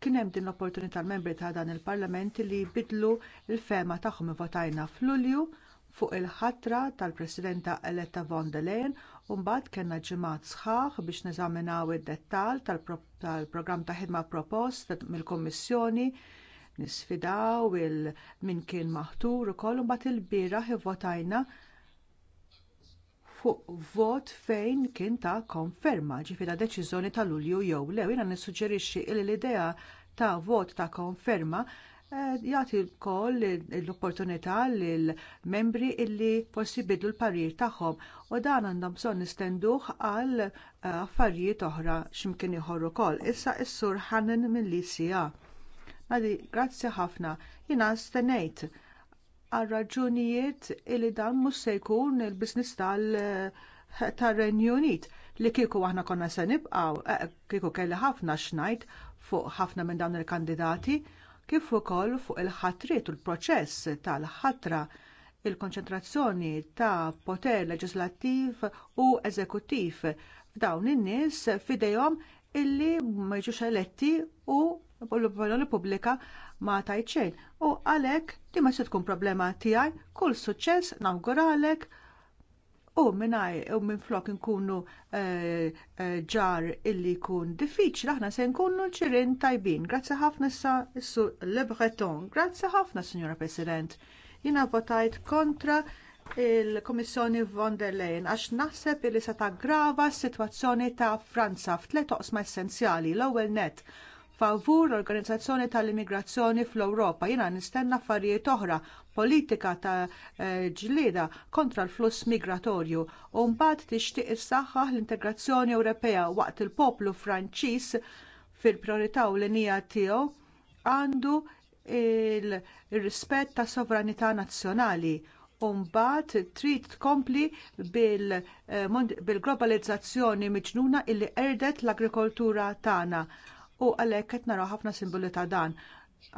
kien hemm din l-opportunità tal membri ta' dan il-Parlament li jbidlu l-fema tagħhom votajna f'Lulju fuq il-ħatra tal-Presidenta eletta von der Leyen u mbagħad kellna ġimgħat sħaħ biex neżaminaw id-dettall tal-programm ta' ħidma propost mill-Kummissjoni nisfidaw il min kien maħtur ukoll u mbagħad il-bieraħ ivvotajna fuq vot fejn kien ta' konferma ġifida deċiżjoni ta' Lulju jew le jiena nissuġġerixxi li l-idea ta' vot ta' konferma Eh, l-koll l-opportunità l membri illi forsi bidlu l-parir tagħhom u dan għandhom bżonn nistenduh għal eh, affarijiet oħra x'imkien ieħor ukoll. Issa s-sur ħanen mill-ICA. Nadi, grazzi ħafna. Jiena stenejt għal raġunijiet illi dan mhux se jkun il-business tal eh, tar-Renju Unit li kieku aħna konna se nibqgħu kieku kelli ħafna xnajt fuq ħafna minn dawn il-kandidati kif ukoll fuq il-ħatriet u l-proċess tal-ħatra il-konċentrazzjoni ta' poter leġislattiv u eżekuttiv f'dawn in-nies f'idejhom illi ma jiġux eletti u l-opinjoni pubblika ma tajt xejn u għalhekk din ma se tkun problema tiegħi kull suċċess nawguralek u minnaj u minn flok nkunu eh, eh, ġar illi jkun diffiċli aħna se nkunu ċirin tajbin. Grazzi ħafna sa su Le Breton. Grazzi ħafna, Signora President. Jina votajt kontra il kummissjoni von der Leyen għax naħseb li se taggrava s-sitwazzjoni ta' Franza f'tlet oqsma essenzjali l-ewwel nett favur organizzazzjoni tal-immigrazzjoni fl-Ewropa. Jiena nistenna affarijiet oħra, politika ta' eh, ġlieda kontra l-fluss migratorju. u mbagħad tixtieq issaħħaħ l-integrazzjoni Ewropea waqt il-poplu Franċiż fil-priorità u l-inija tiegħu għandu il-rispett tas sovranità nazzjonali u mbagħad trid tkompli eh, bil-globalizzazzjoni miġnuna illi qerdet l-agrikoltura tagħna u għalhekk qed naraw ħafna simboli ta' dan.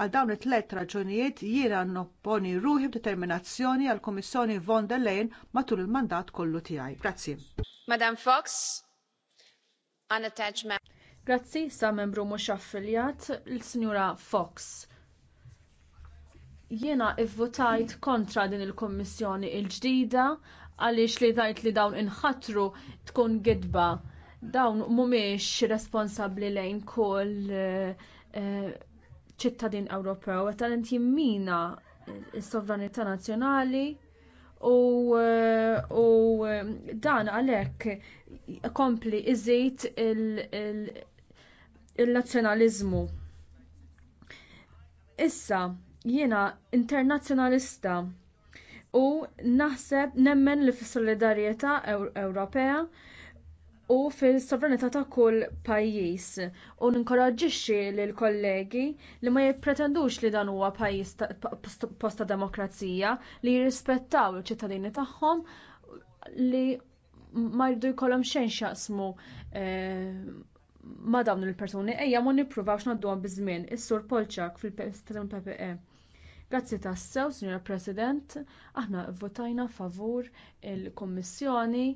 Għal dawn it-tlet raġunijiet jiena nopponi ruħi b'determinazzjoni għall Kummissjoni von der Leyen matul il-mandat kollu tiegħi. Grazzi. Madam Fox, unattachment. Grazzi sa membru mhux affiljat l-Sinjura Fox. Jiena ivvutajt kontra din il-Kummissjoni l-ġdida għaliex li tajt li dawn inħatru tkun gidba dawn mhumiex responsabbli lejn kull eh, eh, ċittadin Ewropew qed talent jimmina eh, s-sovranità nazzjonali u, u dan għalhekk kompli iżid il-nazzjonaliżmu. Il il Issa jiena internazzjonalista u naħseb nemmen li fis-solidarjetà Ewropea -Ew u fil-sovranità ta' kull pajjiż u ninkoraġġixxi lill kollegi li ma jippretendux li dan huwa pajjiż posta demokrazija li jirrispettaw il-ċittadini tagħhom li ma jridu jkollhom xejn x'jaqsmu eh, ma dawn il-persuni ejja ma nippruvawx ngħadduhom biż-żmien is-sur Polċak fil-President PPE. Grazzi tassew, Signora President, aħna vvotajna favur il-Kommissjoni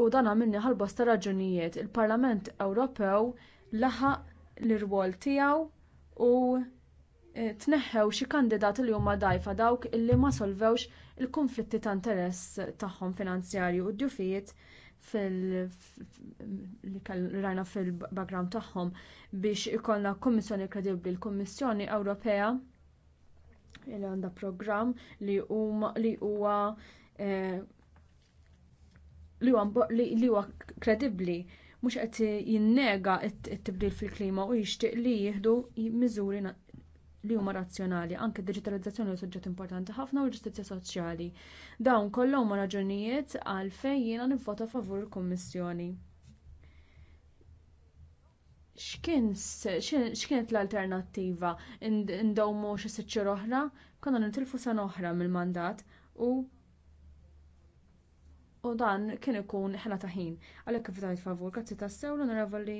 u dan għamilni ħalbosta raġunijiet. Il-Parlament Ewropew laħaq l-irwol tiegħu u e, tneħħew xi kandidati li huma dgħajfa dawk illi ma solvewx il-konflitti ta' interess tagħhom finanzjarji u d fil li rajna fil-background tagħhom biex ikollna kummissjoni kredibbli l-Kummissjoni Ewropea li għandha programm li huwa e, li huwa kredibbli mhux qed jinnega t-tibdil fil-klima u jixtieq li jieħdu miżuri li huma razzjonali, anke d-diġitalizzazzjoni suġġett importanti ħafna u l-ġustizzja soċjali. Dawn kollha huma raġunijiet għalfejn jiena nivvota favur il-Kummissjoni. X'kienet l-alternattiva? Ndawmu xi siċċur oħra? Konna nitilfu sena oħra mill-mandat u u dan kien ikun ħena ta' ħin. Għalhekk votajt favur, grazzi sew l-onorevoli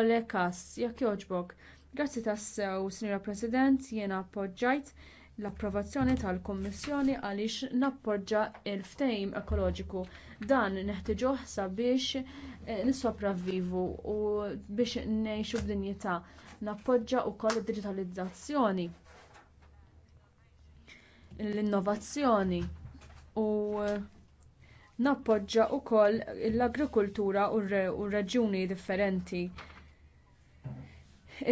Olekas, jekk jogħġbok. Grazzi tas-sew Sinjora President, jiena appoġġajt l-approvazzjoni tal-Kummissjoni għaliex nappoġġa l ftejm ekoloġiku. Dan neħtieġuh sabiex eh, nissopravvivu u biex ngħixu b'dinjità. Nappoġġa wkoll id-diġitalizzazzjoni l-innovazzjoni u nappoġġja wkoll l-agrikoltura u r-reġjuni differenti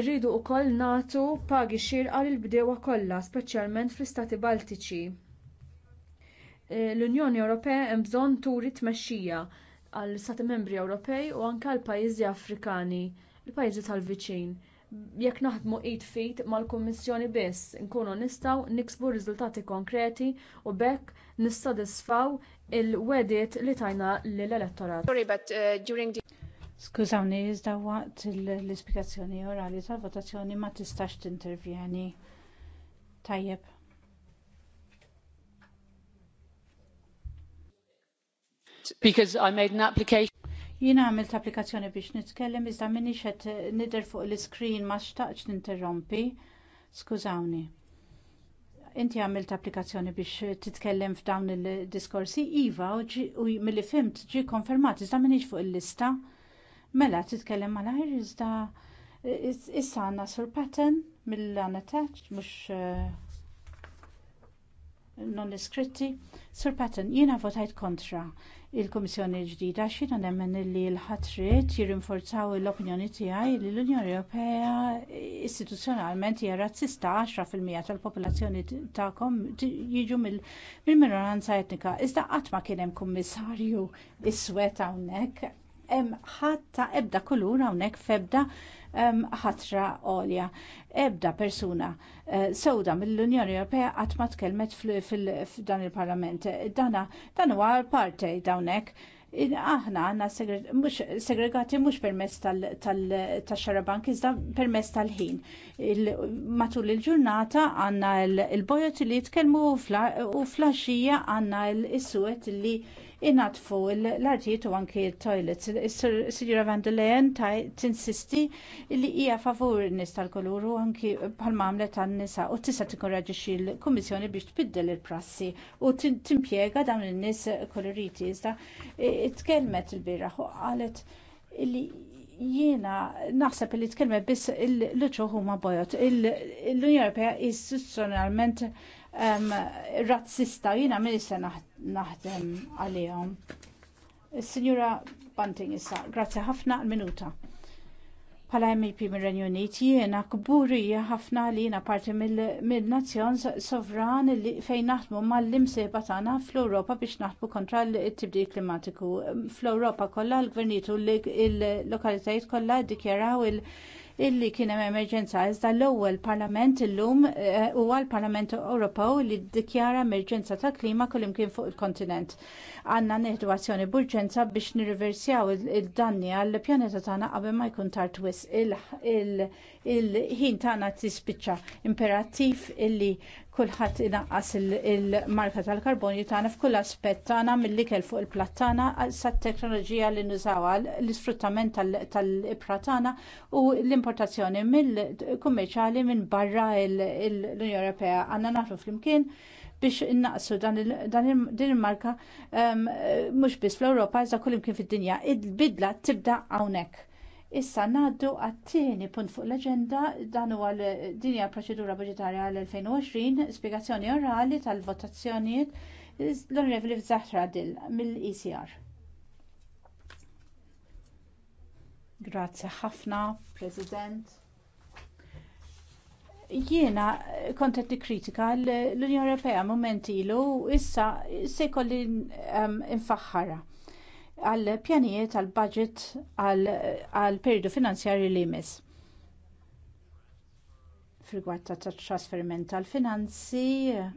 irridu wkoll nagħtu pagi xierqa lill-bdewwa kollha speċjalment fl-istati baltiċi e, l-unjoni ewropea hemm bżonn turi tmexxija għall-istati membri ewropej u anke għall pajjiżi afrikani il-pajjiżi tal-viċin jekk naħdmu id fit mal-kummissjoni biss inkunu nistgħu niksbu riżultati konkreti u b'hekk nissodisfaw il wedet li tajna lill-elettorat. Sorry, but uh, during the... Skużawni, iżda waqt l-ispjegazzjoni orali tal-votazzjoni ma tistax t-intervjeni. Tajjeb. Because I made an application. Jina għamilt applikazzjoni biex nitkellem iżda minni xed nider fuq l iskreen ma xtaqx ninterrompi. Skużawni. Inti għamilt applikazzjoni biex titkellem f'dawn il-diskorsi, Iva, u mill-li fimt ġi konfermat, iżda minniġ fuq il-lista. Mela, titkellem mal-ħajr, iżda issa għanna sur Patten mill-għana mux eh, non-iskritti. Sur Patten, jina votajt kontra il-Kummissjoni ġdida xina nemmen li l-ħatrit jirinforzaw l-opinjoni tiegħi li l-Unjoni Ewropea istituzzjonalment hija razzista 10% tal-popolazzjoni tagħkom jiġu mill-minoranza etnika. Iżda qatt ma kien hemm kummissarju iswed hawnhekk hemm ħadd ta' ebda kulur hawnhekk f'ebda ħatra għolja. Ebda persuna eh, sewda mill-Unjoni Ewropea qatt ma tkellmet f'dan il-Parlament. Dana dan huwa partej dawnek. Aħna għanna segregati mux permess tal-xarabank, iżda permess tal-ħin. Matul il-ġurnata għanna il-bojot li jitkelmu u flaxija għanna il-suet li inatfu l-artijiet u anki t-toilets. Signora van der tinsisti li hija favur nis tal-kolur u anki bħal-mamlet tan-nisa u tista' tikkoraġixxi l-Kummissjoni biex tbiddel il-prassi u timpjega dawn in-nies koloriti. Iżda tkellmet il-bieraħ u qalet li jiena naħseb li tkellmet biss l-ċuħ huma bojot. L-Unjon istituzzjonalment razzista jiena min se naħdem għalihom. Signora sinjura Banting issa, grazzi ħafna minuta. Pala MEP mir-Renju Unit jiena ħafna li jiena parti mill-nazzjon sovran li fejn naħdmu mal-imseba tagħna fl-Ewropa biex naħdmu kontra l-tibdil klimatiku. Fl-Ewropa kollha l-gvernijiet u l-lokalitajiet kollha ddikjaraw il- illi kien hemm emerġenza iżda l-ewwel parlament illum eh, huwa l-Parlament Ewropew li ddikjara emerġenza ta' klima kullimkien fuq il-kontinent. Għandna nieħdu azzjoni b'urġenza biex nirriversjaw id-danni għall pjaneta tagħna qabel ma jkun tard wis il-ħin tagħna tispiċċa imperattiv illi kulħadd inaqqas il-marka tal-karbonju tagħna f'kull aspett tagħna mill-ikel fuq il-platt tagħna sat-teknoloġija li nużawha l-isfruttament tal-ibra tagħna u l-importazzjoni mill-kummerċjali minn barra l-Unjoni Ewropea għandna naħru flimkien biex innaqsu dan din il-marka um, mhux biss fl-Ewropa iżda kull imkien fid-dinja. Il-bidla tibda hawnhekk Issa ngħaddu għat-tieni punt fuq l-aġenda dan huwa din hija proċedura budġetarja għal 2020, spjegazzjoni orali tal-votazzjonijiet l-Onorevoli Zaħra Dil mill-ECR. Grazzi ħafna, President. Jiena kont qed kritika l-Unjoni Ewropea mument ilu issa se jkolli um, infaħħara għal pjanijiet għal budget għal periodu finanzjarju li jmiss. Frigwat ta' trasferiment tal finanzi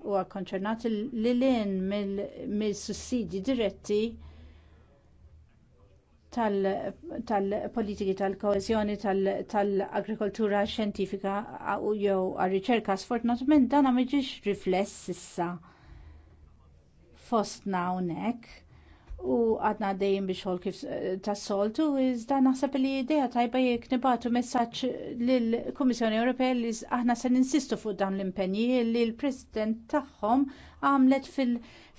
u kkonċernat lil l-in mill diretti tal-politiki tal-koezjoni tal-agrikoltura xjentifika u jew għar-riċerka sfortunatament dan ma jiġix rifless issa fostna hawnhekk u għadna dejjem biex xogħol kif eh, tas-soltu iżda naħseb li ideja tajba jekk nibatu messaġġ lill-Kummissjoni Ewropea li aħna se ninsistu fuq dawn l-impenji li l-President tagħhom għamlet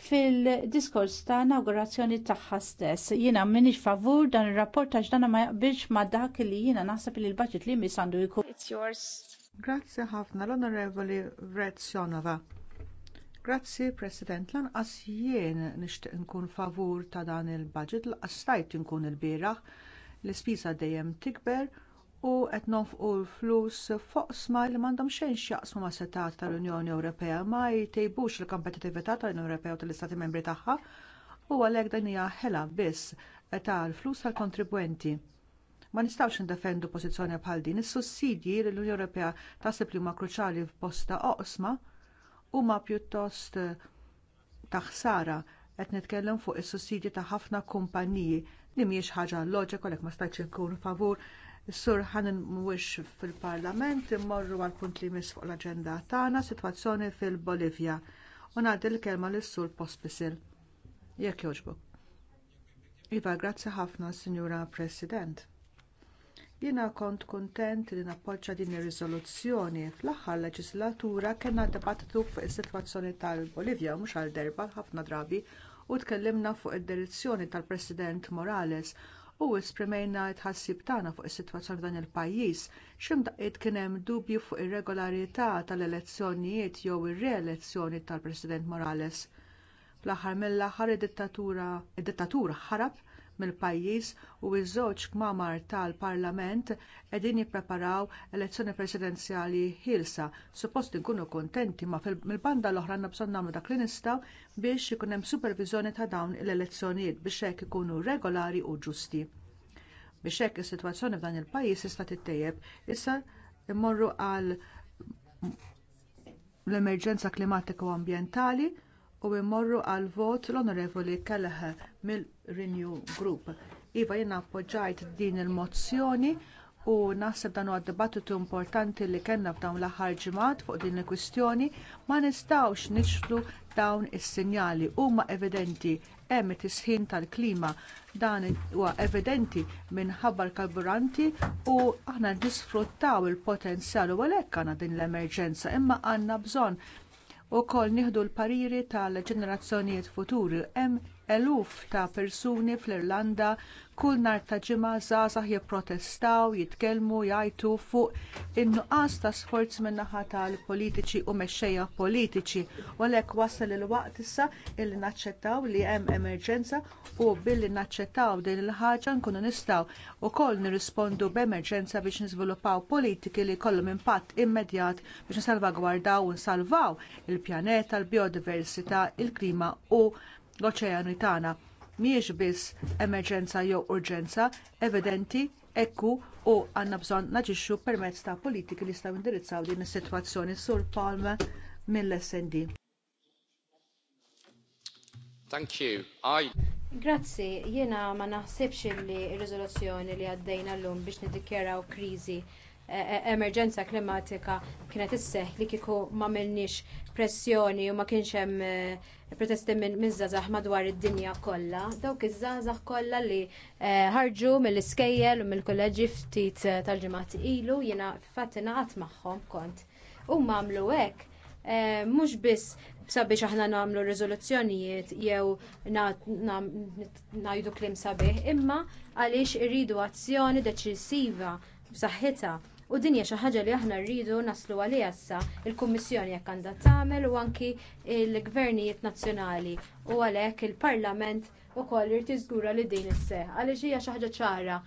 fil-diskors ta' inaugurazzjoni tagħha stess. Jiena m'iniex favur dan ir-rapport għax dan ma jaqbilx ma' dak li jiena naħseb li l-budget li mis għandu jkun. It's yours. Grazzi ħafna l-Onorevoli Vrezzjonova. Grazzi, President. Lanqas jien nixtieq nkun favur ta' dan il-budget l stajt nkun il-bieraħ l-ispisa dejjem tikber u qed nonfqu l-flus foqsma li m'għandhom xejn x'jaqsmu ma' setat tal-Unjoni Ewropea ma jtejbux il kompetittività tal-Unjoni Ewropea u tal-Istati Membri tagħha u għalhekk dan hija ħela biss tal-flus tal-kontribwenti. Ma nistgħux indefendu pożizzjoni bħal din. Is-sussidji li l-Unjoni Ewropea taħseb li huma kruċjali f'bosta oqsma huma pjuttost eh, ta' ħsara qed nitkellem fuq is-sussidji ta' ħafna kumpaniji li mhijiex ħaġa loġika għalhekk ma stajtx ikun favur Sur ħanin mhuwiex fil-Parlament immorru għal punt li jmiss fuq l-aġenda tagħna sitwazzjoni fil-Bolivja u ngħaddi l-kelma lis sur Pospisil. Jekk jogħġbok. Iva, grazzi ħafna, Signora President. Jiena kont kuntent li nappoġġa din ir-riżoluzzjoni. Fl-aħħar leġislatura kellna dibattitu fuq is-sitwazzjoni tal-Bolivja mhux għal darba ħafna drabi u tkellimna fuq id-direzzjoni tal-President Morales u esprimejna tħassib tagħna fuq is-sitwazzjoni f'dan il-pajjiż x'imdaqqiet kien hemm dubju fuq ir-regolarità tal-elezzjonijiet jew ir-reelezzjoni tal-President Morales. Fl-aħħar mill-aħħar id-dittatura ħarab mill-pajjiż u ż-żewġ kmamar tal-Parlament qegħdin jippreparaw elezzjoni presidenzjali ħilsa. Suppost inkunu kuntenti ma mill-banda l-oħra għandna bżonn nagħmlu dak li nistgħu biex ikun hemm superviżjoni ta' dawn l-elezzjonijiet biex hekk ikunu regolari u ġusti. Biex hekk is-sitwazzjoni f'dan il-pajjiż tista' tittejjeb. Issa mmorru għal l-emerġenza klimatika u ambjentali u jmorru għal vot l-Onorevoli Kelleħ mill-Renew Group. Iva jien appoġġajt din il-mozzjoni u naħseb dan huwa dibattitu importanti li kellna f'dawn l-aħħar ġimgħat fuq din il-kwistjoni ma nistgħux niċlu dawn is-sinjali huma evidenti hemm it-tisħin tal-klima dan huwa evidenti minħabba l-karburanti u aħna nisfruttaw il-potenzjal u għalhekk għandna din l-emerġenza imma għandna bżonn u kol nieħdu l-pariri tal-ġenerazzjonijiet futuri hemm eluf ta' persuni fl-Irlanda kull nhar ta' ġimgħa żgħażagħ jipprotestaw, jitkellmu, jajtu fuq in-nuqqas ta' sforz min-naħa tal-politiċi u mexxejja politiċi. U għalhekk wasal il-waqt issa illi naċċettaw li hemm emerġenza u billi naċċettaw din il-ħaġa nkunu nistgħu wkoll nirrispondu b'emerġenza biex niżviluppaw politiki li jkollhom impatt immedjat biex nsalvagwardaw u nsalvaw il-pjaneta, l biodiversità il-klima u l-oċeani tagħna mhijiex biss emerġenza jew urġenza evidenti ekku u għandna bżonn naġixxu permezz ta' politiki li jistgħu indirizzaw din is-sitwazzjoni sur Palm mill-SND. Thank you. I... Grazzi, jiena ma naħsibx li r-riżoluzzjoni li għaddejna llum biex niddikjaraw kriżi eh, eh, emerġenza klimatika kienet isseħħ li kieku ma milniex pressjoni u ma kienx hemm eh, protesti minn żgħażagħ madwar id-dinja kollha. Dawk iż-żgħażagħ kollha li eh, ħarġu mill-iskejjel u mill kulleġġi ftit eh, tal-ġimgħat ilu jiena fatt ingħaqad magħhom kont. Huma għamlu hekk mhux biss sabiex aħna nagħmlu riżoluzzjonijiet jew ngħidu kliem sabiħ, imma għaliex irridu azzjoni deċisiva b'saħħitha U din hija xi ħaġa li aħna rridu naslu għaliha issa il-Kummissjoni jekk għandha tagħmel u anki l gvernijiet nazzjonali u għalhekk il-Parlament ukoll irid jiżgura li din isseħħ għaliex hija xi ħaġa ċara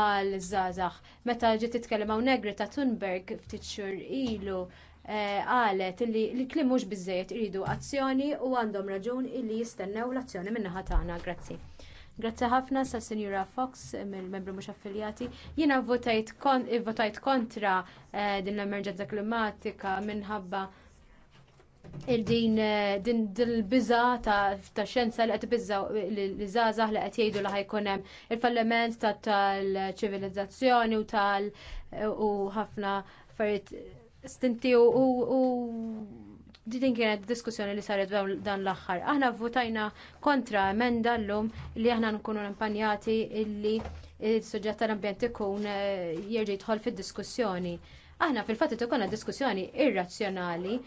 għal żgħażagħ. Meta ġiet titkellem hawnhekk Greta Thunberg ftit xhur ilu eh, qalet li l-klim mhux biżżejjed iridu azzjoni u għandhom raġun illi jistennew l-azzjoni min-naħa tagħna. Grazzi. Grazzi ħafna sa' Sinjura Fox mill-membru mhux affiljati. Jiena votajt kon, kontra eh, din l-emerġenza klimatika minħabba eh, din dil-biza ta' xenza li qed biża li żgħażagħ li qed jgħidu li ħajkun hemm il-falliment tal-ċivilizzazzjoni u tal u ħafna affarijiet stinti u din kienet diskussjoni li saret dan l-aħħar. Aħna votajna kontra emenda llum li aħna nkunu impanjati illi il-suġġett tal-ambjent ikun eh, jirġi jidħol fid-diskussjoni. Aħna fil-fatt ikolna diskussjoni irrazzjonali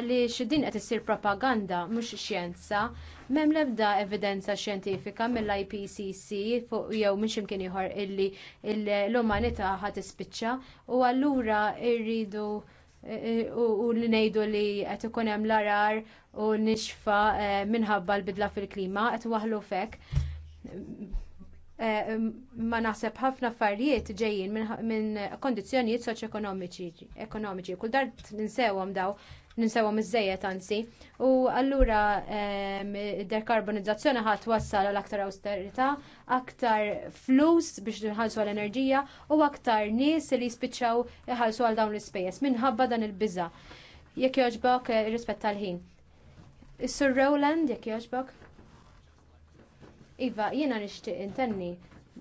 għaliex din qed issir propaganda mhux xjenza, m'hemm l-ebda evidenza xjentifika mill-IPCC fuq jew minn x'imkien ieħor illi l-umanità ħad ispiċċa u allura rridu Eh, eh, u li ngħidu li qed ikun hemm larar u nixfa eh, minħabba l-bidla fil-klima qed waħlu fekk. Ma naħseb ħafna affarijiet ġejjin minn kondizjonijiet soċ ekonomiċi, kull dart ninsewhom daw ninsewa miżejjed anzi. U allura dekarbonizzazzjoni ħadd wassal għal aktar austerità, aktar flus biex nħalsu għal enerġija u aktar nies li jispiċċaw iħallsu għal dawn l-ispejjeż minħabba dan il-biża. Jekk jogħġbok eh, rispett tal-ħin. Is-Sur Rowland, jekk jogħġbok? Iva, jiena nixtieq intenni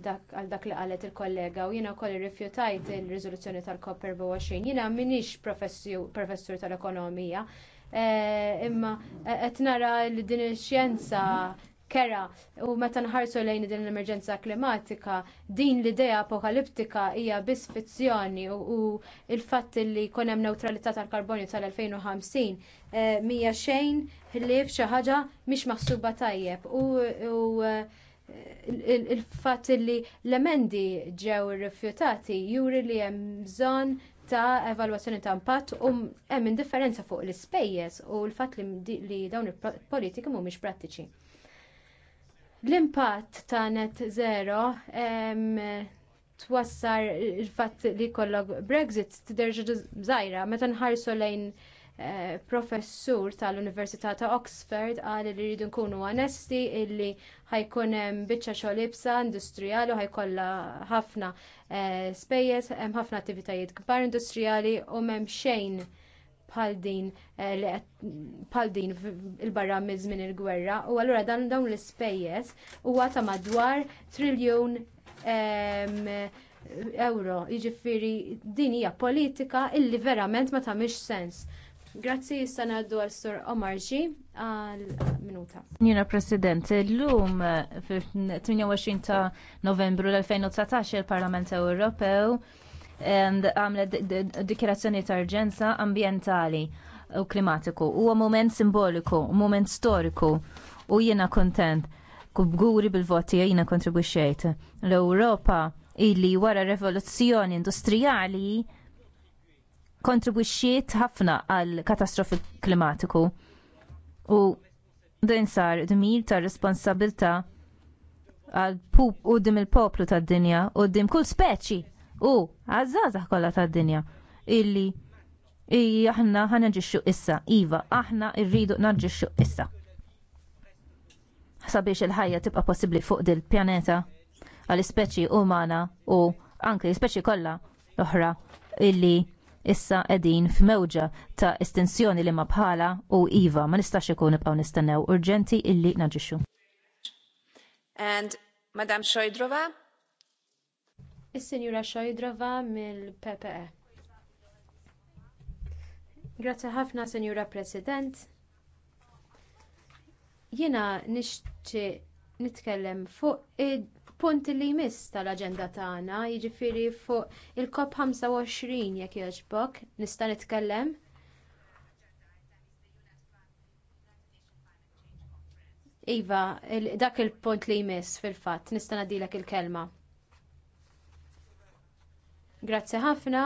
għal dak li qalet il-kollega u jiena wkoll rifjutajt il-riżoluzzjoni tal-COP24. Jiena m'iniex professur tal-ekonomija, eh, imma eh, qed nara li din ix-xjenza kera u meta nħarsu lejn din l-emerġenza klimatika, din l-idea apokaliptika hija biss fizzjoni u il-fatt li jkun hemm neutralità tal-karbonju tal-2050 eh, mija xejn li xi ħaġa mhix maħsuba tajjeb u il-fatt li l-emendi ġew irrifjutati juri li hemm bżonn ta' evalwazzjoni ta' impatt u hemm indifferenza fuq l-ispejjeż u l-fatt li dawn il-politika mhumiex prattiċi. L-impatt ta' net zero twassar il-fatt li jkollok Brexit tidherġa' żgħira meta nħarsu lejn Eh, professur tal-Università ta' Oxford qal li rridu nkunu onesti illi ħajkun hemm biċċa xogħol ibsa industrijali u ħajkollha ħafna eh, spejjeż hemm ħafna attivitajiet kbar industrijali u m'hemm xejn bħal din eh, bħal din il-barra minn il-gwerra u allura dan dawn l-ispejjeż huwa ta' madwar triljun euro, jiġifieri din hija politika illi verament ma tagħmilx sens. Grazzi sana ngħaddu għal Sur Omar G għal minuta. Njina President, l-lum 28 ta' Novembru l-2019 il-Parlament Ewropew għamlet dikirazzjoni ta' urġenza ambjentali u klimatiku. Huwa mument simboliku, mument storiku u jiena kontent kubguri bil-voti jiena kontribwixxejt. L-Ewropa illi wara revoluzzjoni industrijali kontribwixxiet ħafna għal katastrofi klimatiku. U din sar dmir ta' responsabilta għal pup u dim il-poplu tad dinja u dim kull speċi u għazzazah kollha tad dinja illi aħna ħana ġiċu issa, Iva, aħna irridu narġiċu issa. Sabiex il-ħajja tibqa possibli fuq dil-pjaneta għal-ispeċi umana u anke l-ispeċi kollha l-oħra illi issa qegħdin f'mewġa ta' estensjoni li ma bħala u iva ma nistax ikun nibqgħu nistennew urġenti illi naġixxu. And Madam Shoidrova? Is-Sinjura Shoidrova mill-PPE. Grazzi ħafna, Sinjura President. Jiena nixtieq nitkellem fuq id punt li jmiss tal-aġenda tagħna, jiġifieri fuq il-COP 25 jekk jogħġbok, nista' nitkellem. Iva, il dak il-punt li jmiss fil-fatt, nista' nadilek il-kelma. Grazzi ħafna.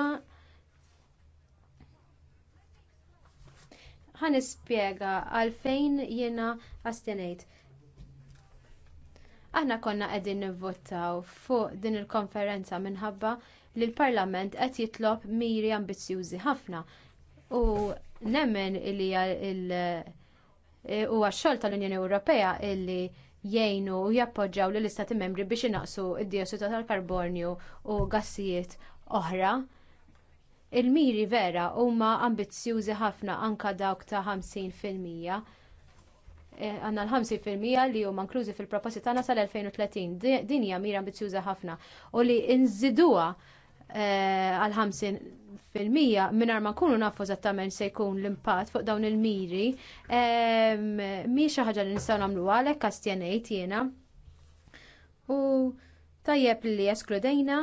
nispjega għalfejn jiena astenejt. Aħna konna qegħdin nivvotaw fuq din il-konferenza minħabba li l-Parlament qed jitlob miri ambizzjużi ħafna u nemmen li e, huwa x-xogħol tal-Unjoni Ewropea illi jgħinu u jappoġġaw lill istati membri biex inaqsu id-diossidu tal-karbonju u gassijiet oħra. Il-miri vera huma ambizzjużi ħafna anke dawk ta' 50 fil-mija Eh, għanna l-50% li huma inklużi fil-proposti tagħna sal-2030. Din hija mira ambizjuża ħafna u li nżiduha eh, għal 50% mingħajr ma nkunu nafu eżattament se jkun l-impatt fuq dawn il-miri mi ehm, xi ħaġa li nistgħu nagħmluha għalhekk għastjenejt jiena. U tajjeb li eskludejna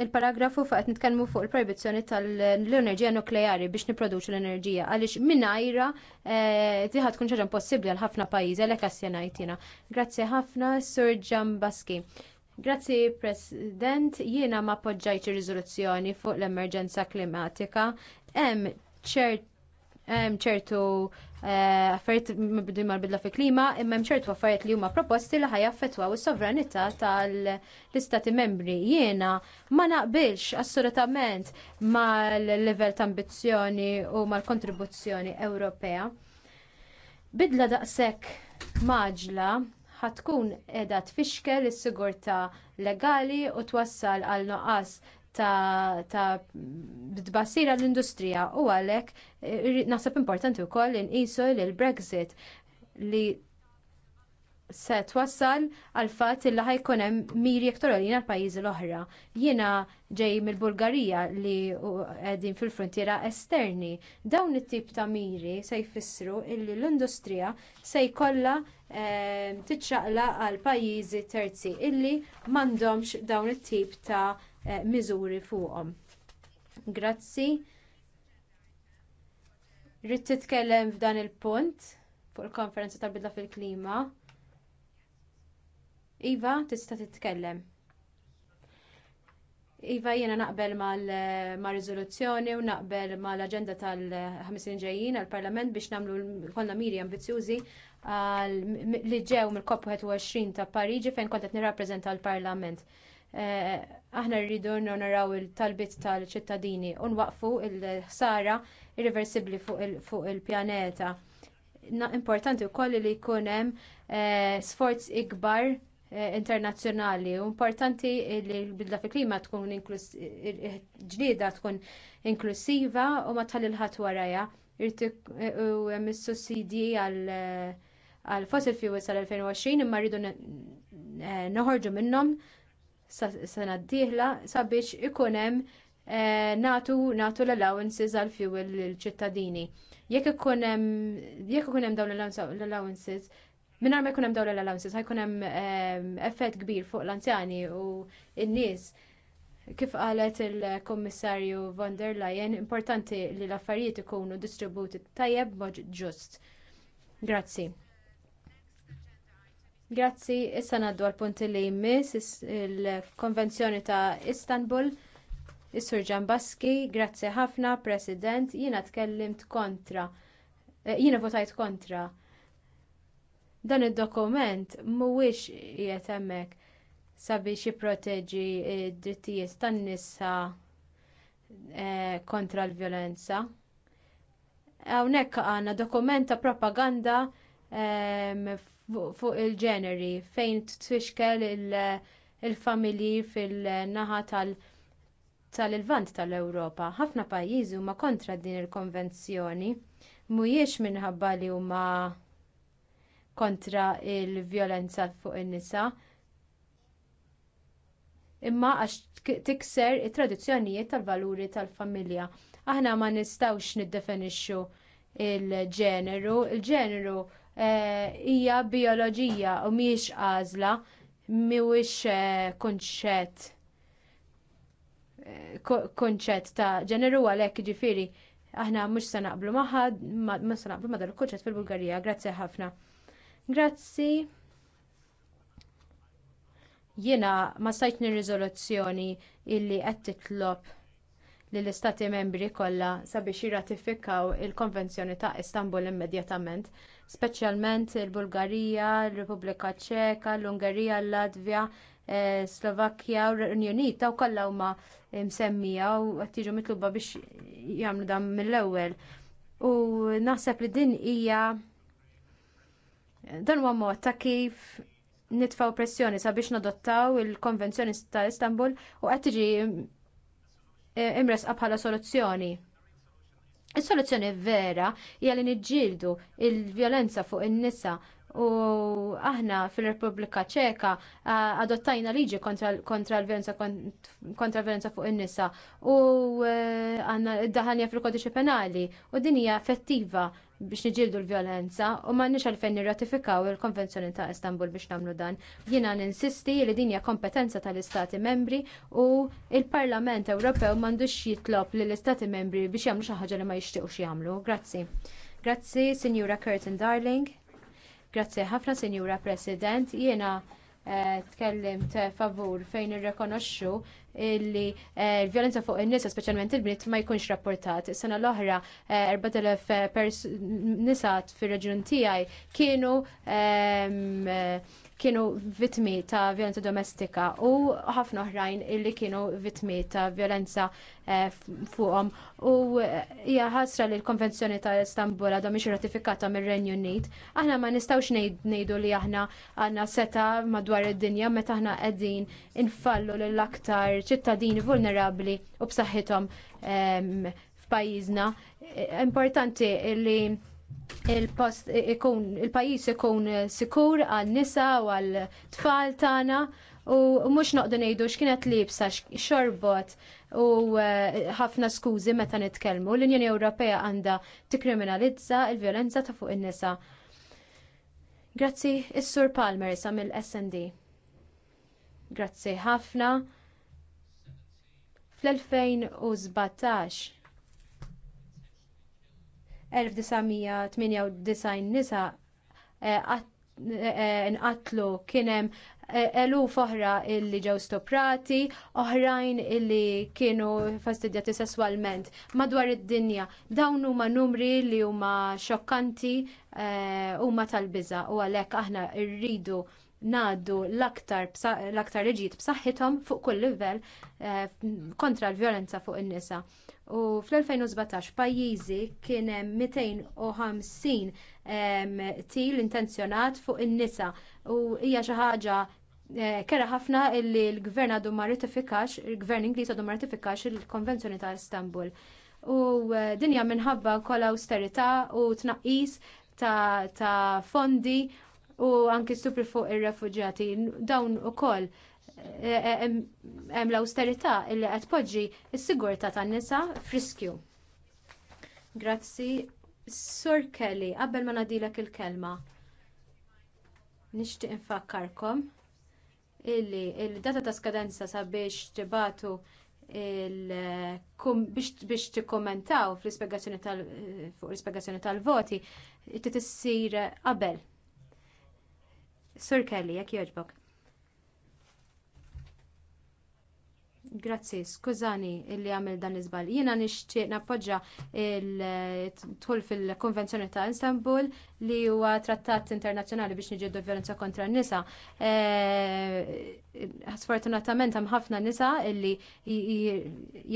il-paragrafu fuq qed nitkellmu fuq il-proibizzjoni tal-enerġija nukleari biex nipproduċu l-enerġija għaliex mingħajra tiħa eh, tkun xaġa impossibbli għal ħafna pajjiżi għalhekk assjenajtina. Grazzi ħafna Sur Ġambaski. Grazzi President, jiena ma ir riżoluzzjoni fuq l-emerġenza klimatika. Hemm ċert ċertu eh, affarijiet mibdin mal-bidla fi klima, imma hemm ċertu affarijiet li huma proposti li ħajaffettwaw is-sovranità tal-istati membri. Jiena ma naqbilx assolutament mal-livell ta' ambizzjoni u mal-kontribuzzjoni Ewropea. Bidla daqshekk maġla ħatkun qiegħda tfixkel is-sigurtà legali u twassal għal noqas ta' tbassira l-industrija u għalhekk eh, naħseb importanti wkoll inqisu lil Brexit li se twassal għal fatt li ħajkun hemm miri aktar għalina l-pajjiżi l-oħra. Jiena ġej mill-Bulgarija li qegħdin fil-frontiera esterni. Dawn it-tip ta' miri se jfissru illi l-industrija se jkollha eh, titxaqla għal pajjiżi terzi illi m'għandhomx dawn it-tip ta' Eh, miżuri fuqhom. Grazzi. Rrid titkellem f'dan il-punt fuq il-konferenza tal-bidla fil-klima. Iva, tista' titkellem. Iva jiena naqbel mal riżoluzzjoni u naqbel mal agenda tal-50 ġejjin għal-Parlament biex namlu konna miri ambizjużi li ġew mill-COP21 ta' Pariġi fejn kont qed nirrappreżenta l-Parlament. Eh, aħna rridu nonoraw il-talbit tal-ċittadini u nwaqfu l ħsara irreversibbli fuq il-pjaneta. Importanti wkoll li jkun hemm eh, sforz ikbar eh, internazzjonali u importanti li l-bidla fil-klima tkun ġlieda tkun inklusiva u ma tħalli l-ħadd warajja. U hemm is-sussidji għall fossil fuels sal-2020 imma rridu noħorġu minnhom sena d-dieħla sabiex ikun hemm eh, natu natu l-allowances għal fuel l-ċittadini. Jekk ikun hemm dawn l-allowances, mingħajr ma jkun hemm dawn l-allowances ħajkun hemm eh, effett kbir fuq l-anzjani u n-nies. Kif qalet il-Kommissarju von der Leyen, importanti li l-affarijiet ikunu distributi tajjeb mod ġust. Grazzi. Grazzi, issa naddu għal-punti li jmiss il-Konvenzjoni ta' Istanbul. Is-Sur Ġambaski, grazzi ħafna, President, jiena tkellimt kontra, eh, jiena votajt kontra. Dan id-dokument mhuwiex qiegħed hemmhekk sabiex jipproteġi d-drittijiet tan-nisa eh, kontra l-vjolenza. Hawnhekk għandna dokument ta' propaganda ehm, fuq il-ġeneri fejn twixkel il-familji fil-naħa tal- tal-Ilvant tal-Ewropa. Ħafna pajjiżi huma kontra din il-konvenzjoni mhijiex minħabba li huma kontra l vjolenza fuq in-nisa imma għax tikser it-tradizzjonijiet tal-valuri tal-familja. Aħna ma nistgħux niddefinixxu il-ġeneru, il-ġeneru Eh, hija bioloġija u mhijiex għażla mhuwiex eh, kunċett eh, kunċett ta' ġeneru għalhekk jiġifieri aħna mhux se naqblu magħha ma se naqblu ma' il-kunċett fil-Bulgarija. Grazzi ħafna. Grazzi. Jiena ma stajtni riżoluzzjoni illi qed titlob lill istati membri kollha sabiex jirratifikaw il-Konvenzjoni ta' Istanbul immedjatament speċjalment il-Bulgarija, ir-Repubblika Ċeka, l-Ungerija, l-Latvja, eh, Slovakkja u r-Unjonita u kollha huma msemmija u qed tiġu mitluba biex jagħmlu dan mill-ewwel. U naħseb li din hija dan huwa mod ta' kif nitfgħu pressjoni sabiex nadottaw il-Konvenzjoni ta' Istanbul u qed tiġi eh, imresqa bħala soluzzjoni. Is-soluzzjoni vera hija li niġġieldu il-vjolenza fuq in-nisa u aħna fil-Repubblika Ċeka adottajna liġi kontra l-violenza kontra l fuq in-nisa u eh, għandna id-daħalja fil-kodiċi penali u din hija effettiva biex niġildu l-violenza u nix għalfejn nirratifikaw il-Konvenzjoni ta' Istanbul biex nagħmlu dan. Jiena ninsisti li din hija kompetenza tal-Istati membri u l parlament Ewropew m'għandux jitlob lill istati membri biex jagħmlu xi ħaġa li ma jixtiequx jagħmlu. Grazzi. Grazzi, Sinjura Curtin Darling. Grazzi ħafna, Signora President. Jiena Eh, tkellimt favur fejn irrekonoxxu illi eh, l-vjolenza fuq in-nisa speċjalment il-bniet ma jkunx rapportat. Is-sena l-oħra 4000 eh, nisa fir-reġjun tiegħi kienu ehm, kienu vittmi ta' violenza domestika u ħafna oħrajn illi kienu vittmi ta' violenza eh, fuqhom. U eh, hija ħasra li l-Konvenzjoni ta' Istanbul għadhom mhix ratifikata mir-Renju Unit. Aħna ma nistgħux ngħidu li aħna għandna seta madwar id-dinja meta aħna qegħdin infallu lill-aktar ċittadini vulnerabbli u b'saħħithom ehm, f'pajjiżna. Eh, importanti li il ikun pajjiż ikun sikur għal nisa u għal tfal tagħna u mhux noqdu ngħidu x'kienet libsa xorbot u eh, ħafna skużi meta nitkellmu l-Unjoni Ewropea għandha tikkriminalizza l vjolenza ta' fuq in-nisa. Grazzi is-Sur Palmer sa mill-SND. Grazzi ħafna. Fl-2017 1998 nisa eh, eh, eh, nqatlu kien hemm eluf oħra illi ġew stoprati, oħrajn illi kienu fastidjati sesswalment madwar id-dinja. Dawn huma numri li huma xokkanti huma tal-biża' u għalhekk aħna rridu ngħaddu l-aktar liġijiet b'saħħithom fuq kull livell eh, kontra l-vjolenza fuq in-nisa. U fl-2017 pajjiżi kien hemm 250 til intenzjonat fuq in-nisa u hija xi ħaġa eh, kera ħafna li l-gvern għadu ma ratifikax, il-gvern Ingliż għadu ma ratifikax il-Konvenzjoni ta' Istanbul. U eh, dinja minħabba kol austerità u tnaqqis ta' fondi u anki stupri fuq ir refugġati dawn ukoll e, e, e, hemm l-awsterità li qed poġġi s-sigurtà tan-nisa friskju. Grazzi. Sur Kelly, qabel ma nadilek il-kelma, nixtieq infakkarkom illi il-data ta' skadenza sabiex tibatu biex tikkommentaw fl-ispjegazzjoni tal-voti titissir qabel Sur Kelly, jekk jogħġbok. Grazzi, skużani illi għamil dan iżbal. Jiena nixtieq nappoġġa il-tħol fil-Konvenzjoni ta' Istanbul li huwa trattat internazzjonali biex niġġieldu violenza kontra n-nisa. Eh, sfortunatament hemm ħafna nisa illi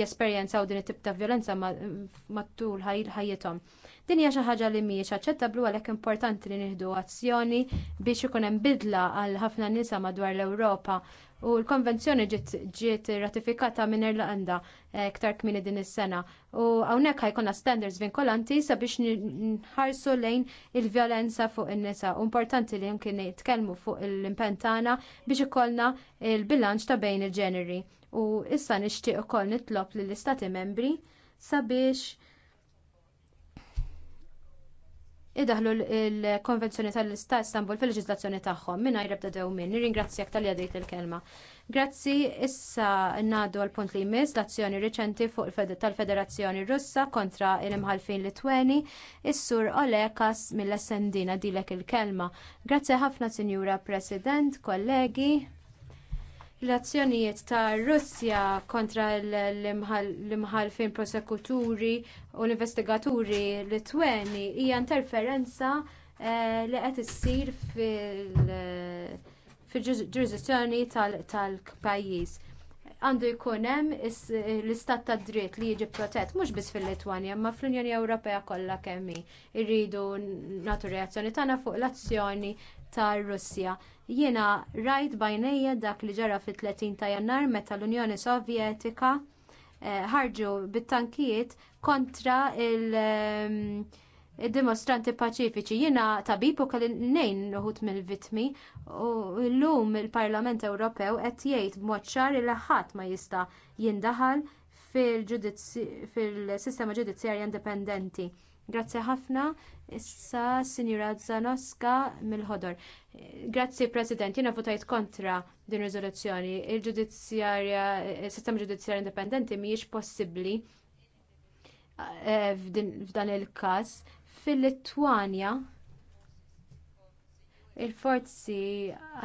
jesperjenzaw din it-tip ta' violenza matul ħajjithom. Din hija xi ħaġa li mhijiex aċċettabbli għalhekk importanti li nieħdu azzjoni biex ikun hemm bidla għal ħafna nisa madwar l-Ewropa u l-konvenzjoni ġiet ratifikata minn Irlanda eh, iktar kmini din is-sena u hawnhekk ħajkonna standards vinkolanti sabiex nħarsu lejn il-vjolenza fuq in-nisa. Importanti li kien nitkellmu fuq l-impentana biex ikollna il-bilanċ ta' bejn il-ġeneri. U issa nixtieq ukoll nitlob lill-Istati membri sabiex idaħlu l-Konvenzjoni tal-Istat Istanbul fil-leġizlazzjoni tagħhom mingħajr ebda dewmien. Nirringrazzjak tal għadejt il-kelma. Grazzi, issa ngħaddu għal punt li jmiss l-azzjoni riċenti fuq tal-Federazzjoni Russa kontra l-imħalfin Litweni, is-sur Olekas mill-Essendina dilek il-kelma. Grazzi ħafna, Sinjura President, kollegi l-azzjonijiet tar Russja kontra l-imħalfin prosekuturi u l-investigaturi Litweni hija interferenza eh, li qed issir fil-ġurisdizzjoni tal-pajjiż. Għandu jkun hemm l-istat tad dritt li jiġi protett mhux biss fil-Litwanja imma fl-Unjoni Ewropea kollha kemm hi. rridu nagħtu reazzjoni tagħna fuq l-azzjoni tar-Russja. Jiena rajt bajnejja dak li ġara fit-30 ta' Jannar meta l-Unjoni Sovjetika eh, ħarġu bit-tankijiet kontra il-dimostranti ehm, paċifiċi. Jiena tabib u kellin nejn uħut mill-vitmi u llum il-Parlament Ewropew qed jgħid b'mod ċar li ħadd ma jista' jindaħal fil-sistema ġudizzjarja indipendenti. Grazzi ħafna, issa Sinjura Zanoska mill-ħodor. Grazzi President, jiena votajt kontra din riżoluzzjoni. Il-ġudizzjarja, sistema ġudizzjarja indipendenti mhijiex possibbli eh, f'dan il-każ. Fil-Litwanja il-forzi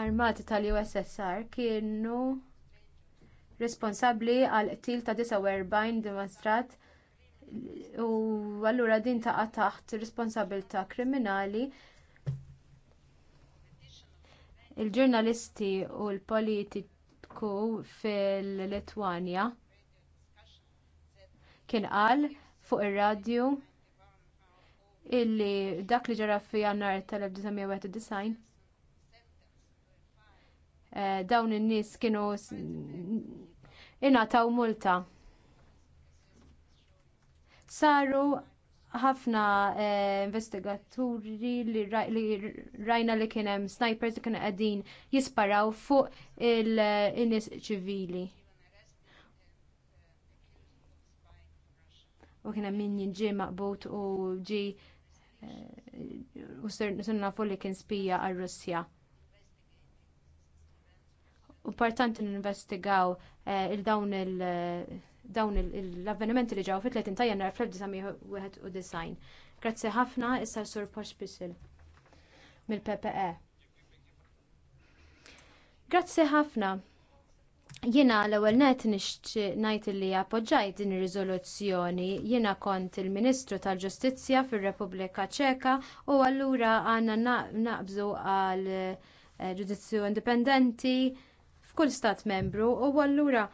armati tal-USSR kienu responsabbli għal qtil ta' 49 dimostrat u allura din taqa' taħt responsabilità kriminali il-ġurnalisti u l-politiku fil-Litwanja kien qal fuq ir-radju illi dak li ġara fi jannar tal-1991 eh, dawn in-nies kienu ingħataw multa Saru ħafna eh, investigaturi li rajna li kien hemm snipers li kienu qegħdin jisparaw fuq il-nies eh, ċivili. U kien hemm min jinġie maqbut u ġi eh, u sirna fuq li kien spija għal russja U Importanti ninvestigaw il-dawn il- dawn l-avvenimenti li ġew fit-30 ta' jannar fl-1991. Grazzi ħafna issa sur Posh Bisil mill-PPE. Grazzi ħafna. Jiena l-ewwel net nixtieq ngħid li appoġġajt din ir-riżoluzzjoni. Jiena kont il-Ministru tal-Ġustizzja fir-Repubblika Ċeka u allura għandna naqbżu għal eh, ġudizzju indipendenti f'kull stat membru u allura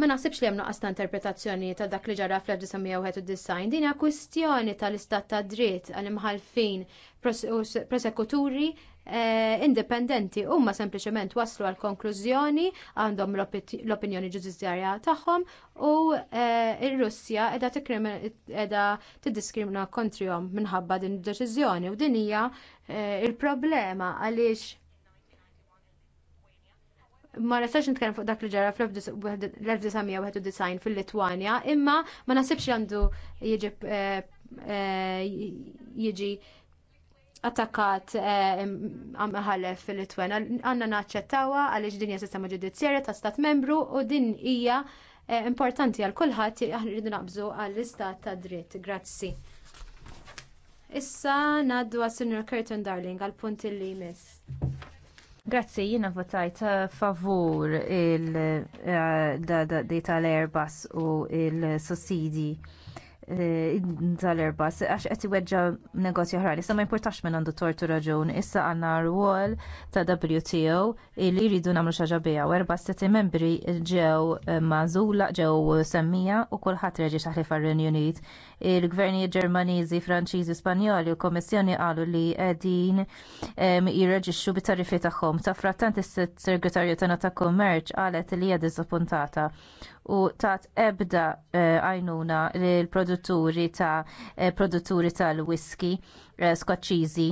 Ma naħsibx li hemm noqas ta' interpretazzjoni ta' dak li ġara fl-1991 din hija kwistjoni tal-istat ta' dritt għal imħalfin prosekuturi eh, indipendenti huma sempliċement waslu għal konklużjoni għandhom l-opinjoni ġudizzjarja tagħhom u eh, r-Russja qiegħda tiddiskrimina kontrihom minħabba din id-deċiżjoni u din hija eh, l problema għaliex ma nistax nitkellem fuq dak li ġara fl-1991 fil-Litwanja, imma ma nasibx għandu jiġi eh, eh, jiġi attakkat eh, ħalef fil litwen Għanna naċċettawa għaliex din hija sistema ġudizzjeri ta' stat membru u din hija importanti għal kulħadd rridu naqbżu għall-istat ta' dritt. Grazzi. Issa ngħaddu għas-Sinjor Curtin Darling għal punt li jmiss. Grazzi, jina votajt eh, favur il-data eh, l-Airbus u il-sussidi. Eh, tal-erba, għax qed iweġġa negozju ħrali, issa ma importax minn għandu tortu raġun, issa għandna rwol ta' WTO li jridu nagħmlu xi ħaġa biha, erba' stati membri ġew eh, mażula ġew semmija u kulħadd reġi xaħli far-Renju Unit. Il-gvernijiet Ġermaniżi, Franċiżi, Spanjoli u l-Kummissjoni qalu li qegħdin jirreġixxu bit-tariffi tagħhom. Ta' frattant is-Segretarju tagħna ta' Kummerċ qalet li hija disappuntata u tat ebda eh, għajnuna lill produtturi ta' eh, produtturi tal-whisky eh, skoċċiżi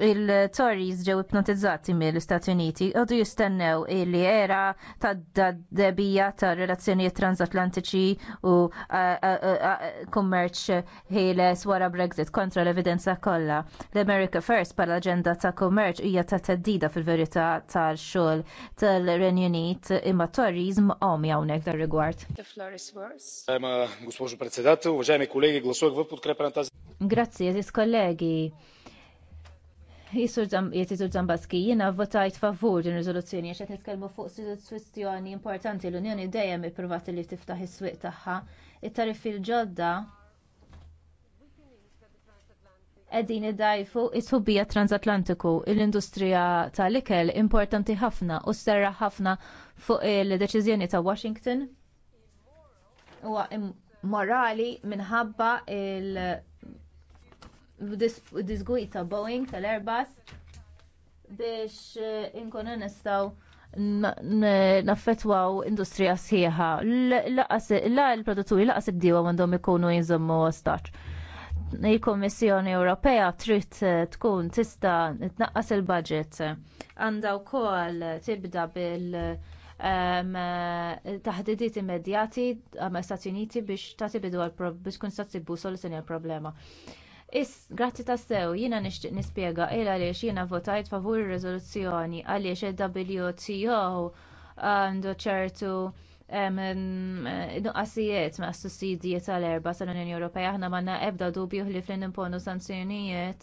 il-Tories ġew ipnotizzati mill-Istati Uniti għadu jistennew li era ta' debija ta' relazzjonijiet transatlantiċi u kummerċ ħieles wara Brexit kontra l-evidenza kollha. L-America First pal aġenda ta' kummerċ hija ta' teddida fil-verità tal-xogħol tal-Renju Unit imma Tories m'hom hawnhekk dar rigward. Grazzi, jesis kollegi Jisur Zambaski, jina votajt favur din rizoluzzjoni, għax qed nitkellmu fuq sistjoni importanti l-Unjoni dejjem ippruvat li tiftaħ is-swieq tagħha. it tarif fil ġodda qegħdin idajfu it-tubija transatlantiku. L-industrija tal-ikel importanti ħafna u serra ħafna fuq il-deċiżjoni ta' Washington. Huwa morali minħabba il- disgwit ta' Boeing tal-Airbus biex eh, inkunu nistaw naffetwaw industrija sħiħa. La il-produtturi la' s diwa għandhom ikunu jinżommu għastax. Il-Kommissjoni Ewropea trid eh, tkun tista tnaqqas il-budget. għandha wkoll tibda bil- eh, taħdidiet immedjati għam Stati Uniti biex tkun bidu għal biex kun tibbu soluzzjoni għal problema. Is, grazzi ta' sew, jina nishtiq nispiega il għaliex jina votajt favur il-rezoluzzjoni għaliex il-WTO għandu ċertu nuqqasijiet ma' sussidijiet tal-erba tal-Unjoni Ewropea aħna manna ebda dubju li flin imponu sanzjonijiet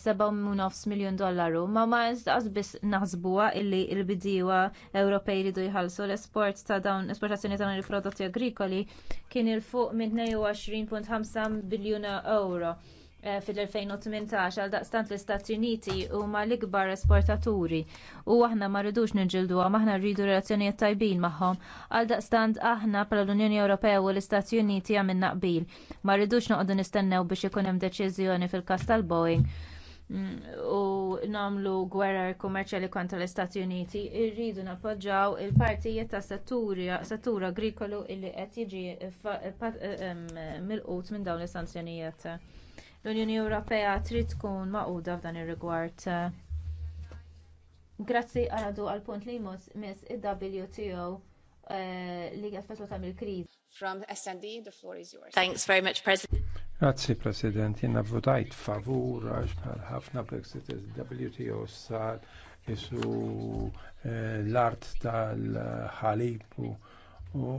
7.9 miljon dollaru. Ma ma jistax biss naħsbuha illi l-bidiwa Ewropej li jħallsu l-esport ta' dawn esportazzjoni ta' dawn il-prodotti agrikoli kien il fuq minn 22.5 biljuna euro Eh, fil-2018 għal daqstant l-Istati Uniti huma l-ikbar esportaturi u aħna ma rridux nġildu aħna rridu relazzjoniet tajbin magħhom għal daqstant aħna bħala l-Unjoni Ewropea u l-Istati Uniti għamilna qbil ma rridux noqogħdu nistennew biex ikun hemm deċiżjoni fil-każ tal-Boeing mm, u nagħmlu gwerra kummerċjali kontra l-Istati Uniti irridu napoġġaw il-partijiet ta' settur agrikolu illi qed jiġi eh, milqut minn dawn is-sanzjonijiet. L-Unjoni Ewropea trid tkun maquda f'dan ir-rigward. Grazzi għadu għal punt li mus miss il-WTO eh, li għafetlu tam il-kriz. From SND, the floor is yours. Thanks very much, President. Grazzi, President. Jena votajt favur għax ħafna Brexit WTO sal jisu eh, l-art tal-ħalib u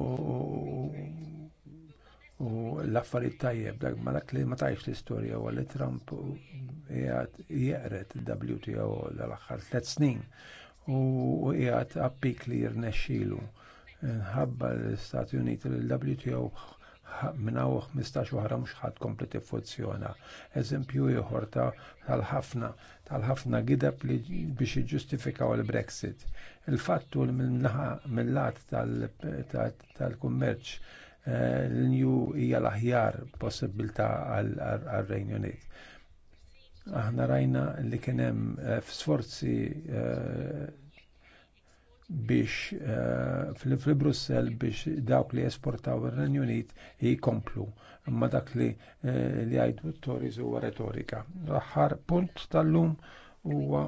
u l-affarijiet tajjeb dak li ma tajx l-istorja u li Trump jgħat jeqret WTO l-aħħar tliet snin u qiegħed appik li jirnexxielu. Nħabba l-Istati Uniti l-WTO minna u 15 uħra mhux ħadd kompli tiffunzjona. Eżempju ieħor tal-ħafna tal-ħafna gidab li biex jiġġustifikaw il-Brexit. Il-fattu mill-lat tal-kummerċ l-New hija l-aħjar possibilità għal-Renju Unit. Aħna rajna li kien hemm eh, sforzi eh, biex Brussell eh, brussel biex dawk li esportaw ir-Renju Unit jikomplu imma dak li li għajdu t-toriz huwa retorika. L-aħħar punt tal-lum huwa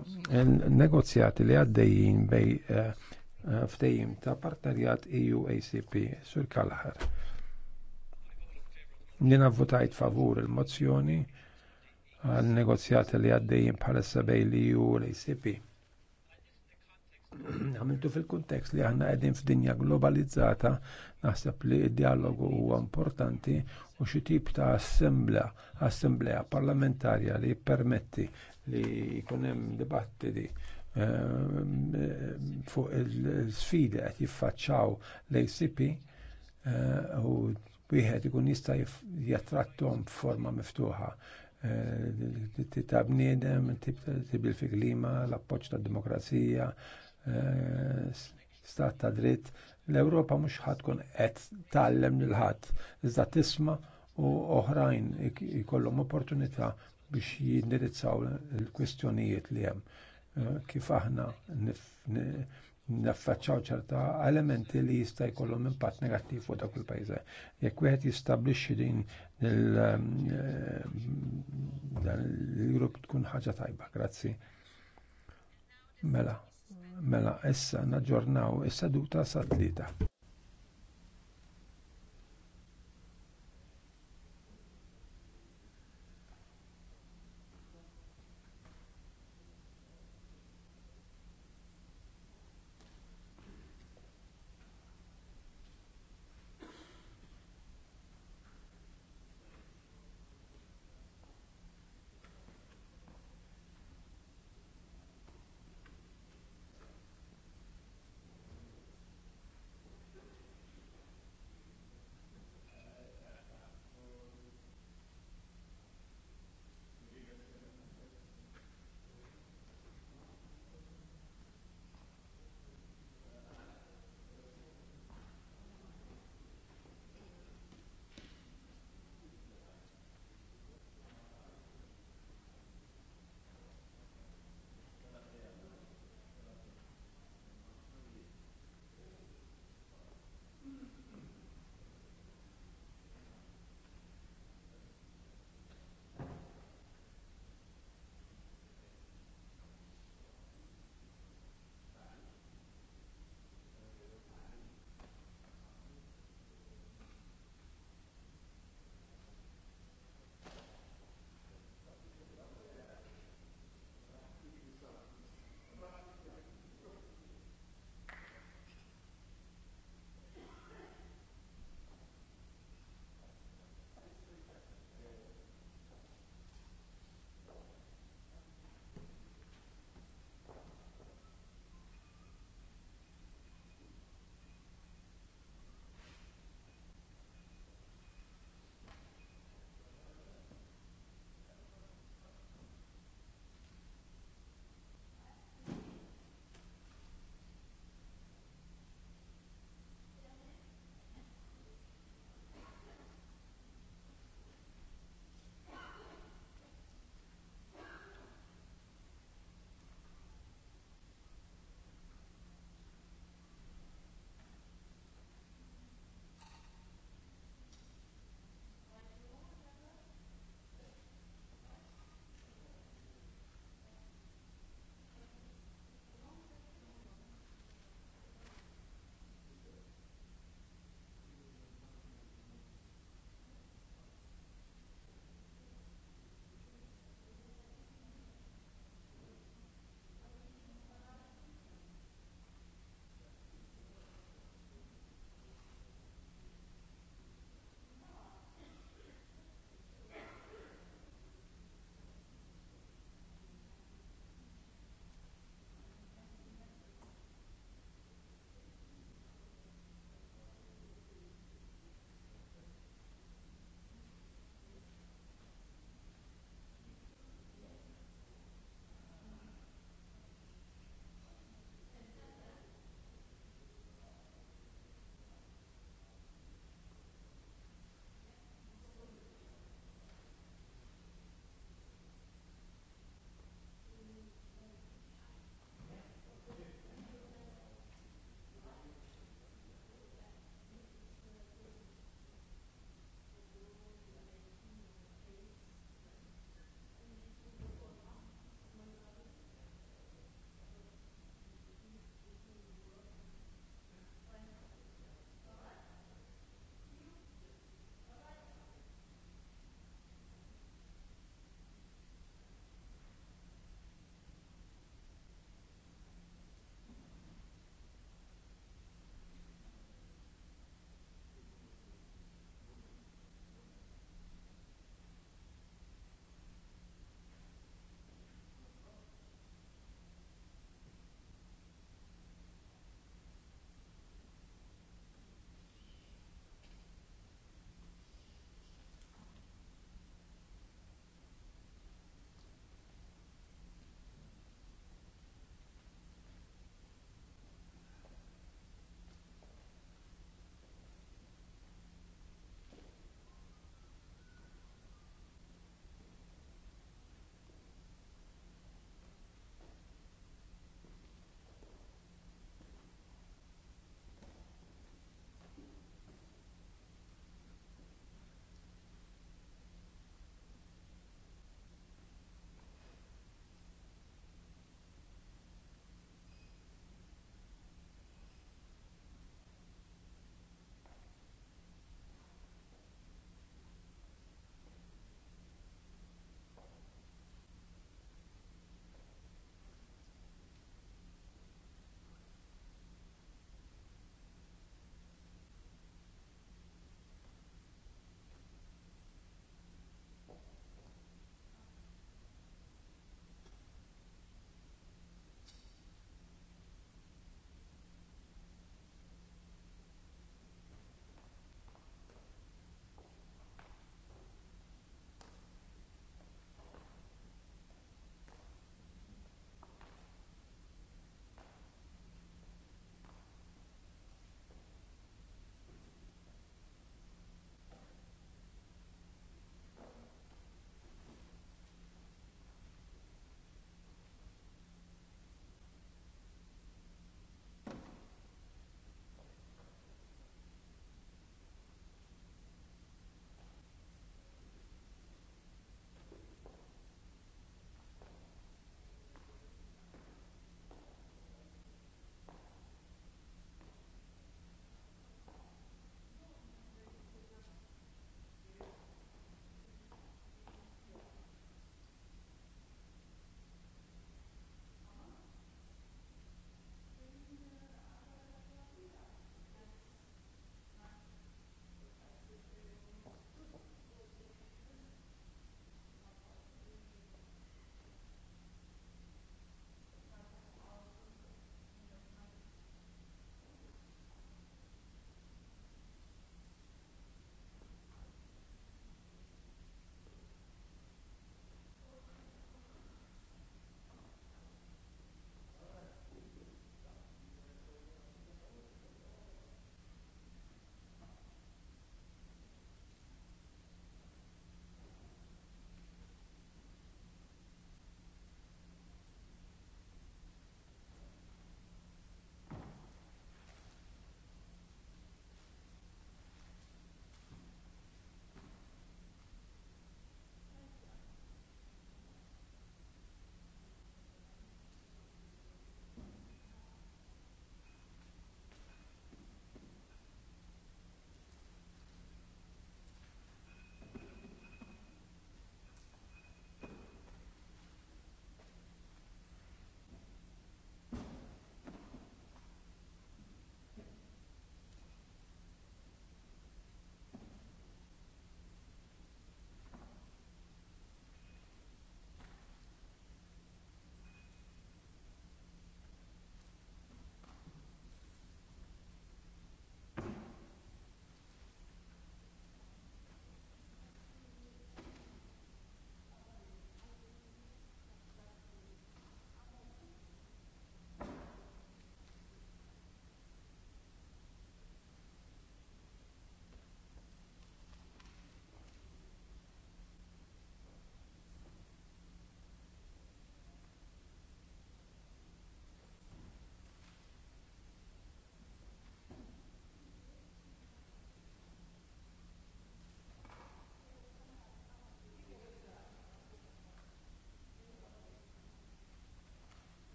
negozjati li għaddejjin bej ftejjim ta' partenjat EU ACP sur kalħar. Nina votajt favur il-mozzjoni għal negozjati li għaddejjin bħalissa bej li ju l-ACP. Għamiltu fil-kontekst li għanna għedin f'dinja globalizzata, naħseb li id-dialogu huwa importanti u xi tip ta' assemblea, assemblea parlamentarja li permetti li jkun hemm dibattiti eh, fuq il-sfidi qed jiffacċaw l-ACP eh, u wieħed ikun jista' jattrattom f'forma miftuħa eh, ta' bniedem, tibil fi klima, l-appoġġ tad demokrazija, eh, stat ta' dritt. L-Ewropa mhux tkun qed tgħallem lil ħadd, iżda tisma' u oħrajn jkollhom opportunità biex jindirizzaw il-kwistjonijiet li hemm eh, kif aħna naffaċċaw ċerta elementi li jista' jkollhom impatt negattiv fuq dak il-pajjiż. Jekk wieħed jistabblixxi din l-grupp eh, mm, tkun ħaġa tajba, grazzi. Mela, mela, issa naġġornaw is-seduta sa tlieta.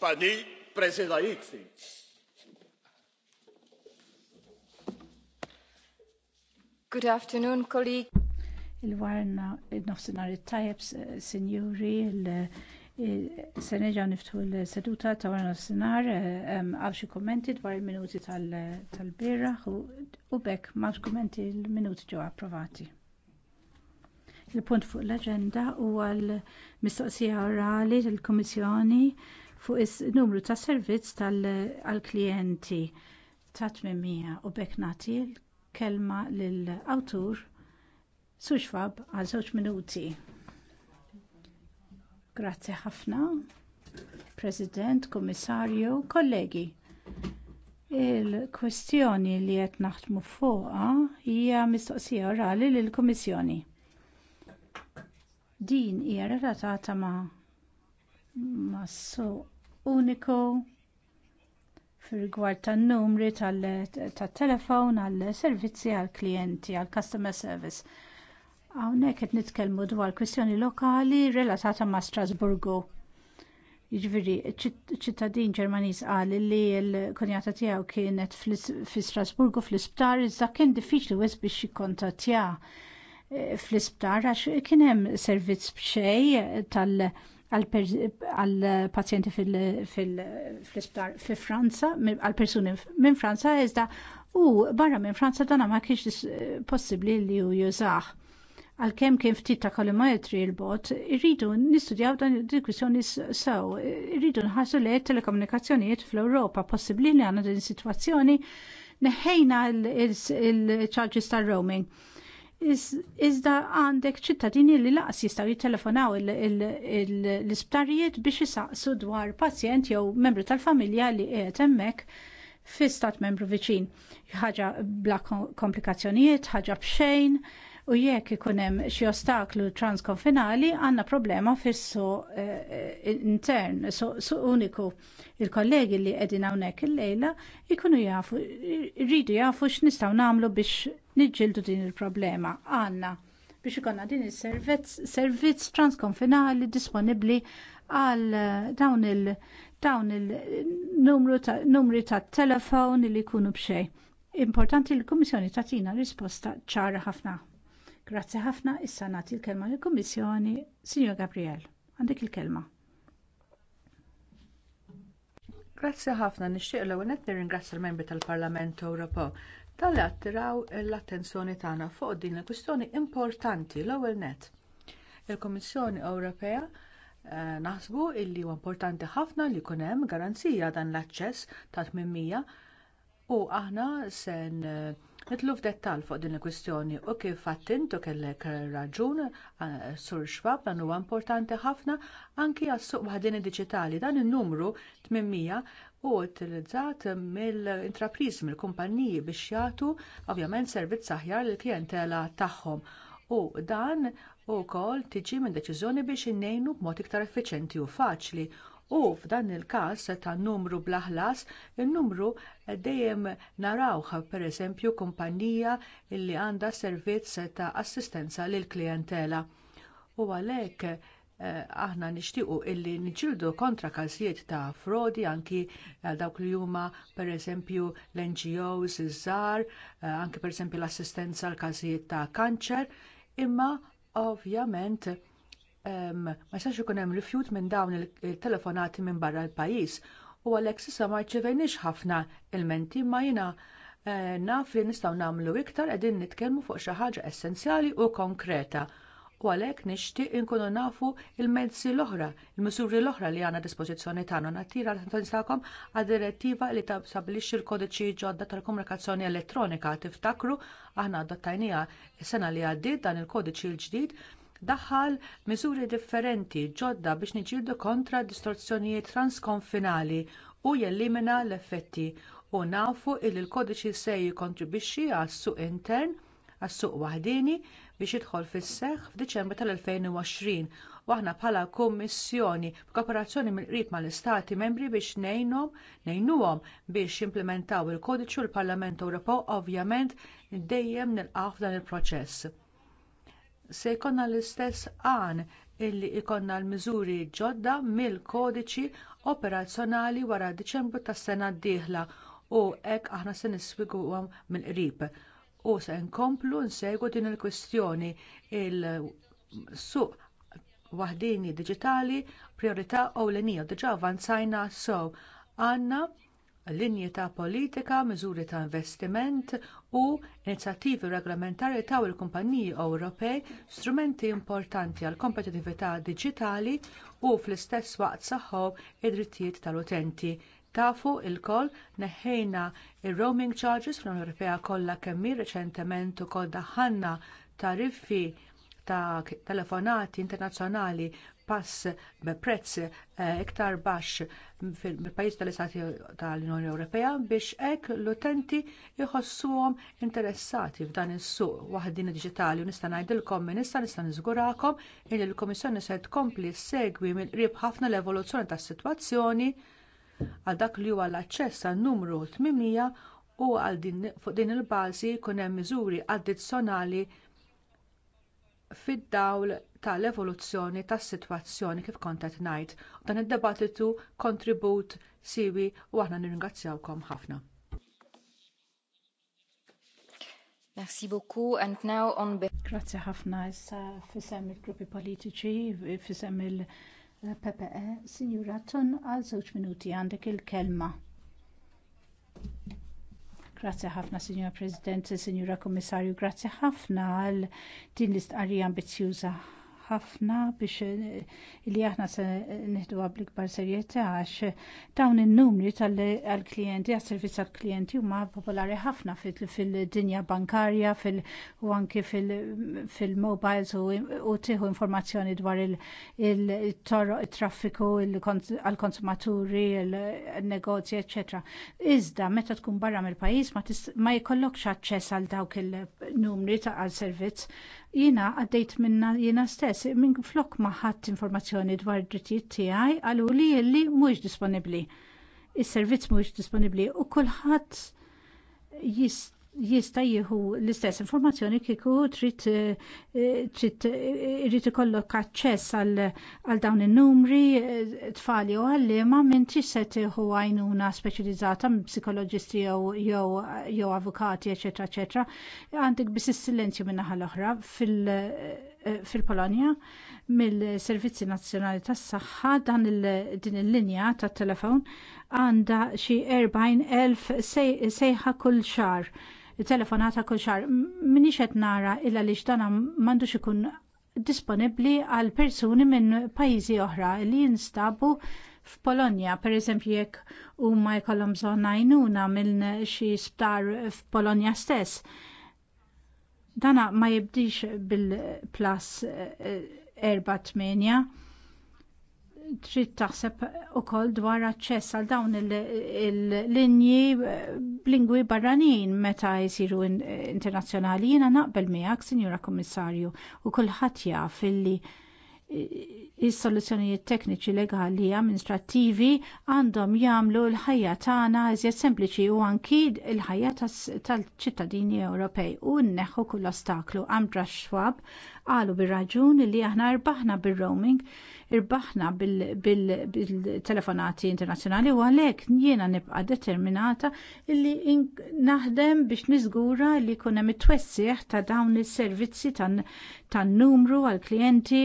pani preżedajiet. Good afternoon, colleague. Il-warna il-nofsinhar it-tajjeb, sinjuri, se neġa' niftu l-seduta ta' warna nofsinhar għal xi kummenti dwar il-minuti tal-bieraħ u bekk m'għandx kommenti l-minuti ġew approvati. Il-punt fuq l agenda huwa l-mistoqsija orali tal-Kummissjoni fuq is-numru ta' servizz tal-klijenti ta' tmimija u bekk nagħti l-kelma lill-awtur Sur għal żewġ minuti. Grazzi ħafna, President, Kummissarju, kollegi. Il-kwestjoni li qed naħdmu fuqha hija mistoqsija orali lill-Kummissjoni. Din hija relatata ma' massu uniku fir-rigward tan-numri tat-telefon għal servizzi għall-klijenti għall-customer service. Hawnhekk qed nitkellmu dwar kwistjoni lokali relatata ma' Strasburgu. Jiġifieri ċittadin Ġermaniż qal li l-kunjata tiegħu kienet fi Strasburgu fl-isptar iżda kien diffiċli wis biex jikkontattja eh, fl-isptar għax kien hemm servizz b'xejn tal- għal pazjenti fil-isptar fi Franza, għal persuni minn Franza, iżda u barra minn Franza dana ma kiex possibli li ju jużax. Għal kem kien ftit ta' kalimetri il-bot, irridu nistudjaw dan il-dikwissjoni sew, irridu nħasu li telekomunikazzjonijiet fl-Europa, possibli li għanna din situazzjoni neħejna il-ċarġis tal-roaming iżda għandek ċittadini li laqas jistaw jittelefonaw l-isptarijiet biex jisaqsu dwar pazjent jew membru tal-familja li qiegħed hemmhekk fi stat membru viċin. ħaġa bla komplikazzjonijiet, ħaġa b'xejn, U jekk ikun hemm xi ostaklu transkonfinali għandna problema fissu eh, intern, su uniku. Il-kollegi li qegħdin hawnhekk illejla jkunu jafu, jridu jafu x'nistgħu nagħmlu biex niġġieldu din il-problema. Għandna biex ikonna din is-servizz transkonfinali disponibbli għal eh, dawn il- dawn il-numri ta' telefon li jkunu bxej. Importanti l-Kummissjoni tagħtina risposta ċara ħafna. Grazzi ħafna, issa nagħti l-kelma lill kummissjoni Signor Gabriel, għandek il-kelma. Grazzi ħafna nixtieq l-ewwel qed nirringrazzja l-membri tal-Parlament Ewropew tal-li attiraw l-attenzjoni tagħna fuq din il-kwistjoni importanti l-ewwel nett. Il-Kummissjoni Ewropea eh, naħsbu illi huwa importanti ħafna li jkun hemm garanzija dan l-aċċess ta' tmimmija. u aħna se eh, Nitlu f'dettall fuq din il-kwistjoni u kif fattintu kellek raġun sur xwab dan huwa importanti ħafna anki għas-suq waħdini diġitali dan in-numru 800 u utilizzat mill-intrapriż mill-kumpaniji biex jagħtu ovvjament servizz aħjar lill klijentela tagħhom. U dan ukoll tiġi minn deċiżjoni biex innejnu b'mod iktar effiċjenti u faċli u f'dan il-każ ta' numru bla ħlas, in-numru dejjem narawh pereżempju kumpanija li għandha servizz ta' assistenza lill klijentela U għalhekk eh, aħna nixtiequ illi niġġieldu kontra każijiet ta' frodi anki dawk li huma pereżempju l-NGOs, iż-żar, eh, anki pereżempju l-assistenza għal każijiet ta' kanċer, imma ovvjament ma jistax ikun hemm rifjut minn dawn il-telefonati minn barra l-pajjiż u għalhekk s'issa ma rċevejniex ħafna il-menti ma jiena eh, naf li nistgħu nagħmlu iktar qegħdin nitkellmu fuq xi ħaġa essenzjali u konkreta u għalhekk nixtieq inkunu nafu l mezzi l-oħra, il-misuri l-oħra li għandna dispożizzjoni tagħna nattira tagħkom għad-direttiva li tabbilixxi l-kodiċi ġodda tal-komunikazzjoni elettronika tiftakru aħna adattajnija s-sena li għaddiet dan il-kodiċi l-ġdid daħħal miżuri differenti ġodda biex niġġieldu kontra d distorzjonijiet transkonfinali u jellimina l-effetti u nafu li l-kodiċi se jikkontribwixxi għas-suq intern għas-suq waħdieni biex jidħol fis seħħ f'Diċembru tal-2020 u aħna bħala Kummissjoni b'kooperazzjoni mill-qrib mal-Istati membri biex ngħinhom ngħinuhom biex jimplementaw il-kodiċi u l-Parlament Ewropew ovvjament dejjem nilqaw f'dan il-proċess se jkollna l-istess għan illi jkollna l-miżuri ġodda mill-kodiċi operazzjonali wara Diċembru tas-sena d-dieħla u hekk aħna se niswiguhom mill-qrib. U se nkomplu nsegwu din il kwestjoni il-suq waħdini diġitali priorità ewlenija diġà avvanzajna sew so, għandna linji ta' politika, miżuri ta' investiment u inizjattivi reglamentari taw il-kumpaniji Ewropej strumenti importanti għall kompetitività diġitali u fl-istess waqt saħħob id-drittijiet tal-utenti. Tafu lkoll neħħejna ir roaming charges fl-Unjoni Ewropea kollha kemm reċentement ukoll daħħalna tariffi ta' telefonati internazzjonali pass prezz eh, iktar baxx fil-pajjiż tal-Istati tal-Unjoni Ewropea biex hekk l-utenti jħossuhom interessati f'dan is-suq waħdin diġitali u nista' ngħidilkom minn issa nista' niżgurakom li il kummissjoni se tkompli segwi minn qrib ħafna l-evoluzzjoni tas-sitwazzjoni għal dak li huwa l-aċċess għan numru 800 u għal din fuq din il-bażi jkun hemm miżuri addizzjonali fid-dawl tal-evoluzzjoni tas-sitwazzjoni kif kont qed ngħid. Dan id-debattitu kontribut siwi u aħna nirringrazzjawkom ħafna. Merci beaucoup and now on Grazzi ħafna issa fisem il-gruppi politiċi, fisem il-PPE, Signora Ton għal żewġ minuti għandek il-kelma. Grazie ħafna, Signora President, Signora Kommissarju, grazie ħafna għal din l-istqarrija ambizjuża ħafna biex eh, li aħna se nieħdu bl-ikbar serjetta għax dawn in-numri tal-klijenti għas-servizz tal-klijenti huma popolari ħafna fil-dinja bankarja u anke fil-mobiles u tieħu informazzjoni dwar il-traffiku għall-konsumaturi, il-negozji, eċċetera. Iżda meta tkun barra mill-pajjiż ma jkollokx aċċess għal dawk il-numri ta' servizz Jiena għaddejt minna jiena stess minn flok ma ħadd informazzjoni dwar id-drittijiet tiegħi għalu li li mhuwiex disponibbli. Is-servizz mhuwiex disponibbli u kulħadd jista' jista' jieħu l-istess informazzjoni kieku trid eh, eh, irid ikollok aċċess għal dawn in-numri eh, tfali u għallima minn trid se tieħu għajnuna speċjalizzata minn psikoloġisti jew avukati eċetera eċetera. Għandek biss is-silenzju minn naħa l-oħra fil- fil-Polonja mill-Servizzi Nazzjonali tas-Saħħa dan din il-linja tat-telefon għandha xi 40,000 sejħa kull xahar telefonata kull xar. Minix qed nara illa li xtana m'għandux ikun disponibbli għal persuni minn pajjiżi oħra li jinstabu f'Polonja, per eżempju jekk huma jkollhom bżonn għajnuna minn xi sptar f'Polonja stess. Dana ma jibdix bil-plus 4-8 eh, trid taħseb ukoll dwar aċċess għal dawn il-linji b'lingwi eh, barranin meta jsiru internazzjonali jiena naqbel miegħek, Sinjura Kummissarju, u kulħadd jaf illi eh, is-soluzzjonijiet tekniċi legali amministrattivi għandhom jagħmlu l-ħajja tagħna iżjed sempliċi u anki l-ħajja tal-ċittadini Ewropej u nneħħu kull ostaklu. Andra Schwab qalu bir-raġun li aħna rbaħna bir-roaming irbaħna bil-telefonati internazzjonali u għalhekk jiena nibqa' determinata illi naħdem biex niżgura li jkun hemm it ta' dawn is-servizzi tan-numru għal klijenti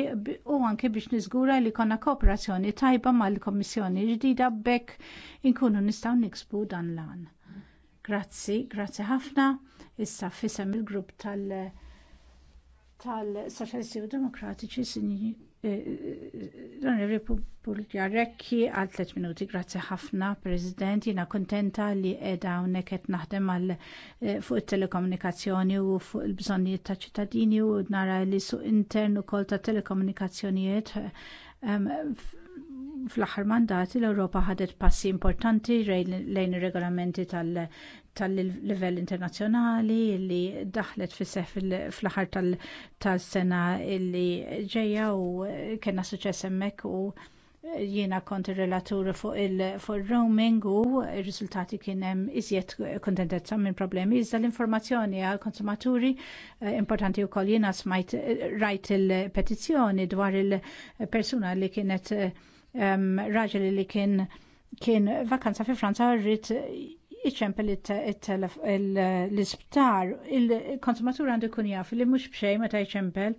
u anke biex niżgura li konna kooperazzjoni tajba mal komissjoni ġdida bekk inkunu nistgħu niksbu dan lan. Grazzi, grazzi ħafna. Issa fissem il-grupp tal- tal u Demokratiċi, Sinjor Don onorevoli Rekki għal 3 minuti, grazzi ħafna, President, jina kontenta li edha hawnhekk qed naħdem għal eh, fuq it-telekomunikazzjoni u fuq il-bżonnijiet ta' ċittadini u nara li su intern ukoll ta' telekomunikazzjonijiet fl-aħħar mandati l-Ewropa ħadet passi importanti lejn ir-regolamenti tal- tal-livell internazzjonali li daħlet seħħ fl aħħar tal-sena li ġejja u kena suċess hemmhekk u jiena kont ir-relatur fuq il-roaming u r-riżultati kien hemm iżjed kontentezza minn problemi iżda l-informazzjoni għal konsumaturi eh, importanti wkoll jiena smajt eh, rajt il-petizzjoni dwar il-persuna li kienet eh, raġel li kien kien vakanza fi Franza rrit iċempel l-isptar. Il-konsumatur għandu jkun jaf li mhux ma meta jċempel.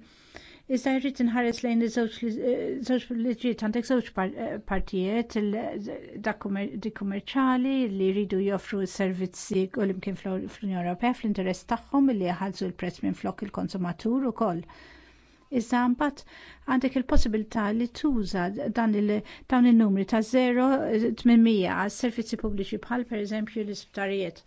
Iżda jrid inħares lejn iż-żewġ liġijiet għandek żewġ partijiet dik kummerċali li jridu joffru s-servizzi u l-imkien fl-Unjoni Ewropea fl-interess tagħhom li jħallsu l-prezz minn flok il-konsumatur ukoll iżda mbagħad għandek il-possibilità li tuża dan dawn in-numri ta' 0-800 għas servizzi pubbliċi bħal pereżempju l-isptarijiet.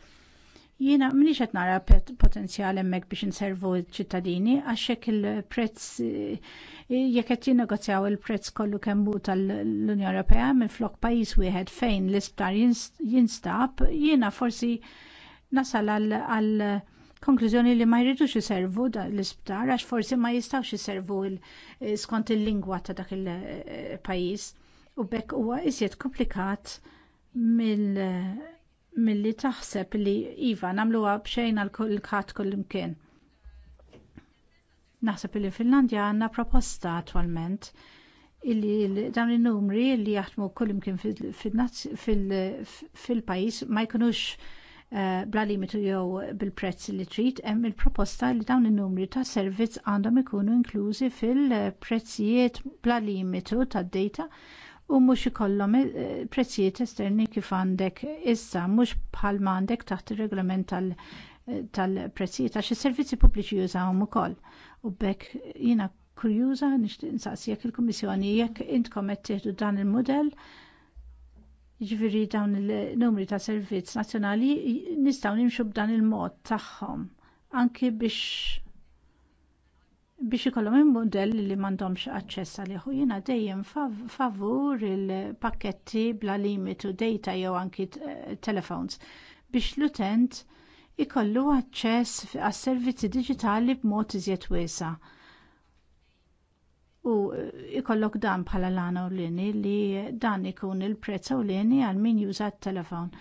Jiena mniex qed nara potenzjal hemmhekk biex inservu ċ-ċittadini għax hekk il-prezz jekk qed jinnegozjaw il-prezz kollu kemm hu tal-Unjoni Ewropea minflok pajjiż wieħed fejn l-isptar jinstab, jiena forsi nasal għal konklużjoni li ma jridux iservu l-isptar għax forsi ma jistawx iservu eh, skont il-lingwa ta' dak il-pajis eh, u bekk huwa iżjed komplikat mill eh, milli taħseb li iva nagħmluha b'xejn għal kat kullimkien. Naħseb li Finlandja għandna proposta attwalment illi dawn in-numri li jaħdmu kullimkien fil-pajis ma jkunux Eh, bla limitu jew bil-prezz li trid hemm il-proposta li dawn in-numri ta' servizz għandhom ikunu inklużi fil-prezzijiet bla limitu tad-data u mhux ikollhom eh, prezzijiet esterni kif għandek issa mhux bħal m'għandek taħt ir regolament eh, tal-prezzijiet għax is-servizzi pubbliċi jużawhom ukoll. U bekk jiena kurjuża nixtieq jekk il-Kummissjoni jekk intkom qed tieħdu dan il-mudell Ġviri jiġifieri dawn il-numri ta' servizz nazzjonali nistaw nimxu b'dan il-mod tagħhom anki biex biex ikollhom il mudell li m'għandhomx aċċess għalih u jiena dejjem favur il-pakketti bla limitu data jew anki telephones biex l-utent ikollu aċċess għas-servizzi diġitali b'mod iżjed wiesa' U eh, ikollok dan bħala lana u lini li dan ikun il-prezz u lini għal min juża t-telefon.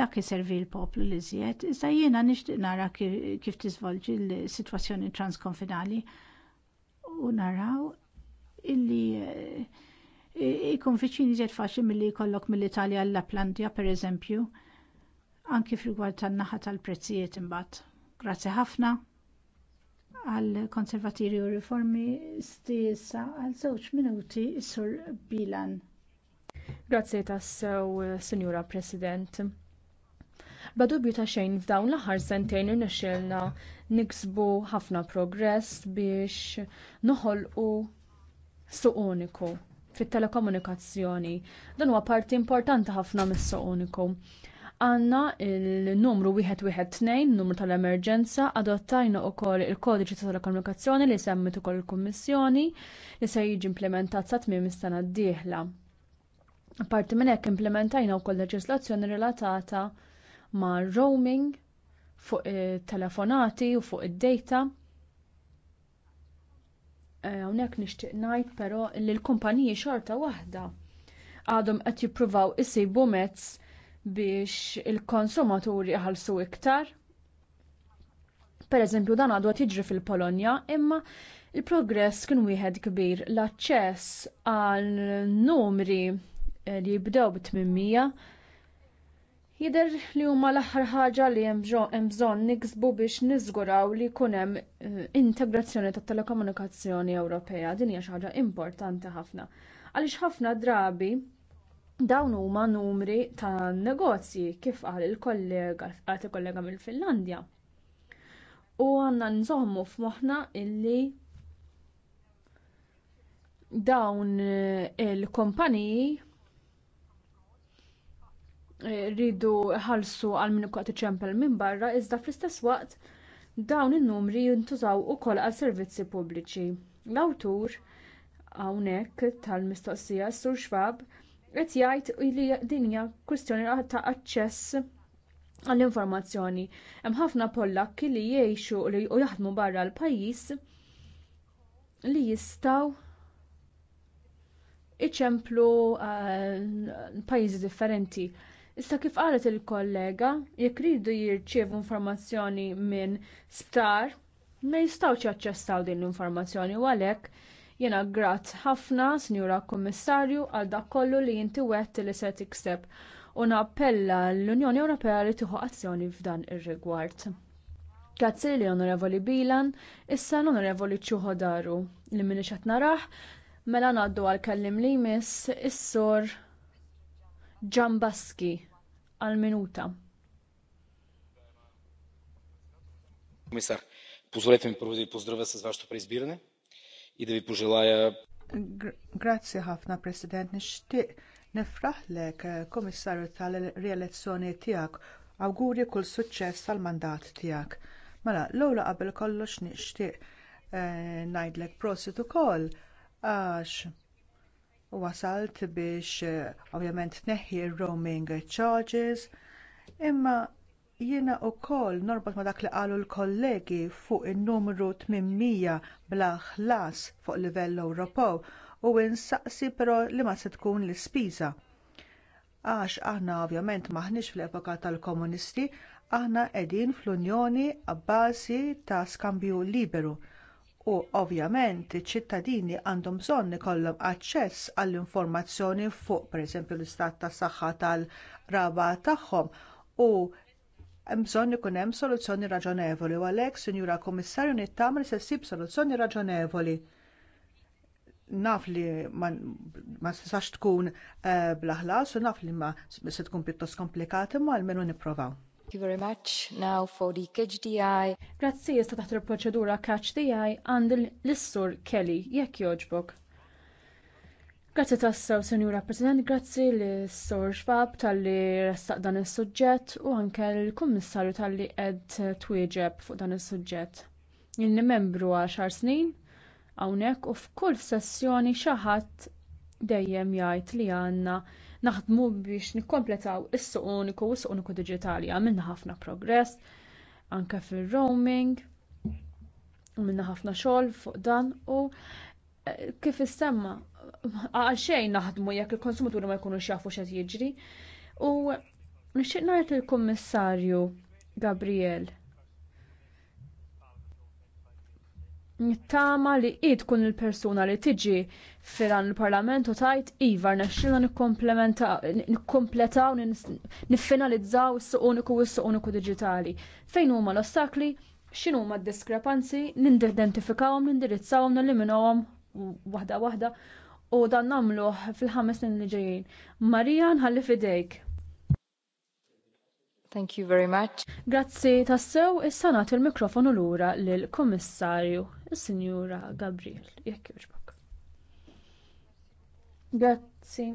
Dak iservi l-poplu li zjed. Iżda jiena nixtieq nara kif tiżvolġi l-sitwazzjoni transkonfinali u naraw illi eh, ikun viċin iżjed faċli milli jkollok mill-Italja għall-Laplandja pereżempju, anki fil-gwar tan-naħa tal-prezzijiet imbagħad. Grazzi ħafna għal konservatiri u riformi issa għal żewġ minuti sur Bilan. Grazzi tassew, Sinjura President. Bla dubju ta' xejn f'dawn l-aħħar sentejn nixxilna niksbu ħafna progress biex noħolqu suq uniku fit-telekomunikazzjoni. Dan huwa parti importanti ħafna mis-suq uniku għanna il-numru 112, numru tal-emerġenza, adottajna u koll il-kodiċi tal-komunikazzjoni li semmit u koll il-kommissjoni li se jiġi implementat sa tmiem is d-dieħla. Parti minn hekk implementajna wkoll leġislazzjoni relatata ma' roaming fuq telefonati u fuq id-data. Eh, hawnhekk nixtieq ngħid però li l-kumpaniji xorta waħda għadhom qed jippruvaw isibu mezz biex il-konsumaturi ħalsu iktar. Per eżempju, dan għadu tiġri fil-Polonja, imma il-progress kien wieħed kbir. L-aċċess għal numri eh, li jibdew bit-800 jider li huma l-aħħar ħaġa li hemm bżonn niksbu biex niżguraw li jkun hemm eh, integrazzjoni tat telekomunikazzjoni Ewropea. Din hija xi ħaġa importanti ħafna. Għaliex ħafna drabi Dawn huma numri ta' negozji kif qal il-kollega qalt il-kollega mill-Finlandja. U għandna nżommu f'moħħna illi dawn eh, il-kompaniji eh, rridu ħalsu għal min ukoll ċempel minn barra iżda fl-istess waqt dawn in-numri jintużaw ukoll għal servizzi pubbliċi. L-awtur hawnhekk tal-mistoqsija Sur xwab qed jgħid li din hija kwistjoni ta' aċċess għall-informazzjoni. Hemm ħafna Pollakki li jgħixu u jaħdmu barra l-pajjiż li jistgħu iċemplu eh, pajjiżi differenti. Issa kif qalet il-kollega, jekk ridu jirċievu informazzjoni minn sptar, ma jistgħux jaċċessaw din l-informazzjoni u għalhekk Jiena grat ħafna, Sinjura Kummissarju, għal dak kollu li inti wett li se tikseb u nappella l-Unjoni Ewropea li tieħu azzjoni f'dan ir-rigward. Grazzi li Onorevoli Bilan, issa l-Onorevoli Ċuħodaru li minni xat narah. mela ngħaddu għal kellim li jmiss is-sur Ġambaski għal minuta. Комисар, позволете ми първо да ви поздравя с вашето преизбиране. Jidri puġilaja. Grazzi ħafna, President. Nixtieq nifraħlek, eh, Komissarju tal-rielezzjoni tiegħek. Awguri kull suċċess tal-mandat tiegħek. Mela, l-ewla qabel kollox nixtieq eh, ngħidlek prosit ukoll għax wasalt biex eh, ovvjament neħi roaming charges imma Jiena wkoll norbot ma dak li qalu l-kollegi fuq in numru 800 bla ħlas fuq livell Ewropew u insaqsi però li ma se tkun l-ispiża. Għax aħna ovvjament maħniex fl-epoka tal-komunisti, aħna qegħdin fl-Unjoni abbasi ta' skambju liberu. U ovvjament iċ-ċittadini għandhom bżonn ikollhom aċċess għall-informazzjoni fuq pereżempju l-istat tas saħħa tal-raba tagħhom u hemm bżonn ikun hemm soluzzjoni raġonevoli u għalhekk, Sinjura Kummissarju, nittama li se ssib soluzzjoni raġonevoli naf li ma tistax tkun eh, blaħlas u naf li ma se tkun pjuttost komplikata imma għalmenu nipprovaw. Thank you very much. Now for the catch DI. Grazzi, taħt il-proċedura catch DI għand l-issur Kelly, jekk jogħġbok. Grazzi u Senjura President, grazzi li s-Sor Schwab tal-li restaq dan il-sujġet u anke l-Kummissarju tal-li ed twieġeb fuq dan il-sujġet. Inni membru għaxar snin, għawnek u f'kull sessjoni xaħat dejjem jgħid li għanna naħdmu biex nikkompletaw is-suq uniku u s-suq uniku digitali għamilna ħafna progress, anke fil-roaming, għamilna ħafna xogħol fuq dan u eh, kif istemma għal xejn naħdmu jekk il-konsumaturi ma jkunux jafu x'qed jiġri. U nixtieq ngħid il-Kummissarju Gabriel nittama li id tkun il-persuna li tiġi filan il-parlament u tajt iva nexxilna nikkompletaw niffinalizzaw is-suq uniku u s-suq uniku diġitali. Fejn huma l-ostakli, x'inhu huma d-diskrepanzi, nindidentifikawhom, nindirizzawhom, neliminawhom waħda waħda u dan nagħmluh fil-ħames snin li ġejjin. Marija nħalli fidejk. Thank you very much. Grazzi tassew issa nagħti l mikrofonu lura lill kummissarju is-Sinjura Gabriel. Jekk jogħġbok. Grazzi.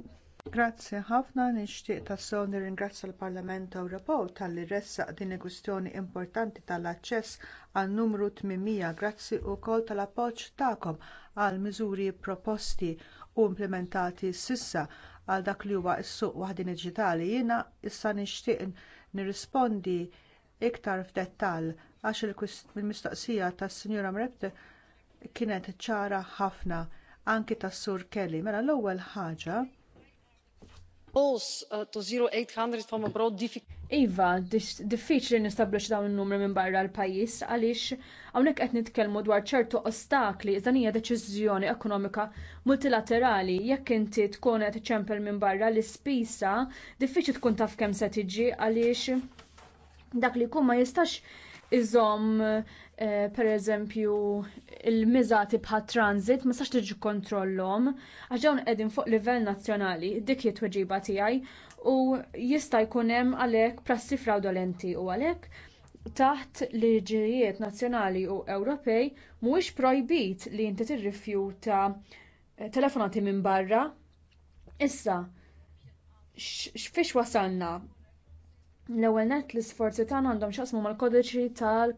Grazzi ħafna nixtieq tassew nirringrazzja l-Parlament Ewropew talli ressaq din il-kwistjoni importanti tal-aċċess għal numru 800. Grazzi wkoll tal-appoġġ tagħkom għal miżuri proposti u implementati s'issa għal dak li huwa s-suq waħdin diġitali jiena issa nixtieq nirrispondi iktar f'dettall għax il-mistoqsija tas-Sinjura Mrepte kienet ċara ħafna anki tas-Sur Kelly. Mela l-ewwel ħaġa Uh, iva, diffiċli nistabbliċ dawn il numri minn barra l-pajjiż għaliex hawnhekk qed nitkellmu dwar ċertu ostakli iżda hija deċiżjoni ekonomika multilaterali jekk inti tkun qed ċempel minn barra l-ispisa diffiċli tkun taf kemm se tiġi għaliex dak li jkun ma jistax iżomm Eh, per eżempju il-miżati bħat transit ma sax tiġi kontrollhom għax edin qegħdin fuq livell nazzjonali dik jitweġiba tweġiba tiegħi u jista' jkun hemm għalhekk prassi fraudolenti u għalhekk taħt liġijiet nazzjonali u Ewropej mhuwiex projbit li inti tirrifjuta eh, telefonati minn barra. Issa, x'fiex wasalna? L-ewwel nett l-isforzi tagħna għandhom x'qasmu mal-kodiċi tal-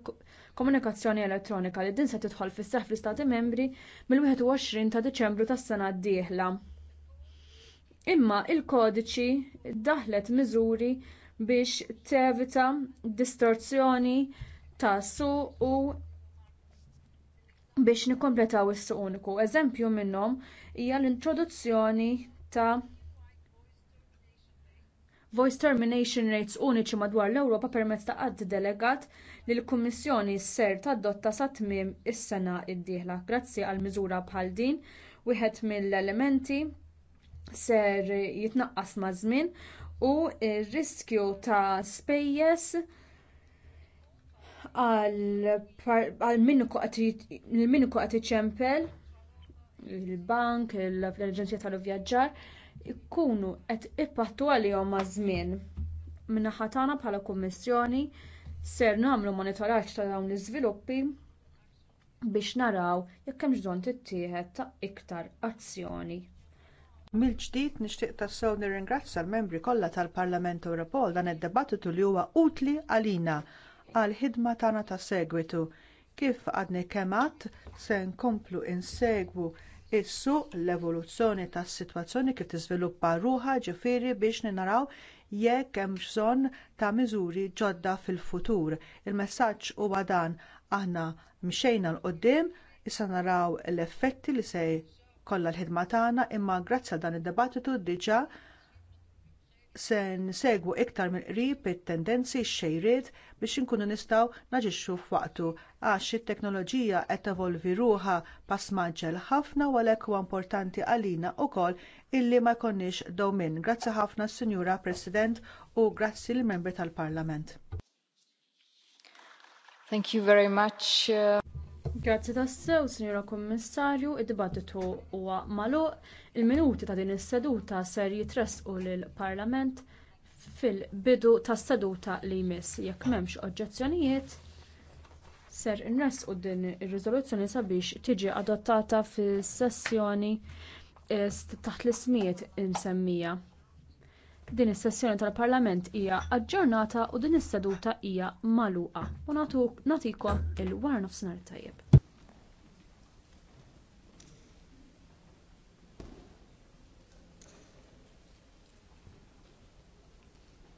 komunikazzjoni elettronika li din se tidħol fis seħħ fl-Istati Membri mill-21 ta' Diċembru tas-sena d-dieħla. Imma il-kodiċi daħlet miżuri biex tevita distorzjoni ta' suq u biex nikkompletaw is-suq uniku. Eżempju minnhom hija l-introduzzjoni ta' voice termination rates uniċi madwar l-Ewropa permezz ta' qatt delegat li l-kummissjoni sser tadotta sa tmiem is-sena d-dieħla grazzi għal miżura bħal din wieħed mill-elementi ser jitnaqqas maż-żmien u r-riskju ta' spejjeż għal minnu qed iċempel il-bank, l-Aġenzija tal-Vjaġġar, ikunu qed ippattu għalihom maż-żmien. Min-naħa tagħna bħala Kummissjoni ser nagħmlu monitoraġġ ta' dawn l-iżviluppi biex naraw jekk hemm bżonn tittieħed ta' iktar azzjoni. Mill-ġdid nixtieq tassew nirringrazzja l-membri kollha tal-Parlament Ewropew dan id-dibattitu li huwa utli għalina għall ħidma tagħna ta' segwitu. Kif għadni kemm għadd se nkomplu insegwu is-suq l-evoluzzjoni tas-sitwazzjoni kif tiżviluppa ruħha ġifieri biex ninaraw jekk hemm bżonn ta' miżuri ġodda fil-futur. Il-messaġġ huwa dan aħna mxejna l-qoddim issa naraw l-effetti li se kollha l-ħidma tagħna imma grazzi għal dan id-dibattitu diġà se nsegwu iktar mill qrib it-tendenzi x-xejriet biex inkunu nistgħu naġixxu f'waqtu għax it-teknoloġija qed tevolvi ruħa pass maġġel ħafna u għalhekk huwa importanti għalina wkoll illi ma jkonniex dowmin. Grazzi ħafna Sinjura President u grazzi lill membri tal-Parlament. Thank you very much. Uh, grazzi tassew, Sinjura Kummissarju, id-dibattitu huwa magħluq. Il-minuti ta' din is-seduta ser jitresqu lill-Parlament fil-bidu tas seduta li jmiss jekk m'hemmx oġġezzjonijiet ser inresqu din ir-riżoluzzjoni sabiex tiġi adottata fis-sessjoni taħt l-ismijiet imsemmija. Din is-sessjoni tal-Parlament hija aġġornata u din is-seduta hija magħluqa u nagħtikom il-wara nofsinhar tajjeb.